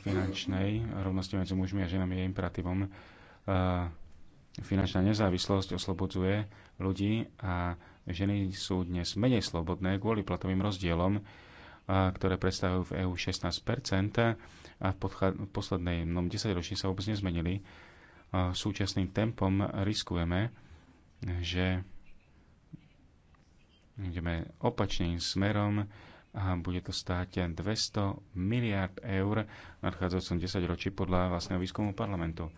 finančnej rovnosti medzi mužmi a ženami je imperatívom. E, finančná nezávislosť oslobodzuje ľudí a ženy sú dnes menej slobodné kvôli platovým rozdielom, e, ktoré predstavujú v EÚ 16 a v, poslednej poslednej 10 ročí sa vôbec nezmenili. Súčasným tempom riskujeme, že ideme opačným smerom a bude to stáť 200 miliard eur v nadchádzajúcom 10 ročí podľa vlastného výskumu parlamentu.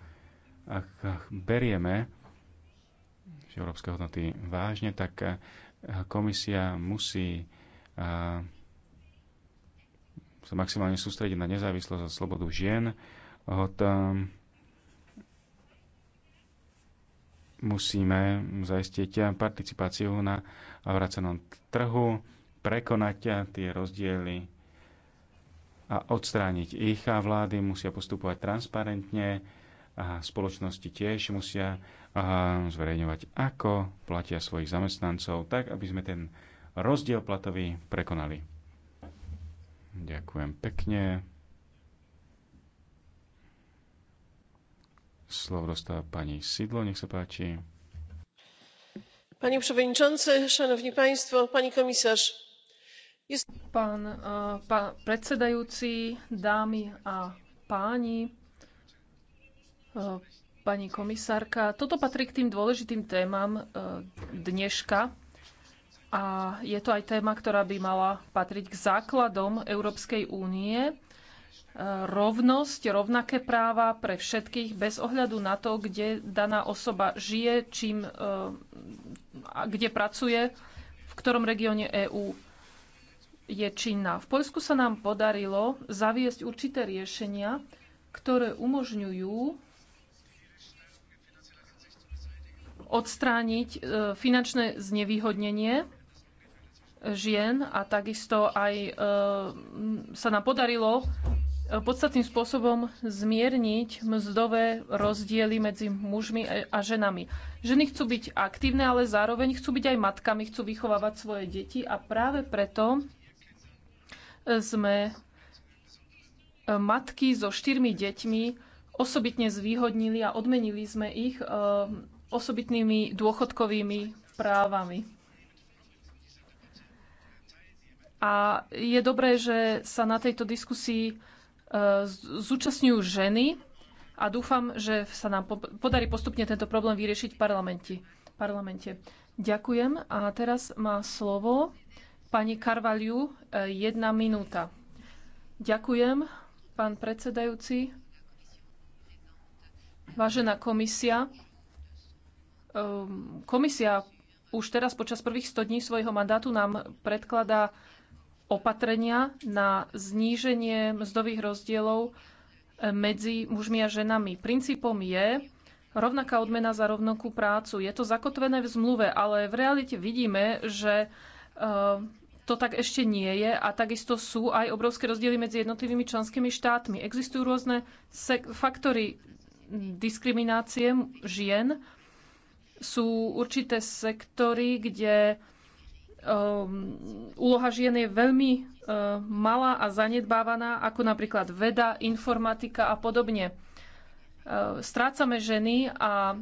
Ak berieme európske hodnoty vážne, tak eh, komisia musí eh, sa maximálne sústrediť na nezávislosť a slobodu žien od eh, musíme zaistiť participáciu na vracenom trhu, prekonať tie rozdiely a odstrániť ich a vlády musia postupovať transparentne a spoločnosti tiež musia zverejňovať, ako platia svojich zamestnancov, tak aby sme ten rozdiel platový prekonali. Ďakujem pekne. Slovo dostáva pani Sidlo, nech sa páči. Panie przewodniczący, szanowni państwo, pani komisarz. Jest... Pán, e, pán predsedajúci, dámy a páni, e, pani komisárka, toto patrí k tým dôležitým témam e, dneška, a je to aj téma, ktorá by mala patriť k základom Európskej únie rovnosť, rovnaké práva pre všetkých bez ohľadu na to, kde daná osoba žije, čím, e, kde pracuje, v ktorom regióne EÚ je činná. V Poľsku sa nám podarilo zaviesť určité riešenia, ktoré umožňujú odstrániť e, finančné znevýhodnenie žien a takisto aj e, sa nám podarilo podstatným spôsobom zmierniť mzdové rozdiely medzi mužmi a ženami. Ženy chcú byť aktívne, ale zároveň chcú byť aj matkami, chcú vychovávať svoje deti a práve preto e, sme e, matky so štyrmi deťmi osobitne zvýhodnili a odmenili sme ich e, osobitnými dôchodkovými právami. A je dobré, že sa na tejto diskusii zúčastňujú ženy a dúfam, že sa nám podarí postupne tento problém vyriešiť v parlamente. Ďakujem. A teraz má slovo pani Karvaliu. Eh, jedna minúta. Ďakujem, pán predsedajúci. Vážená komisia, eh, komisia už teraz počas prvých 100 dní svojho mandátu nám predkladá opatrenia na zníženie mzdových rozdielov eh, medzi mužmi a ženami. Princípom je rovnaká odmena za rovnakú prácu. Je to zakotvené v zmluve, ale v realite vidíme, že eh, to tak ešte nie je a takisto sú aj obrovské rozdiely medzi jednotlivými členskými štátmi. Existujú rôzne faktory diskriminácie žien. Sú určité sektory, kde um, úloha žien je veľmi uh, malá a zanedbávaná, ako napríklad veda, informatika a podobne. Uh, strácame ženy a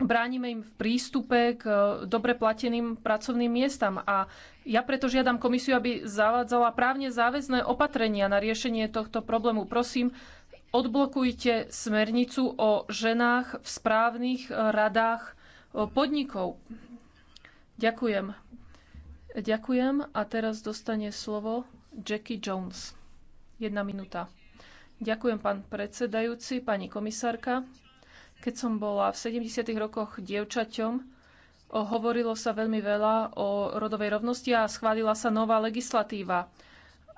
bránime im v prístupe k uh, dobre plateným pracovným miestam. A ja preto žiadam komisiu, aby zavádzala právne záväzné opatrenia na riešenie tohto problému. Prosím, odblokujte smernicu o ženách v správnych radách podnikov. Ďakujem. Ďakujem a teraz dostane slovo Jackie Jones. Jedna minúta. Ďakujem, pán predsedajúci, pani komisárka. Keď som bola v 70. rokoch dievčaťom, hovorilo sa veľmi veľa o rodovej rovnosti a schválila sa nová legislatíva.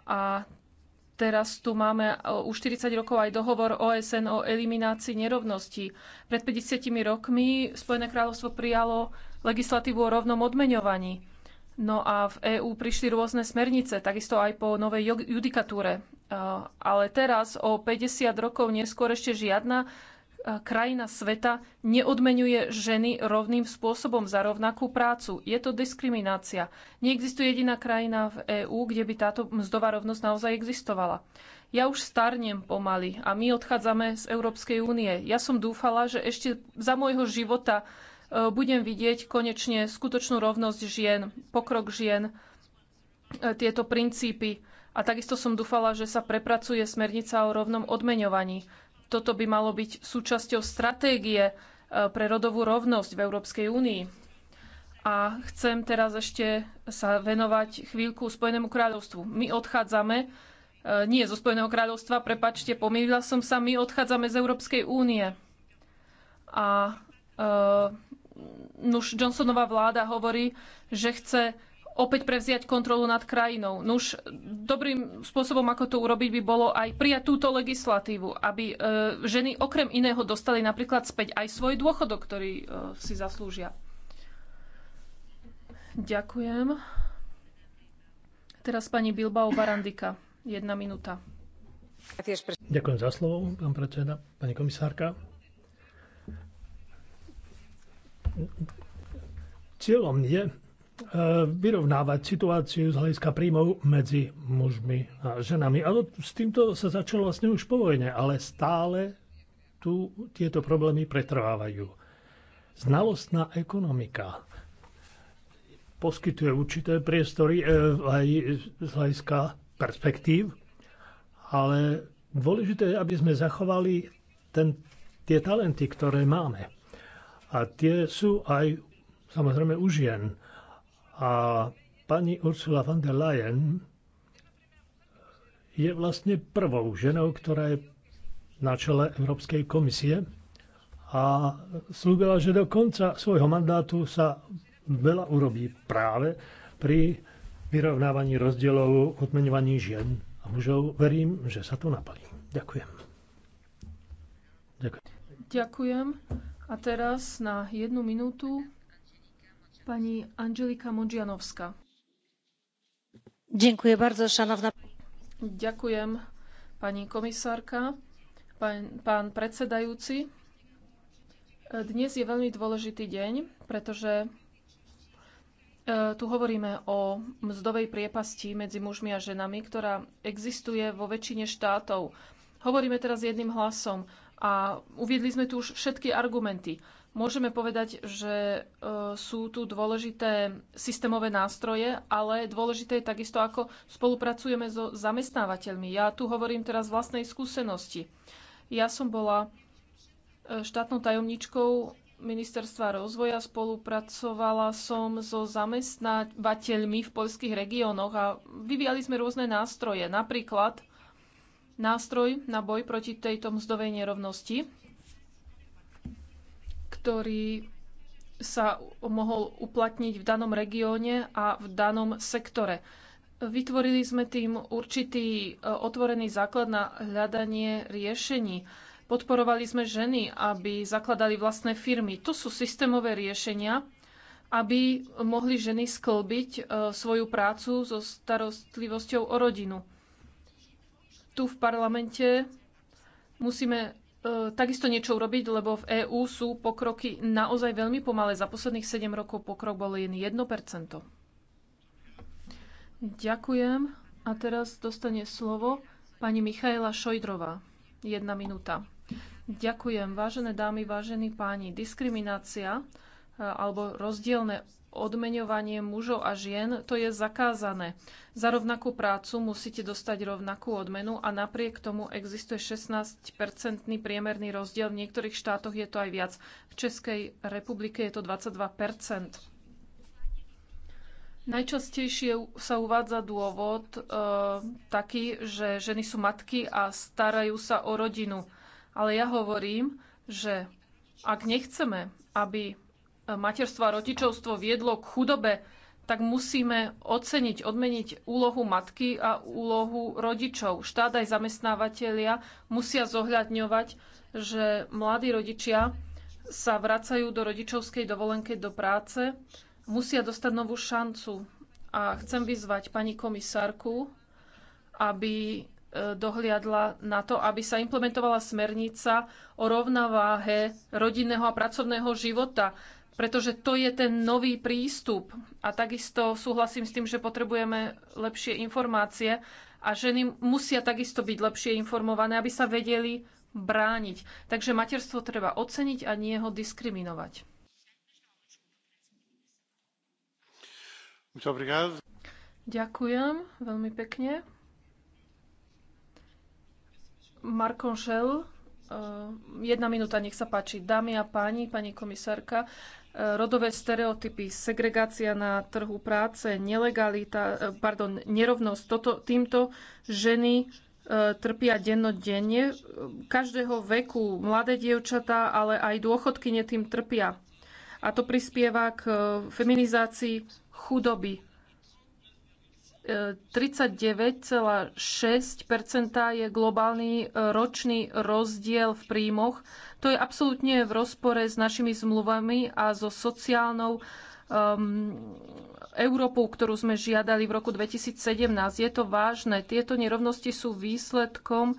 A teraz tu máme už 40 rokov aj dohovor OSN o eliminácii nerovností. Pred 50 rokmi Spojené kráľovstvo prijalo legislatívu o rovnom odmeňovaní. No a v EÚ prišli rôzne smernice, takisto aj po novej judikatúre. Ale teraz o 50 rokov neskôr ešte žiadna krajina sveta neodmenuje ženy rovným spôsobom za rovnakú prácu. Je to diskriminácia. Neexistuje jediná krajina v EÚ, kde by táto mzdová rovnosť naozaj existovala. Ja už starnem pomaly a my odchádzame z Európskej únie. Ja som dúfala, že ešte za môjho života budem vidieť konečne skutočnú rovnosť žien, pokrok žien, e, tieto princípy. A takisto som dúfala, že sa prepracuje smernica o rovnom odmeňovaní. Toto by malo byť súčasťou stratégie e, pre rodovú rovnosť v Európskej únii. A chcem teraz ešte sa venovať chvíľku Spojenému kráľovstvu. My odchádzame, e, nie zo Spojeného kráľovstva, prepačte, pomýlila som sa, my odchádzame z Európskej únie. A Nuž Johnsonová vláda hovorí, že chce opäť prevziať kontrolu nad krajinou. Nuž dobrým spôsobom, ako to urobiť, by bolo aj prijať túto legislatívu, aby e, ženy okrem iného dostali napríklad späť aj svoj dôchodok, ktorý e, si zaslúžia. Ďakujem. Teraz pani Bilbao Barandika. Jedna minúta. Ďakujem za slovo, pán predseda, pani komisárka. Cieľom je e, vyrovnávať situáciu z hľadiska príjmov medzi mužmi a ženami. A s týmto sa začalo vlastne už po vojne, ale stále tu tieto problémy pretrvávajú. Znalostná ekonomika poskytuje určité priestory e, aj z hľadiska perspektív, ale dôležité je, aby sme zachovali ten, tie talenty, ktoré máme. A tie sú aj samozrejme už jen. A pani Ursula von der Leyen je vlastne prvou ženou, ktorá je na čele Európskej komisie a slúbila, že do konca svojho mandátu sa veľa urobí práve pri vyrovnávaní rozdielov odmenovaní žien a mužov. Verím, že sa to naplní. Ďakujem. Ďakujem. Ďakujem. A teraz na jednu minútu pani Angelika Modžianovská. Ďakujem bardzo, šanovná. Ďakujem, pani komisárka, pán, pán predsedajúci. Dnes je veľmi dôležitý deň, pretože e, tu hovoríme o mzdovej priepasti medzi mužmi a ženami, ktorá existuje vo väčšine štátov. Hovoríme teraz jedným hlasom. A uviedli sme tu už všetky argumenty. Môžeme povedať, že e, sú tu dôležité systémové nástroje, ale dôležité je takisto, ako spolupracujeme so zamestnávateľmi. Ja tu hovorím teraz vlastnej skúsenosti. Ja som bola e, štátnou tajomničkou ministerstva rozvoja, spolupracovala som so zamestnávateľmi v poľských regiónoch a vyvíjali sme rôzne nástroje. Napríklad nástroj na boj proti tejto mzdovej nerovnosti, ktorý sa mohol uplatniť v danom regióne a v danom sektore. Vytvorili sme tým určitý e, otvorený základ na hľadanie riešení. Podporovali sme ženy, aby zakladali vlastné firmy. To sú systémové riešenia, aby mohli ženy sklbiť e, svoju prácu so starostlivosťou o rodinu tu v parlamente musíme e, takisto niečo urobiť, lebo v EÚ sú pokroky naozaj veľmi pomalé. Za posledných 7 rokov pokrok bol len 1%. Ďakujem. A teraz dostane slovo pani Michaela Šojdrová. Jedna minúta. Ďakujem. Vážené dámy, vážení páni, diskriminácia e, alebo rozdielne odmeňovanie mužov a žien, to je zakázané. Za rovnakú prácu musíte dostať rovnakú odmenu a napriek tomu existuje 16-percentný priemerný rozdiel. V niektorých štátoch je to aj viac. V Českej republike je to 22 Najčastejšie sa uvádza dôvod e, taký, že ženy sú matky a starajú sa o rodinu. Ale ja hovorím, že ak nechceme, aby materstvo a rodičovstvo viedlo k chudobe, tak musíme oceniť, odmeniť úlohu matky a úlohu rodičov. Štát aj zamestnávateľia musia zohľadňovať, že mladí rodičia sa vracajú do rodičovskej dovolenke do práce, musia dostať novú šancu. A chcem vyzvať pani komisárku, aby e, dohliadla na to, aby sa implementovala smernica o rovnováhe rodinného a pracovného života pretože to je ten nový prístup. A takisto súhlasím s tým, že potrebujeme lepšie informácie a ženy musia takisto byť lepšie informované, aby sa vedeli brániť. Takže materstvo treba oceniť a nie ho diskriminovať. Ďakujem veľmi pekne. Šel, eh, jedna minúta, nech sa páči. Dámy a páni, pani komisárka, rodové stereotypy, segregácia na trhu práce, nelegalita, eh, pardon, nerovnosť. Toto, týmto ženy eh, trpia dennodenne. Každého veku, mladé dievčatá, ale aj dôchodky tým trpia. A to prispieva k eh, feminizácii chudoby. 39,6 je globálny ročný rozdiel v príjmoch to je absolútne v rozpore s našimi zmluvami a so sociálnou um, Európou, ktorú sme žiadali v roku 2017. Je to vážne. Tieto nerovnosti sú výsledkom uh,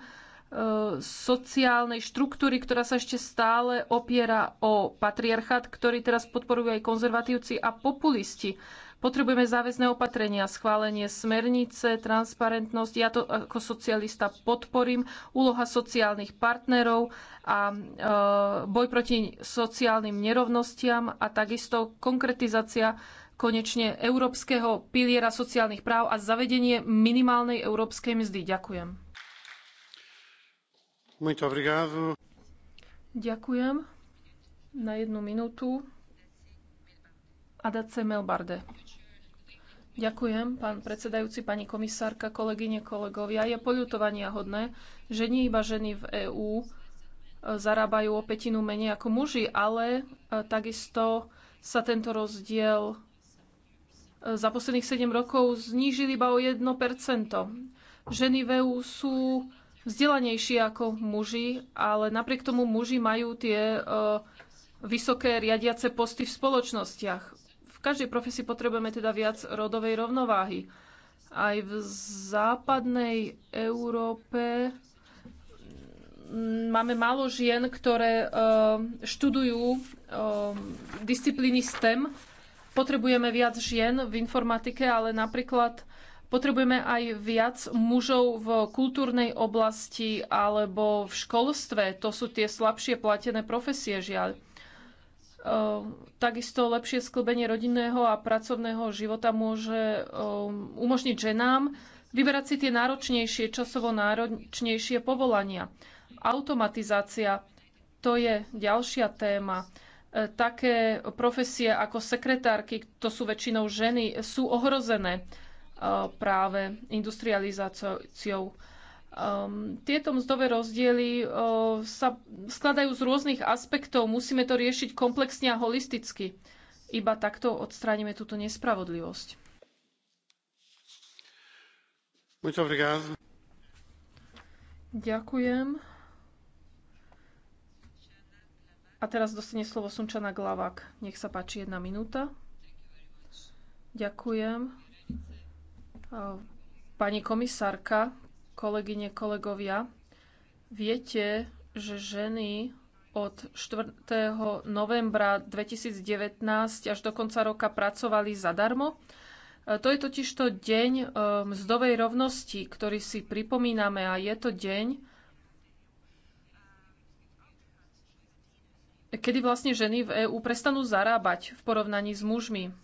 sociálnej štruktúry, ktorá sa ešte stále opiera o patriarchát, ktorý teraz podporujú aj konzervatívci a populisti. Potrebujeme záväzné opatrenia, schválenie smernice, transparentnosť. Ja to ako socialista podporím. Úloha sociálnych partnerov a e, boj proti sociálnym nerovnostiam a takisto konkretizácia konečne európskeho piliera sociálnych práv a zavedenie minimálnej európskej mzdy. Ďakujem. Ďakujem. Na jednu minútu. Adace Melbarde. Ďakujem, pán predsedajúci, pani komisárka, kolegyne, kolegovia. Je poľutovania hodné, že nie iba ženy v EÚ e, zarábajú o petinu menej ako muži, ale e, takisto sa tento rozdiel e, za posledných 7 rokov znížil iba o 1 Ženy v EÚ sú vzdelanejšie ako muži, ale napriek tomu muži majú tie vysoké riadiace posty v spoločnostiach každej profesii potrebujeme teda viac rodovej rovnováhy. Aj v západnej Európe mm, máme málo žien, ktoré e, študujú e, disciplíny STEM. Potrebujeme viac žien v informatike, ale napríklad potrebujeme aj viac mužov v kultúrnej oblasti alebo v školstve. To sú tie slabšie platené profesie, žiaľ. Ehm, takisto lepšie sklbenie rodinného a pracovného života môže ehm, umožniť ženám vyberať si tie náročnejšie, časovo náročnejšie povolania. Automatizácia, to je ďalšia téma. Ehm, také profesie ako sekretárky, to sú väčšinou ženy, sú ohrozené práve industrializáciou. Um, tieto mzdové rozdiely uh, sa skladajú z rôznych aspektov. Musíme to riešiť komplexne a holisticky. Iba takto odstránime túto nespravodlivosť. Ďakujem. A teraz dostane slovo Sunčana Glavak. Nech sa páči jedna minúta. Ďakujem. Ehm, pani komisárka, kolegyne, kolegovia. Viete, že ženy od 4. novembra 2019 až do konca roka pracovali zadarmo. E, to je totižto deň e, mzdovej rovnosti, ktorý si pripomíname a je to deň, kedy vlastne ženy v EÚ prestanú zarábať v porovnaní s mužmi.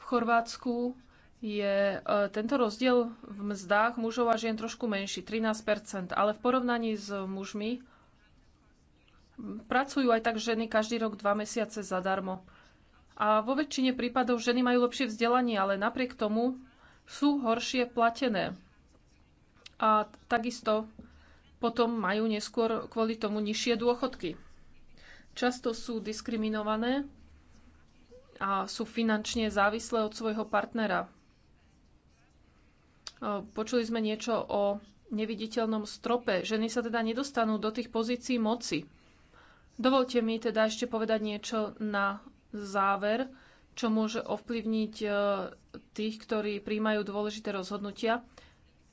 V Chorvátsku je e, tento rozdiel v mzdách mužov a žien trošku menší, 13 ale v porovnaní s mužmi pracujú aj tak ženy každý rok dva mesiace zadarmo. A vo väčšine prípadov ženy majú lepšie vzdelanie, ale napriek tomu sú horšie platené. A takisto potom majú neskôr kvôli tomu nižšie dôchodky. Často sú diskriminované a sú finančne závislé od svojho partnera. Počuli sme niečo o neviditeľnom strope. Ženy sa teda nedostanú do tých pozícií moci. Dovolte mi teda ešte povedať niečo na záver, čo môže ovplyvniť e, tých, ktorí príjmajú dôležité rozhodnutia.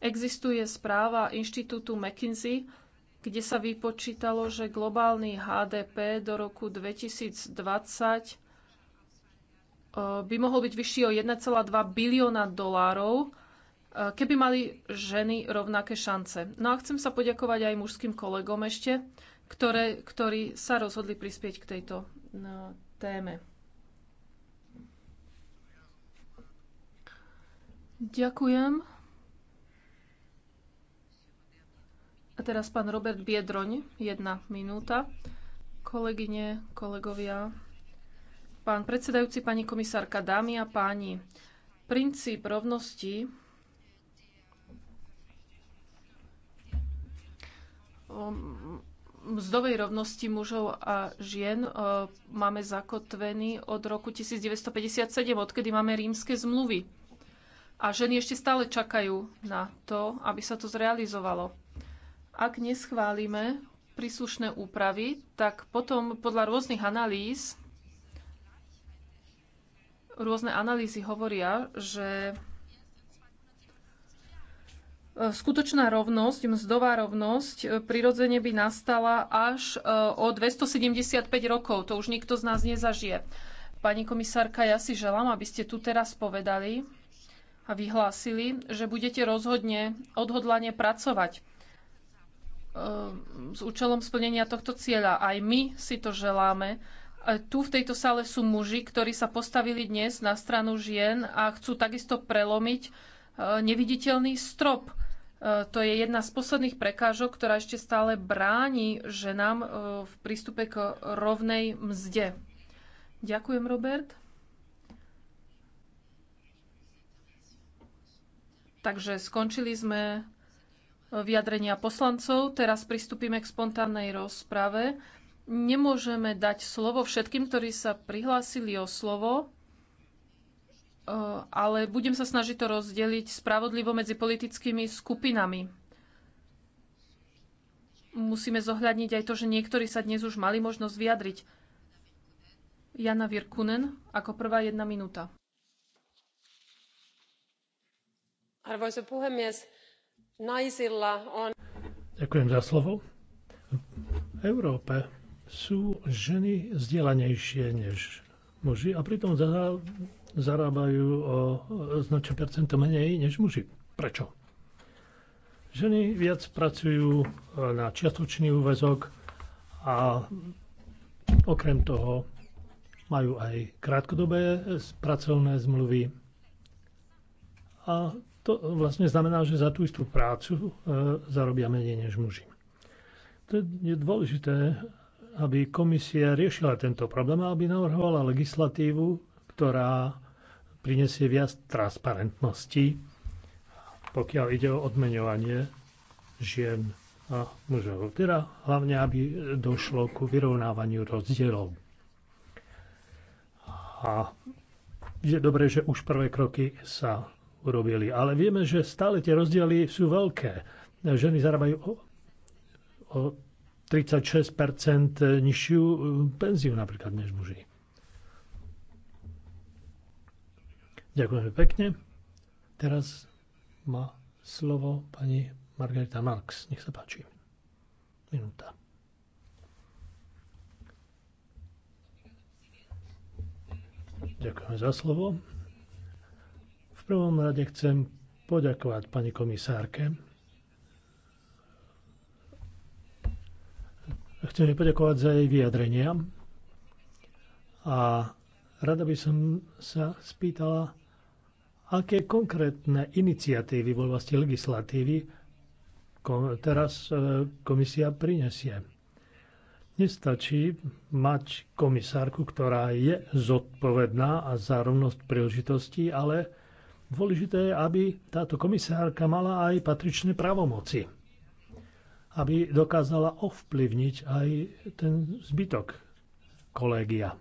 Existuje správa Inštitútu McKinsey, kde sa vypočítalo, že globálny HDP do roku 2020 e, by mohol byť vyšší o 1,2 bilióna dolárov keby mali ženy rovnaké šance. No a chcem sa poďakovať aj mužským kolegom ešte, ktoré, ktorí sa rozhodli prispieť k tejto no, téme. Ďakujem. A teraz pán Robert Biedroň, jedna minúta. Kolegyne, kolegovia, pán predsedajúci, pani komisárka, dámy a páni, princíp rovnosti Ehm, mzdovej rovnosti mužov a žien ehm, máme zakotvený od roku 1957, odkedy máme rímske zmluvy. A ženy ešte stále čakajú na to, aby sa to zrealizovalo. Ak neschválime príslušné úpravy, tak potom podľa rôznych analýz, rôzne analýzy hovoria, že E, skutočná rovnosť, mzdová rovnosť e, prirodzene by nastala až e, o 275 rokov. To už nikto z nás nezažije. Pani komisárka, ja si želám, aby ste tu teraz povedali a vyhlásili, že budete rozhodne odhodlane pracovať s účelom splnenia tohto cieľa. Aj my si to želáme. Tu v tejto sále sú muži, ktorí sa postavili dnes na stranu žien a chcú takisto prelomiť neviditeľný strop to je jedna z posledných prekážok, ktorá ešte stále bráni ženám e, v prístupe k rovnej mzde. Ďakujem, Robert. Takže skončili sme vyjadrenia poslancov. Teraz pristúpime k spontánnej rozprave. Nemôžeme dať slovo všetkým, ktorí sa prihlásili o slovo ale budem sa snažiť to rozdeliť spravodlivo medzi politickými skupinami. Musíme zohľadniť aj to, že niektorí sa dnes už mali možnosť vyjadriť. Jana Virkunen, ako prvá jedna minúta. Arvoisa puhemies, naisilla on... Ďakujem za slovo. V Európe sú ženy vzdelanejšie než muži a pritom za zarábajú o značné percento menej než muži. Prečo? Ženy viac pracujú na čiatočný úvezok a okrem toho majú aj krátkodobé pracovné zmluvy. A to vlastne znamená, že za tú istú prácu e, zarobia menej než muži. To je dôležité, aby komisia riešila tento problém a aby navrhovala legislatívu, ktorá prinesie viac transparentnosti, pokiaľ ide o odmeňovanie žien a mužov. Teda hlavne, aby došlo ku vyrovnávaniu rozdielov. A je dobré, že už prvé kroky sa urobili. Ale vieme, že stále tie rozdiely sú veľké. Ženy zarábajú o, o 36 nižšiu penziu napríklad než muži. Ďakujeme pekne. Teraz má slovo pani Margarita Marx. Nech sa páči. Minúta. Ďakujem za slovo. V prvom rade chcem poďakovať pani komisárke. Chcem jej poďakovať za jej vyjadrenia. A rada by som sa spýtala, aké konkrétne iniciatívy v oblasti legislatívy teraz e, komisia prinesie. Nestačí mať komisárku, ktorá je zodpovedná a za rovnosť príležitostí, ale dôležité je, aby táto komisárka mala aj patričné pravomoci, Aby dokázala ovplyvniť aj ten zbytok kolégia.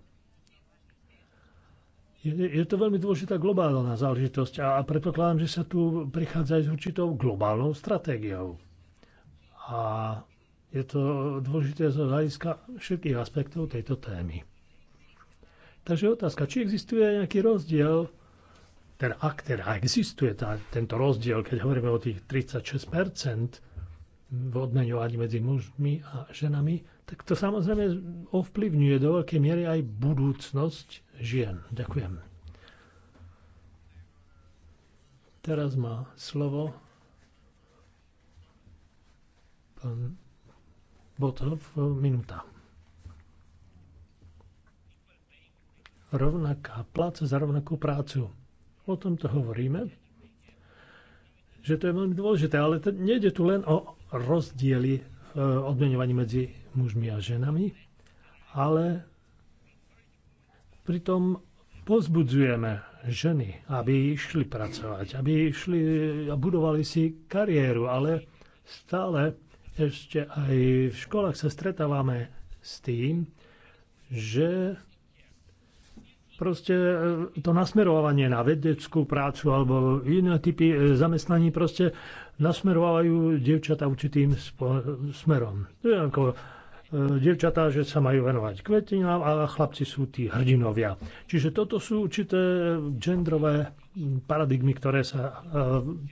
Je, je to veľmi dôležitá globálna záležitosť a predpokladám, že sa tu prichádza aj s určitou globálnou stratégiou. A je to dôležité z hľadiska všetkých aspektov tejto témy. Takže otázka, či existuje nejaký rozdiel, ten ak teda existuje tá, tento rozdiel, keď hovoríme o tých 36% v odmeňovaní medzi mužmi a ženami, tak to samozrejme ovplyvňuje do veľkej miery aj budúcnosť žien. Ďakujem. Teraz má slovo pán Botov, minúta. Rovnaká plat za rovnakú prácu. O tom to hovoríme, že to je veľmi dôležité, ale to, nejde tu len o rozdiely v e, odmenovaní medzi mužmi a ženami, ale pritom pozbudzujeme ženy, aby išli pracovať, aby išli a budovali si kariéru, ale stále ešte aj v školách sa stretávame s tým, že proste e, to nasmerovanie na vedeckú prácu alebo iné typy e, zamestnaní proste nasmerovajú dievčata určitým smerom. To je ako E, devčatá, že sa majú venovať kvetinám a chlapci sú tí hrdinovia. Čiže toto sú určité genderové paradigmy, ktoré sa e,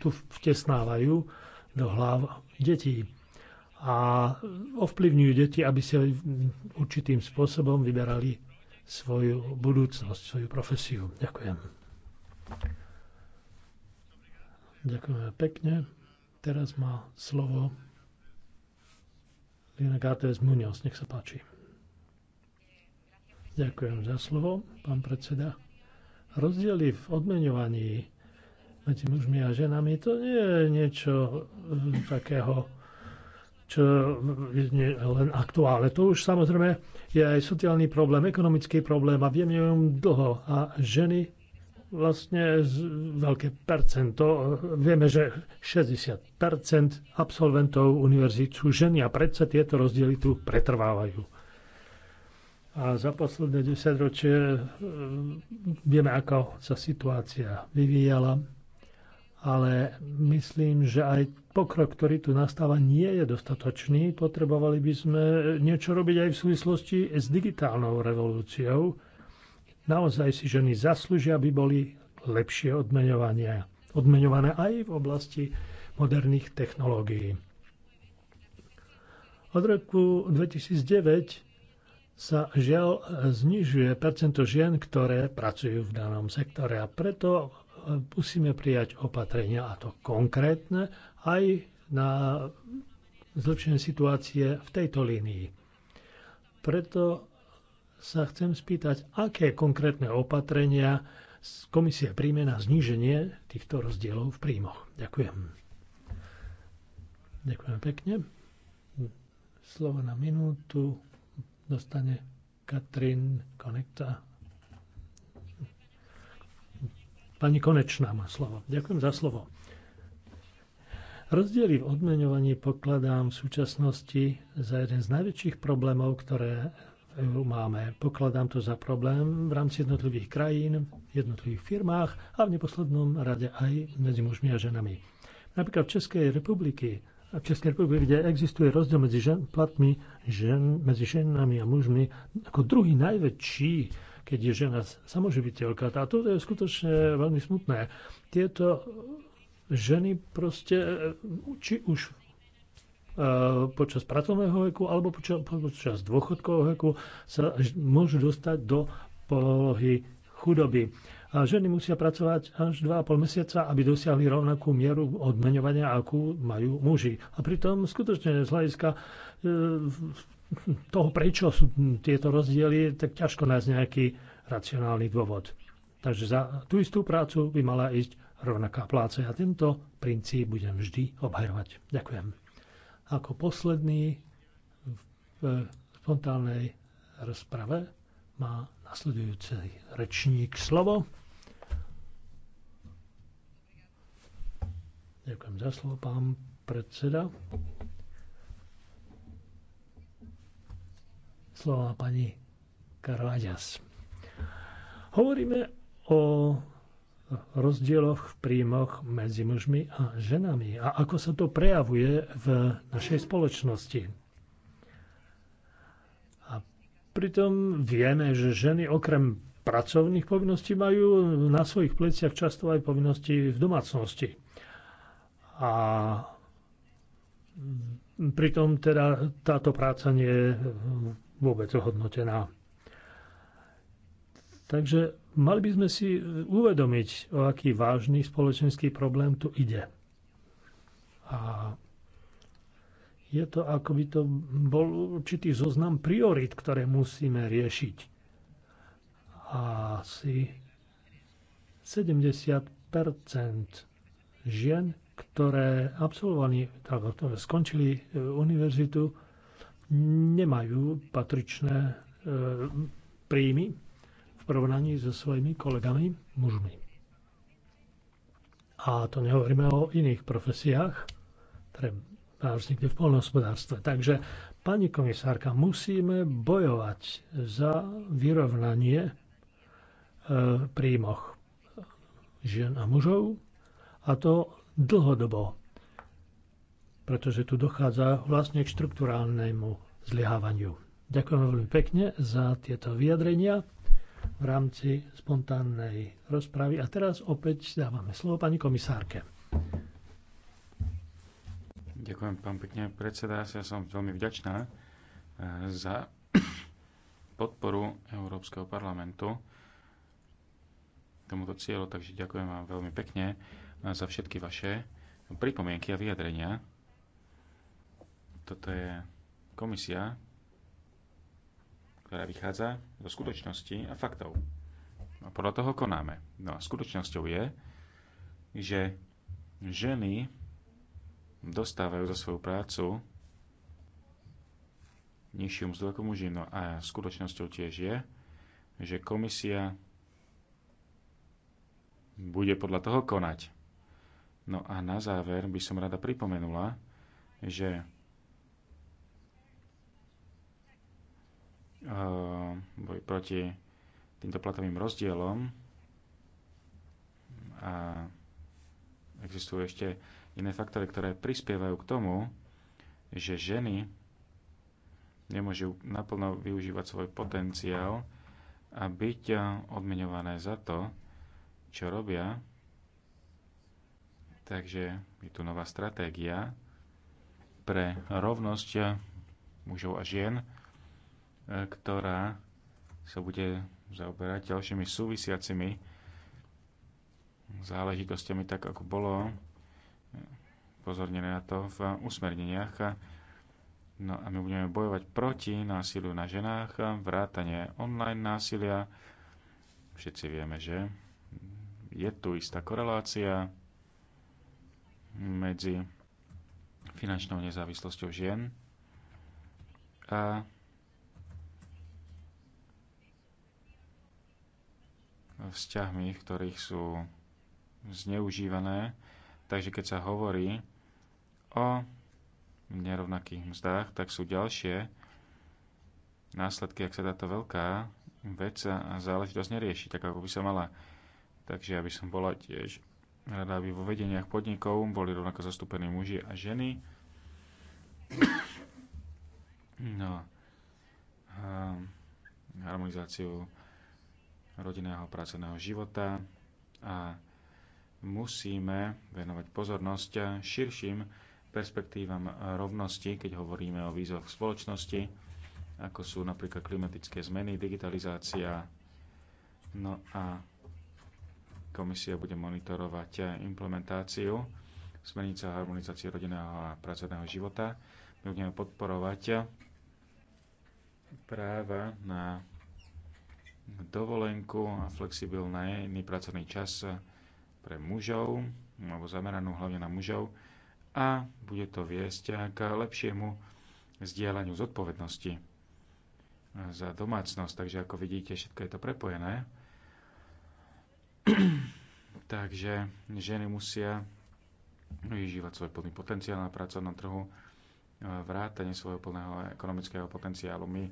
tu vtesnávajú do hlav detí a ovplyvňujú deti, aby si určitým spôsobom vyberali svoju budúcnosť, svoju profesiu. Ďakujem. Ďakujem pekne. Teraz má slovo Irina Gartes Munoz. Nech sa páči. Ďakujem za slovo, pán predseda. Rozdiely v odmeňovaní medzi mužmi a ženami to nie je niečo mm, takého, čo je len aktuálne. To už samozrejme je aj sociálny problém, ekonomický problém a vieme o ňom dlho. A ženy vlastne veľké percento, vieme, že 60 absolventov univerzít sú ženy a predsa tieto rozdiely tu pretrvávajú. A za posledné 10 ročie e, vieme, ako sa situácia vyvíjala, ale myslím, že aj pokrok, ktorý tu nastáva, nie je dostatočný. Potrebovali by sme niečo robiť aj v súvislosti s digitálnou revolúciou, Naozaj si ženy zaslúžia, aby boli lepšie odmeňovania, odmeňované aj v oblasti moderných technológií. Od roku 2009 sa žiaľ znižuje percento žien, ktoré pracujú v danom sektore a preto musíme prijať opatrenia, a to konkrétne, aj na zlepšenie situácie v tejto línii. Preto sa chcem spýtať, aké konkrétne opatrenia komisia príjme na zníženie týchto rozdielov v príjmoch. Ďakujem. Ďakujem pekne. Slovo na minútu dostane Katrin Konekta. Pani Konečná má slovo. Ďakujem za slovo. Rozdiely v odmeňovaní pokladám v súčasnosti za jeden z najväčších problémov, ktoré EU máme. Pokladám to za problém v rámci jednotlivých krajín, jednotlivých firmách a v neposlednom rade aj medzi mužmi a ženami. Napríklad v Českej republiky v Českej republiky, kde existuje rozdiel medzi žen, platmi žen, medzi ženami a mužmi, ako druhý najväčší, keď je žena samoživiteľka. A to je skutočne veľmi smutné. Tieto ženy proste, či už Eh, počas pracovného veku alebo počas, počas dôchodkového veku sa môžu dostať do polohy chudoby. A ženy musia pracovať až 2,5 mesiaca, aby dosiahli rovnakú mieru odmeňovania, akú majú muži. A pritom skutočne z hľadiska eh, toho, prečo sú tieto rozdiely, tak ťažko nájsť nejaký racionálny dôvod. Takže za tú istú prácu by mala ísť rovnaká pláca. A tento princíp budem vždy obhajovať. Ďakujem. Ako posledný v spontánnej rozprave má nasledujúci rečník slovo. Ďakujem za slovo, pán predseda. Slova pani Karláďas. Hovoríme o rozdieloch v príjmoch medzi mužmi a ženami a ako sa to prejavuje v našej spoločnosti. A pritom vieme, že ženy okrem pracovných povinností majú na svojich pleciach často aj povinnosti v domácnosti. A pritom teda táto práca nie je vôbec ohodnotená. Takže Mali by sme si e, uvedomiť, o aký vážny spoločenský problém tu ide. A je to, ako by to bol určitý zoznam priorit, ktoré musíme riešiť. A Asi 70 žien, ktoré absolvovali, ktoré skončili e, univerzitu, nemajú patričné e, príjmy porovnaní so svojimi kolegami mužmi. A to nehovoríme o iných profesiách, ktoré nikde v polnohospodárstve. Takže, pani komisárka, musíme bojovať za vyrovnanie e, príjmoch žien a mužov a to dlhodobo, pretože tu dochádza vlastne k štruktúrálnemu zlyhávaniu. Ďakujem veľmi pekne za tieto vyjadrenia v rámci spontánnej rozpravy. A teraz opäť dávame slovo pani komisárke. Ďakujem, pán pekne predseda. Ja som veľmi vďačná eh, za podporu Európskeho parlamentu tomuto cieľu, takže ďakujem vám veľmi pekne eh, za všetky vaše pripomienky a vyjadrenia. Toto je komisia, ktorá vychádza zo skutočnosti a faktov. A podľa toho konáme. No a skutočnosťou je, že ženy dostávajú za svoju prácu nižšiu mzdu ako muži. No a skutočnosťou tiež je, že komisia bude podľa toho konať. No a na záver by som rada pripomenula, že boj proti týmto platovým rozdielom a existujú ešte iné faktory, ktoré prispievajú k tomu, že ženy nemôžu naplno využívať svoj potenciál a byť odmenované za to, čo robia. Takže je tu nová stratégia pre rovnosť mužov a žien, E, ktorá sa bude zaoberať ďalšími súvisiacimi záležitostiami, tak ako bolo e, pozornené na to v usmerneniach. No a my budeme bojovať proti násiliu na ženách, vrátanie online násilia. Všetci vieme, že je tu istá korelácia medzi finančnou nezávislosťou žien a vzťahmi, v ktorých sú zneužívané. Takže keď sa hovorí o nerovnakých mzdách, tak sú ďalšie následky, ak sa táto veľká vec a záležitosť nerieši, tak ako by sa mala. Takže aby som bola tiež rada, aby vo vedeniach podnikov boli rovnako zastúpení muži a ženy. No. Um, harmonizáciu rodinného pracovného života a musíme venovať pozornosť širším perspektívam rovnosti, keď hovoríme o výzvach v spoločnosti, ako sú napríklad klimatické zmeny, digitalizácia. No a komisia bude monitorovať implementáciu smernice o harmonizácii rodinného a pracovného života. My budeme podporovať práva na dovolenku a flexibilný pracovný čas pre mužov, alebo zameranú hlavne na mužov a bude to viesť k lepšiemu vzdielaniu zodpovednosti za domácnosť. Takže ako vidíte, všetko je to prepojené. Takže ženy musia vyžívať svoj plný potenciál na pracovnom trhu, vrátanie svojho plného ekonomického potenciálu. My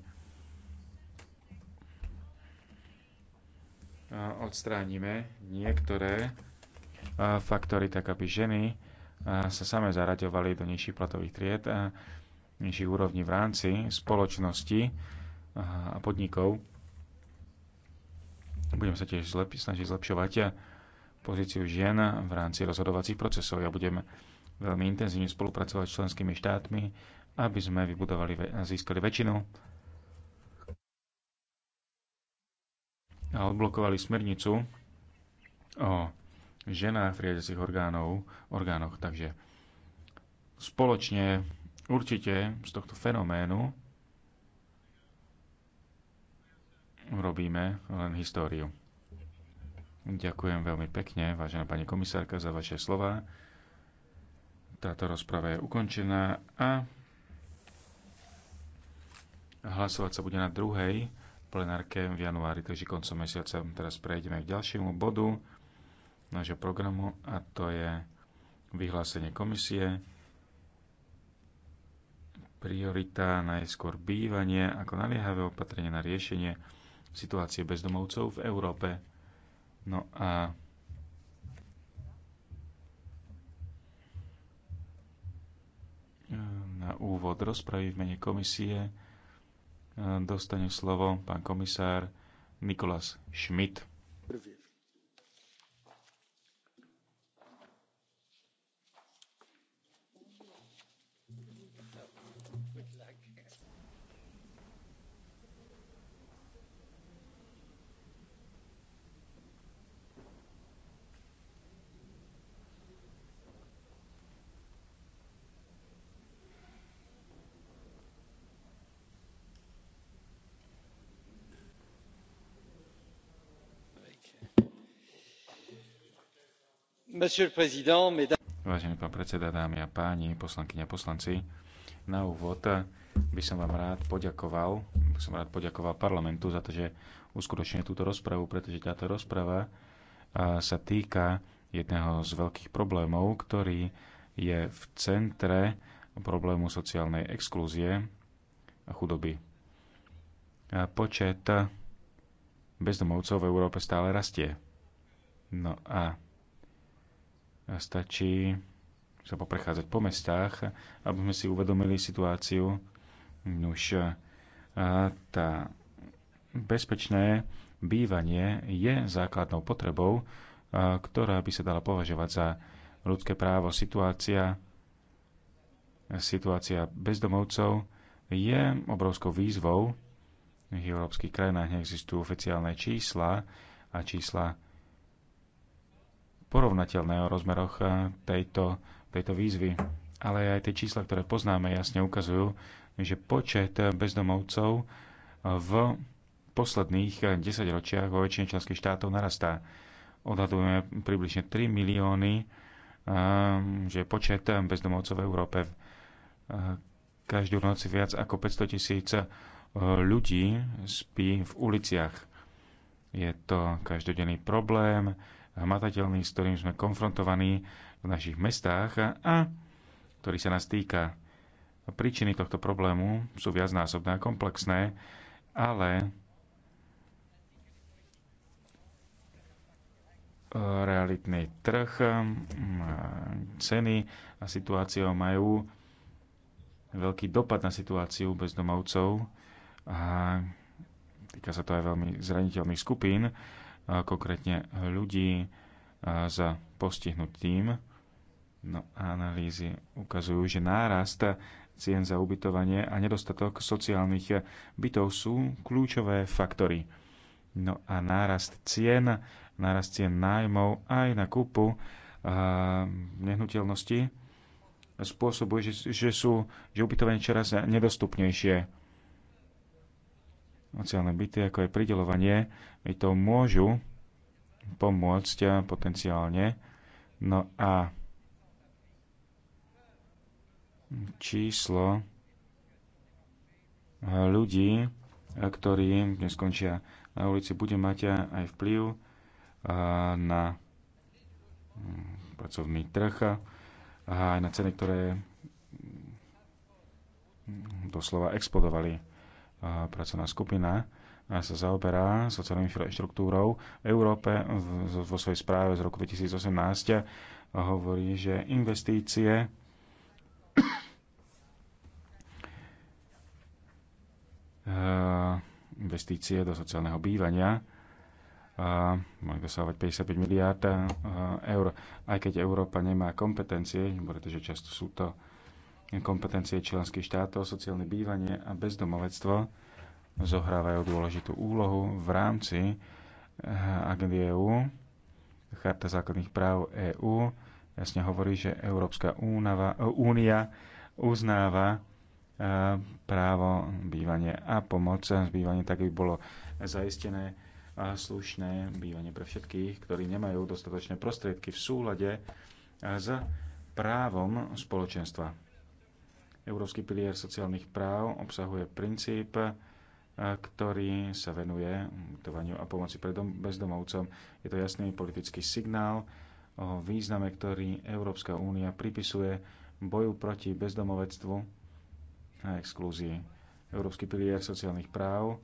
Eh, odstránime niektoré eh, faktory, tak aby ženy eh, sa same zaraďovali do nižších platových tried a nižších úrovní v rámci spoločnosti a podnikov. Budem sa tiež zlep- snažiť zlepšovať pozíciu žien v rámci rozhodovacích procesov. Ja budem veľmi intenzívne spolupracovať s členskými štátmi, aby sme vybudovali a získali väčšinu a odblokovali smernicu o ženách v riadiacich orgánov, orgánoch. Takže spoločne určite z tohto fenoménu robíme len históriu. Ďakujem veľmi pekne, vážená pani komisárka, za vaše slova. Táto rozprava je ukončená a hlasovať sa bude na druhej plenárke v januári, takže koncom mesiaca. Teraz prejdeme k ďalšiemu bodu nášho programu a to je vyhlásenie komisie. Priorita najskôr bývanie ako naliehavé opatrenie na riešenie situácie bezdomovcov v Európe. No a na úvod rozpravy v mene komisie dostane slovo pán komisár Nikolas Schmidt. Prvý. Vážený pán predseda, dámy a páni, poslankyne a poslanci, na úvod by som vám rád poďakoval, by som rád poďakoval parlamentu za to, že uskutočne túto rozpravu, pretože táto rozprava sa týka jedného z veľkých problémov, ktorý je v centre problému sociálnej exklúzie a chudoby. Počet bezdomovcov v Európe stále rastie. No a Stačí sa poprechádzať po mestách, aby sme si uvedomili situáciu. Nuž, tá bezpečné bývanie je základnou potrebou, ktorá by sa dala považovať za ľudské právo. Situácia, situácia bezdomovcov je obrovskou výzvou. V európskych krajinách neexistujú oficiálne čísla a čísla porovnateľné o rozmeroch eh, tejto, tejto výzvy. Ale aj tie čísla, ktoré poznáme, jasne ukazujú, že počet bezdomovcov eh, v posledných 10 eh, ročiach vo väčšine členských štátov narastá. Odhadujeme približne 3 milióny, že počet bezdomovcov v Európe každú noc viac ako 500 tisíc ľudí spí v uliciach. Je to každodenný problém, hmatateľný, s ktorým sme konfrontovaní v našich mestách a, a ktorý sa nás týka. Príčiny tohto problému sú viacnásobné a komplexné, ale e, realitný trh, ceny a situácia majú veľký dopad na situáciu bezdomovcov a týka sa to aj veľmi zraniteľných skupín konkrétne ľudí za postihnutým. No, analýzy ukazujú, že nárast cien za ubytovanie a nedostatok sociálnych bytov sú kľúčové faktory. No a nárast cien, nárast cien nájmov aj na kúpu a, nehnuteľnosti spôsobuje, že, že sú že ubytovanie čoraz nedostupnejšie sociálne byty, ako aj pridelovanie, mi to môžu pomôcť potenciálne. No a číslo ľudí, ktorí dnes skončia na ulici, bude mať aj vplyv na mm, pracovný trh a aj na ceny, ktoré mm, doslova explodovali pracovná skupina sa zaoberá sociálnou infraštruktúrou v Európe vo svojej správe z roku 2018 hovorí, že investície investície do sociálneho bývania majú dosávať 55 miliárd eur. Aj keď Európa nemá kompetencie, pretože často sú to kompetencie členských štátov, sociálne bývanie a bezdomovectvo zohrávajú dôležitú úlohu v rámci eh, agendy EÚ. Charta základných práv EÚ jasne hovorí, že Európska únava, eh, únia uznáva eh, právo bývanie a pomoc bývanie tak, by bolo zaistené a slušné bývanie pre všetkých, ktorí nemajú dostatočné prostriedky v súlade s právom spoločenstva. Európsky pilier sociálnych práv obsahuje princíp, eh, ktorý sa venuje ubytovaniu a pomoci pre bezdomovcom. Je to jasný politický signál o význame, ktorý Európska únia pripisuje boju proti bezdomovectvu a exklúzii. Európsky pilier sociálnych práv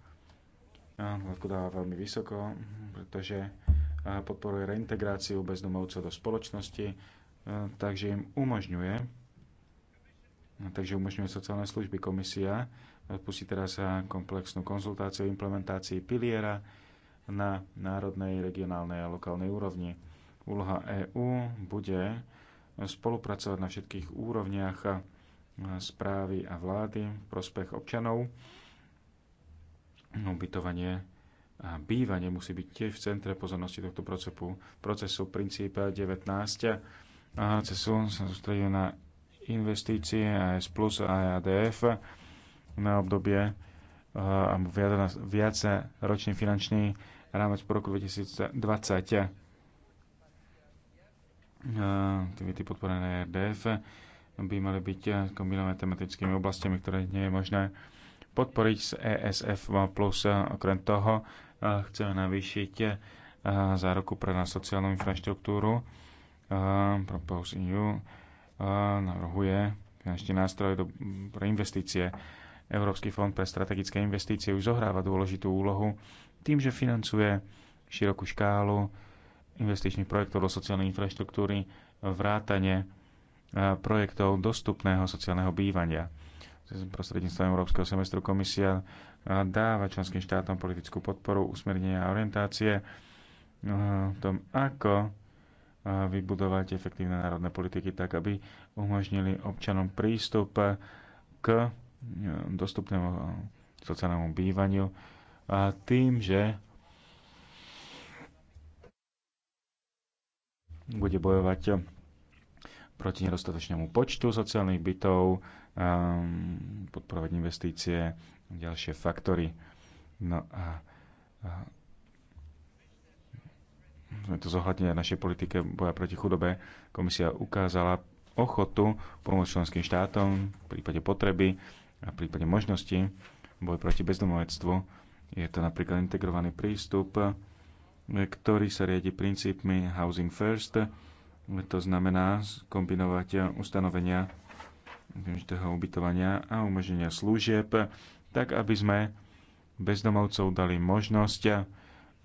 eh, hlavku dáva veľmi vysoko, pretože eh, podporuje reintegráciu bezdomovcov do spoločnosti, takže im umožňuje No, takže umožňuje sociálne služby. Komisia eh, pustí teraz eh, komplexnú konzultáciu o implementácii piliera na národnej, regionálnej a lokálnej úrovni. Úloha EÚ bude eh, spolupracovať na všetkých úrovniach správy a vlády v prospech občanov. Ubytovanie a bývanie musí byť tiež v centre pozornosti tohto procesu. Procesu princípa 19 a sa sústredil na investície AS Plus a ADF na obdobie eh, a viac, viac ročný finančný rámec po roku 2020. Eh, aktivity podporené RDF by mali byť eh, kombinované tematickými oblastiami, ktoré nie je možné podporiť z ESF+. Okrem toho chceme navýšiť zároku pre na sociálnu infraštruktúru Propose EU navrhuje finančný nástroj do, pre investície. Európsky fond pre strategické investície už zohráva dôležitú úlohu tým, že financuje širokú škálu investičných projektov do sociálnej infraštruktúry, vrátane e, projektov dostupného sociálneho bývania. Prostredníctvom Európskeho semestru komisia e, dáva členským štátom politickú podporu, usmernenia a orientácie e, v tom, ako vybudovať efektívne národné politiky tak, aby umožnili občanom prístup k e, dostupnému e, sociálnemu bývaniu a tým, že bude bojovať proti nedostatočnému počtu sociálnych bytov, podporovať investície, ďalšie faktory. No a sme to zohľadnili aj našej politike boja proti chudobe, komisia ukázala ochotu pomôcť členským štátom v prípade potreby a v prípade možnosti boj proti bezdomovectvu. Je to napríklad integrovaný prístup, ktorý sa riadi princípmi Housing First. To znamená kombinovať ustanovenia toho ubytovania a umožnenia služieb, tak aby sme bezdomovcov dali možnosť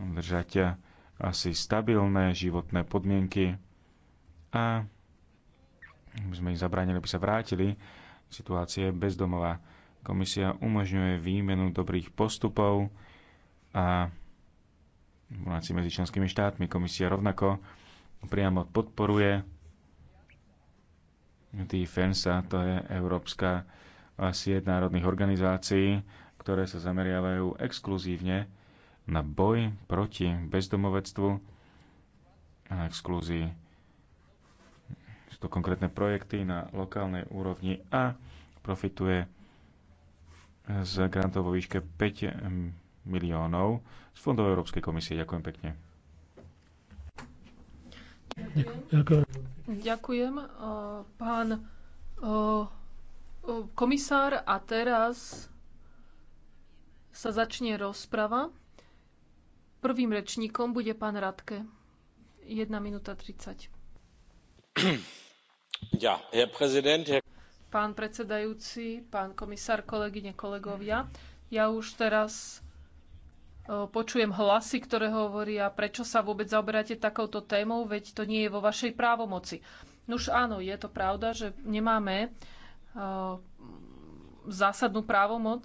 držať asi stabilné životné podmienky a sme ich zabránili, aby sa vrátili situácie bezdomová. Komisia umožňuje výmenu dobrých postupov a informácií medzi členskými štátmi. Komisia rovnako priamo podporuje DFENSA, to je Európska sieť národných organizácií, ktoré sa zameriavajú exkluzívne na boj proti bezdomovectvu a exkluzii. Sú to konkrétne projekty na lokálnej úrovni a profituje z grantov vo výške 5 miliónov z fondov Európskej komisie. Ďakujem pekne. Ďakujem. Ďakujem. Pán komisár, a teraz sa začne rozprava. Prvým rečníkom bude pán Radke. 1 minúta 30. Ja, herr prezident, herr... Pán predsedajúci, pán komisár, kolegyne, kolegovia, ja už teraz počujem hlasy, ktoré hovoria, prečo sa vôbec zaoberáte takouto témou, veď to nie je vo vašej právomoci. Nuž áno, je to pravda, že nemáme zásadnú právomoc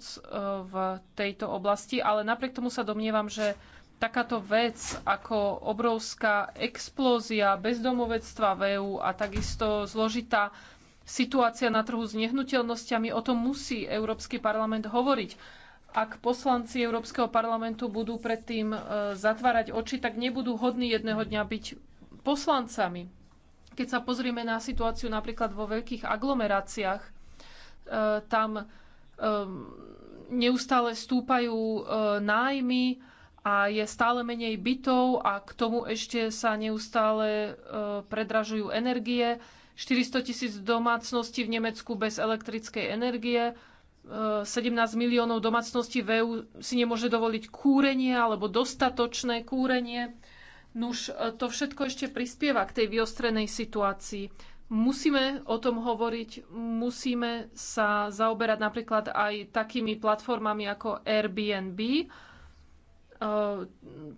v tejto oblasti, ale napriek tomu sa domnievam, že takáto vec ako obrovská explózia bezdomovectva v EÚ a takisto zložitá situácia na trhu s nehnuteľnosťami, o tom musí Európsky parlament hovoriť. Ak poslanci Európskeho parlamentu budú predtým e, zatvárať oči, tak nebudú hodní jedného dňa byť poslancami. Keď sa pozrieme na situáciu napríklad vo veľkých aglomeráciách, e, tam e, neustále stúpajú nájmy, a je stále menej bytov a k tomu ešte sa neustále e, predražujú energie. 400 tisíc domácností v Nemecku bez elektrickej energie, 17 e, miliónov domácností v EU si nemôže dovoliť kúrenie alebo dostatočné kúrenie. Nuž, e, to všetko ešte prispieva k tej vyostrenej situácii. Musíme o tom hovoriť, musíme sa zaoberať napríklad aj takými platformami ako Airbnb, Eh,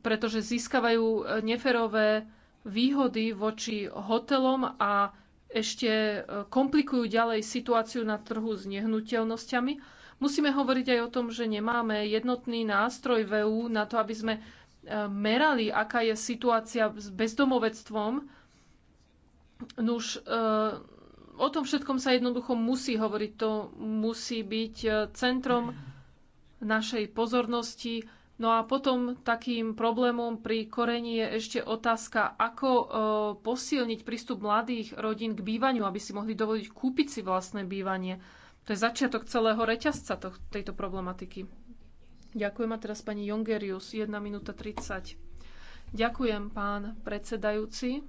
pretože získavajú neferové výhody voči hotelom a ešte eh, komplikujú ďalej situáciu na trhu s nehnuteľnosťami. Musíme hovoriť aj o tom, že nemáme jednotný nástroj VÚ e na to, aby sme eh, merali, aká je situácia s bezdomovectvom. Nuž, o tom všetkom sa jednoducho musí hovoriť. To musí byť centrom našej pozornosti No a potom takým problémom pri korení je ešte otázka, ako e, posilniť prístup mladých rodín k bývaniu, aby si mohli dovoliť kúpiť si vlastné bývanie. To je začiatok celého reťazca to, tejto problematiky. Ďakujem a teraz pani Jongerius, 1 minúta 30. Ďakujem, pán predsedajúci.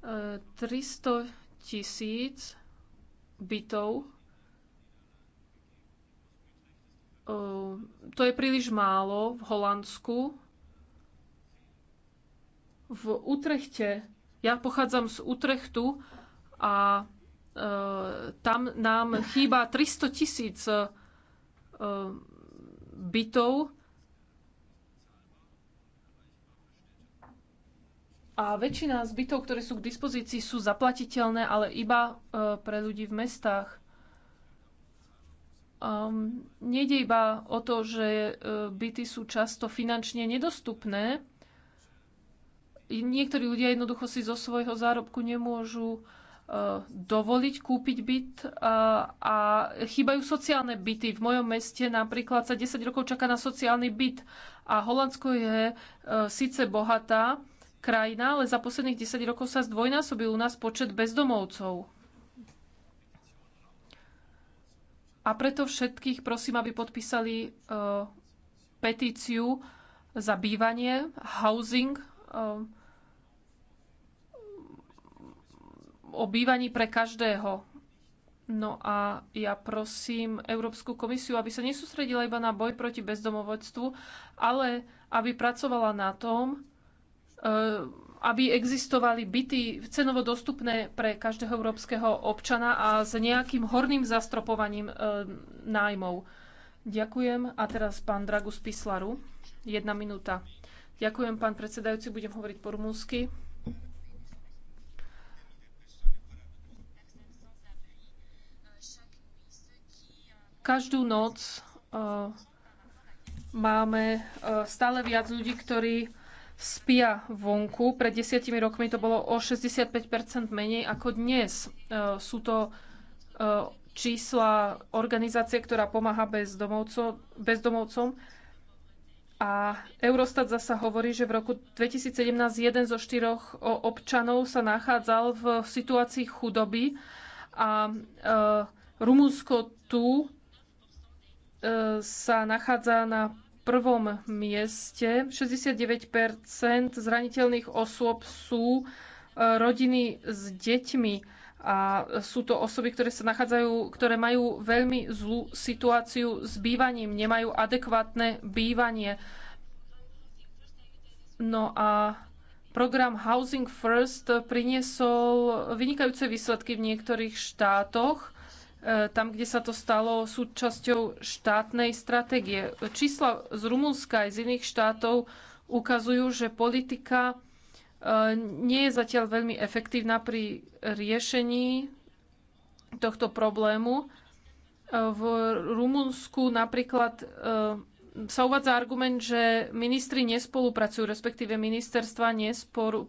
E, 300 tisíc bytov Ehm, to je príliš málo v Holandsku. V Utrechte, ja pochádzam z Utrechtu a e, tam nám chýba 300 tisíc e, bytov. A väčšina z bytov, ktoré sú k dispozícii, sú zaplatiteľné, ale iba e, pre ľudí v mestách. Um, nejde iba o to, že uh, byty sú často finančne nedostupné. Niektorí ľudia jednoducho si zo svojho zárobku nemôžu uh, dovoliť kúpiť byt uh, a chýbajú sociálne byty. V mojom meste napríklad sa 10 rokov čaká na sociálny byt a Holandsko je uh, síce bohatá krajina, ale za posledných 10 rokov sa zdvojnásobil u nás počet bezdomovcov. A preto všetkých prosím, aby podpísali uh, petíciu za bývanie, housing, uh, o bývaní pre každého. No a ja prosím Európsku komisiu, aby sa nesústredila iba na boj proti bezdomovectvu, ale aby pracovala na tom, uh, aby existovali byty cenovo dostupné pre každého európskeho občana a s nejakým horným zastropovaním e, nájmov. Ďakujem. A teraz pán Dragus Pislaru. Jedna minúta. Ďakujem, pán predsedajúci. Budem hovoriť po rumúnsky. Každú noc e, máme e, stále viac ľudí, ktorí spia vonku. Pred desiatimi rokmi to bolo o 65 menej ako dnes. E, sú to e, čísla organizácie, ktorá pomáha bezdomovcom, A Eurostat zasa hovorí, že v roku 2017 jeden zo štyroch e, občanov sa nachádzal v situácii chudoby a Rumunsko tu sa nachádza na prvom mieste. 69 zraniteľných osôb sú e, rodiny s deťmi a sú to osoby, ktoré sa nachádzajú, ktoré majú veľmi zlú situáciu s bývaním, nemajú adekvátne bývanie. No a program Housing First priniesol vynikajúce výsledky v niektorých štátoch E, tam, kde sa to stalo súčasťou štátnej stratégie. Čísla z Rumunska aj z iných štátov ukazujú, že politika e, nie je zatiaľ veľmi efektívna pri riešení tohto problému. E, v Rumunsku napríklad sa uvádza argument, že ministri nespolupracujú, respektíve ministerstva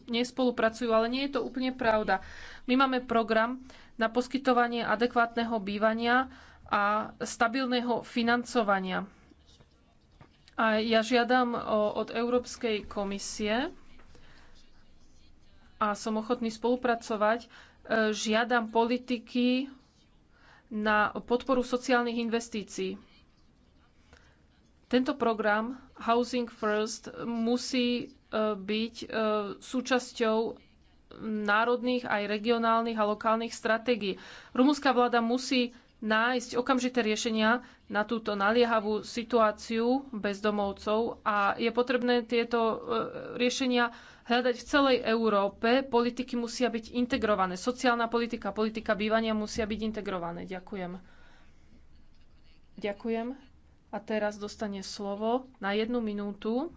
nespolupracujú, ale nie je to úplne pravda. My máme program, na poskytovanie adekvátneho bývania a stabilného financovania. A ja žiadam od Európskej komisie a som ochotný spolupracovať, e, žiadam politiky na podporu sociálnych investícií. Tento program Housing First musí e, byť e, súčasťou národných, aj regionálnych a lokálnych stratégií. Rumúnska vláda musí nájsť okamžité riešenia na túto naliehavú situáciu bezdomovcov a je potrebné tieto e, riešenia hľadať v celej Európe. Politiky musia byť integrované. Sociálna politika, politika bývania musia byť integrované. Ďakujem. Ďakujem. A teraz dostane slovo na jednu minútu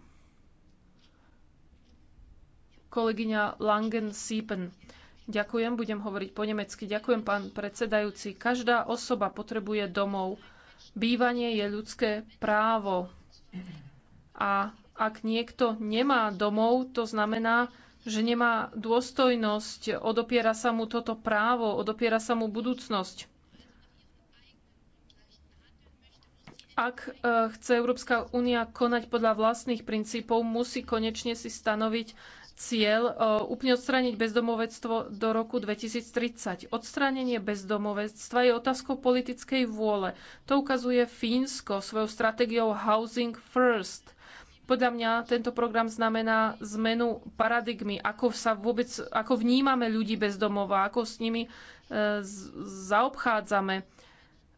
kolegyňa Langen-Siepen. Ďakujem, budem hovoriť po nemecky. Ďakujem, pán predsedajúci. Každá osoba potrebuje domov. Bývanie je ľudské právo. A ak niekto nemá domov, to znamená, že nemá dôstojnosť, odopiera sa mu toto právo, odopiera sa mu budúcnosť. Ak e, chce Európska únia konať podľa vlastných princípov, musí konečne si stanoviť cieľ e, úplne odstrániť bezdomovectvo do roku 2030. Odstránenie bezdomovectva je otázkou politickej vôle. To ukazuje Fínsko svojou stratégiou Housing First. Podľa mňa tento program znamená zmenu paradigmy, ako sa vôbec, ako vnímame ľudí bez domova, ako s nimi e, zaobchádzame.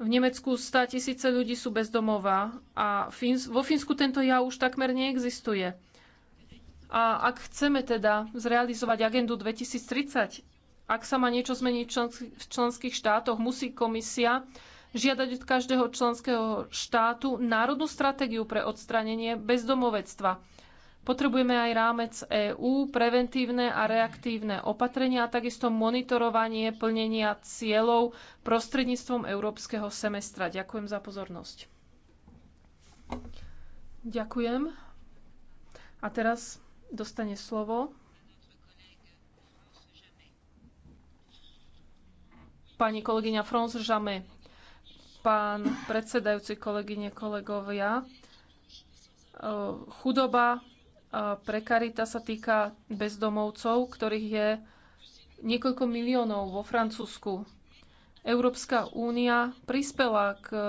V Nemecku 100 tisíce ľudí sú bez domova a Fíns, vo Fínsku tento ja už takmer neexistuje. A ak chceme teda zrealizovať agendu 2030, ak sa má niečo zmeniť v členských štátoch, musí komisia žiadať od každého členského štátu národnú stratégiu pre odstranenie bezdomovectva. Potrebujeme aj rámec EÚ, preventívne a reaktívne opatrenia a takisto monitorovanie plnenia cieľov prostredníctvom európskeho semestra. Ďakujem za pozornosť. Ďakujem. A teraz dostane slovo pani kolegyňa Franz Žame. Pán predsedajúci, kolegyne, kolegovia, e, chudoba, e, prekarita sa týka bezdomovcov, ktorých je niekoľko miliónov vo Francúzsku. Európska únia prispela k e,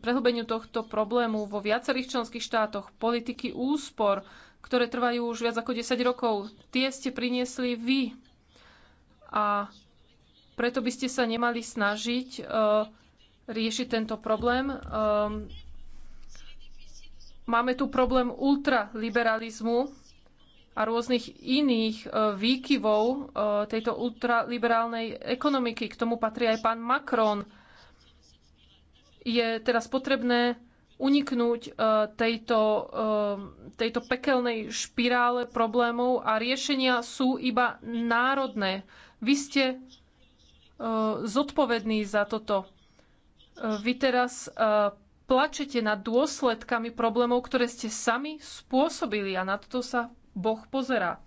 prehlbeniu tohto problému vo viacerých členských štátoch. Politiky úspor, ktoré trvajú už viac ako 10 rokov. Tie ste priniesli vy. A preto by ste sa nemali snažiť uh, riešiť tento problém. Um, máme tu problém ultraliberalizmu a rôznych iných uh, výkyvov uh, tejto ultraliberálnej ekonomiky. K tomu patrí aj pán Macron. Je teraz potrebné uniknúť e, tejto, e, tejto pekelnej špirále problémov a riešenia sú iba národné. Vy ste e, zodpovední za toto. Vy teraz plačete nad dôsledkami problémov, ktoré ste sami spôsobili a na toto sa Boh pozerá.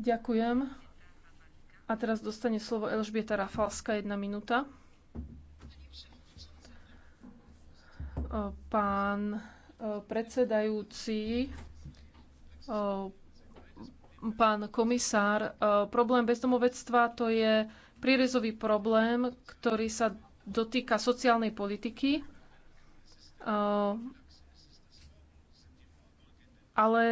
Ďakujem. A teraz dostane slovo Elžbieta Rafalska, jedna minúta. pán e, predsedajúci, e, pán komisár. E, problém bezdomovectva to je prírezový problém, ktorý sa dotýka sociálnej politiky, ale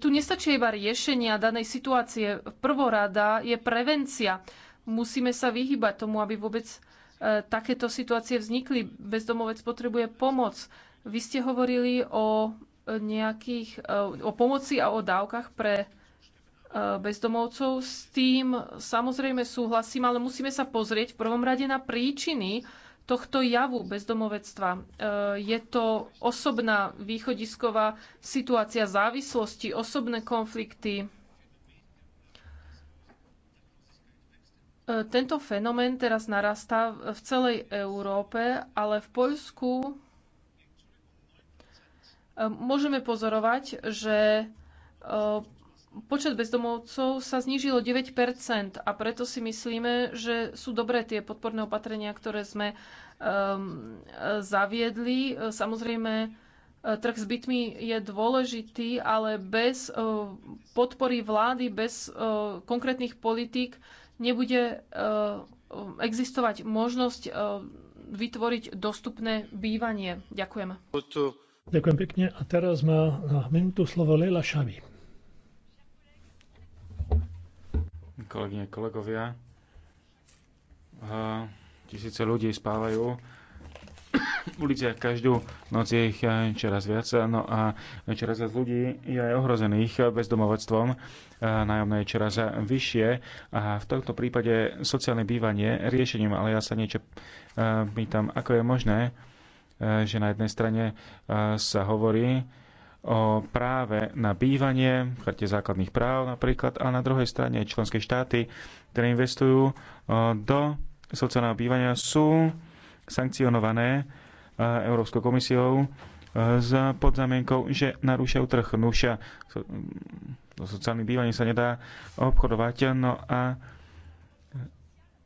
tu nestačí iba riešenia danej situácie. Prvorada je prevencia. Musíme sa vyhybať tomu, aby vôbec E, takéto situácie vznikli. Bezdomovec potrebuje pomoc. Vy ste hovorili o nejakých, e, o pomoci a o dávkach pre e, bezdomovcov. S tým samozrejme súhlasím, ale musíme sa pozrieť v prvom rade na príčiny tohto javu bezdomovectva. Je to osobná východisková situácia závislosti, osobné konflikty, E, tento fenomén teraz narastá v celej Európe, ale v Poľsku e, môžeme pozorovať, že e, počet bezdomovcov sa znížilo 9 a preto si myslíme, že sú dobré tie podporné opatrenia, ktoré sme zaviedli. Samozrejme, trh s bytmi je dôležitý, ale bez podpory vlády, bez konkrétnych politík nebude e, existovať možnosť e, vytvoriť dostupné bývanie. Ďakujem. Ďakujem pekne. A teraz má na minútu slovo Leila Šavi. Kolegyne, kolegovia, e, tisíce ľudí spávajú uliciach každú noc je ich eh, čoraz viac, eh, no a čoraz viac ľudí je aj ohrozených eh, bezdomovectvom. Nájomné je čoraz vyššie a v tomto prípade sociálne bývanie riešením, ale ja sa niečo pýtam, ako je možné, že na jednej strane sa hovorí o práve na bývanie, v charte základných práv napríklad, a na druhej strane členské štáty, ktoré investujú do sociálneho bývania, sú sankcionované Európskou komisiou e, s podzamienkou, že narúšajú trh. Nuša, so sociálnym bývaním sa nedá obchodovať. No a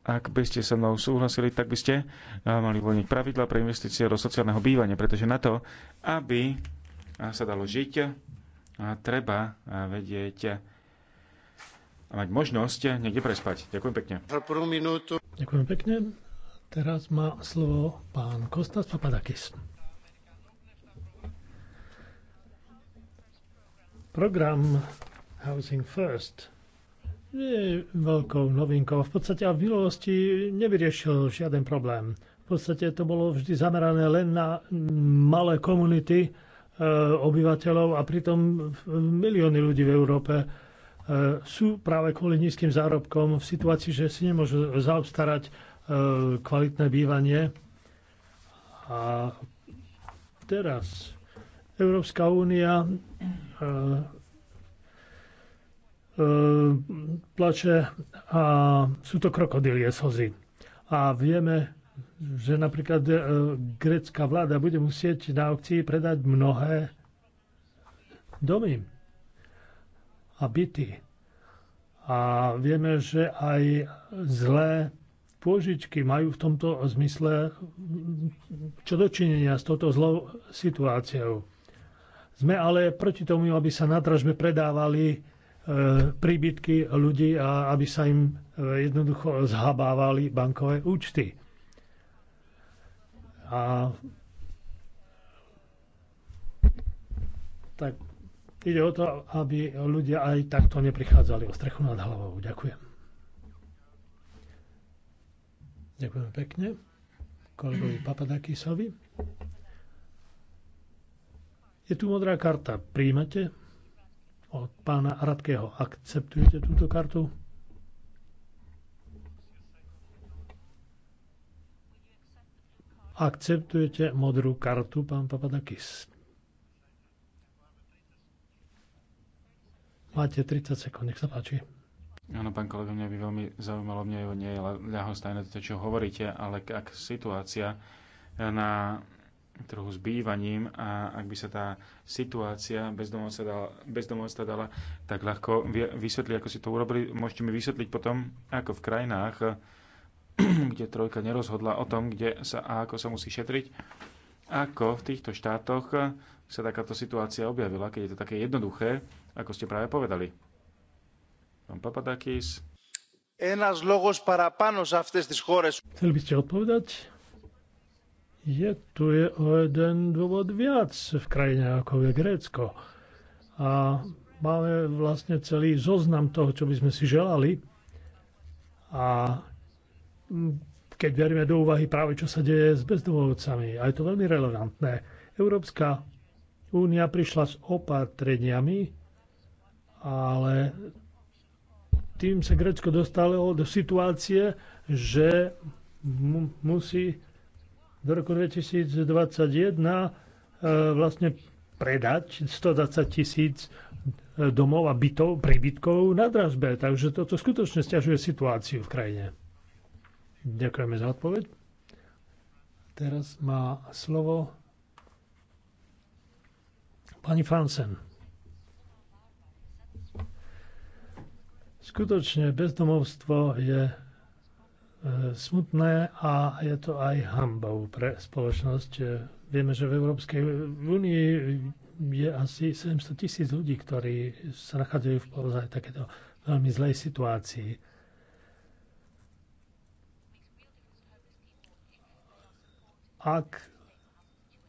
ak by ste so mnou súhlasili, tak by ste e, mali voľniť pravidla pre investície do sociálneho bývania, pretože na to, aby sa dalo žiť, treba e, vedieť a mať možnosť niekde prespať. Ďakujem pekne. Ďakujem pekne. Teraz má slovo pán Kostas Papadakis. Program Housing First je veľkou novinkou. V podstate v minulosti nevyriešil žiaden problém. V podstate to bolo vždy zamerané len na malé komunity e, obyvateľov a pritom milióny ľudí v Európe e, sú práve kvôli nízkym zárobkom v situácii, že si nemôžu zaobstarať E, kvalitné bývanie. A teraz Európska únia e, e, plače a sú to krokodilie slzy. A vieme, že napríklad grecká vláda bude musieť na aukcii predať mnohé domy a byty. A vieme, že aj zlé Pôžičky majú v tomto zmysle čo dočinenia s touto zlou situáciou. Sme ale proti tomu, aby sa na dražbe predávali e, príbytky ľudí a aby sa im e, jednoducho zhabávali bankové účty. A tak ide o to, aby ľudia aj takto neprichádzali o strechu nad hlavou. Ďakujem. Ďakujem pekne kolegovi Papadakisovi. Je tu modrá karta. Príjmate od pána Radkého. Akceptujete túto kartu? Akceptujete modrú kartu, pán Papadakis? Máte 30 sekúnd, nech sa páči. Áno, pán kolega, mňa by veľmi zaujímalo, mne nie je ľahostajné to, čo hovoríte, ale ak situácia eh, na trhu s bývaním a ak by sa tá situácia bezdomovca dala, dala tak ľahko vysvetliť, ako si to urobili. Môžete mi vysvetliť potom, ako v krajinách, eh, kde trojka nerozhodla o tom, kde sa a ako sa musí šetriť, ako v týchto štátoch eh, sa takáto situácia objavila, keď je to také jednoduché, ako ste práve povedali. Pán Ένας λόγος παραπάνω σε αυτές τις χώρες. by ste odpovedať? Je tu je o jeden dôvod viac v krajine ako je Grécko. A máme vlastne celý zoznam toho, čo by sme si želali. A keď veríme do úvahy práve, čo sa deje s bezdomovcami, a je to veľmi relevantné, Európska únia prišla s opatreniami, ale tým sa Grécko dostalo do situácie, že mu, musí do roku 2021 eh, vlastne predať 120 tisíc eh, domov a bytov, príbytkov na dražbe. Takže toto skutočne stiažuje situáciu v krajine. Ďakujeme za odpoveď. Teraz má slovo pani Fansen. Skutočne bezdomovstvo je e, smutné a je to aj hambou pre spoločnosť. E, vieme, že v Európskej únii je asi 700 tisíc ľudí, ktorí sa nachádzajú v pozaj takéto veľmi zlej situácii. Ak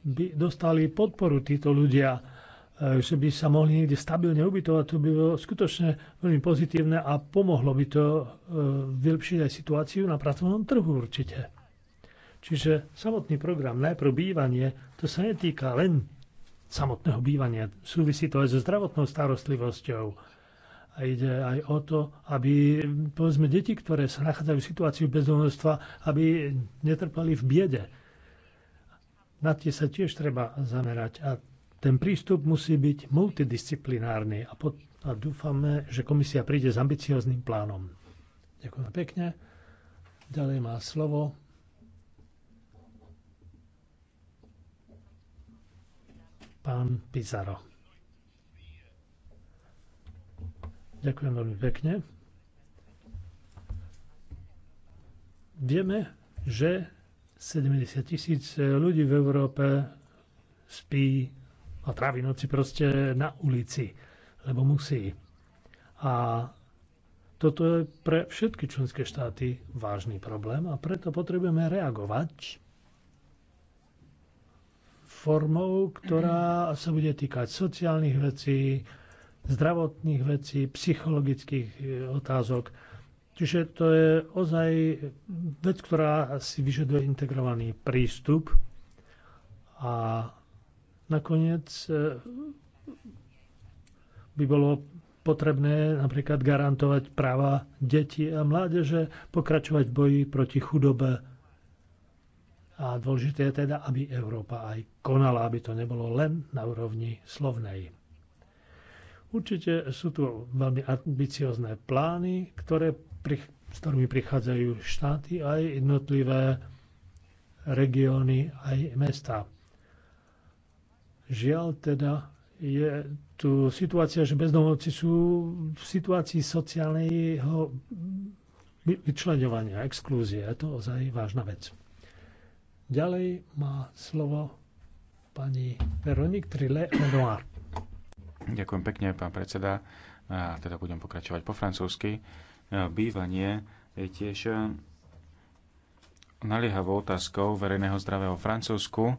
by dostali podporu títo ľudia, E, že by sa mohli niekde stabilne ubytovať, to by bolo skutočne veľmi pozitívne a pomohlo by to e, vylepšiť aj situáciu na pracovnom trhu určite. Čiže samotný program, najprv bývanie, to sa netýka len samotného bývania. Súvisí to aj so zdravotnou starostlivosťou. A ide aj o to, aby povedzme deti, ktoré sa nachádzajú v situácii bezdomovstva, aby netrpali v biede. Na tie sa tiež treba zamerať. A ten prístup musí byť multidisciplinárny a, pod, a dúfame, že komisia príde s ambiciozným plánom. Ďakujem pekne. Ďalej má slovo pán Pizarro. Ďakujem veľmi pekne. Vieme, že 70 tisíc ľudí v Európe spí a trávi noci proste na ulici, lebo musí. A toto je pre všetky členské štáty vážny problém a preto potrebujeme reagovať formou, ktorá sa bude týkať sociálnych vecí, zdravotných vecí, psychologických e, otázok. Čiže to je ozaj vec, ktorá si vyžaduje integrovaný prístup a Nakoniec e, by bolo potrebné napríklad garantovať práva detí a mládeže, pokračovať v boji proti chudobe. A dôležité je teda, aby Európa aj konala, aby to nebolo len na úrovni slovnej. Určite sú tu veľmi ambiciozne plány, ktoré, s ktorými prichádzajú štáty aj jednotlivé regióny, aj mesta. Žiaľ teda je tu situácia, že bezdomovci sú v situácii sociálneho vyčlenovania, exklúzie. Je to ozaj vážna vec. Ďalej má slovo pani Veronik Trille Lenoir. Ďakujem pekne, pán predseda. A teda budem pokračovať po francúzsky. E, bývanie je tiež naliehavou otázkou verejného zdravia vo Francúzsku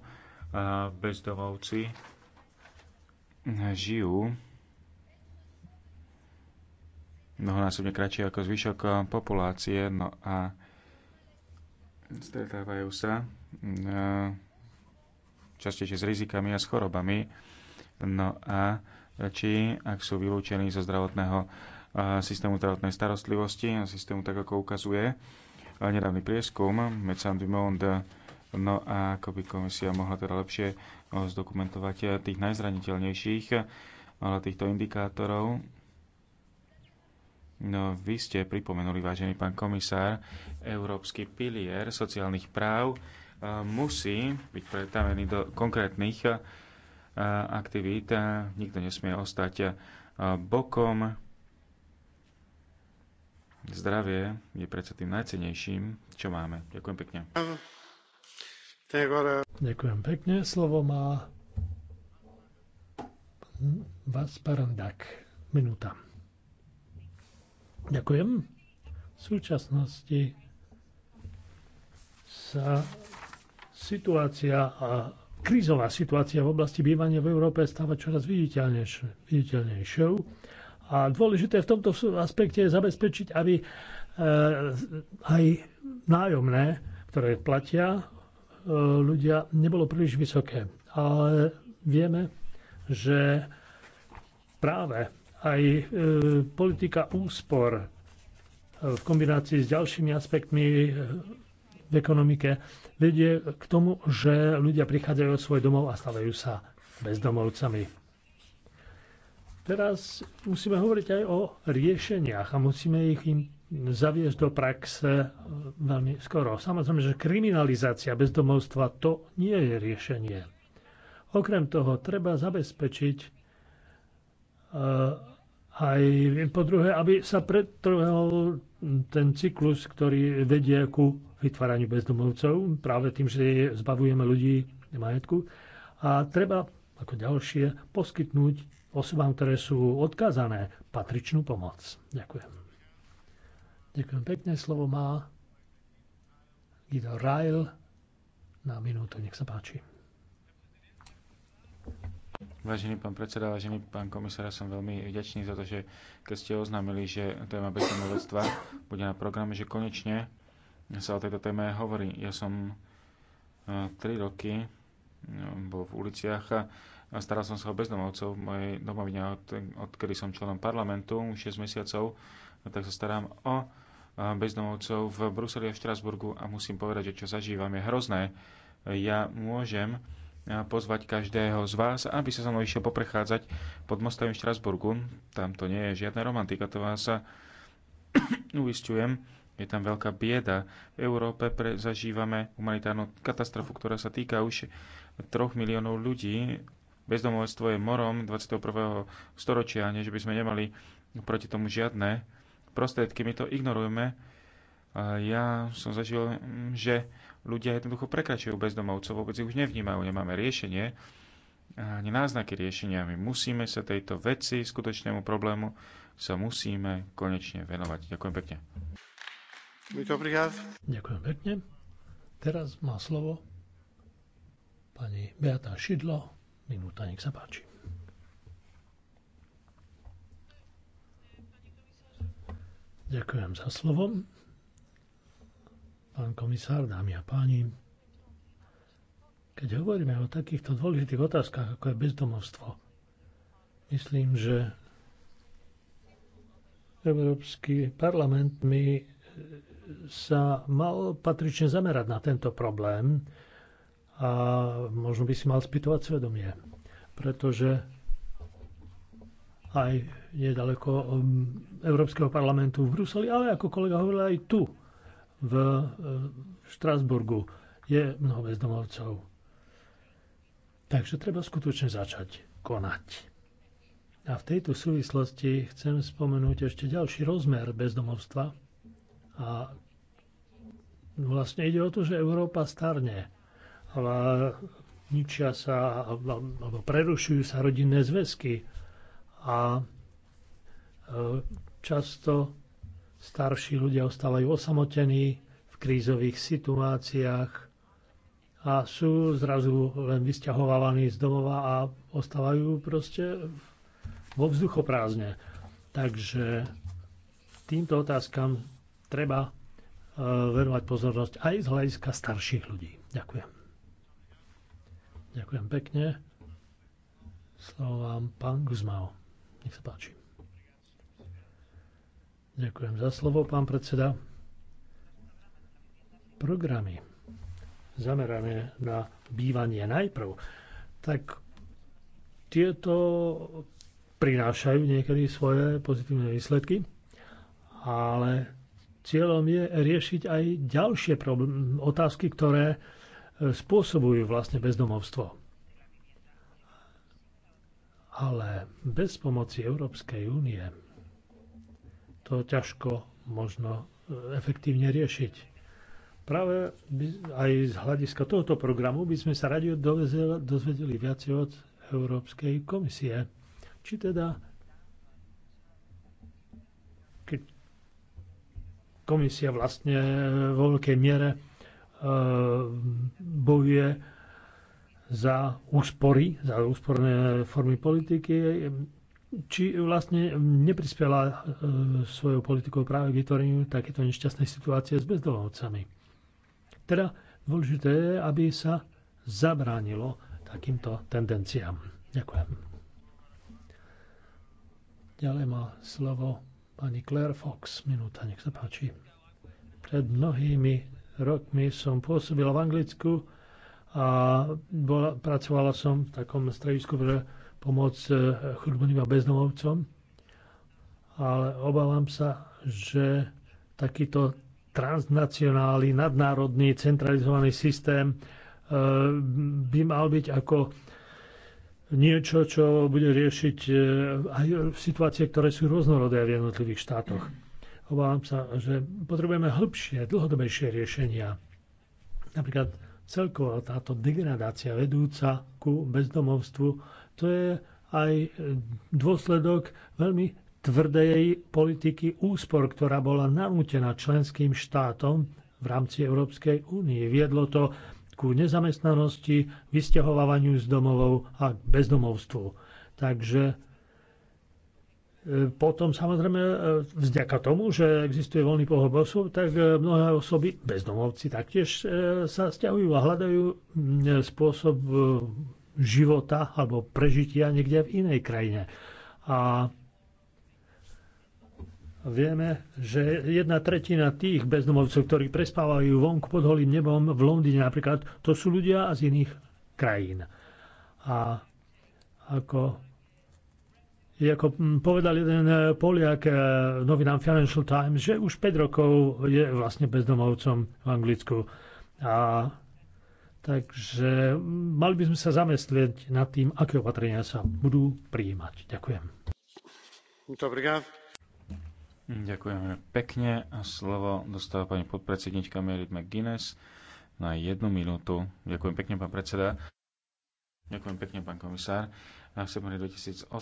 bezdomovci žijú mnohonásobne kratšie ako zvyšok populácie, no a stretávajú sa e, častejšie s rizikami a s chorobami. No a či ak sú vylúčení zo zdravotného e, systému zdravotnej starostlivosti a systému tak, ako ukazuje e, nedávny prieskum Medecins Monde No a ako by komisia mohla teda lepšie eh, zdokumentovať eh, tých najzraniteľnejších, ale týchto indikátorov. No, vy ste pripomenuli, vážený pán komisár, európsky pilier sociálnych práv eh, musí byť pretavený do konkrétnych aktivít. Nikto nesmie ostať bokom. Zdravie je predsa tým najcenejším, čo máme. Ďakujem pekne. Ďakujem pekne. Slovo má Vás Parandak. Minúta. Ďakujem. V súčasnosti sa situácia a krízová situácia v oblasti bývania v Európe stáva čoraz viditeľnejšou. A dôležité v tomto aspekte je zabezpečiť, aby eh, aj nájomné, ktoré platia E, ľudia nebolo príliš vysoké. Ale vieme, že práve aj e, politika úspor e, v kombinácii s ďalšími aspektmi v ekonomike vedie k tomu, že ľudia prichádzajú od svoj domov a stavajú sa bezdomovcami. Teraz musíme hovoriť aj o riešeniach a musíme ich im zaviesť do praxe veľmi skoro. Samozrejme, že kriminalizácia bezdomovstva to nie je riešenie. Okrem toho treba zabezpečiť e, aj po druhé, aby sa pretrhol ten cyklus, ktorý vedie ku vytváraniu bezdomovcov, práve tým, že zbavujeme ľudí majetku. A treba ako ďalšie poskytnúť osobám, ktoré sú odkázané, patričnú pomoc. Ďakujem. Ďakujem pekne. Slovo má Guido Rail na minútu. Nech sa páči. Vážený pán predseda, vážený pán komisár, som veľmi vďačný za to, že keď ste oznámili, že téma bezdomovectva bude na programe, že konečne sa o tejto téme hovorí. Ja som 3 e, roky e, bol v uliciach a staral som sa o bezdomovcov v mojej domovine, od, odkedy som členom parlamentu, 6 mesiacov, tak sa starám o bezdomovcov v Bruseli a v Štrasburgu a musím povedať, že čo zažívam je hrozné. Ja môžem pozvať každého z vás, aby sa so mnou išiel poprechádzať pod mostom v Štrasburgu. Tam to nie je žiadna romantika, to vás sa uistujem. Je tam veľká bieda. V Európe pre, zažívame humanitárnu katastrofu, ktorá sa týka už troch miliónov ľudí. Bezdomovstvo je morom 21. storočia, nie že by sme nemali proti tomu žiadne prostriedky, my to ignorujeme. Ja som zažil, že ľudia jednoducho prekračujú bezdomovcov, vôbec ich už nevnímajú, nemáme riešenie, ani náznaky riešenia. My musíme sa tejto veci, skutočnému problému, sa musíme konečne venovať. Ďakujem pekne. Ďakujem pekne. Teraz má slovo pani Beata Šidlo. Minúta, nech sa páči. Ďakujem za slovo. Pán komisár, dámy a páni, keď hovoríme o takýchto dôležitých otázkach, ako je bezdomovstvo, myslím, že Európsky parlament mi sa mal patrične zamerať na tento problém a možno by si mal spýtovať svedomie, pretože aj nedaleko um, Európskeho parlamentu v Bruseli, ale ako kolega hovoril aj tu, v uh, Štrásburgu, je mnoho bezdomovcov. Takže treba skutočne začať konať. A v tejto súvislosti chcem spomenúť ešte ďalší rozmer bezdomovstva. A vlastne ide o to, že Európa starne, ale ničia sa, alebo prerušujú sa rodinné zväzky. A Často starší ľudia ostávajú osamotení v krízových situáciách a sú zrazu len vysťahovávaní z domova a ostávajú proste vo vzduchoprázdne. Takže týmto otázkam treba e, venovať pozornosť aj z hľadiska starších ľudí. Ďakujem. Ďakujem pekne. Slovo vám pán Guzmao. Nech sa páči. Ďakujem za slovo, pán predseda. Programy zamerané na bývanie najprv, tak tieto prinášajú niekedy svoje pozitívne výsledky, ale cieľom je riešiť aj ďalšie problém, otázky, ktoré e, spôsobujú vlastne bezdomovstvo. Ale bez pomoci Európskej únie to ťažko možno e, efektívne riešiť. Práve aj z hľadiska tohoto programu by sme sa radi dozvedeli viac od Európskej komisie. Či teda keď komisia vlastne e, vo veľkej miere e, bojuje za úspory, za úsporné formy politiky, či vlastne neprispela e, svojou politikou práve k vytvoreniu takéto nešťastnej situácie s bezdomovcami. Teda dôležité je, aby sa zabránilo takýmto tendenciám. Ďakujem. Ďalej má slovo pani Claire Fox. Minúta, nech sa páči. Pred mnohými rokmi som pôsobila v Anglicku a bola, pracovala som v takom stredisku pre pomoc e, chudobným a bezdomovcom, ale obávam sa, že takýto transnacionálny, nadnárodný, centralizovaný systém e, by mal byť ako niečo, čo bude riešiť e, aj situácie, ktoré sú rôznorodé v jednotlivých štátoch. Obávam sa, že potrebujeme hĺbšie, dlhodobejšie riešenia. Napríklad celková táto degradácia vedúca ku bezdomovstvu to je aj dôsledok veľmi tvrdej politiky úspor, ktorá bola nanútená členským štátom v rámci Európskej únie. Viedlo to ku nezamestnanosti, vysťahovávaniu z domovov a k bezdomovstvu. Takže e, potom samozrejme e, vzďaka tomu, že existuje voľný pohľad osôb, tak e, mnohé osoby, bezdomovci taktiež sa stiahujú a hľadajú spôsob života alebo prežitia niekde v inej krajine. A vieme, že jedna tretina tých bezdomovcov, ktorí prespávajú vonku pod holým nebom v Londýne napríklad, to sú ľudia z iných krajín. A ako, ako povedal jeden Poliak novinám Financial Times, že už 5 rokov je vlastne bezdomovcom v Anglicku. A Takže mm, mali by sme sa zamyslieť nad tým, aké opatrenia sa budú prijímať. Ďakujem. Dobrý Ďakujeme pekne. A slovo dostáva pani podpredsednička Merit McGuinness na jednu minútu. Ďakujem pekne, pán predseda. Ďakujem pekne, pán komisár. V septembri 2008 uh,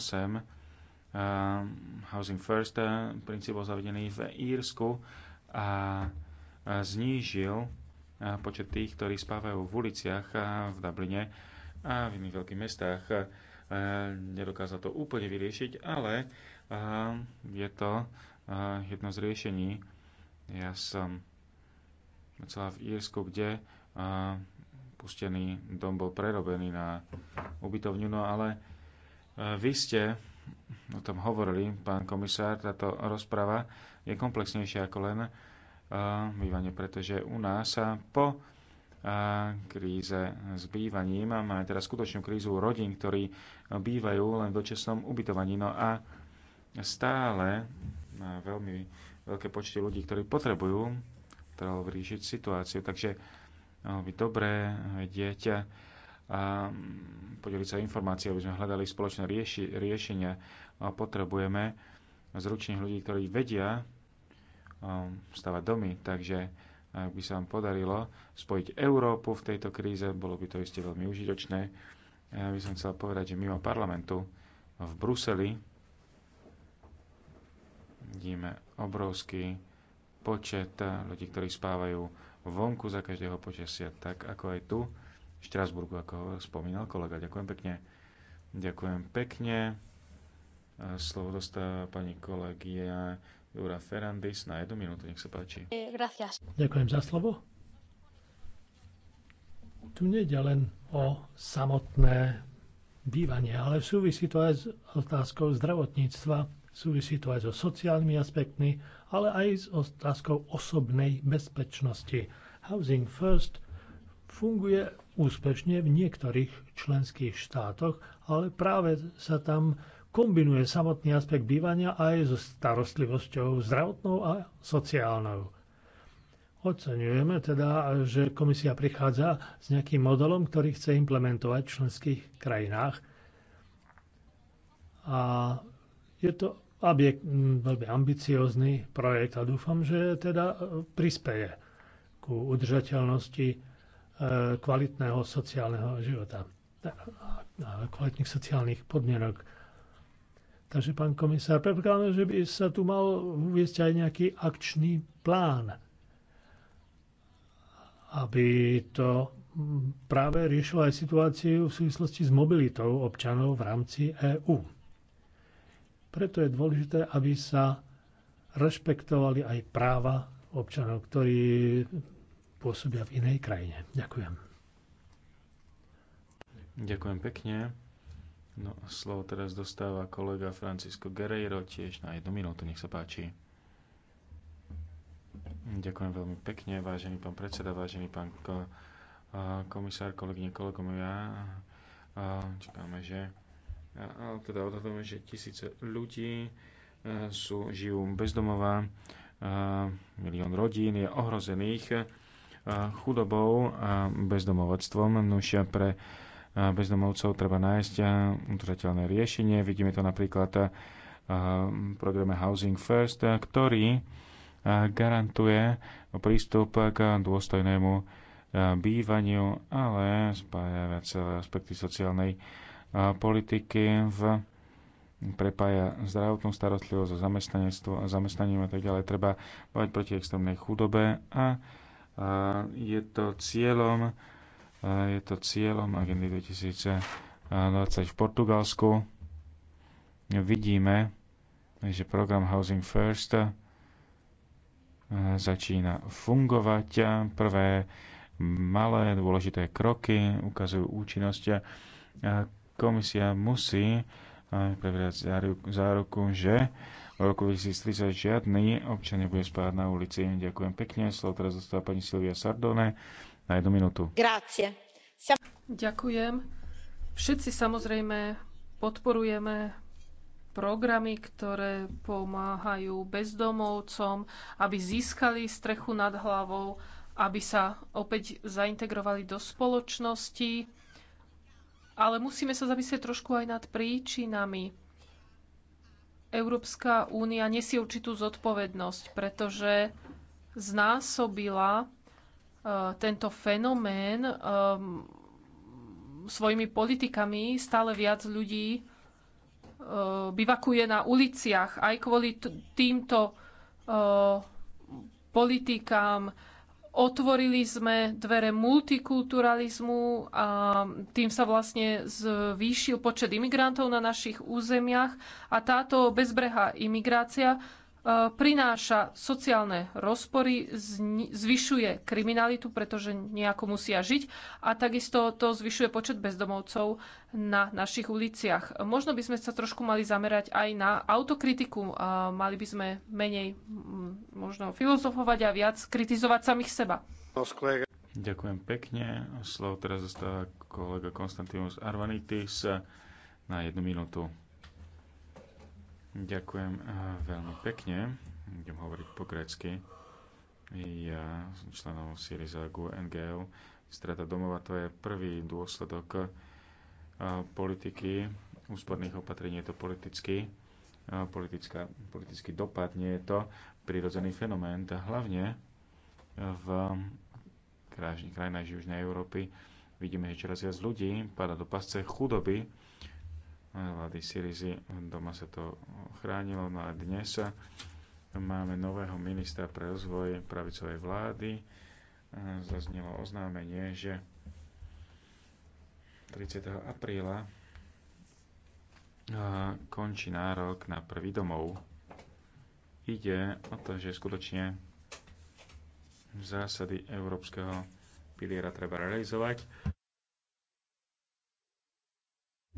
um, Housing First uh, princíp bol zavedený v Írsku a, a eh, znížil počet tých, ktorí spávajú v uliciach v Dubline a v iných veľkých mestách. E, nedokázal to úplne vyriešiť, ale e, je to e, jedno z riešení. Ja som celá v Írsku, kde pustený dom bol prerobený na ubytovňu, no ale vy ste o tom hovorili, pán komisár, táto rozprava je komplexnejšia ako len bývanie, pretože u nás po kríze s bývaním máme teraz skutočnú krízu rodín, ktorí bývajú len v dočasnom ubytovaní. No a stále má veľmi veľké počty ľudí, ktorí potrebujú trvalo vyriešiť situáciu. Takže by dobré dieťa a podeliť sa informácie, aby sme hľadali spoločné rieši, riešenia. A potrebujeme zručných ľudí, ktorí vedia, Um, stavať domy. Takže ak by sa vám podarilo spojiť Európu v tejto kríze, bolo by to iste veľmi užitočné. Ja by som chcel povedať, že mimo parlamentu v Bruseli vidíme obrovský počet ľudí, ktorí spávajú vonku za každého počasia, tak ako aj tu v Štrasburgu, ako spomínal kolega. Ďakujem pekne. Ďakujem pekne. Slovo dostáva pani kolegia Jura Ferrandis na jednu minútu, nech sa páči. E, gracias. Ďakujem za slovo. Tu nejde len o samotné bývanie, ale súvisí to aj s otázkou zdravotníctva, súvisí to aj so sociálnymi aspektmi, ale aj s otázkou osobnej bezpečnosti. Housing First funguje úspešne v niektorých členských štátoch, ale práve sa tam kombinuje samotný aspekt bývania aj so starostlivosťou zdravotnou a sociálnou. Oceňujeme teda, že komisia prichádza s nejakým modelom, ktorý chce implementovať v členských krajinách. A je to objekt, veľmi ambiciózny projekt a dúfam, že teda prispeje ku udržateľnosti e, kvalitného sociálneho života a kvalitných sociálnych podmienok Takže, pán komisár, predpokladám, že by sa tu mal uviezť aj nejaký akčný plán, aby to práve riešilo aj situáciu v súvislosti s mobilitou občanov v rámci EÚ. Preto je dôležité, aby sa rešpektovali aj práva občanov, ktorí pôsobia v inej krajine. Ďakujem. Ďakujem pekne. No a slovo teraz dostáva kolega Francisco Guerreiro tiež na jednu minútu, nech sa páči. Ďakujem veľmi pekne, vážený pán predseda, vážený pán ko- komisár, kolegyne, kolegovia. Ja, čakáme, že teda odhadujeme, že tisíce ľudí e, sú, žijú bezdomová, milión rodín je ohrozených e, chudobou a bezdomovectvom. Nušia pre bezdomovcov treba nájsť udržateľné riešenie. Vidíme to napríklad v programe Housing First, ktorý garantuje prístup k dôstojnému bývaniu, ale spája viaceré aspekty sociálnej politiky v prepája zdravotnú starostlivosť a zamestnanectvo a zamestnaním a tak ďalej. Treba bojať proti extrémnej chudobe a, a je to cieľom je to cieľom agendy 2020 v Portugalsku. Vidíme, že program Housing First eh, začína fungovať. Prvé malé dôležité kroky ukazujú účinnosť. Komisia musí eh, prevedať záruku, že v roku 2030 žiadny občan nebude spáť na ulici. Ďakujem pekne. Slovo teraz dostáva pani Silvia Sardone na jednu minútu. Ďakujem. Všetci samozrejme podporujeme programy, ktoré pomáhajú bezdomovcom, aby získali strechu nad hlavou, aby sa opäť zaintegrovali do spoločnosti. Ale musíme sa zamyslieť trošku aj nad príčinami. Európska únia nesie určitú zodpovednosť, pretože znásobila Eh, tento fenomén ehm, svojimi politikami stále viac ľudí eh, bivakuje na uliciach aj kvôli týmto eh, politikám. Otvorili sme dvere multikulturalizmu a tým sa vlastne zvýšil počet imigrantov na našich územiach a táto bezbrehá imigrácia E, prináša sociálne rozpory, zvyšuje kriminalitu, pretože nejako musia žiť a takisto to zvyšuje počet bezdomovcov na našich uliciach. Možno by sme sa trošku mali zamerať aj na autokritiku. E, mali by sme menej možno filozofovať a viac kritizovať samých seba. Ďakujem pekne. Slovo teraz zostáva kolega Konstantinus Arvanitis na jednu minútu. Ďakujem eh, veľmi pekne. idem hovoriť po grécky. Ja som členom Syriza NGL. Strata domova to je prvý dôsledok eh, politiky úsporných opatrení. Je to politický, eh, politická, politický dopad, nie je to prirodzený fenomén. Hlavne v krajinách Južnej Európy vidíme, že čoraz viac ľudí pada do pasce chudoby, vlády Syrizy. Doma sa to chránilo, no a dnes máme nového ministra pre rozvoj pravicovej vlády. Zaznelo oznámenie, že 30. apríla končí nárok na prvý domov. Ide o to, že skutočne zásady európskeho piliera treba realizovať.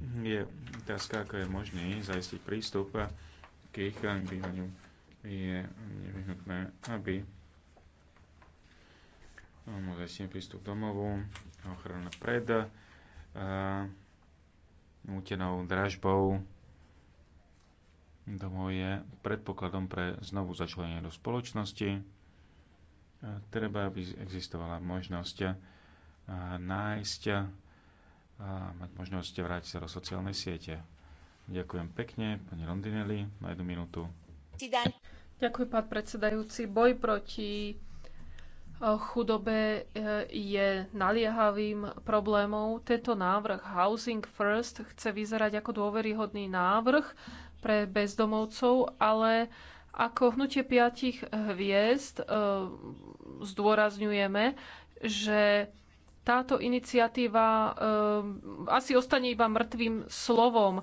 Je otázka, ako je možný zaistiť prístup k ich bývaniu. Je nevyhnutné, aby mu zaistiť prístup domovu, ochrana pred a, nútenou dražbou. Domov je predpokladom pre znovu začlenie do spoločnosti. Treba, aby existovala možnosť nájsť a mať možnosť vrátiť sa do sociálnej siete. Ďakujem pekne, pani Rondinelli, na jednu minútu. Ďakujem, pán predsedajúci. Boj proti eh, chudobe eh, je naliehavým problémom. Tento návrh Housing First chce vyzerať ako dôveryhodný návrh pre bezdomovcov, ale ako hnutie piatich hviezd eh, zdôrazňujeme, že táto iniciatíva ehm, asi ostane iba mŕtvým slovom,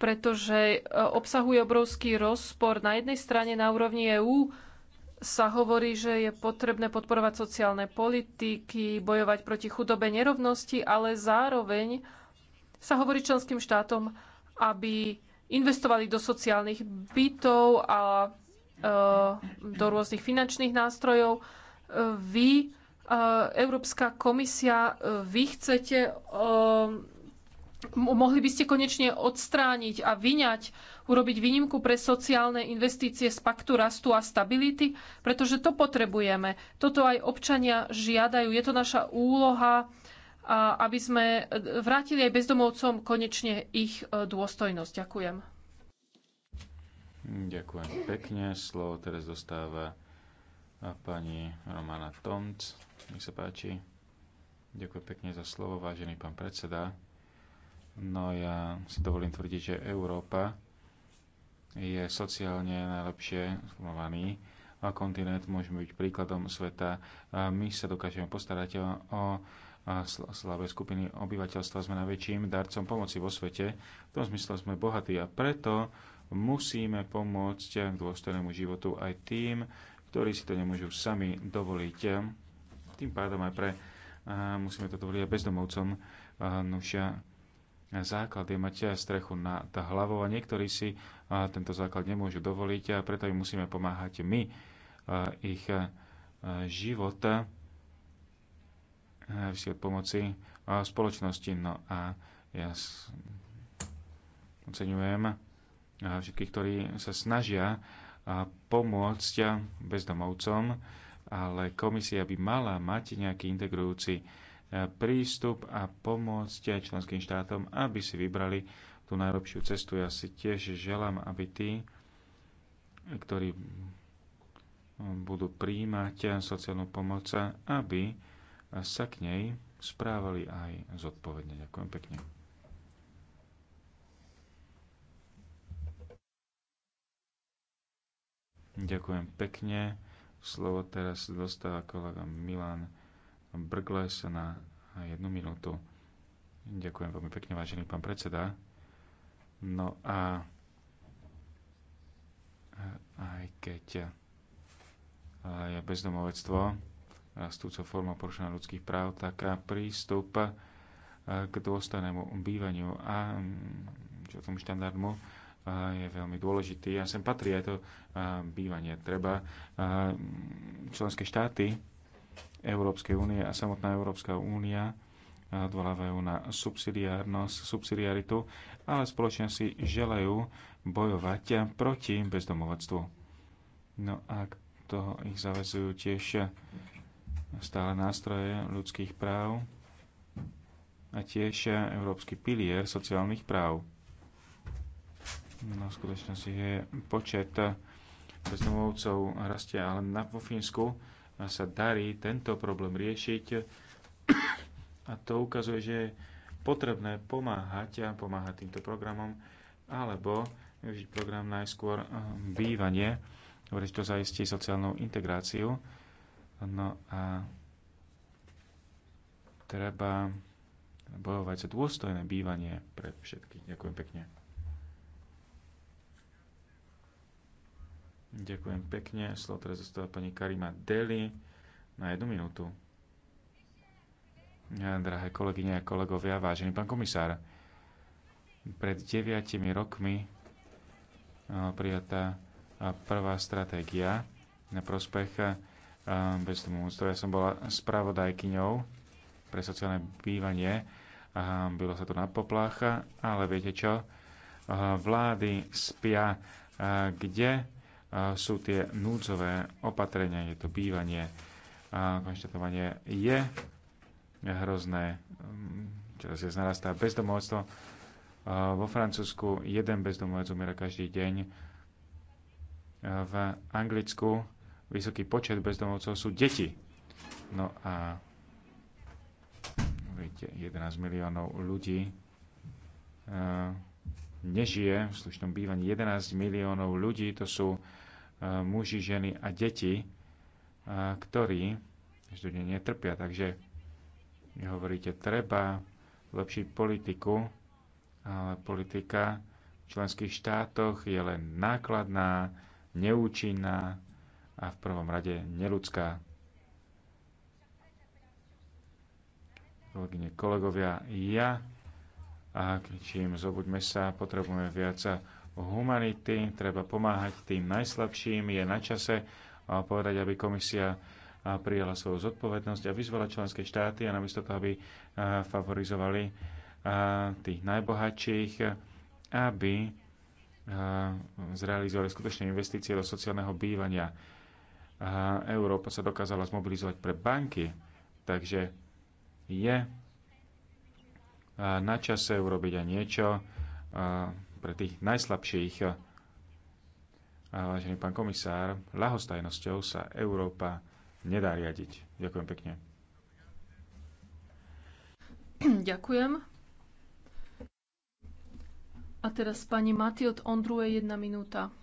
pretože e, obsahuje obrovský rozpor. Na jednej strane na úrovni EÚ sa hovorí, že je potrebné podporovať sociálne politiky, bojovať proti chudobe, nerovnosti, ale zároveň sa hovorí členským štátom, aby investovali do sociálnych bytov a e, do rôznych finančných nástrojov. E, vy Eh, Európska komisia, eh, vy chcete, eh, mohli by ste konečne odstrániť a vyňať, urobiť výnimku pre sociálne investície z paktu rastu a stability, pretože to potrebujeme. Toto aj občania žiadajú. Je to naša úloha, aby sme vrátili aj bezdomovcom konečne ich dôstojnosť. Ďakujem. Ďakujem pekne. Slovo teraz dostáva pani Romana Tomc. Nech sa páči. Ďakujem pekne za slovo, vážený pán predseda. No ja si dovolím tvrdiť, že Európa je sociálne najlepšie formovaný a kontinent môže byť príkladom sveta. A my sa dokážeme postarať o, o slabé skupiny obyvateľstva. Sme najväčším darcom pomoci vo svete. V tom zmysle sme bohatí a preto musíme pomôcť dôstojnému životu aj tým, ktorí si to nemôžu sami dovoliť tým pádom aj pre, musíme to dovoliť aj bezdomovcom, nušia základ je mať strechu nad hlavou a niektorí si tento základ nemôžu dovoliť a preto im musíme pomáhať my. Ich život si od pomoci spoločnosti. No a ja oceňujem všetkých, ktorí sa snažia pomôcť bezdomovcom ale komisia by mala mať nejaký integrujúci e, prístup a pomôcť členským štátom, aby si vybrali tú najlepšiu cestu. Ja si tiež želám, aby tí, ktorí budú príjmať sociálnu pomoc, aby sa k nej správali aj zodpovedne. Ďakujem pekne. Ďakujem pekne. Slovo teraz dostáva kolega Milan Brgles na jednu minútu. Ďakujem veľmi pekne, vážený pán predseda. No a aj keď je bezdomovectvo rastúco formou porušenia ľudských práv, tak prístup k dôstojnému bývaniu a čo tomu štandardmu je veľmi dôležitý a sem patrí aj to bývanie. Treba členské štáty Európskej únie a samotná Európska únia odvolávajú na subsidiárnosť, subsidiaritu, ale spoločne si želajú bojovať proti bezdomovectvu. No a k toho ich zavezujú tiež stále nástroje ľudských práv a tiež Európsky pilier sociálnych práv. No v skutočnosti je počet bezdomovcov rastie, ale na, vo Fínsku sa darí tento problém riešiť a to ukazuje, že je potrebné pomáhať a pomáhať týmto programom alebo využiť program najskôr eh, bývanie, ktoré to zaistí sociálnu integráciu. No a treba bojovať za dôstojné bývanie pre všetkých. Ďakujem pekne. Ďakujem pekne. Slovo teraz zostáva pani Karima Deli na jednu minútu. Ja, drahé kolegyne a kolegovia, vážený pán komisár, pred deviatimi rokmi prijatá prvá stratégia na prospech bezdomovstva. Ja som bola spravodajkyňou pre sociálne bývanie. Bylo sa to na poplácha, ale viete čo? Vlády spia, kde sú tie núdzové opatrenia, je to bývanie a konštatovanie je hrozné. Čoraz mm, je narastá bezdomovstvo. Vo Francúzsku jeden bezdomovec umiera každý deň. V Anglicku vysoký počet bezdomovcov sú deti. No a vidíte, 11 miliónov ľudí nežije v slušnom bývaní 11 miliónov ľudí, to sú e, muži, ženy a deti, e, ktorí každodenne netrpia. Takže hovoríte, treba lepšiť politiku, ale politika v členských štátoch je len nákladná, neúčinná a v prvom rade neludská. Kolegyne, kolegovia, ja a kričím, zobuďme sa, potrebujeme viac humanity, treba pomáhať tým najslabším, je na čase povedať, aby komisia prijala svoju zodpovednosť a vyzvala členské štáty a namiesto toho, aby favorizovali tých najbohatších, aby zrealizovali skutočné investície do sociálneho bývania. Európa sa dokázala zmobilizovať pre banky, takže je na čase urobiť aj niečo pre tých najslabších. Vážený pán komisár, ľahostajnosťou sa Európa nedá riadiť. Ďakujem pekne. Ďakujem. A teraz pani Matiot Ondruje, jedna minúta.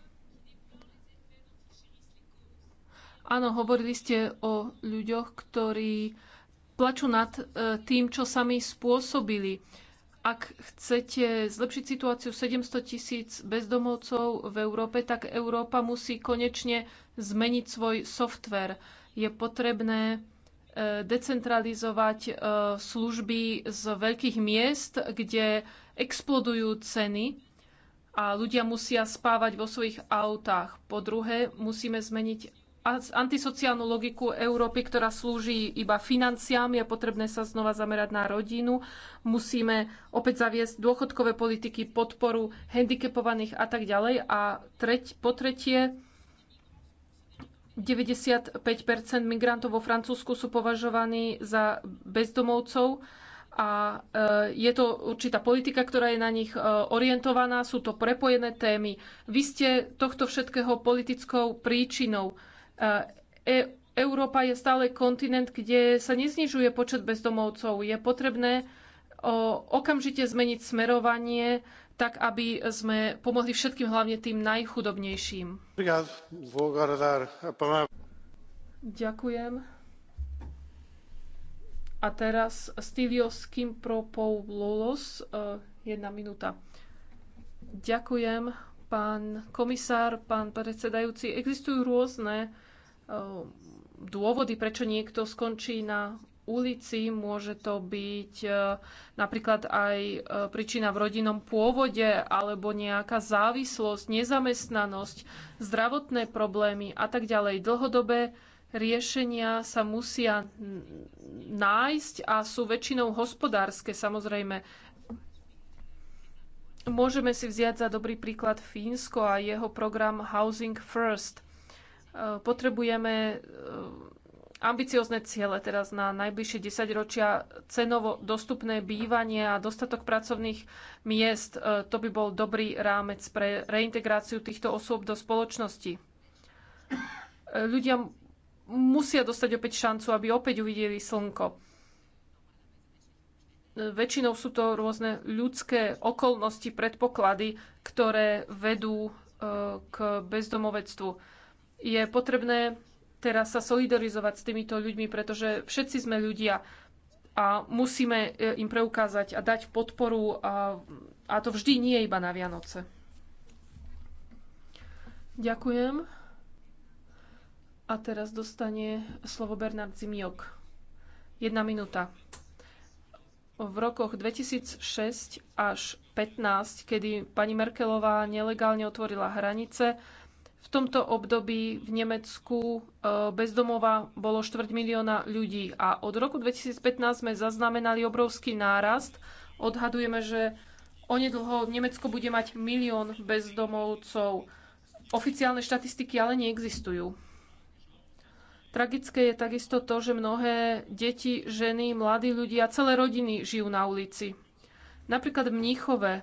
Áno, hovorili ste o ľuďoch, ktorí plaču nad e, tým, čo sami spôsobili. Ak chcete zlepšiť situáciu 700 tisíc bezdomovcov v Európe, tak Európa musí konečne zmeniť svoj software. Je potrebné e, decentralizovať e, služby z veľkých miest, kde explodujú ceny a ľudia musia spávať vo svojich autách. Po druhé, musíme zmeniť antisociálnu logiku Európy, ktorá slúži iba financiám, je potrebné sa znova zamerať na rodinu. Musíme opäť zaviesť dôchodkové politiky, podporu handicapovaných a tak ďalej. A treť, po tretie, 95 migrantov vo Francúzsku sú považovaní za bezdomovcov a e, je to určitá politika, ktorá je na nich e, orientovaná, sú to prepojené témy. Vy ste tohto všetkého politickou príčinou. E, Európa je stále kontinent, kde sa neznižuje počet bezdomovcov. Je potrebné okamžite zmeniť smerovanie tak, aby sme pomohli všetkým, hlavne tým najchudobnejším. Ďakujem. A teraz Stylios Kimpropoulos, e, jedna minúta. Ďakujem, pán komisár, pán predsedajúci. Existujú rôzne Ehm, dôvody, prečo niekto skončí na ulici, môže to byť e, napríklad aj e, príčina v rodinnom pôvode alebo nejaká závislosť, nezamestnanosť, zdravotné problémy a tak ďalej. Dlhodobé riešenia sa musia nájsť a sú väčšinou hospodárske samozrejme. Môžeme si vziať za dobrý príklad Fínsko a jeho program Housing First. Potrebujeme eh, ambiciozne ciele teraz na najbližšie 10 ročia, cenovo dostupné bývanie a dostatok pracovných miest. Eh, to by bol dobrý rámec pre reintegráciu týchto osôb do spoločnosti. Eh, ľudia musia dostať opäť šancu, aby opäť uvideli slnko. Väčšinou sú to rôzne ľudské okolnosti, predpoklady, ktoré vedú k bezdomovectvu je potrebné teraz sa solidarizovať s týmito ľuďmi, pretože všetci sme ľudia a musíme e, im preukázať a dať podporu a, a to vždy nie iba na Vianoce. Ďakujem. A teraz dostane slovo Bernard Zimiok. Jedna minúta. V rokoch 2006 až 2015, kedy pani Merkelová nelegálne otvorila hranice, v tomto období v Nemecku e, bezdomova bolo štvrť milióna ľudí a od roku 2015 sme zaznamenali obrovský nárast. Odhadujeme, že onedlho Nemecko bude mať milión bezdomovcov. Oficiálne štatistiky ale neexistujú. Tragické je takisto to, že mnohé deti, ženy, mladí ľudia, celé rodiny žijú na ulici. Napríklad v Mníchove, e,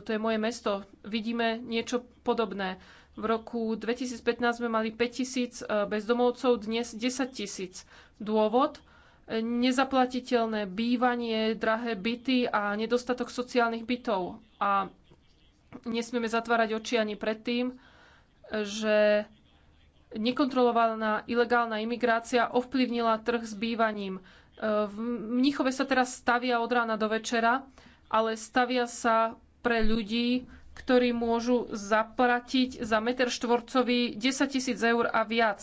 to je moje mesto, vidíme niečo podobné v roku 2015 sme mali 5000 e, bezdomovcov, dnes 10 tisíc. Dôvod? E, Nezaplatiteľné bývanie, drahé byty a nedostatok sociálnych bytov. A nesmieme zatvárať oči ani pred tým, že nekontrolovaná ilegálna imigrácia ovplyvnila trh s bývaním. E, v Mnichove sa teraz stavia od rána do večera, ale stavia sa pre ľudí, ktorí môžu zaplatiť za meter štvorcový 10 tisíc eur a viac.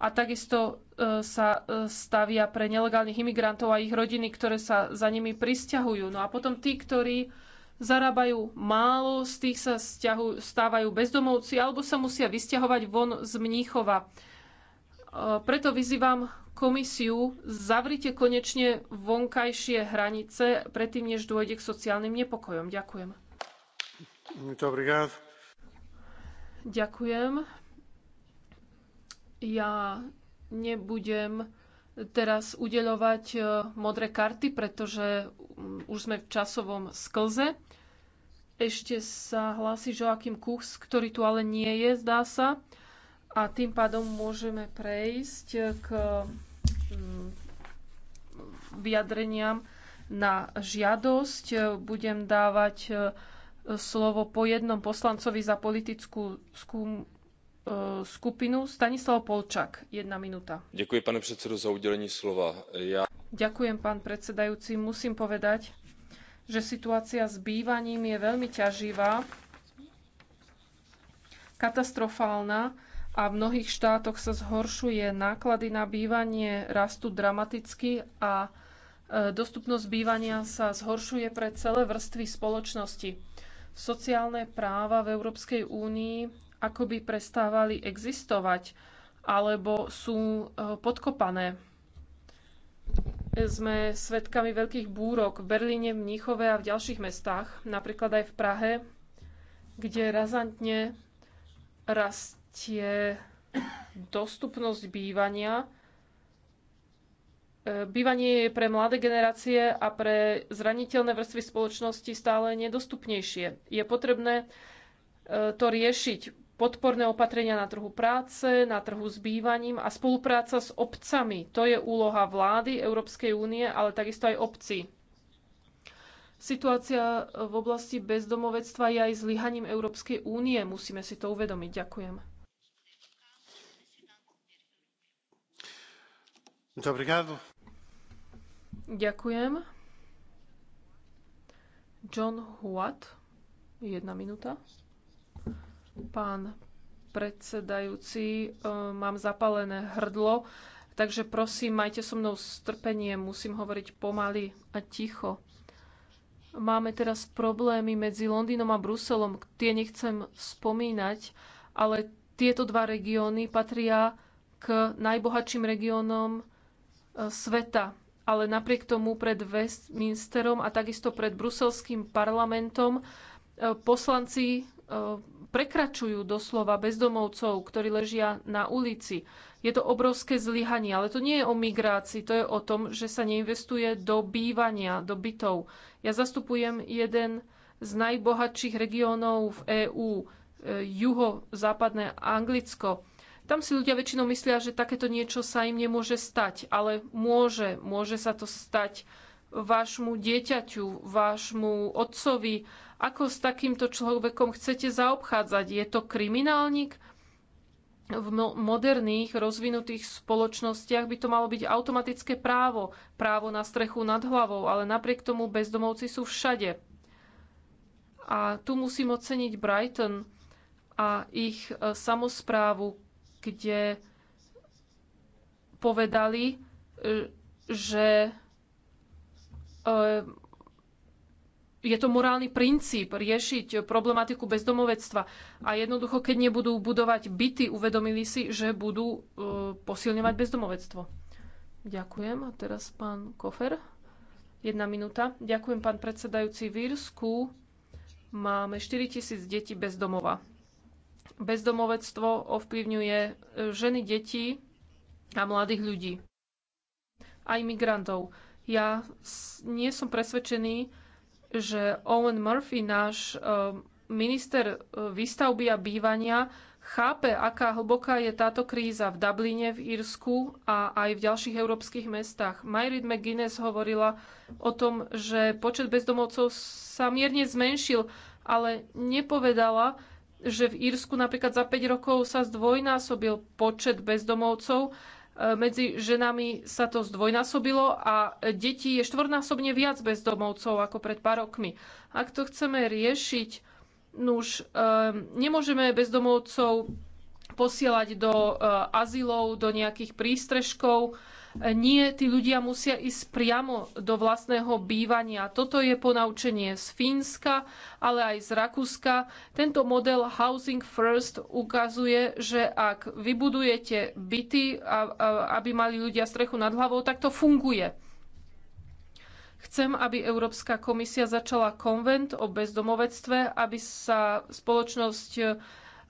A takisto e, sa e, stavia pre nelegálnych imigrantov a ich rodiny, ktoré sa za nimi pristahujú. No a potom tí, ktorí zarábajú málo, z tých sa stiahujú, stávajú bezdomovci alebo sa musia vysťahovať von z Mníchova. E, preto vyzývam komisiu, zavrite konečne vonkajšie hranice predtým, než dôjde k sociálnym nepokojom. Ďakujem. Ďakujem. Ja nebudem teraz udeľovať e, modré karty, pretože mm, už sme v časovom sklze. Ešte sa hlási Joachim Kuchs, ktorý tu ale nie je, zdá sa. A tým pádom môžeme prejsť k mm, vyjadreniam na žiadosť. Budem dávať e, slovo po jednom poslancovi za politickú skúm e, skupinu. Stanislav Polčak, jedna minúta. Ďakujem, pane predsedu, za udelenie slova. Ja... Ďakujem, pán predsedajúci. Musím povedať, že situácia s bývaním je veľmi ťaživá, katastrofálna a v mnohých štátoch sa zhoršuje. Náklady na bývanie rastú dramaticky a e, dostupnosť bývania sa zhoršuje pre celé vrstvy spoločnosti. Sociálne práva v Európskej únii akoby prestávali existovať alebo sú e, podkopané. Sme svedkami veľkých búrok v Berlíne, v Mníchove a v ďalších mestách, napríklad aj v Prahe, kde razantne rastie dostupnosť bývania E, bývanie je pre mladé generácie a pre zraniteľné vrstvy spoločnosti stále nedostupnejšie. Je potrebné e, to riešiť. Podporné opatrenia na trhu práce, na trhu s bývaním a spolupráca s obcami. To je úloha vlády Európskej únie, ale takisto aj obcí. Situácia v oblasti bezdomovectva je aj zlyhaním Európskej únie. Musíme si to uvedomiť. Ďakujem. Ďakujem. John Huat, jedna minúta. Pán predsedajúci, e, mám zapálené hrdlo, takže prosím, majte so mnou strpenie, musím hovoriť pomaly a ticho. Máme teraz problémy medzi Londýnom a Bruselom, tie nechcem spomínať, ale tieto dva regióny patria k najbohatším regiónom E, sveta. Ale napriek tomu pred Westminsterom a takisto pred bruselským parlamentom e, poslanci e, prekračujú doslova bezdomovcov, ktorí ležia na ulici. Je to obrovské zlyhanie, ale to nie je o migrácii, to je o tom, že sa neinvestuje do bývania, do bytov. Ja zastupujem jeden z najbohatších regiónov v EÚ, juho-západné Anglicko. Tam si ľudia väčšinou myslia, že takéto niečo sa im nemôže stať, ale môže. Môže sa to stať vášmu dieťaťu, vášmu otcovi. Ako s takýmto človekom chcete zaobchádzať? Je to kriminálnik? v moderných, rozvinutých spoločnostiach by to malo byť automatické právo. Právo na strechu nad hlavou, ale napriek tomu bezdomovci sú všade. A tu musím oceniť Brighton a ich e, samozprávu, kde povedali, e, že e, je to morálny princíp riešiť problematiku bezdomovectva. A jednoducho, keď nebudú budovať byty, uvedomili si, že budú e, posilňovať bezdomovectvo. Ďakujem. A teraz pán Kofer. Jedna minúta. Ďakujem, pán predsedajúci. V Írsku máme 4000 detí bez domova bezdomovectvo ovplyvňuje e, ženy, deti a mladých ľudí. Aj migrantov. Ja nie som presvedčený, že Owen Murphy, náš e, minister e, výstavby a bývania, chápe, aká hlboká je táto kríza v Dubline, v Írsku a aj v ďalších európskych mestách. Myrid McGuinness hovorila o tom, že počet bezdomovcov sa mierne zmenšil, ale nepovedala, že v Írsku napríklad za 5 rokov sa zdvojnásobil počet bezdomovcov. E, medzi ženami sa to zdvojnásobilo a deti je štvornásobne viac bezdomovcov ako pred pár rokmi. Ak to chceme riešiť, nuž, e, nemôžeme bezdomovcov posielať do e, azylov, do nejakých prístrežkov, nie, tí ľudia musia ísť priamo do vlastného bývania. Toto je ponaučenie z Fínska, ale aj z Rakúska. Tento model Housing First ukazuje, že ak vybudujete byty, aby mali ľudia strechu nad hlavou, tak to funguje. Chcem, aby Európska komisia začala konvent o bezdomovectve, aby sa spoločnosť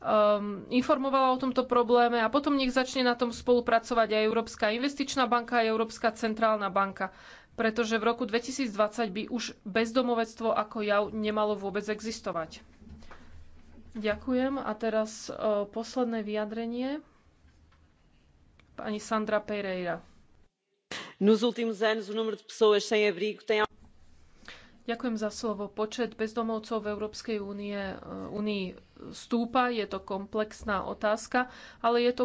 um, informovala o tomto probléme a potom nech začne na tom spolupracovať aj Európska investičná banka a Európska centrálna banka. Pretože v roku 2020 by už bezdomovectvo ako jav nemalo vôbec existovať. Ďakujem. A teraz o, uh, posledné vyjadrenie. Pani Sandra Pereira. Ďakujem za slovo. Počet bezdomovcov v Európskej únie, uh, únii stúpa, je to komplexná otázka, ale je to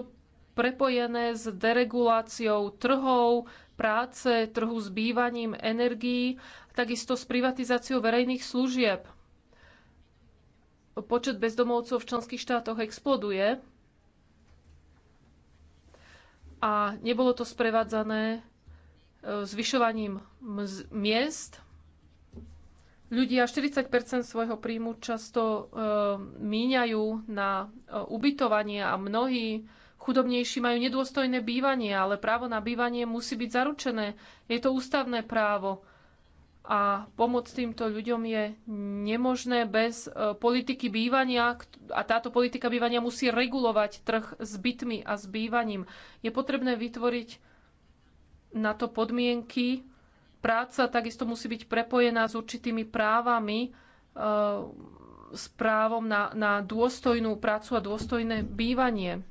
prepojené s dereguláciou trhov, práce, trhu s bývaním, energií, takisto s privatizáciou verejných služieb. Počet bezdomovcov v členských štátoch exploduje a nebolo to sprevádzané eh, zvyšovaním miest Ľudia 40 svojho príjmu často e, míňajú na e, ubytovanie a mnohí chudobnejší majú nedôstojné bývanie, ale právo na bývanie musí byť zaručené. Je to ústavné právo a pomoc týmto ľuďom je nemožné bez e, politiky bývania a táto politika bývania musí regulovať trh s bytmi a s bývaním. Je potrebné vytvoriť na to podmienky, práca takisto musí byť prepojená s určitými právami, e, s právom na, na dôstojnú prácu a dôstojné bývanie.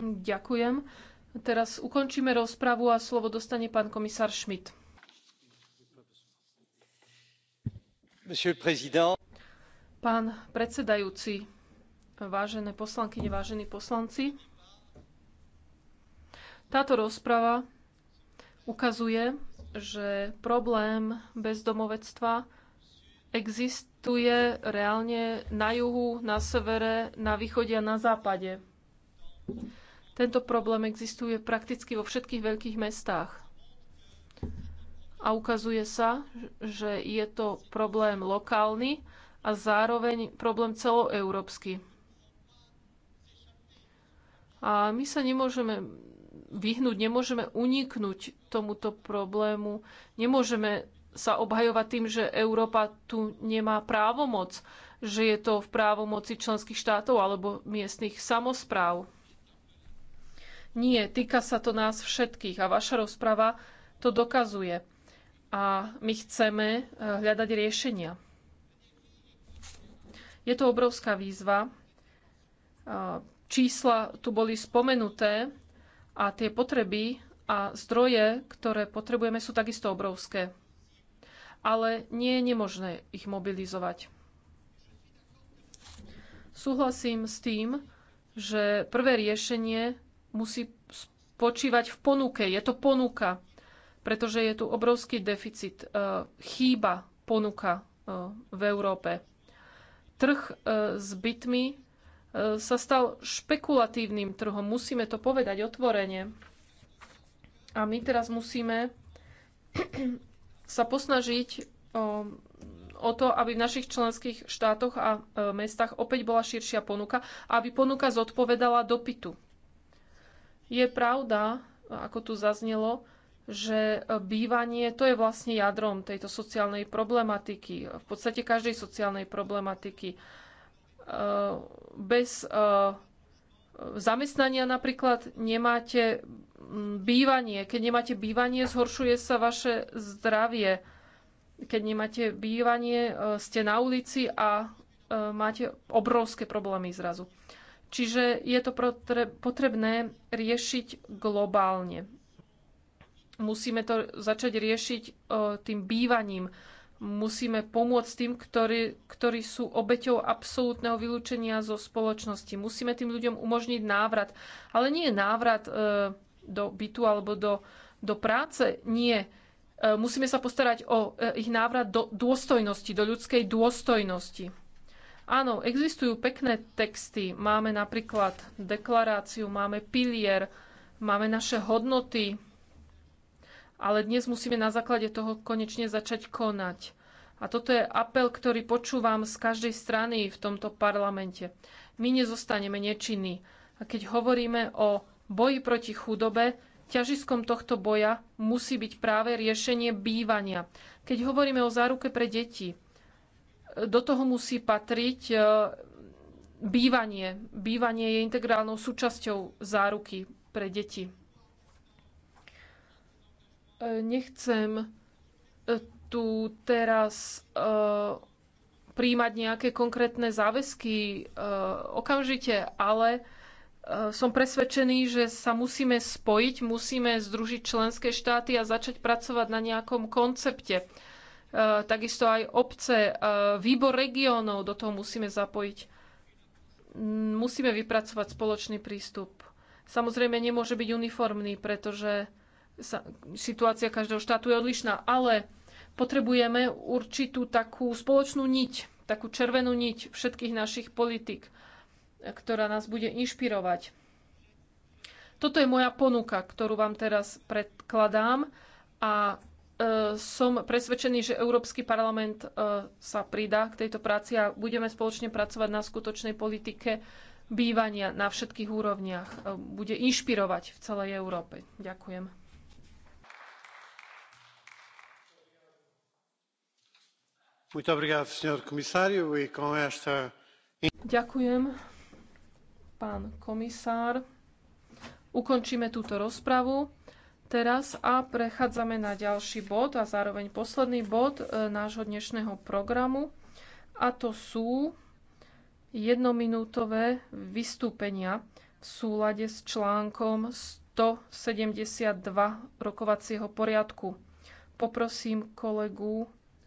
Ďakujem. Teraz ukončíme rozpravu a slovo dostane pán komisár Schmidt. Pán predsedajúci, vážené poslankyne, vážení poslanci, táto rozprava ukazuje, že problém bezdomovectva existuje reálne na juhu, na severe, na východe a na západe. Tento problém existuje prakticky vo všetkých veľkých mestách. A ukazuje sa, že je to problém lokálny a zároveň problém celoeurópsky. A my sa nemôžeme vyhnúť, nemôžeme uniknúť tomuto problému, nemôžeme sa obhajovať tým, že Európa tu nemá právomoc, že je to v právomoci členských štátov alebo miestnych samozpráv. Nie, týka sa to nás všetkých a vaša rozprava to dokazuje. A my chceme eh, hľadať riešenia. Je to obrovská výzva. Eh, čísla tu boli spomenuté a tie potreby a zdroje, ktoré potrebujeme, sú takisto obrovské. Ale nie je nemožné ich mobilizovať. Súhlasím s tým, že prvé riešenie musí spočívať v ponuke. Je to ponuka, pretože je tu obrovský deficit. E, chýba ponuka e, v Európe. Trh e, s bytmi sa stal špekulatívnym trhom. Musíme to povedať otvorene. A my teraz musíme sa posnažiť um, o to, aby v našich členských štátoch a e, mestách opäť bola širšia ponuka, aby ponuka zodpovedala dopytu. Je pravda, ako tu zaznelo, že e, bývanie to je vlastne jadrom tejto sociálnej problematiky, v podstate každej sociálnej problematiky. E, bez e, zamestnania napríklad nemáte bývanie. Keď nemáte bývanie, zhoršuje sa vaše zdravie. Keď nemáte bývanie, e, ste na ulici a máte obrovské problémy zrazu. Čiže je to potrebné riešiť globálne. Musíme to začať riešiť tým bývaním musíme pomôcť tým, ktorí, ktorí sú obeťou absolútneho vylúčenia zo spoločnosti. Musíme tým ľuďom umožniť návrat. Ale nie návrat e, do bytu alebo do, do práce. Nie. E, musíme sa postarať o e, ich návrat do dôstojnosti, do ľudskej dôstojnosti. Áno, existujú pekné texty. Máme napríklad deklaráciu, máme pilier, máme naše hodnoty, ale dnes musíme na základe toho konečne začať konať. A toto je apel, ktorý počúvam z každej strany v tomto parlamente. My nezostaneme nečinní. A keď hovoríme o boji proti chudobe, ťažiskom tohto boja musí byť práve riešenie bývania. Keď hovoríme o záruke pre deti, do toho musí patriť e, bývanie. Bývanie je integrálnou súčasťou záruky pre deti. E, nechcem e, tu teraz e, príjmať nejaké konkrétne záväzky okamžite, ale som presvedčený, že sa musíme spojiť, musíme združiť členské štáty a začať pracovať na nejakom koncepte. Takisto aj obce, výbor regiónov do toho musíme zapojiť. Musíme vypracovať spoločný prístup. Samozrejme nemôže byť uniformný, pretože sa, situácia každého štátu je odlišná, ale potrebujeme určitú takú spoločnú niť, takú červenú niť všetkých našich politik, ktorá nás bude inšpirovať. Toto je moja ponuka, ktorú vám teraz predkladám a e, som presvedčený, že Európsky parlament e, sa pridá k tejto práci a budeme spoločne pracovať na skutočnej politike bývania na všetkých úrovniach. E, bude inšpirovať v celej Európe. Ďakujem. E Ďakujem, pán komisár. Ukončíme túto rozpravu teraz a prechádzame na ďalší bod a zároveň posledný bod e, nášho dnešného programu. A to sú jednominútové vystúpenia v súlade s článkom 172 rokovacieho poriadku. Poprosím kolegu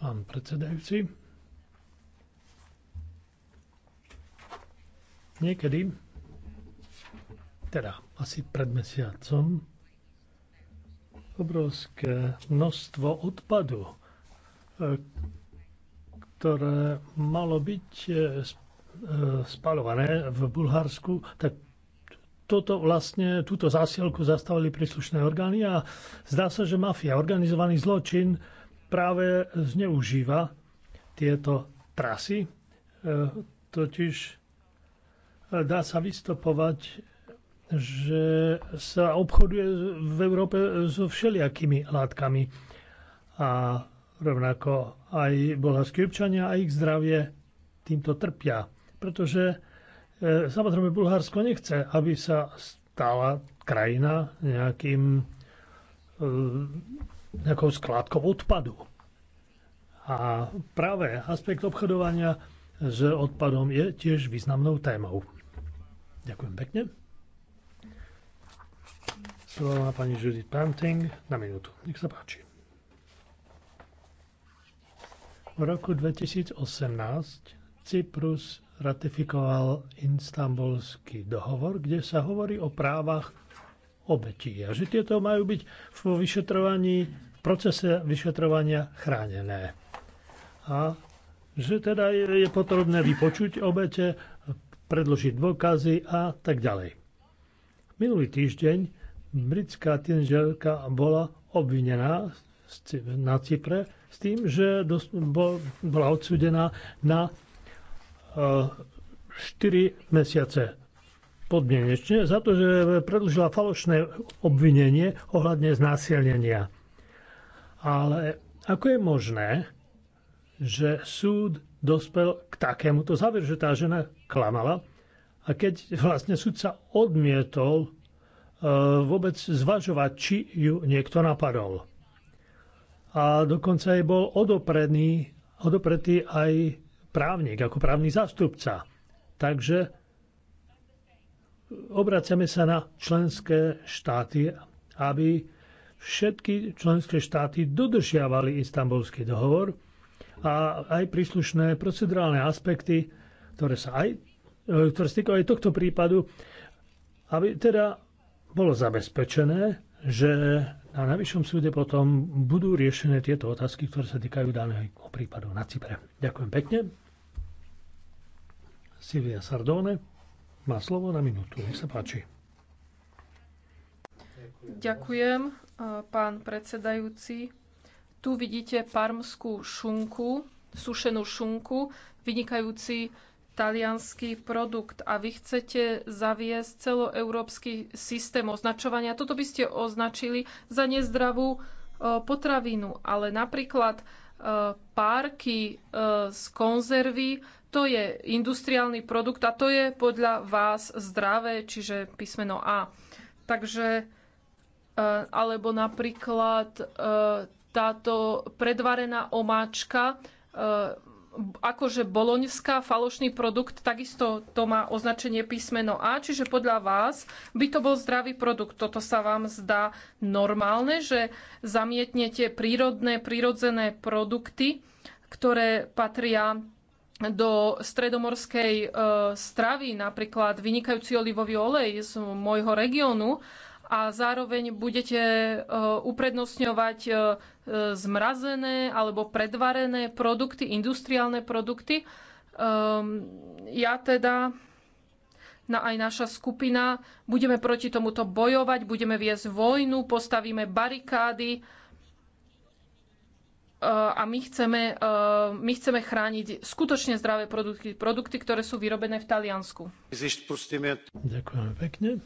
pán predsedajúci. Niekedy, teda asi pred mesiacom, obrovské množstvo odpadu, e, ktoré malo byť e, e, spalované v Bulharsku, tak toto vlastne, túto zásielku zastavili príslušné orgány a zdá sa, že mafia, organizovaný zločin práve zneužíva tieto trasy. E, totiž e, dá sa vystopovať, že sa obchoduje v Európe so všelijakými látkami. A rovnako aj bulharskí občania a ich zdravie týmto trpia. Pretože e, samozrejme Bulharsko nechce, aby sa stala krajina nejakým nejakou skládkou odpadu. A práve aspekt obchodovania s odpadom je tiež významnou témou. Ďakujem pekne. Slovo má pani Judith Panting na minútu. Nech sa páči. V roku 2018 Cyprus ratifikoval Istanbulský dohovor, kde sa hovorí o právach obetí a že tieto majú byť v vyšetrovaní, v procese vyšetrovania chránené. A že teda je, je potrebné vypočuť obete, predložiť dôkazy a tak ďalej. Minulý týždeň britská tínžerka bola obvinená na Cypre s tým, že bola odsudená na 4 eh, mesiace podmienečne za to, že predlžila falošné obvinenie ohľadne znásilnenia. Ale ako je možné, že súd dospel k takémuto záveru, že tá žena klamala a keď vlastne súdca odmietol e, vôbec zvažovať, či ju niekto napadol. A dokonca jej bol odopredný, odopretý aj právnik, ako právny zástupca. Takže obraciame sa na členské štáty, aby všetky členské štáty dodržiavali istambulský dohovor a aj príslušné procedurálne aspekty, ktoré sa aj e, ktoré stýkajú aj tohto prípadu, aby teda bolo zabezpečené, že na najvyššom súde potom budú riešené tieto otázky, ktoré sa týkajú daného prípadu na Cypre. Ďakujem pekne. Silvia Sardone má slovo na minútu. Nech sa páči. Ďakujem, e, pán predsedajúci. Tu vidíte parmskú šunku, sušenú šunku, vynikajúci talianský produkt a vy chcete zaviesť celoeurópsky systém označovania. Toto by ste označili za nezdravú e, potravinu, ale napríklad e, párky z konzervy to je industriálny produkt a to je podľa vás zdravé, čiže písmeno A. Takže, e, alebo napríklad e, táto predvarená omáčka, e, akože boloňská falošný produkt, takisto to má označenie písmeno A, čiže podľa vás by to bol zdravý produkt. Toto sa vám zdá normálne, že zamietnete prírodné, prírodzené produkty, ktoré patria do stredomorskej e, stravy, napríklad vynikajúci olivový olej z môjho regiónu a zároveň budete e, uprednostňovať e, e zmrazené alebo predvarené produkty, industriálne produkty. E, ja teda na aj naša skupina budeme proti tomuto bojovať, budeme viesť vojnu, postavíme barikády, Eh, a my chceme, eh, my chceme chrániť skutočne zdravé produkty, produkty, ktoré sú vyrobené v Taliansku. Ďakujem pekne.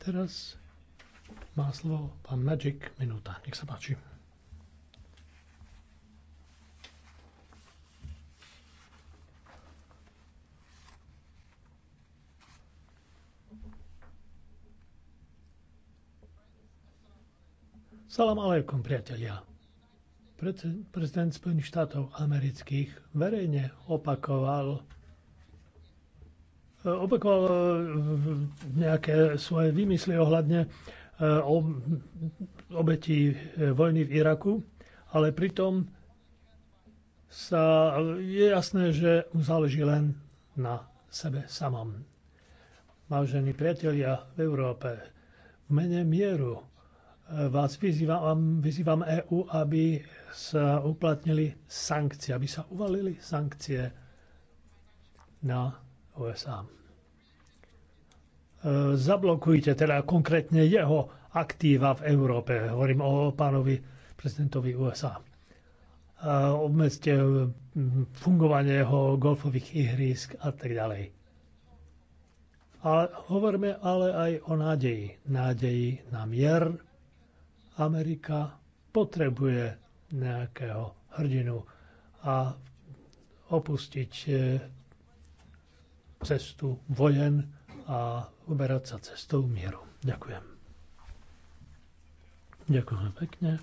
Teraz má slovo pán Magic Minúta. Nech sa páči. Salam alejkom, priatelia. Prezident Spojených štátov amerických verejne opakoval e, opakoval e, nejaké svoje výmysly ohľadne e, obetí vojny v Iraku, ale pritom sa je jasné, že mu záleží len na sebe samom. Vážení priatelia v Európe, v mene mieru Eh, vás vyzývam, vyzývam EU, aby sa uplatnili sankcie, aby sa uvalili sankcie na USA. Eh, zablokujte teda konkrétne jeho aktíva v Európe. Hovorím o pánovi prezidentovi USA. Eh, obmedzte hm, fungovanie jeho golfových ihrísk a tak ďalej. Ale hovoríme ale aj o nádeji. Nádeji na mier, Amerika potrebuje nejakého hrdinu a opustiť e, cestu vojen a uberať sa cestou mieru. Ďakujem. Ďakujem pekne.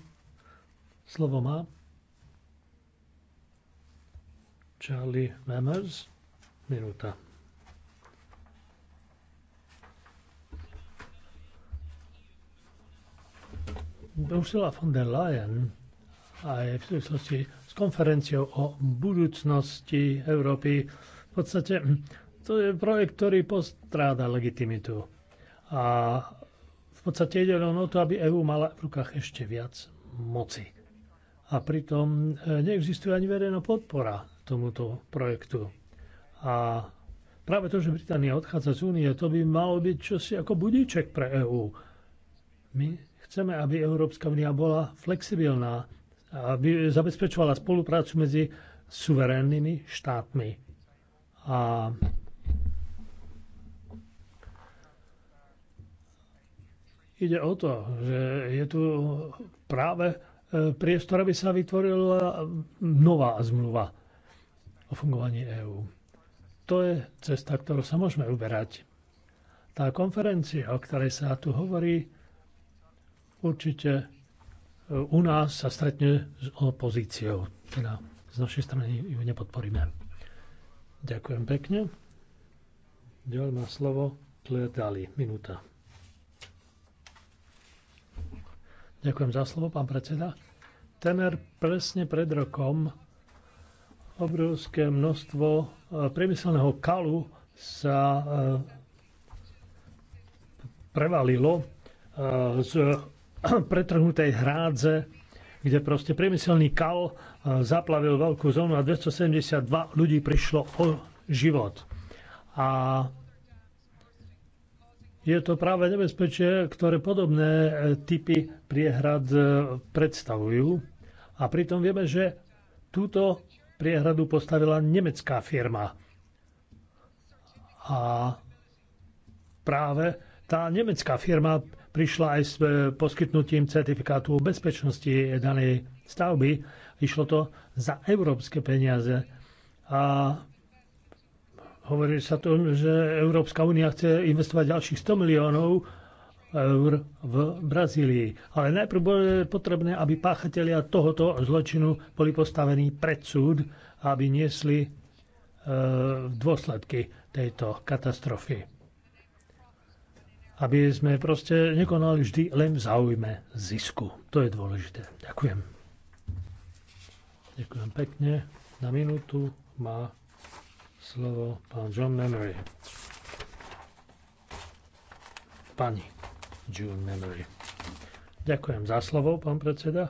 Slovo má Charlie Mammers. Minúta. Ursula von der Leyen aj v súvislosti s konferenciou o budúcnosti Európy v podstate hm, to je projekt, ktorý postráda legitimitu. A v podstate ide len o to, aby EÚ mala v rukách ešte viac moci. A pritom e, neexistuje ani verejná podpora tomuto projektu. A práve to, že Británia odchádza z únie, to by malo byť čosi ako budíček pre EÚ. My Chceme, aby Európska únia bola flexibilná, aby zabezpečovala spoluprácu medzi suverénnymi štátmi. A ide o to, že je tu práve e, priestor, aby sa vytvorila nová zmluva o fungovaní EÚ. To je cesta, ktorú sa môžeme uberať. Tá konferencia, o ktorej sa tu hovorí, Určite e, u nás sa stretne s opozíciou. Teda z našej strany ju nepodporíme. Ďakujem pekne. Ďalej má slovo Claire Daly. Minúta. Ďakujem za slovo, pán predseda. Temer presne pred rokom obrovské množstvo e, priemyselného kalu sa e, prevalilo z pretrhnutej hrádze, kde proste priemyselný kal e, zaplavil veľkú zónu a 272 ľudí prišlo o život. A je to práve nebezpečie, ktoré podobné e, typy priehrad e, predstavujú. A pritom vieme, že túto priehradu postavila nemecká firma. A práve tá nemecká firma prišla aj s e, poskytnutím certifikátu o bezpečnosti danej stavby. Išlo to za európske peniaze. A hovorí sa to, že Európska únia chce investovať ďalších 100 miliónov eur v Brazílii. Ale najprv bolo potrebné, aby páchatelia tohoto zločinu boli postavení pred súd, aby niesli e, dôsledky tejto katastrofy aby sme proste nekonali vždy len v záujme zisku. To je dôležité. Ďakujem. Ďakujem pekne. Na minútu má slovo pán John Memory. Pani June Memory. Ďakujem za slovo, pán predseda.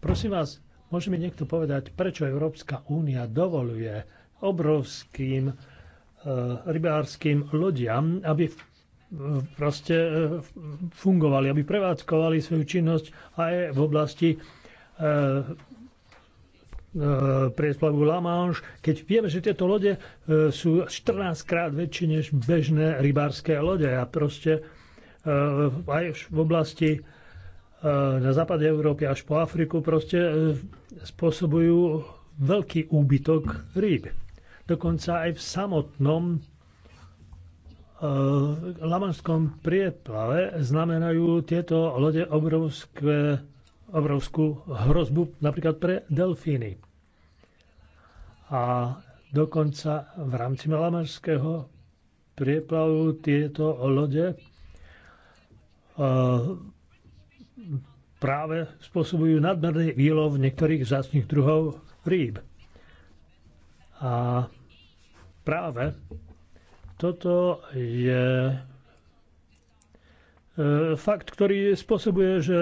Prosím vás, môže mi niekto povedať, prečo Európska únia dovoluje obrovským e, rybárským lodiam, aby v proste e, fungovali, aby prevádzkovali svoju činnosť aj v oblasti e, e, priesplavu La Manche, keď vieme, že tieto lode sú 14 krát väčšie než bežné rybárske lode a proste aj v oblasti na západe Európy až po Afriku proste spôsobujú veľký úbytok rýb. Dokonca aj v samotnom Lamanskom prieplave znamenajú tieto lode obrovské, obrovskú hrozbu napríklad pre delfíny. A dokonca v rámci Lamanského prieplavu tieto lode práve spôsobujú nadmerný výlov niektorých zácných druhov rýb. A práve toto je e, fakt, ktorý spôsobuje, že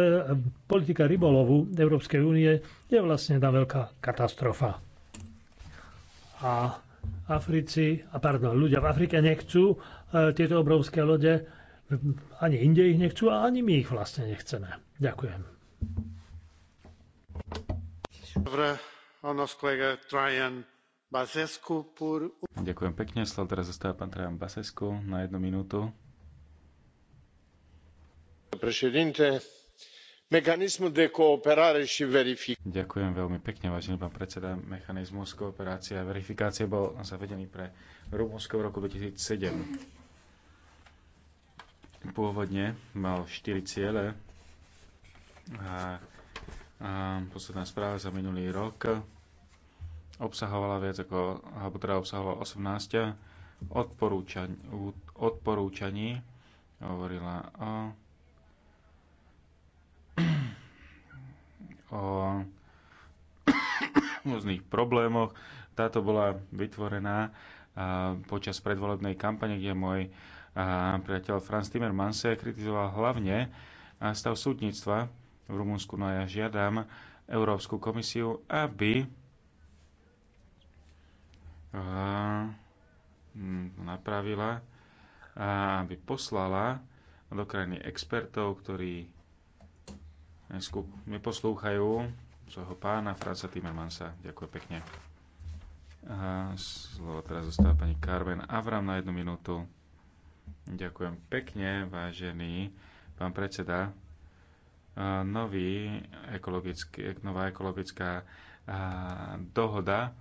politika rybolovu Európskej únie je vlastne tá veľká katastrofa. A Africi, a pardon, ľudia v Afrike nechcú e, tieto obrovské lode, ani inde ich nechcú a ani my ich vlastne nechceme. Ďakujem. Dobre, onos kolega Trajan Basescu pur... Ďakujem pekne. Slav teraz zostáva pán Trajan Basescu na jednu minútu. Prešedinte, de cooperare și Ďakujem veľmi pekne, vážený pán predseda. Mechanizmus kooperácie a verifikácie bol zavedený pre Rumunsko v roku 2007. Pôvodne mal 4 ciele a, a posledná správa za minulý rok obsahovala viac ako, alebo teda obsahovala 18 odporúčaní, odporúčaní hovorila o, o rôznych problémoch. Táto bola vytvorená počas predvolebnej kampane, kde môj priateľ Franz Timmermans kritizoval hlavne stav súdnictva v Rumunsku. No a ja žiadam Európsku komisiu, aby Hm, napravila a aby poslala do krajiny expertov, ktorí neposlúchajú svojho pána Franca Timmermansa. Ďakujem pekne. A slovo teraz zostáva pani Carmen Avram na jednu minútu. Ďakujem pekne, vážený pán predseda. Nový ekologický, nová ekologická dohoda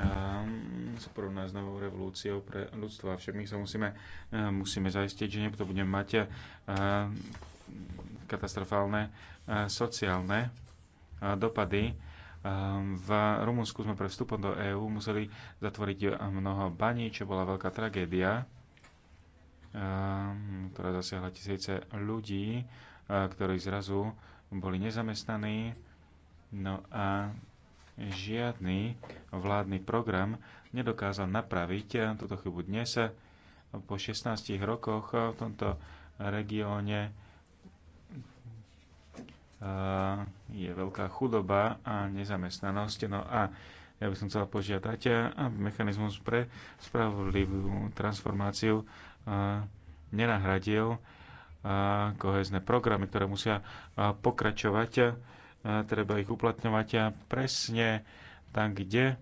Mm, sa porovná s novou revolúciou pre ľudstvo. Avšak my sa musíme, e, musíme zaistiť, že to bude mať e, katastrofálne e, sociálne dopady. V Rumunsku sme pre vstupom do EÚ museli zatvoriť mnoho baní, čo bola veľká tragédia, ktorá zasiahla tisíce ľudí, ktorí zrazu boli nezamestnaní. No a žiadny vládny program nedokázal napraviť eh, túto chybu dnes. Eh, po 16 rokoch eh, v tomto regióne je veľká chudoba a nezamestnanosť. No a ja by som chcel požiadať, aby mechanizmus pre spravodlivú transformáciu nenahradil kohezné programy, ktoré musia pokračovať treba ich uplatňovať a presne tam, kde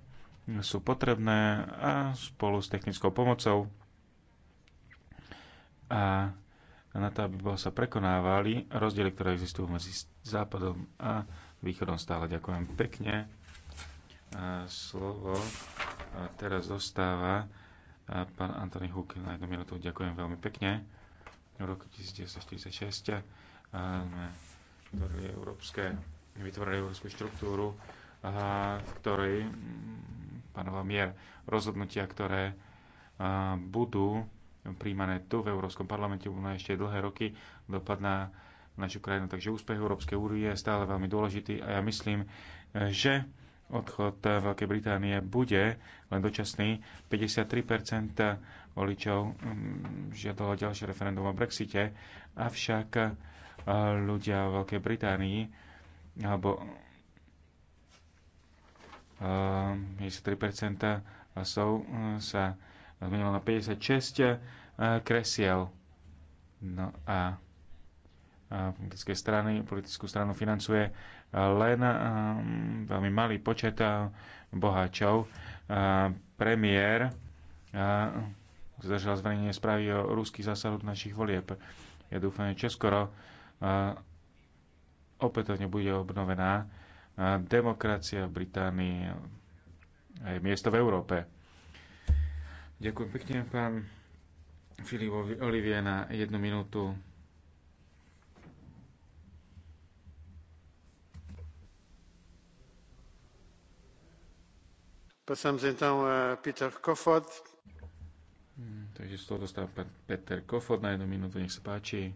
sú potrebné a spolu s technickou pomocou. A na to, aby sa prekonávali rozdiely, ktoré existujú medzi západom a východom stále. Ďakujem pekne. A slovo a teraz dostáva a pán Antony Huk na jednu minútu. Ďakujem veľmi pekne. V roku 1946 sme tvorili európske vytvorili európsku štruktúru, eh, v ktorej mm, panoval mier rozhodnutia, ktoré eh, budú príjmané tu v Európskom parlamente, budú na ešte dlhé roky dopad na našu krajinu. Takže úspech Európskej únie je stále veľmi dôležitý a ja myslím, eh, že odchod Veľkej Británie bude len dočasný. 53% voličov mm, žiadalo ďalšie referendum o Brexite, avšak ľudia v Veľkej Británii alebo 53% eh, hlasov eh, sa zmenilo na 56 eh, kresiel. No a politické strany, politickú stranu financuje len veľmi malý počet boháčov. Premiér zdržal zverejnenie správy o ruských zásahoch našich volieb. Ja dúfam, že čoskoro opätovne bude obnovená demokracia v Británii aj miesto v Európe. Ďakujem pekne, pán Filip Olivie, na jednu minútu. Takže então a Peter Kofod. Hmm, takže slovo Peter Kofod na jednu minútu, nech sa páči.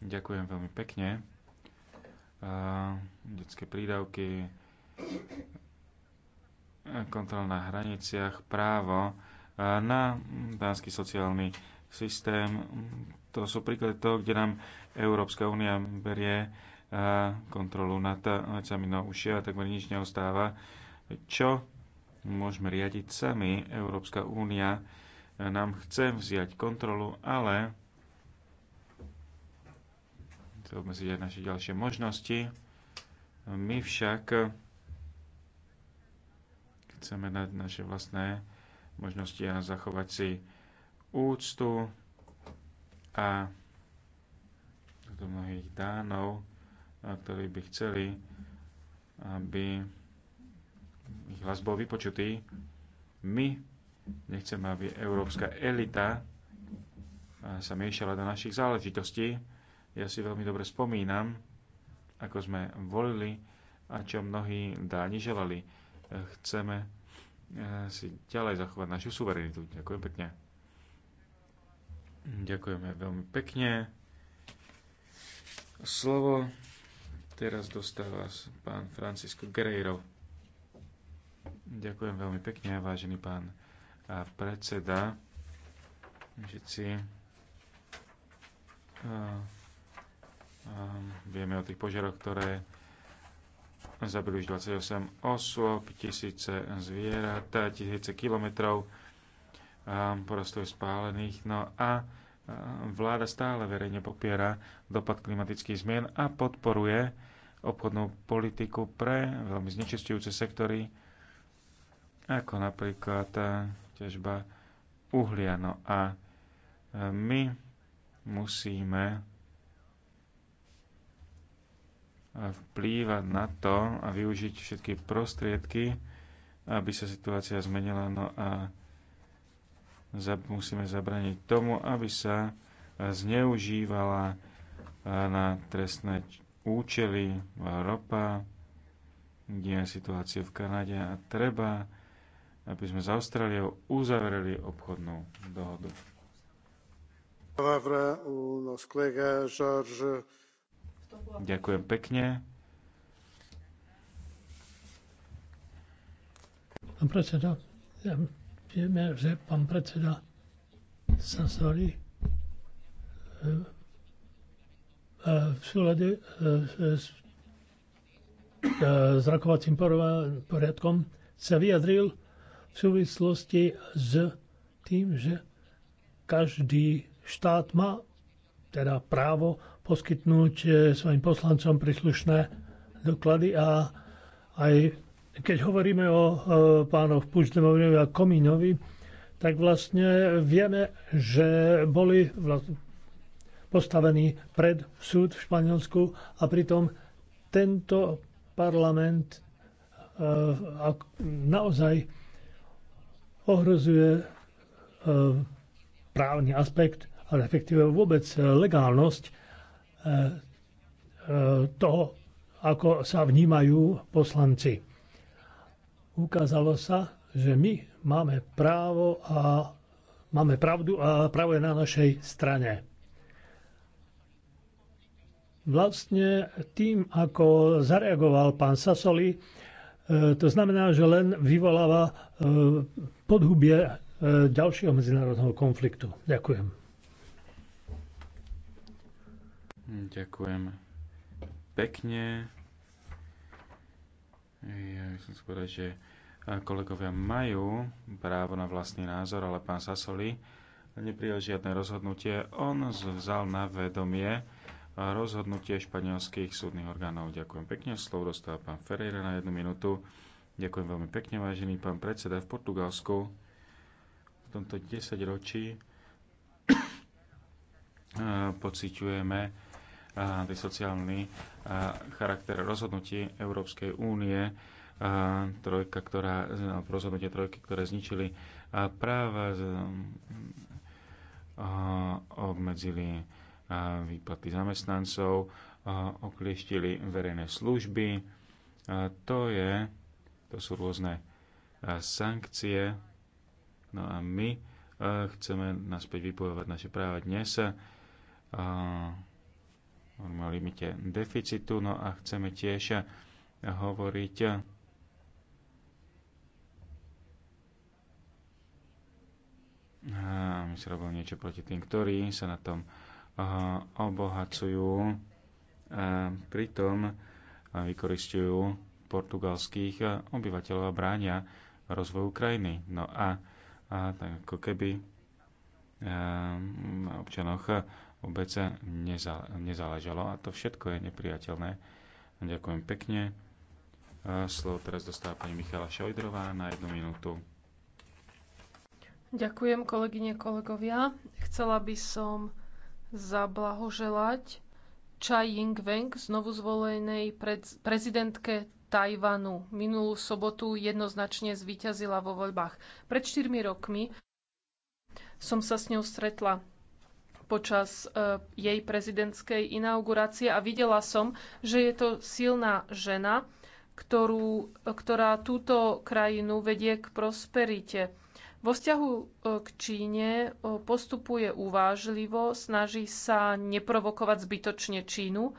Ďakujem veľmi pekne. Detské prídavky, kontrol na hraniciach, právo na dánsky sociálny systém. To sú príklady toho, kde nám Európska únia berie kontrolu nad vecami na ušia a takmer nič neostáva. Čo môžeme riadiť sami? Európska únia nám chce vziať kontrolu, ale treba obmedziť aj naše ďalšie možnosti. My však chceme dať naše vlastné možnosti a zachovať si úctu a do mnohých dánov, ktorí by chceli, aby ich hlas bol vypočutý. My nechceme, aby európska elita sa miešala do našich záležitostí. Ja si veľmi dobre spomínam, ako sme volili a čo mnohí dáni želali. Chceme eh, si ďalej zachovať našu suverenitu. Ďakujem pekne. Ďakujeme veľmi pekne. Slovo teraz dostáva pán Francisco Guerreiro. Ďakujem veľmi pekne, vážený pán predseda. Všetci. Eh, Vieme o tých požiaroch, ktoré zabili už 28 osôb, tisíce zvierat, tisíce kilometrov porastov spálených. No a vláda stále verejne popiera dopad klimatických zmien a podporuje obchodnú politiku pre veľmi znečistujúce sektory, ako napríklad ťažba uhlia. No a my musíme vplývať na to a využiť všetky prostriedky, aby sa situácia zmenila. No a za, musíme zabraniť tomu, aby sa zneužívala na trestné účely Európa, kde je situácia v Kanade a treba, aby sme s Austráliou uzavreli obchodnú dohodu. Palavra Ďakujem pekne. Pán predseda, ja viem, že pán predseda sorry, e, e, v súlade e, s, s rokovacím poriadkom sa vyjadril v súvislosti s tým, že každý štát má teda právo poskytnúť e, svojim poslancom príslušné doklady a aj keď hovoríme o e, pánoch Puždemovi a Komínovi, tak vlastne vieme, že boli vlastne postavení pred súd v Španielsku a pritom tento parlament e, naozaj ohrozuje právny aspekt, ale efektíve vôbec legálnosť E, e, to, ako sa vnímajú poslanci. Ukázalo sa, že my máme právo a máme pravdu a právo je na našej strane. Vlastne tým, ako zareagoval pán Sasoli, e, to znamená, že len vyvoláva podhubie ďalšieho medzinárodného konfliktu. Ďakujem. Ďakujem pekne. Ja by som povedať, že eh, kolegovia majú právo na vlastný názor, ale pán Sasoli neprijal žiadne rozhodnutie. On vzal na vedomie eh, rozhodnutie španielských súdnych orgánov. Ďakujem pekne. Slovo dostáva pán Ferreira na jednu minútu. Ďakujem veľmi pekne, vážený pán predseda. V Portugalsku v tomto 10 ročí eh, pociťujeme antisociálny charakter rozhodnutí Európskej únie, trojka, ktorá, no, rozhodnutie trojky, ktoré zničili práva, obmedzili výplaty zamestnancov, oklieštili verejné služby. To, je, to sú rôzne sankcie. No a my chceme naspäť vypovovať naše práva dnes hovoríme o limite deficitu, no a chceme tiež hovoriť my si robili niečo proti tým, ktorí sa na tom obohacujú a pritom vykoristujú portugalských obyvateľov a bránia rozvoju krajiny. No a, a tak ako keby občanoch vôbec neza, nezáležalo a to všetko je nepriateľné. Ďakujem pekne. Slovo teraz dostáva pani Michala Šojdrová na jednu minútu. Ďakujem kolegyne, kolegovia. Chcela by som zablahoželať Chai Ying-weng, znovuzvolenej prezidentke Tajvanu. Minulú sobotu jednoznačne zvíťazila vo voľbách. Pred 4 rokmi som sa s ňou stretla počas e, jej prezidentskej inaugurácie a videla som, že je to silná žena, ktorú, ktorá túto krajinu vedie k prosperite. Vo vzťahu e, k Číne e, postupuje uvážlivo, snaží sa neprovokovať zbytočne Čínu.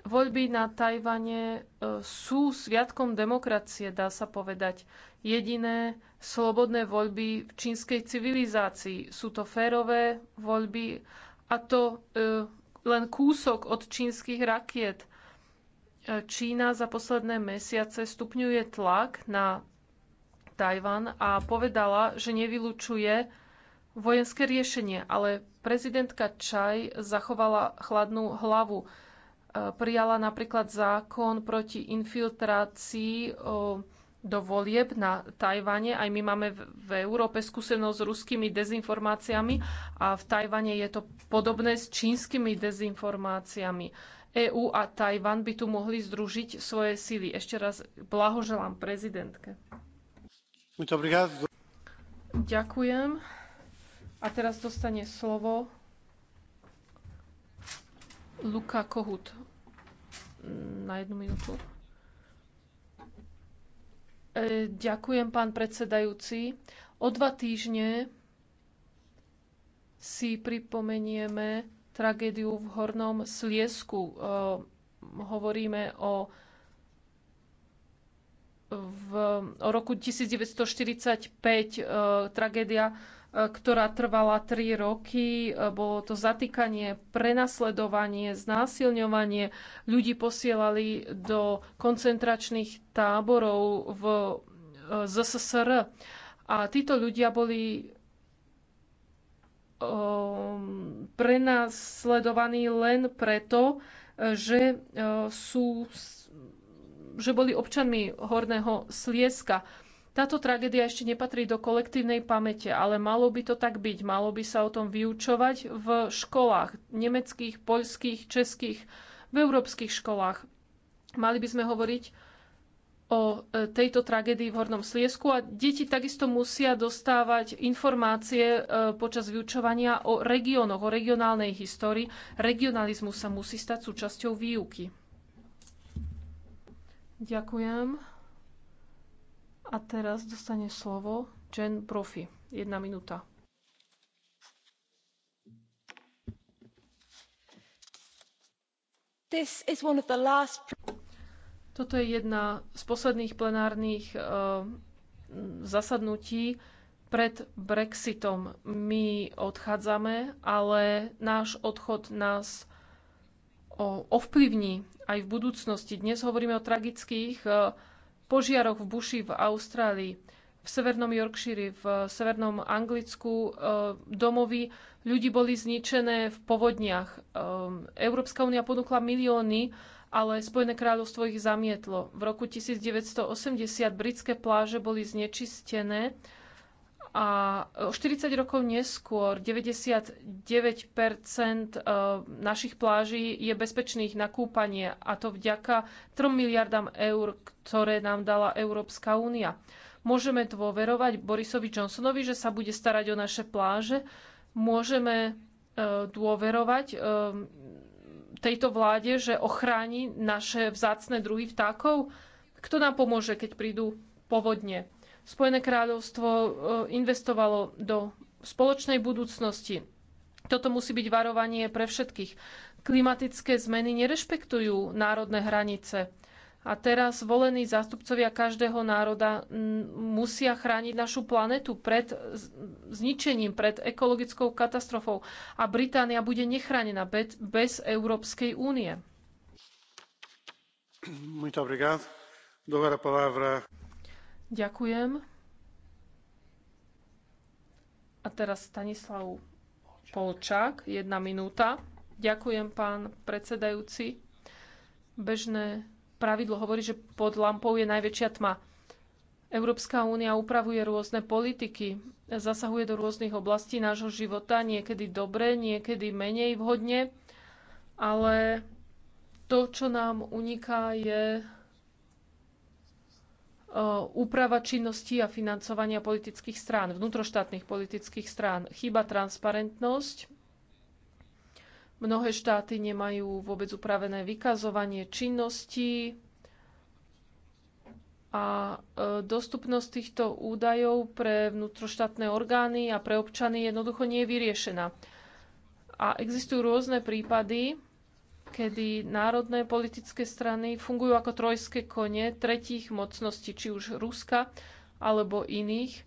Voľby na Tajvane sú sviatkom demokracie, dá sa povedať. Jediné, slobodné voľby v čínskej civilizácii. Sú to férové voľby a to e, len kúsok od čínskych rakiet. E, Čína za posledné mesiace stupňuje tlak na Tajvan a povedala, že nevylučuje vojenské riešenie, ale prezidentka Čaj zachovala chladnú hlavu. E, prijala napríklad zákon proti infiltrácii do volieb na Tajvane. Aj my máme v Európe skúsenosť s ruskými dezinformáciami a v Tajvane je to podobné s čínskymi dezinformáciami. EÚ a Tajvan by tu mohli združiť svoje síly. Ešte raz blahoželám prezidentke. Ďakujem. A teraz dostane slovo Luka Kohut na jednu minútu. E, ďakujem, pán predsedajúci. O dva týždne si pripomenieme tragédiu v Hornom Sliesku. E, hovoríme o, v, o roku 1945, e, tragédia E, ktorá trvala 3 roky. E, bolo to zatýkanie, prenasledovanie, znásilňovanie. Ľudí posielali do koncentračných táborov v e, ZSSR. A títo ľudia boli ehm, prenasledovaní len preto, že, sú, že boli občanmi Horného Slieska. Táto tragédia ešte nepatrí do kolektívnej pamäte, ale malo by to tak byť. Malo by sa o tom vyučovať v školách, nemeckých, poľských, českých, v európskych školách. Mali by sme hovoriť o e, tejto tragédii v Hornom Sliesku a deti takisto musia dostávať informácie e, počas vyučovania o regiónoch, o regionálnej histórii. Regionalizmus sa musí stať súčasťou výuky. Ďakujem. A teraz dostane slovo Jen Profi. Jedna minúta. Last... Toto je jedna z posledných plenárnych uh, zasadnutí pred Brexitom. My odchádzame, ale náš odchod nás uh, ovplyvní aj v budúcnosti. Dnes hovoríme o tragických uh, požiaroch v buši v Austrálii, v severnom Yorkshire, v severnom Anglicku e, domovy ľudí boli zničené v povodniach. E, Európska únia ponúkla milióny, ale Spojené kráľovstvo ich zamietlo. V roku 1980 britské pláže boli znečistené a 40 rokov neskôr 99 e, našich pláží je bezpečných na kúpanie a to vďaka 3 miliardám eur, ktoré nám dala Európska únia. Môžeme dôverovať Borisovi Johnsonovi, že sa bude starať o naše pláže. Môžeme e, dôverovať e, tejto vláde, že ochráni naše vzácne druhy vtákov. Kto nám pomôže, keď prídu povodne? Spojené kráľovstvo e, investovalo do spoločnej budúcnosti. Toto musí byť varovanie pre všetkých. Klimatické zmeny nerešpektujú národné hranice. A teraz volení zástupcovia každého národa musia chrániť našu planetu pred zničením, pred ekologickou katastrofou. A Británia bude nechránená bez, Európskej únie. Muito obrigado. palavra Ďakujem. A teraz Stanislav Polčák, jedna minúta. Ďakujem, pán predsedajúci. Bežné pravidlo hovorí, že pod lampou je najväčšia tma. Európska únia upravuje rôzne politiky, zasahuje do rôznych oblastí nášho života, niekedy dobre, niekedy menej vhodne, ale to, čo nám uniká, je Eh, úprava činnosti a financovania politických strán, vnútroštátnych politických strán. Chýba transparentnosť. Mnohé štáty nemajú vôbec upravené vykazovanie činností a eh, dostupnosť týchto údajov pre vnútroštátne orgány a pre občany jednoducho nie je vyriešená. A existujú rôzne prípady, kedy národné politické strany fungujú ako trojské kone tretích mocností, či už Ruska alebo iných.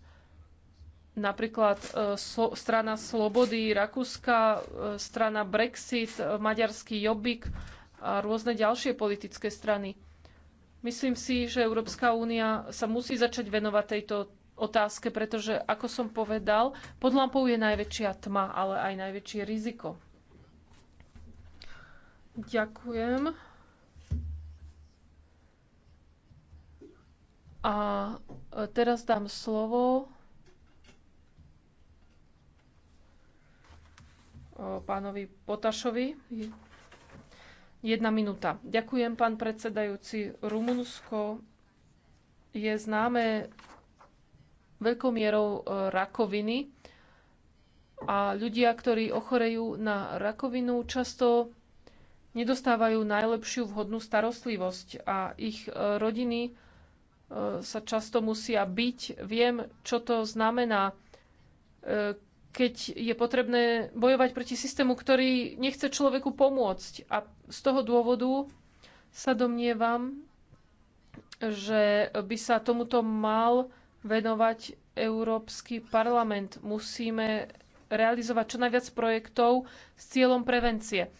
Napríklad e, so, strana Slobody Rakúska, e, strana Brexit, e, maďarský Jobbik a rôzne ďalšie politické strany. Myslím si, že Európska únia sa musí začať venovať tejto otázke, pretože, ako som povedal, pod lampou je najväčšia tma, ale aj najväčšie riziko. Ďakujem. A e, teraz dám slovo e, pánovi Potašovi. Jedna minúta. Ďakujem, pán predsedajúci. Rumunsko je známe veľkou mierou e, rakoviny a ľudia, ktorí ochorejú na rakovinu, často nedostávajú najlepšiu vhodnú starostlivosť a ich e, rodiny e, sa často musia byť. Viem, čo to znamená, e, keď je potrebné bojovať proti systému, ktorý nechce človeku pomôcť. A z toho dôvodu sa domnievam, že by sa tomuto mal venovať Európsky parlament. Musíme realizovať čo najviac projektov s cieľom prevencie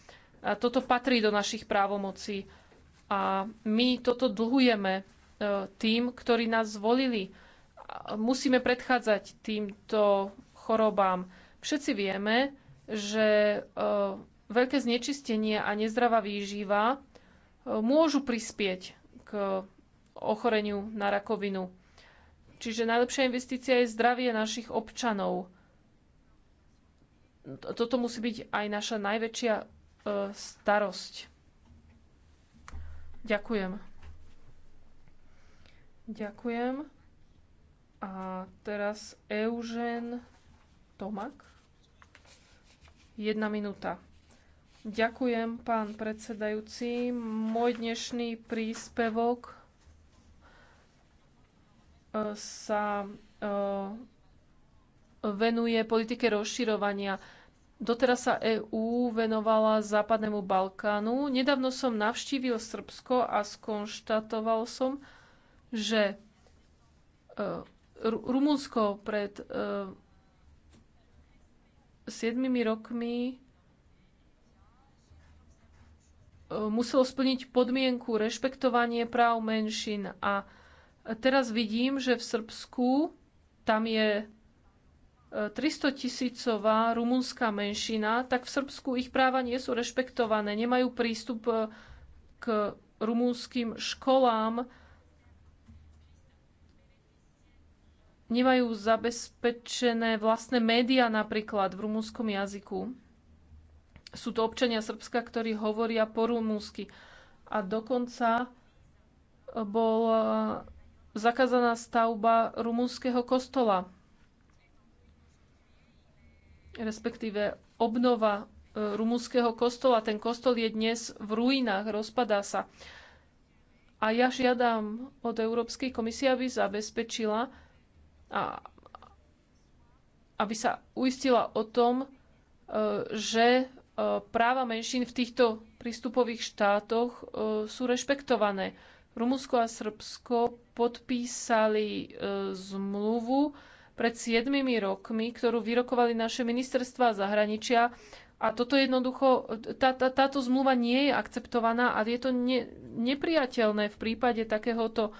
toto patrí do našich právomocí. A my toto dlhujeme e, tým, ktorí nás zvolili. Musíme predchádzať týmto chorobám. Všetci vieme, že e, veľké znečistenie a nezdravá výživa e, môžu prispieť k ochoreniu na rakovinu. Čiže najlepšia investícia je zdravie našich občanov. Toto musí byť aj naša najväčšia E, starosť. Ďakujem. Ďakujem. A teraz Eugen Tomak. Jedna minúta. Ďakujem, pán predsedajúci. Môj dnešný príspevok e, sa e, venuje politike rozširovania. Doteraz sa EÚ venovala Západnému Balkánu. Nedávno som navštívil Srbsko a skonštatoval som, že e, Rumunsko pred 7 e, rokmi e, muselo splniť podmienku rešpektovanie práv menšín a teraz vidím, že v Srbsku tam je 300 tisícová rumunská menšina, tak v Srbsku ich práva nie sú rešpektované, nemajú prístup e, k rumúnskym školám, nemajú zabezpečené vlastné médiá napríklad v rumúnskom jazyku. Sú to občania Srbska, ktorí hovoria po rumúnsky. A dokonca e, bol e, zakázaná stavba rumúnskeho kostola respektíve obnova e, rumúnskeho kostola. Ten kostol je dnes v ruinách, rozpadá sa. A ja žiadam od Európskej komisie, aby zabezpečila a aby sa uistila o tom, e, že e, práva menšín v týchto prístupových štátoch sú rešpektované. Rumunsko a Srbsko podpísali zmluvu, pred 7 rokmi, ktorú vyrokovali naše ministerstva zahraničia. A toto jednoducho, tá, tá, táto zmluva nie je akceptovaná a je to ne, nepriateľné v prípade takéhoto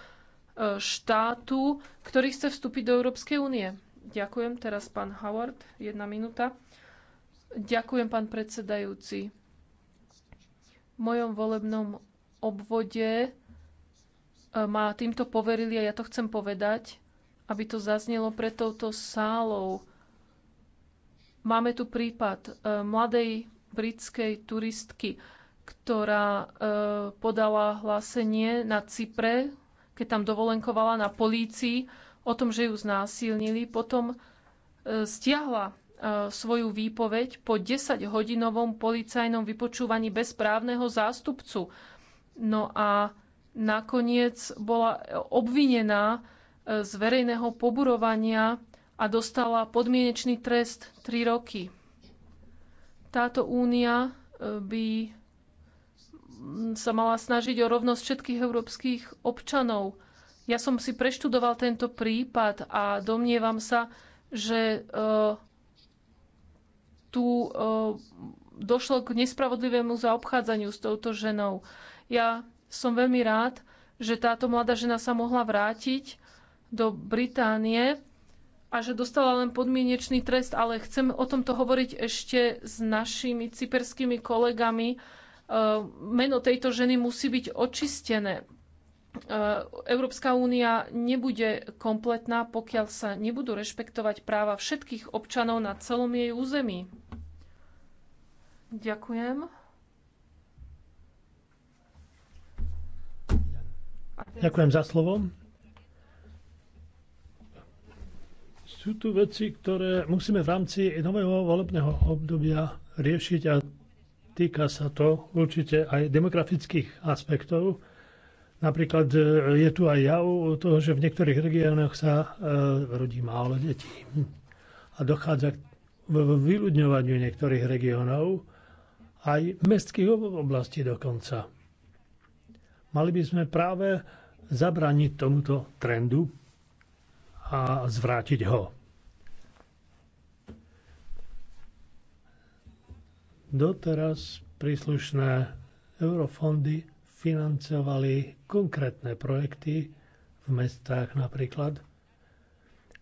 e, štátu, ktorý chce vstúpiť do Európskej únie. Ďakujem. Teraz pán Howard, jedna minúta. Ďakujem, pán predsedajúci. V mojom volebnom obvode e, ma týmto poverili a ja to chcem povedať aby to zaznelo pre touto sálou. Máme tu prípad e, mladej britskej turistky, ktorá e, podala hlásenie na Cypre, keď tam dovolenkovala na polícii o tom, že ju znásilnili. Potom e, stiahla svoju výpoveď po 10-hodinovom policajnom vypočúvaní bez právneho zástupcu. No a nakoniec bola obvinená z verejného poburovania a dostala podmienečný trest 3 roky. Táto únia e, by sa mala snažiť o rovnosť všetkých európskych občanov. Ja som si preštudoval tento prípad a domnievam sa, že e, tu e, došlo k nespravodlivému zaobchádzaniu s touto ženou. Ja som veľmi rád, že táto mladá žena sa mohla vrátiť do Británie a že dostala len podmienečný trest, ale chcem o tomto hovoriť ešte s našimi cyperskými kolegami. E, meno tejto ženy musí byť očistené. E, Európska únia nebude kompletná, pokiaľ sa nebudú rešpektovať práva všetkých občanov na celom jej území. Ďakujem. Ďakujem za slovo. Sú tu veci, ktoré musíme v rámci nového volebného obdobia riešiť a týka sa to určite aj demografických aspektov. Napríklad e, je tu aj jav toho, že v niektorých regiónoch sa e, rodí málo detí a dochádza k vyľudňovaniu niektorých regiónov, aj mestských oblastí dokonca. Mali by sme práve zabraniť tomuto trendu a zvrátiť ho. Doteraz príslušné eurofondy financovali konkrétne projekty v mestách napríklad,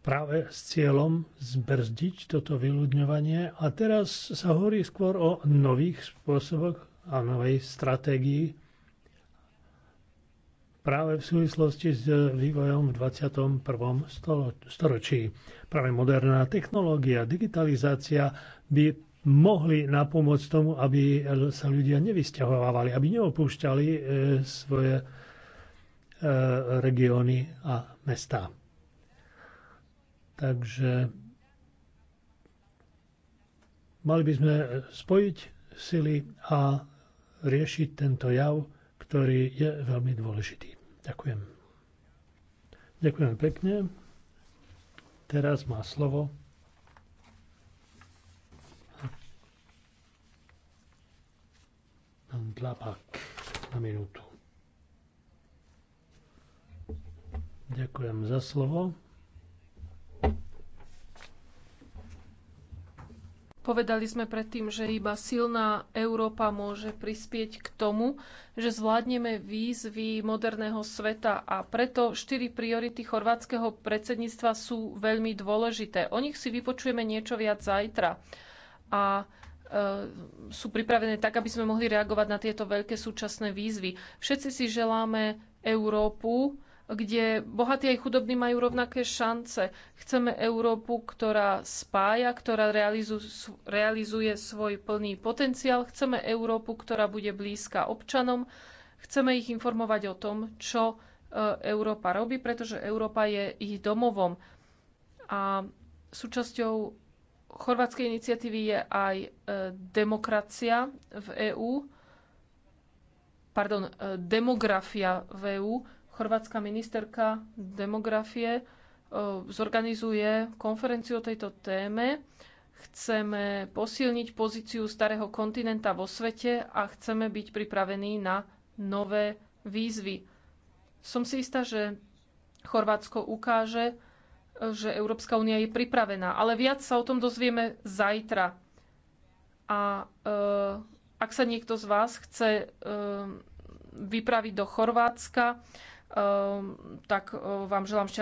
práve s cieľom zbrzdiť toto vyľudňovanie a teraz sa hovorí skôr o nových spôsoboch a novej stratégii práve v súvislosti s vývojom v 21. storočí. Práve moderná technológia, digitalizácia by mohli napomôcť tomu, aby sa ľudia nevysťahovávali, aby neopúšťali e, svoje e, regióny a mestá. Takže mali by sme spojiť sily a riešiť tento jav, ktorý je veľmi dôležitý. Ďakujem. Ďakujem pekne. Teraz má slovo Plapak na minútu. Ďakujem za slovo. Povedali sme predtým, že iba silná Európa môže prispieť k tomu, že zvládneme výzvy moderného sveta a preto štyri priority chorvátskeho predsedníctva sú veľmi dôležité. O nich si vypočujeme niečo viac zajtra. A E, sú pripravené tak, aby sme mohli reagovať na tieto veľké súčasné výzvy. Všetci si želáme Európu, kde bohatí aj chudobní majú rovnaké šance. Chceme Európu, ktorá spája, ktorá realizu, realizuje svoj plný potenciál. Chceme Európu, ktorá bude blízka občanom. Chceme ich informovať o tom, čo e, Európa robí, pretože Európa je ich domovom. A súčasťou chorvátskej iniciatívy je aj e, demokracia v EÚ, pardon, e, demografia v EÚ. Chorvátska ministerka demografie e, zorganizuje konferenciu o tejto téme. Chceme posilniť pozíciu starého kontinenta vo svete a chceme byť pripravení na nové výzvy. Som si istá, že Chorvátsko ukáže, že Európska únia je pripravená. Ale viac sa o tom dozvieme zajtra. A e, ak sa niekto z vás chce e, vypraviť do Chorvátska, e, tak e, vám želám šťastie.